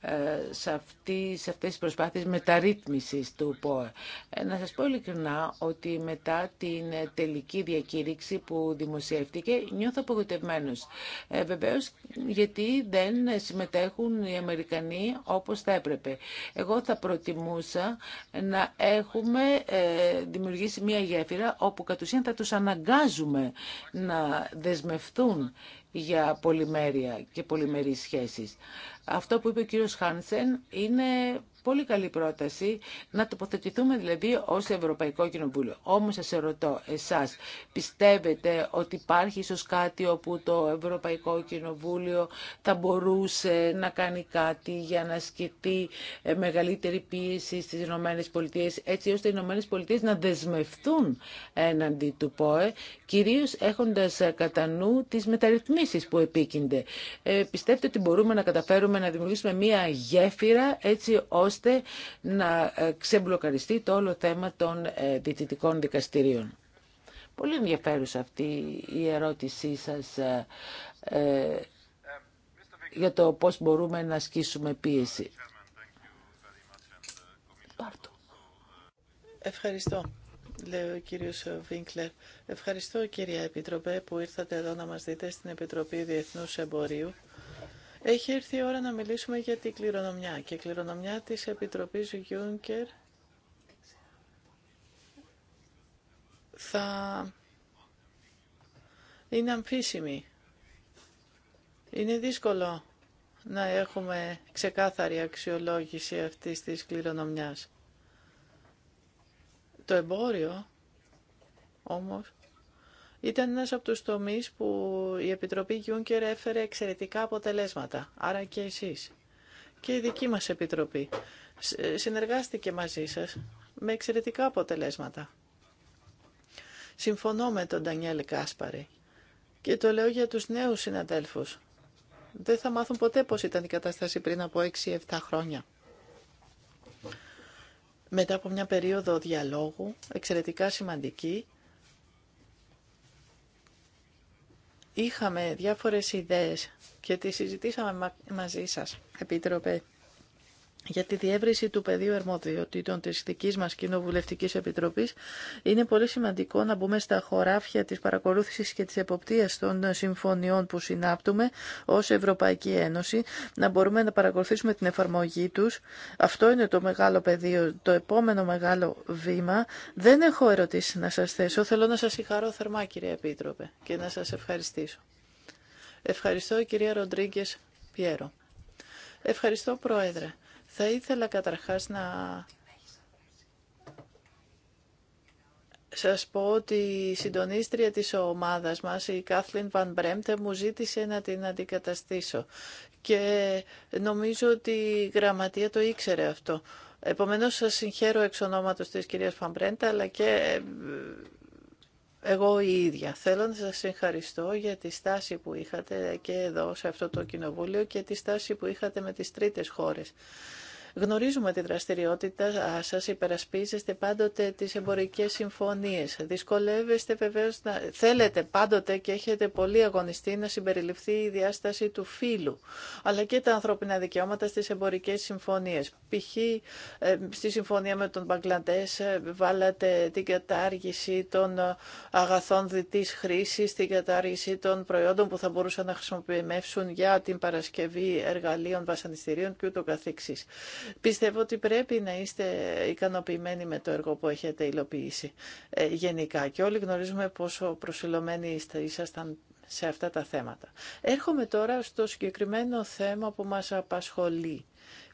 Ε, σε, αυτή, σε αυτές τις προσπάθειες μεταρρύθμισης του ΠΟΕ. Ε, να σας πω ειλικρινά ότι μετά την τελική διακήρυξη που δημοσιεύτηκε νιώθω απογοητευμένος. Ε, βεβαίως γιατί δεν συμμετέχουν οι Αμερικανοί όπως θα έπρεπε. Εγώ θα προτιμούσα να έχουμε ε, δημιουργήσει μια γέφυρα όπου κατ' ουσίαν θα τους αναγκάζουμε να δεσμευτούν για πολυμέρεια και πολυμερείς σχέσεις. Αυτό που είπε ο κύριος Χάνσεν είναι πολύ καλή πρόταση να τοποθετηθούμε δηλαδή ως Ευρωπαϊκό Κοινοβούλιο. Όμως σας ρωτώ, εσάς, πιστεύετε ότι υπάρχει ίσως κάτι όπου το Ευρωπαϊκό Κοινοβούλιο θα μπορούσε να κάνει κάτι για να ασκηθεί ε, μεγαλύτερη πίεση στις Ηνωμένες Πολιτείες, έτσι ώστε οι Ηνωμένες Πολιτείες να δεσμευτούν έναντι του ΠΟΕ, κυρίως έχοντας ε, κατά νου τις μεταρρυθμίσεις που επίκυνται. Ε, πιστεύετε ότι μπορούμε να καταφέρουμε να δημιουργήσουμε μία γέφυρα έτσι ώστε να ε, ξεμπλοκαριστεί το όλο θέμα των ε, διτητικών δικαστηρίων. Πολύ ενδιαφέρουσα αυτή η ερώτησή σας ε, για το πώς μπορούμε να ασκήσουμε πίεση. Ευχαριστώ, λέει ο κύριος Βίνκλερ. Ευχαριστώ, κυρία Επιτροπέ, που ήρθατε εδώ να μας δείτε στην Επιτροπή Διεθνούς Εμπορίου. Έχει έρθει η ώρα να μιλήσουμε για την κληρονομιά και η κληρονομιά της Επιτροπής Γιούνκερ θα είναι αμφίσιμη. Είναι δύσκολο να έχουμε ξεκάθαρη αξιολόγηση αυτής της κληρονομιάς. Το εμπόριο όμως ήταν ένας από τους τομείς που η Επιτροπή Γιούνκερ έφερε εξαιρετικά αποτελέσματα, άρα και εσείς και η δική μας Επιτροπή ε, συνεργάστηκε μαζί σας με εξαιρετικά αποτελέσματα. Συμφωνώ με τον Ντανιέλ Κάσπαρη και το λέω για τους νέους συναδέλφους. Δεν θα μάθουν ποτέ πώς ήταν η κατάσταση πριν από 6-7 χρόνια. Μετά από μια περίοδο διαλόγου εξαιρετικά σημαντική, Είχαμε διάφορες ιδέες και τις συζητήσαμε μαζί σας, Επίτροπε για τη διεύρυνση του πεδίου ερμοδιοτήτων της δικής μας Κοινοβουλευτικής Επιτροπής είναι πολύ σημαντικό να μπούμε στα χωράφια της παρακολούθησης και της εποπτείας των συμφωνιών που συνάπτουμε ως Ευρωπαϊκή Ένωση, να μπορούμε να παρακολουθήσουμε την εφαρμογή τους. Αυτό είναι το μεγάλο πεδίο, το επόμενο μεγάλο βήμα. Δεν έχω ερωτήσει να σας θέσω, θέλω να σας συγχαρώ θερμά κύριε Επίτροπε και να σας ευχαριστήσω. Ευχαριστώ κυρία Ροντρίγκε Πιέρο. Ευχαριστώ Πρόεδρε. Θα ήθελα καταρχάς να σας πω ότι η συντονίστρια της ομάδας μας, η Κάθλιν Βαν Μπρέμτε, μου ζήτησε να την αντικαταστήσω. Και νομίζω ότι η γραμματεία το ήξερε αυτό. Επομένως, σας συγχαίρω εξ ονόματος της κυρίας Μπρέμτε, αλλά και ε, εγώ η ίδια. Θέλω να σας ευχαριστώ για τη στάση που είχατε και εδώ σε αυτό το κοινοβούλιο και τη στάση που είχατε με τις τρίτες χώρες. Γνωρίζουμε τη δραστηριότητα σα υπερασπίζεστε πάντοτε τι εμπορικέ συμφωνίε. Δυσκολεύεστε βεβαίω να... θέλετε πάντοτε και έχετε πολύ αγωνιστεί να συμπεριληφθεί η διάσταση του φύλου, αλλά και τα ανθρώπινα δικαιώματα στι εμπορικέ συμφωνίε. Π.χ. Ε, στη συμφωνία με τον Μπαγκλαντέ, ε, βάλατε την κατάργηση των ε, αγαθών διτής χρήση, την κατάργηση των προϊόντων που θα μπορούσαν να χρησιμοποιήσουν για την παρασκευή εργαλείων βασανιστήριων και Πιστεύω ότι πρέπει να είστε ικανοποιημένοι με το έργο που έχετε υλοποιήσει ε, γενικά και όλοι γνωρίζουμε πόσο προσιλωμένοι ήσασταν σε αυτά τα θέματα. Έρχομαι τώρα στο συγκεκριμένο θέμα που μας απασχολεί.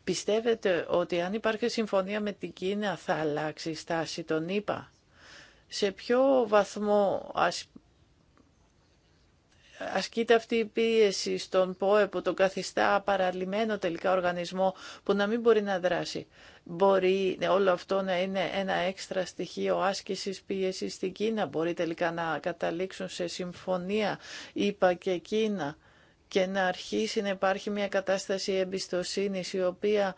Πιστεύετε ότι αν υπάρχει συμφωνία με την Κίνα θα αλλάξει η στάση των ΗΠΑ. Σε ποιο βαθμό ασκείται αυτή η πίεση στον ΠΟΕ που τον καθιστά παραλυμένο τελικά οργανισμό που να μην μπορεί να δράσει. Μπορεί όλο αυτό να είναι ένα έξτρα στοιχείο άσκησης πίεσης στην Κίνα. Μπορεί τελικά να καταλήξουν σε συμφωνία ΙΠΑ και Κίνα και να αρχίσει να υπάρχει μια κατάσταση εμπιστοσύνης η οποία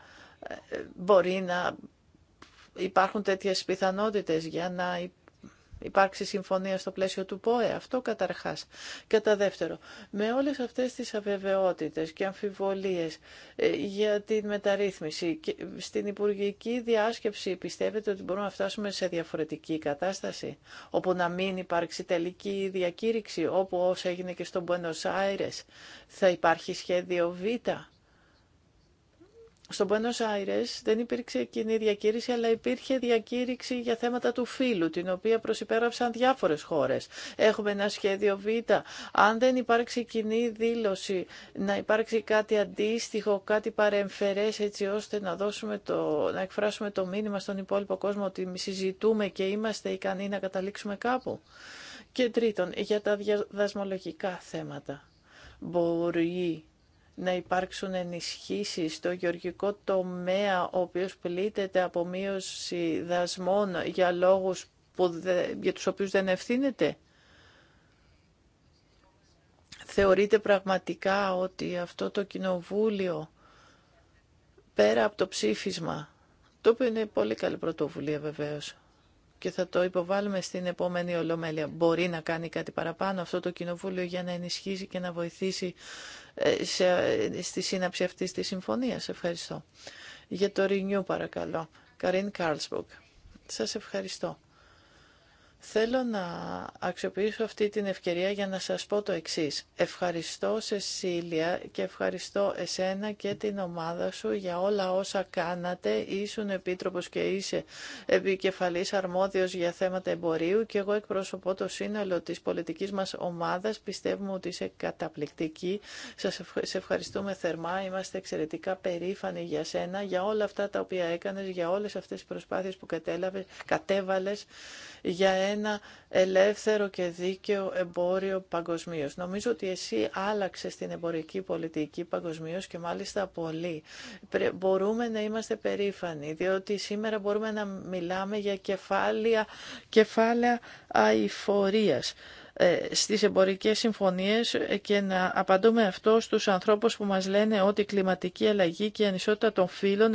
ε, μπορεί να υπάρχουν τέτοιες πιθανότητες για να υπάρξει συμφωνία στο πλαίσιο του ΠΟΕ. Αυτό καταρχάς. Κατά δεύτερο, με όλες αυτές τις αβεβαιότητες και αμφιβολίες ε, για τη μεταρρύθμιση στην Υπουργική Διάσκεψη πιστεύετε ότι μπορούμε να φτάσουμε σε διαφορετική κατάσταση όπου να μην υπάρξει τελική διακήρυξη όπου όσο έγινε και στον Buenos Άιρε θα υπάρχει σχέδιο Β στο Buenos Aires δεν υπήρξε κοινή διακήρυξη, αλλά υπήρχε διακήρυξη για θέματα του φύλου, την οποία προσυπέραψαν διάφορες χώρες. Έχουμε ένα σχέδιο Β. Αν δεν υπάρξει κοινή δήλωση, να υπάρξει κάτι αντίστοιχο, κάτι παρεμφερές, έτσι ώστε να, δώσουμε το, να εκφράσουμε το μήνυμα στον υπόλοιπο κόσμο ότι συζητούμε και είμαστε ικανοί να καταλήξουμε κάπου. Και τρίτον, για τα δασμολογικά θέματα. Μπορεί να υπάρξουν ενισχύσεις στο γεωργικό τομέα, ο οποίος πλήττεται από μείωση δασμών για λόγους που για τους οποίους δεν ευθύνεται. Θεωρείτε πραγματικά ότι αυτό το κοινοβούλιο, πέρα από το ψήφισμα, το οποίο είναι πολύ καλή πρωτοβουλία βεβαίως, και θα το υποβάλουμε στην επόμενη Ολομέλεια. Μπορεί να κάνει κάτι παραπάνω αυτό το Κοινοβούλιο για να ενισχύσει και να βοηθήσει ε, ε, στη σύναψη αυτής της συμφωνίας. Ευχαριστώ. Για το Renew παρακαλώ. Καρίν Κάρλσμπουργκ. Σας ευχαριστώ. Θέλω να αξιοποιήσω αυτή την ευκαιρία για να σας πω το εξής. Ευχαριστώ Σεσίλια και ευχαριστώ εσένα και την ομάδα σου για όλα όσα κάνατε. Ήσουν επίτροπος και είσαι επικεφαλής αρμόδιος για θέματα εμπορίου και εγώ εκπροσωπώ το σύνολο της πολιτικής μας ομάδας. Πιστεύουμε ότι είσαι καταπληκτική. Σας ευχαριστούμε θερμά. Είμαστε εξαιρετικά περήφανοι για σένα, για όλα αυτά τα οποία έκανες, για όλες αυτές τις προσπάθειες που κατέβαλες, για ένα ελεύθερο και δίκαιο εμπόριο παγκοσμίω. Νομίζω ότι εσύ άλλαξε την εμπορική πολιτική παγκοσμίω και μάλιστα πολύ. Μπορούμε να είμαστε περήφανοι, διότι σήμερα μπορούμε να μιλάμε για κεφάλαια, κεφάλαια αηφορίας. Ε, στις εμπορικές συμφωνίες και να απαντούμε αυτό στους ανθρώπους που μας λένε ότι η κλιματική αλλαγή και η ανισότητα των φύλων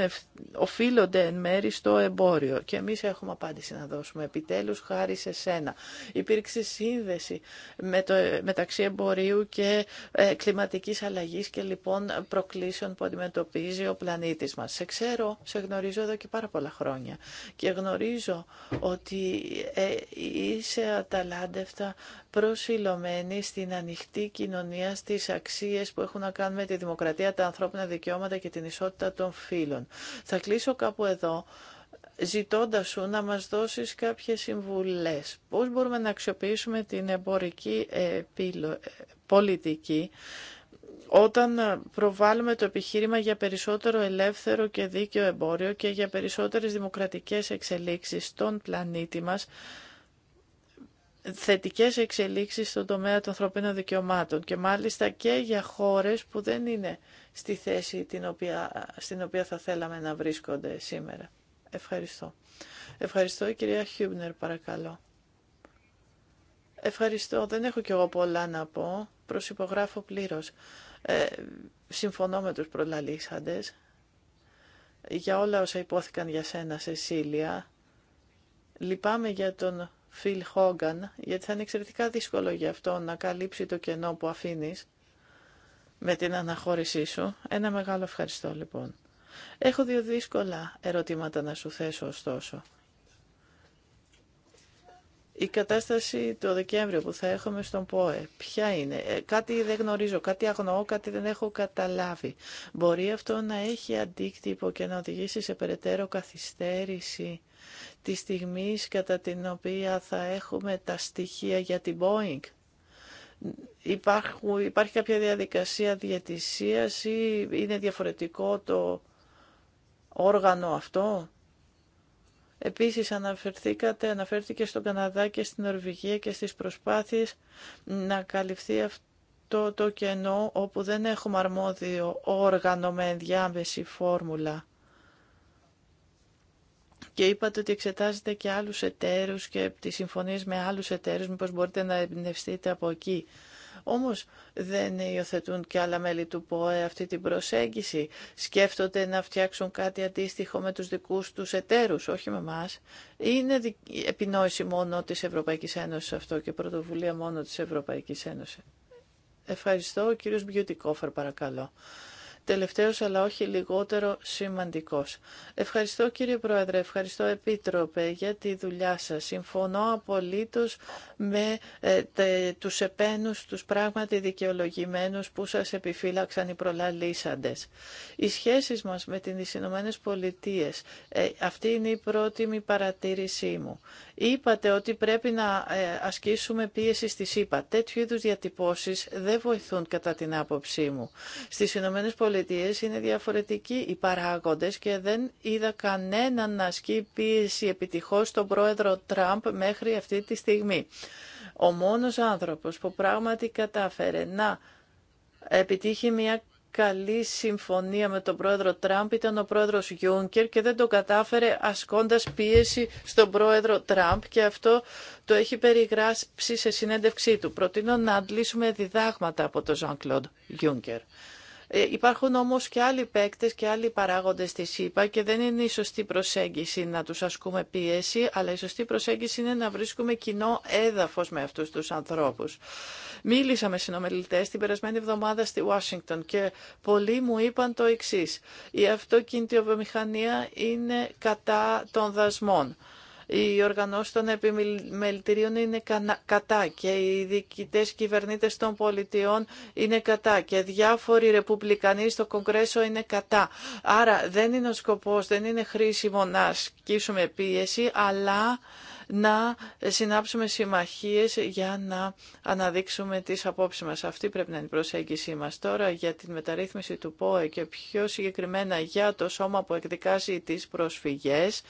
οφείλονται εν μέρη στο εμπόριο. Και εμείς έχουμε απάντηση να δώσουμε. Επιτέλους, χάρη σε σένα. Υπήρξε σύνδεση με το, μεταξύ εμπορίου και ε, κλιματικής αλλαγής και λοιπόν προκλήσεων που αντιμετωπίζει ο πλανήτης μας. Σε ξέρω, σε γνωρίζω εδώ και πάρα πολλά χρόνια και γνωρίζω ότι ε, είσαι αταλάντευτα προσιλωμένη στην ανοιχτή κοινωνία, στις αξίες που έχουν να κάνουν με τη δημοκρατία, τα ανθρώπινα δικαιώματα και την ισότητα των φίλων. Θα κλείσω κάπου εδώ ζητώντας σου να μας δώσεις κάποιες συμβουλές. Πώς μπορούμε να αξιοποιήσουμε την εμπορική ε, ε, πολιτική όταν προβάλλουμε το επιχείρημα για περισσότερο ελεύθερο και δίκαιο εμπόριο και για περισσότερες δημοκρατικές εξελίξεις στον πλανήτη μας, θετικές εξελίξεις στον τομέα των ανθρωπίνων δικαιωμάτων και μάλιστα και για χώρες που δεν είναι στη θέση την οποία, στην οποία θα θέλαμε να βρίσκονται σήμερα. Ευχαριστώ. Ευχαριστώ η κυρία Χιούμπνερ παρακαλώ. Ευχαριστώ. Δεν έχω κι εγώ πολλά να πω. Προσυπογράφω πλήρως. Ε, συμφωνώ με τους προλαλήσαντες για όλα όσα υπόθηκαν για σένα, Σεσίλια. Λυπάμαι για τον Φιλ Χόγκαν, γιατί θα είναι εξαιρετικά δύσκολο για αυτό να καλύψει το κενό που αφήνεις με την αναχώρησή σου. Ένα μεγάλο ευχαριστώ λοιπόν. Έχω δύο δύσκολα ερωτήματα να σου θέσω ωστόσο. Η κατάσταση το Δεκέμβριο που θα έχουμε στον ΠΟΕ, ποια είναι. Ε, κάτι δεν γνωρίζω, κάτι αγνοώ, κάτι δεν έχω καταλάβει. Μπορεί αυτό να έχει αντίκτυπο και να οδηγήσει σε περαιτέρω καθυστέρηση τη στιγμή κατά την οποία θα έχουμε τα στοιχεία για την Boeing. Υπάρχουν, υπάρχει κάποια διαδικασία διαιτησίας ή είναι διαφορετικό το όργανο αυτό. Επίσης αναφερθήκατε, αναφέρθηκε στον Καναδά και στην Νορβηγία και στις προσπάθειες να καλυφθεί αυτό το κενό όπου δεν έχουμε αρμόδιο όργανο με ενδιάμεση φόρμουλα και είπατε ότι εξετάζετε και άλλους εταίρους και τις συμφωνίες με άλλους εταίρους, μήπως μπορείτε να εμπνευστείτε από εκεί. Όμως δεν υιοθετούν και άλλα μέλη του ΠΟΕ αυτή την προσέγγιση. Σκέφτονται να φτιάξουν κάτι αντίστοιχο με τους δικούς τους εταίρους, όχι με εμά. Είναι επινόηση μόνο της Ευρωπαϊκής Ένωσης αυτό και πρωτοβουλία μόνο της Ευρωπαϊκής Ένωσης. Ευχαριστώ. Ο κύριος Μπιουτικόφερ παρακαλώ τελευταίος αλλά όχι λιγότερο σημαντικός. Ευχαριστώ κύριε Πρόεδρε, ευχαριστώ Επίτροπε για τη δουλειά σας. Συμφωνώ απολύτως με ε, τε, τους επένους, τους πράγματι δικαιολογημένους που σας επιφύλαξαν οι προλαλήσαντες. Οι σχέσεις μας με τις Ηνωμένε Πολιτείες, ε, αυτή είναι η πρότιμη παρατήρησή μου. Είπατε ότι πρέπει να ε, ασκήσουμε πίεση στη ΣΥΠΑ. Τέτοιου είδους διατυπώσεις δεν βοηθούν κατά την άποψή μου. Στις Πολιτείες είναι διαφορετικοί οι παράγοντες και δεν είδα κανέναν να ασκεί πίεση επιτυχώς στον πρόεδρο Τραμπ μέχρι αυτή τη στιγμή. Ο μόνος άνθρωπος που πράγματι κατάφερε να επιτύχει μια καλή συμφωνία με τον πρόεδρο Τραμπ ήταν ο πρόεδρος Γιούνκερ και δεν το κατάφερε ασκώντας πίεση στον πρόεδρο Τραμπ και αυτό το έχει περιγράψει σε συνέντευξή του. Προτείνω να αντλήσουμε διδάγματα από τον Ζαν Κλοντ Γιούνκερ. Ε, υπάρχουν όμως και άλλοι παίκτες και άλλοι παράγοντες της ΣΥΠΑ και δεν είναι η σωστή προσέγγιση να τους ασκούμε πίεση, αλλά η σωστή προσέγγιση είναι να βρίσκουμε κοινό έδαφος με αυτούς τους ανθρώπους. Μίλησα με συνομιλητές την περασμένη εβδομάδα στη Ουάσιγκτον και πολλοί μου είπαν το εξής. Η αυτοκινητοβιομηχανία είναι κατά των δασμών. Οι οργανώσει των επιμελητηρίων είναι κατά και οι διοικητέ κυβερνήτε των πολιτιών είναι κατά και διάφοροι ρεπουμπλικανοί στο Κογκρέσο είναι κατά. Άρα δεν είναι ο σκοπός, δεν είναι χρήσιμο να ασκήσουμε πίεση, αλλά να συνάψουμε συμμαχίες για να αναδείξουμε τις απόψεις μας. Αυτή πρέπει να είναι η προσέγγιση μας τώρα για την μεταρρύθμιση του ΠΟΕ και πιο συγκεκριμένα για το σώμα που εκδικάζει τις προσφυγές.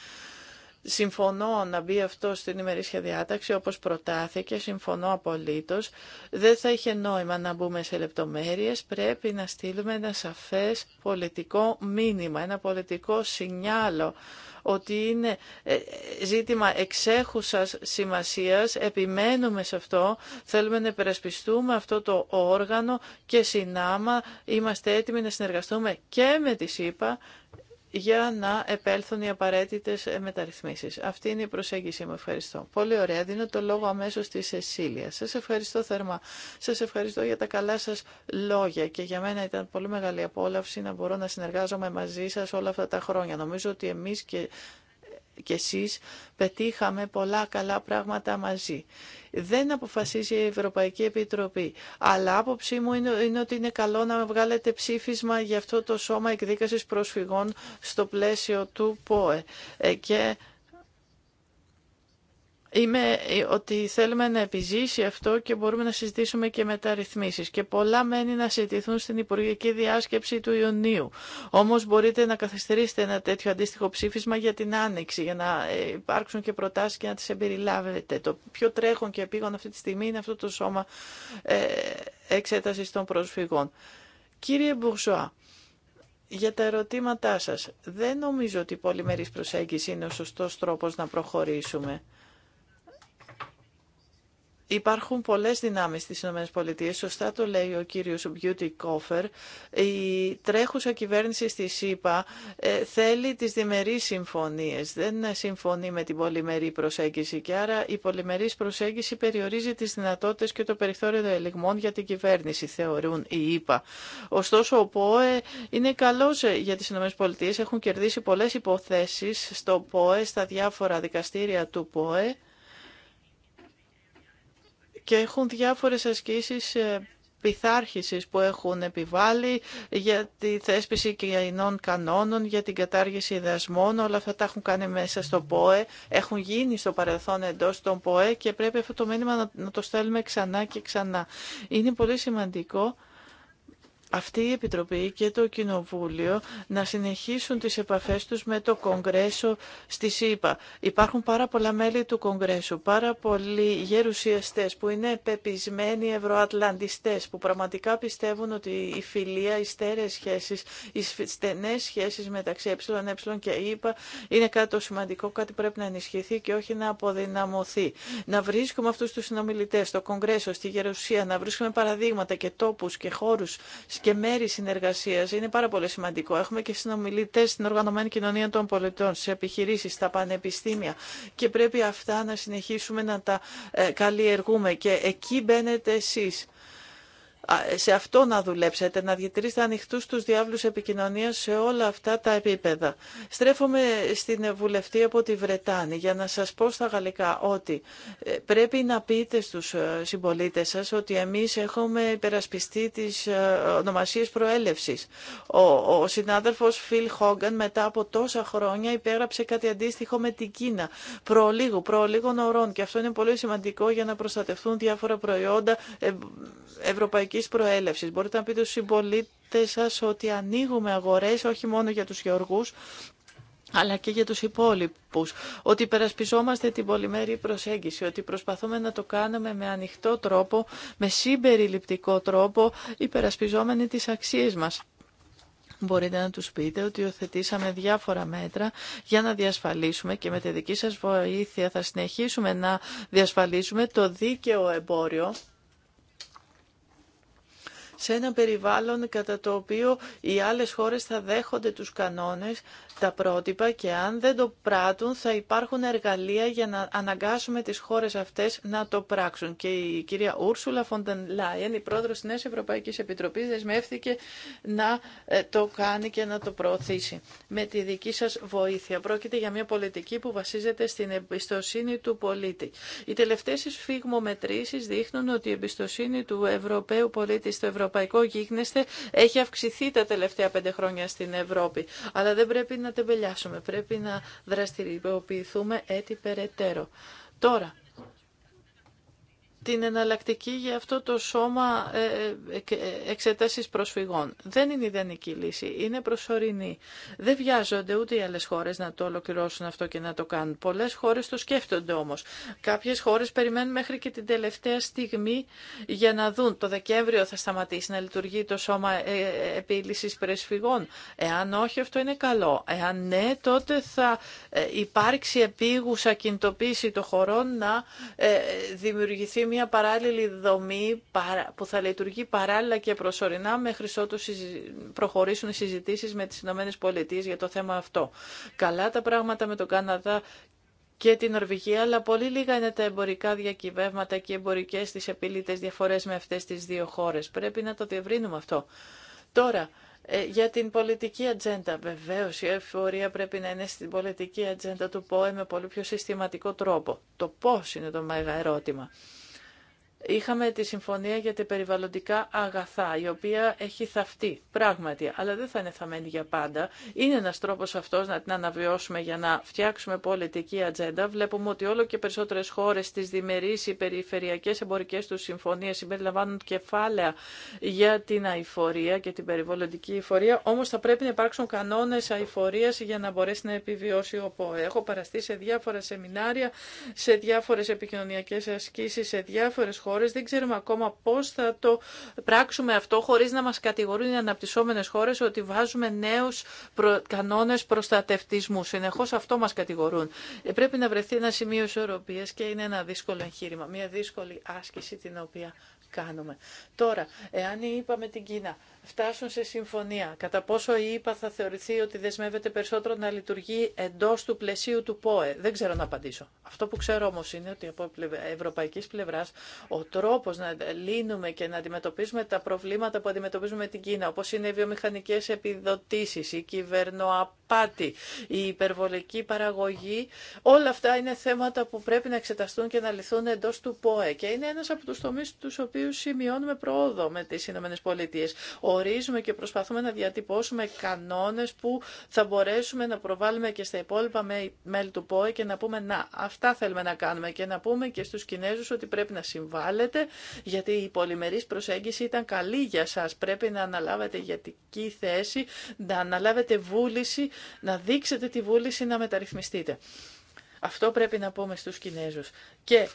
Συμφωνώ να μπει αυτό στην ημερήσια διάταξη όπως προτάθηκε, συμφωνώ απολύτως. Δεν θα είχε νόημα να μπούμε σε λεπτομέρειες, πρέπει να στείλουμε ένα σαφές πολιτικό μήνυμα, ένα πολιτικό σινιάλο ότι είναι ε, ζήτημα εξέχουσας σημασίας, επιμένουμε σε αυτό, θέλουμε να υπερασπιστούμε αυτό το όργανο και συνάμα είμαστε έτοιμοι να συνεργαστούμε και με τη ΣΥΠΑ για να επέλθουν οι απαραίτητε μεταρρυθμίσεις. Αυτή είναι η προσέγγιση μου. Ευχαριστώ. Πολύ ωραία. Δίνω το λόγο αμέσως στη Σεσίλια. Σα ευχαριστώ θερμά. Σα ευχαριστώ για τα καλά σας λόγια και για μένα ήταν πολύ μεγάλη απόλαυση να μπορώ να συνεργάζομαι μαζί σας όλα αυτά τα χρόνια. Νομίζω ότι εμεί και και εσείς πετύχαμε πολλά καλά πράγματα μαζί. Δεν αποφασίζει η Ευρωπαϊκή Επιτροπή, αλλά άποψή μου είναι ότι είναι καλό να βγάλετε ψήφισμα για αυτό το σώμα εκδίκασης προσφυγών στο πλαίσιο του ΠΟΕ ε, και είμαι ε, ότι θέλουμε να επιζήσει αυτό και μπορούμε να συζητήσουμε και μεταρρυθμίσεις. Και πολλά μένει να συζητηθούν στην Υπουργική Διάσκεψη του Ιουνίου. Όμως μπορείτε να καθυστερήσετε ένα τέτοιο αντίστοιχο ψήφισμα για την Άνοιξη, για να ε, υπάρξουν και προτάσεις και να τις εμπεριλάβετε. Το πιο τρέχον και επίγον αυτή τη στιγμή είναι αυτό το σώμα ε, εξέτασης των προσφυγών. Κύριε Μπουρζουά, για τα ερωτήματά σας, δεν νομίζω ότι η πολυμερής προσέγγιση είναι ο σωστός τρόπος να προχωρήσουμε. Υπάρχουν πολλές δυνάμεις στις ΗΠΑ, σωστά το λέει ο κύριος Beauty Coffer. Η τρέχουσα κυβέρνηση στη ΣΥΠΑ ε, θέλει τις διμερείς συμφωνίες, δεν συμφωνεί με την πολυμερή προσέγγιση και άρα η πολυμερή προσέγγιση περιορίζει τις δυνατότητες και το περιθώριο ελιγμών για την κυβέρνηση, θεωρούν οι ΗΠΑ. Ωστόσο, ο ΠΟΕ είναι καλός ε, για τις ΗΠΑ, έχουν κερδίσει πολλές υποθέσεις στο ΠΟΕ, στα διάφορα δικαστήρια του ΠΟΕ και έχουν διάφορες ασκήσεις ε, πειθάρχησης που έχουν επιβάλει για τη θέσπιση κοινών κανόνων, για την κατάργηση δασμών. Όλα αυτά τα έχουν κάνει μέσα στο ΠΟΕ, έχουν γίνει στο παρελθόν εντός των ΠΟΕ και πρέπει αυτό το μήνυμα να το στέλνουμε ξανά και ξανά. Είναι πολύ σημαντικό αυτή η Επιτροπή και το Κοινοβούλιο να συνεχίσουν τις επαφές τους με το Κογκρέσο στη ΣΥΠΑ. Υπάρχουν πάρα πολλά μέλη του Κογκρέσου, πάρα πολλοί γερουσιαστές που είναι πεπισμένοι ευρωατλαντιστές, που πραγματικά πιστεύουν ότι η φιλία, οι στέρεες σχέσεις, οι στενές σχέσεις μεταξύ ΕΕ και ΕΕ είναι κάτι το σημαντικό, κάτι πρέπει να ενισχυθεί και όχι να αποδυναμωθεί. Να βρίσκουμε αυτούς τους συνομιλητές στο Κογκρέσο, στη Γερουσία, να βρίσκουμε παραδείγματα και τόπους και χώρους και μέρη συνεργασία είναι πάρα πολύ σημαντικό. Έχουμε και συνομιλητέ στην οργανωμένη κοινωνία των πολιτών, σε επιχειρήσει, στα πανεπιστήμια και πρέπει αυτά να συνεχίσουμε να τα ε, καλλιεργούμε. Και εκεί μπαίνετε εσείς σε αυτό να δουλέψετε, να διατηρήσετε ανοιχτού του διάβλους επικοινωνία σε όλα αυτά τα επίπεδα. Στρέφομαι στην βουλευτή από τη Βρετάνη για να σα πω στα γαλλικά ότι ε, πρέπει να πείτε στου ε, συμπολίτε σα ότι εμεί έχουμε υπερασπιστεί τις ε, ονομασίες προέλευση. Ο, ο συνάδελφος Φιλ Χόγκαν μετά από τόσα χρόνια υπέγραψε κάτι αντίστοιχο με την Κίνα προλίγου, προλίγων ωρών και αυτό είναι πολύ σημαντικό για να προστατευτούν διάφορα προϊόντα ευρωπαϊκή γεωγραφικής προέλευση. Μπορείτε να πείτε στου συμπολίτε σα ότι ανοίγουμε αγορέ, όχι μόνο για τους γεωργού, αλλά και για τους υπόλοιπους, ότι υπερασπιζόμαστε την πολυμερή προσέγγιση, ότι προσπαθούμε να το κάνουμε με ανοιχτό τρόπο, με συμπεριληπτικό τρόπο, υπερασπιζόμενοι τις αξίες μας. Μπορείτε να τους πείτε ότι οθετήσαμε διάφορα μέτρα για να διασφαλίσουμε και με τη δική σας βοήθεια θα συνεχίσουμε να διασφαλίσουμε το δίκαιο εμπόριο σε ένα περιβάλλον κατά το οποίο οι άλλες χώρες θα δέχονται τους κανόνες, τα πρότυπα και αν δεν το πράττουν θα υπάρχουν εργαλεία για να αναγκάσουμε τις χώρες αυτές να το πράξουν. Και η κυρία Ούρσουλα Φοντεν Λάιεν, η πρόεδρος της Νέας Ευρωπαϊκής Επιτροπής, δεσμεύτηκε να ε, το κάνει και να το προωθήσει. Με τη δική σας βοήθεια. Πρόκειται για μια πολιτική που βασίζεται στην εμπιστοσύνη του πολίτη. Οι τελευταίες σφίγμομετρήσεις δείχνουν ότι η εμπιστοσύνη του Ευρωπαίου πολίτη στο Ευρωπαϊκό ευρωπαϊκό γίγνεσθε έχει αυξηθεί τα τελευταία πέντε χρόνια στην Ευρώπη. Αλλά δεν πρέπει να τεμπελιάσουμε, πρέπει να δραστηριοποιηθούμε έτσι περαιτέρω. Τώρα, την εναλλακτική για αυτό το σώμα ε, ε, ε, εξετάσεις προσφυγών. Δεν είναι ιδανική λύση, είναι προσωρινή. Δεν βιάζονται ούτε οι άλλες χώρες να το ολοκληρώσουν αυτό και να το κάνουν. Πολλές χώρες το σκέφτονται όμως. Κάποιες χώρες περιμένουν μέχρι και την τελευταία στιγμή για να δουν. Το Δεκέμβριο θα σταματήσει να λειτουργεί το σώμα επίλυσης προσφυγών. Εάν όχι, αυτό είναι καλό. Εάν ναι, τότε θα υπάρξει επίγουσα κινητοποίηση των χωρών να δημιουργηθεί μια παράλληλη δομή που θα λειτουργεί παράλληλα και προσωρινά μέχρι ότου προχωρήσουν οι συζητήσεις με τι ΗΠΑ για το θέμα αυτό. Καλά τα πράγματα με τον Καναδά και την Νορβηγία, αλλά πολύ λίγα είναι τα εμπορικά διακυβεύματα και οι εμπορικές τις επίλυτε διαφορέ με αυτέ τι δύο χώρε. Πρέπει να το διευρύνουμε αυτό. Τώρα, ε, για την πολιτική ατζέντα. Βεβαίω, η εφορία πρέπει να είναι στην πολιτική ατζέντα του ΠΟΕ με πολύ πιο συστηματικό τρόπο. Το πώ είναι το μεγάλο ερώτημα. Είχαμε τη Συμφωνία για τα Περιβαλλοντικά Αγαθά, η οποία έχει θαυτεί, πράγματι, αλλά δεν θα είναι θαμένη για πάντα. Είναι ένας τρόπος αυτός να την αναβιώσουμε για να φτιάξουμε πολιτική ατζέντα. Βλέπουμε ότι όλο και περισσότερες χώρες στις διμερείς ή περιφερειακές εμπορικές τους συμφωνίες συμπεριλαμβάνουν κεφάλαια για την αηφορία και την περιβαλλοντική αηφορία, όμως θα πρέπει να υπάρξουν κανόνες αηφορίας για να μπορέσει να επιβιώσει ο ΠΟΕ. Έχω παραστεί σε διάφορα σεμινάρια, σε διάφορες επικοινωνιακές ασκήσεις, σε διάφορες χώρες. Δεν ξέρουμε ακόμα πώς θα το πράξουμε αυτό χωρίς να μας κατηγορούν οι αναπτυσσόμενες χώρες ότι βάζουμε νέους προ... κανόνες προστατευτισμού. Συνεχώς αυτό μας κατηγορούν. Ε, πρέπει να βρεθεί ένα σημείο ισορροπίας και είναι ένα δύσκολο εγχείρημα, μια δύσκολη άσκηση την οποία κάνουμε. Τώρα, εάν είπαμε την Κίνα φτάσουν σε συμφωνία. Κατά πόσο η ΕΠΑ θα θεωρηθεί ότι δεσμεύεται περισσότερο να λειτουργεί εντό του πλαισίου του ΠΟΕ. Δεν ξέρω να απαντήσω. Αυτό που ξέρω όμω είναι ότι από Ευρωπαϊκή Πλευρά ο τρόπο να λύνουμε και να αντιμετωπίζουμε τα προβλήματα που αντιμετωπίζουμε με την Κίνα, όπω είναι οι βιομηχανικέ επιδοτήσει, η κυβερνοαπάτη, η υπερβολική παραγωγή, όλα αυτά είναι θέματα που πρέπει να εξεταστούν και να λυθούν εντό του ΠΟΕ. Και είναι ένα από του τομεί του οποίου σημειώνουμε πρόοδο με τις ΗΠΑ ορίζουμε και προσπαθούμε να διατυπώσουμε κανόνες που θα μπορέσουμε να προβάλλουμε και στα υπόλοιπα μέλη του ΠΟΕ και να πούμε να αυτά θέλουμε να κάνουμε και να πούμε και στους Κινέζους ότι πρέπει να συμβάλλετε γιατί η πολυμερής προσέγγιση ήταν καλή για σας. Πρέπει να αναλάβετε ηγετική θέση, να αναλάβετε βούληση, να δείξετε τη βούληση να μεταρρυθμιστείτε. Αυτό πρέπει να πούμε στους Κινέζους. Και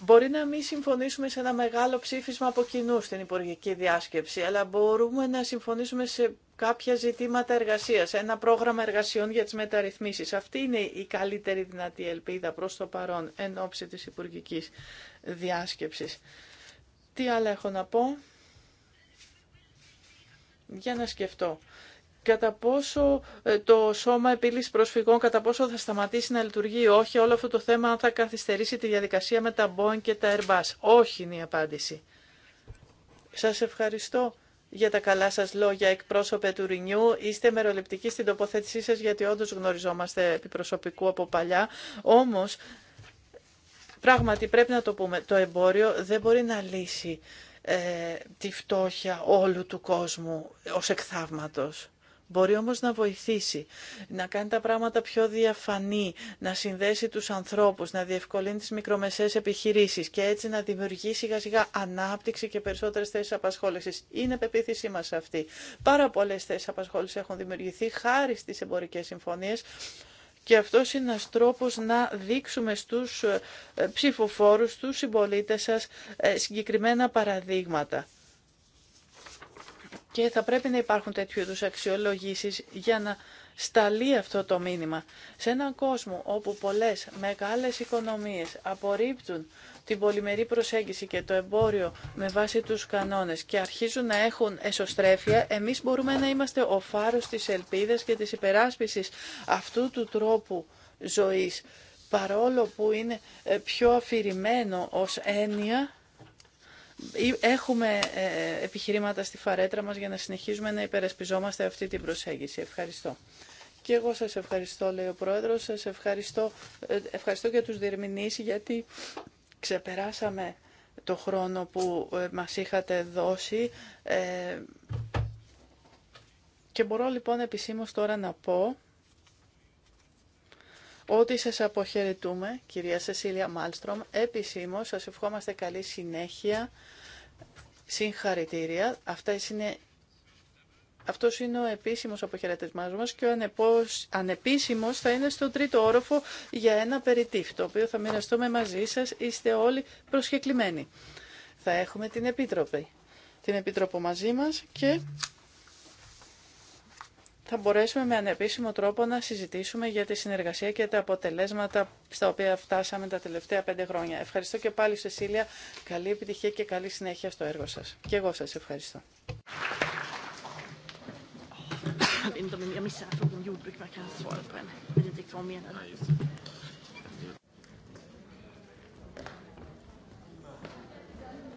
Μπορεί να μην συμφωνήσουμε σε ένα μεγάλο ψήφισμα από κοινού στην υπουργική διάσκεψη, αλλά μπορούμε να συμφωνήσουμε σε κάποια ζητήματα εργασίας, ένα πρόγραμμα εργασιών για τις μεταρρυθμίσει. Αυτή είναι η καλύτερη δυνατή ελπίδα προς το παρόν εν ώψη της υπουργικής διάσκεψης. Τι άλλα έχω να πω για να σκεφτώ κατά πόσο ε, το σώμα επίλυση προσφυγών, κατά πόσο θα σταματήσει να λειτουργεί ή όχι, όλο αυτό το θέμα αν θα καθυστερήσει τη διαδικασία με τα Boeing και τα Airbus. Όχι είναι η απάντηση. Σας ευχαριστώ για τα καλά σας λόγια εκπρόσωπε του Ρινιού. Είστε μεροληπτικοί στην τοποθέτησή σας γιατί όντως γνωριζόμαστε επί προσωπικού από παλιά. Όμως, πράγματι πρέπει να το πούμε, το εμπόριο δεν μπορεί να λύσει ε, τη φτώχεια όλου του κόσμου ως εκθαύματος. Μπορεί όμως να βοηθήσει, να κάνει τα πράγματα πιο διαφανή, να συνδέσει τους ανθρώπους, να διευκολύνει τις μικρομεσαίες επιχειρήσεις και έτσι να δημιουργησει σιγά σιγά ανάπτυξη και περισσότερες θέσεις απασχόλησης. Είναι πεποίθησή μας αυτή. Πάρα πολλές θέσεις απασχόλησης έχουν δημιουργηθεί χάρη στις εμπορικές συμφωνίες και αυτό είναι ένας τρόπος να δείξουμε στους ε, ε, ψηφοφόρους, στους συμπολίτες σας ε, συγκεκριμένα παραδείγματα. Και θα πρέπει να υπάρχουν τέτοιου είδου αξιολογήσεις για να σταλεί αυτό το μήνυμα. Σε έναν κόσμο όπου πολλές μεγάλες οικονομίες απορρίπτουν την πολυμερή προσέγγιση και το εμπόριο με βάση τους κανόνες και αρχίζουν να έχουν εσωστρέφεια, εμείς μπορούμε να είμαστε ο φάρος της ελπίδας και της υπεράσπισης αυτού του τρόπου ζωής, παρόλο που είναι ε, πιο αφηρημένο ως έννοια ε, έχουμε ε, επιχειρήματα στη φαρέτρα μας για να συνεχίζουμε να υπερασπιζόμαστε αυτή την προσέγγιση. Ευχαριστώ. Και εγώ σας ευχαριστώ, λέει ο Πρόεδρος. Σας ευχαριστώ, ε, ευχαριστώ για τους διερμηνείς, γιατί ξεπεράσαμε το χρόνο που μας είχατε δώσει. και μπορώ λοιπόν επισήμως τώρα να πω ότι σας αποχαιρετούμε, κυρία Σεσίλια Μάλστρομ, επισήμως σας ευχόμαστε καλή συνέχεια, συγχαρητήρια. Αυτές είναι αυτό είναι ο επίσημος αποχαιρετισμός μας και ο ανεπός, ανεπίσημος θα είναι στο τρίτο όροφο για ένα περιτύφ, το οποίο θα μοιραστούμε μαζί σας. Είστε όλοι προσκεκλημένοι. Θα έχουμε την Επίτροπη, την Επίτροπο μαζί μας και θα μπορέσουμε με ανεπίσημο τρόπο να συζητήσουμε για τη συνεργασία και τα αποτελέσματα στα οποία φτάσαμε τα τελευταία πέντε χρόνια. Ευχαριστώ και πάλι, Σεσίλια. Καλή επιτυχία και καλή συνέχεια στο έργο σας. Και εγώ σας ευχαριστώ.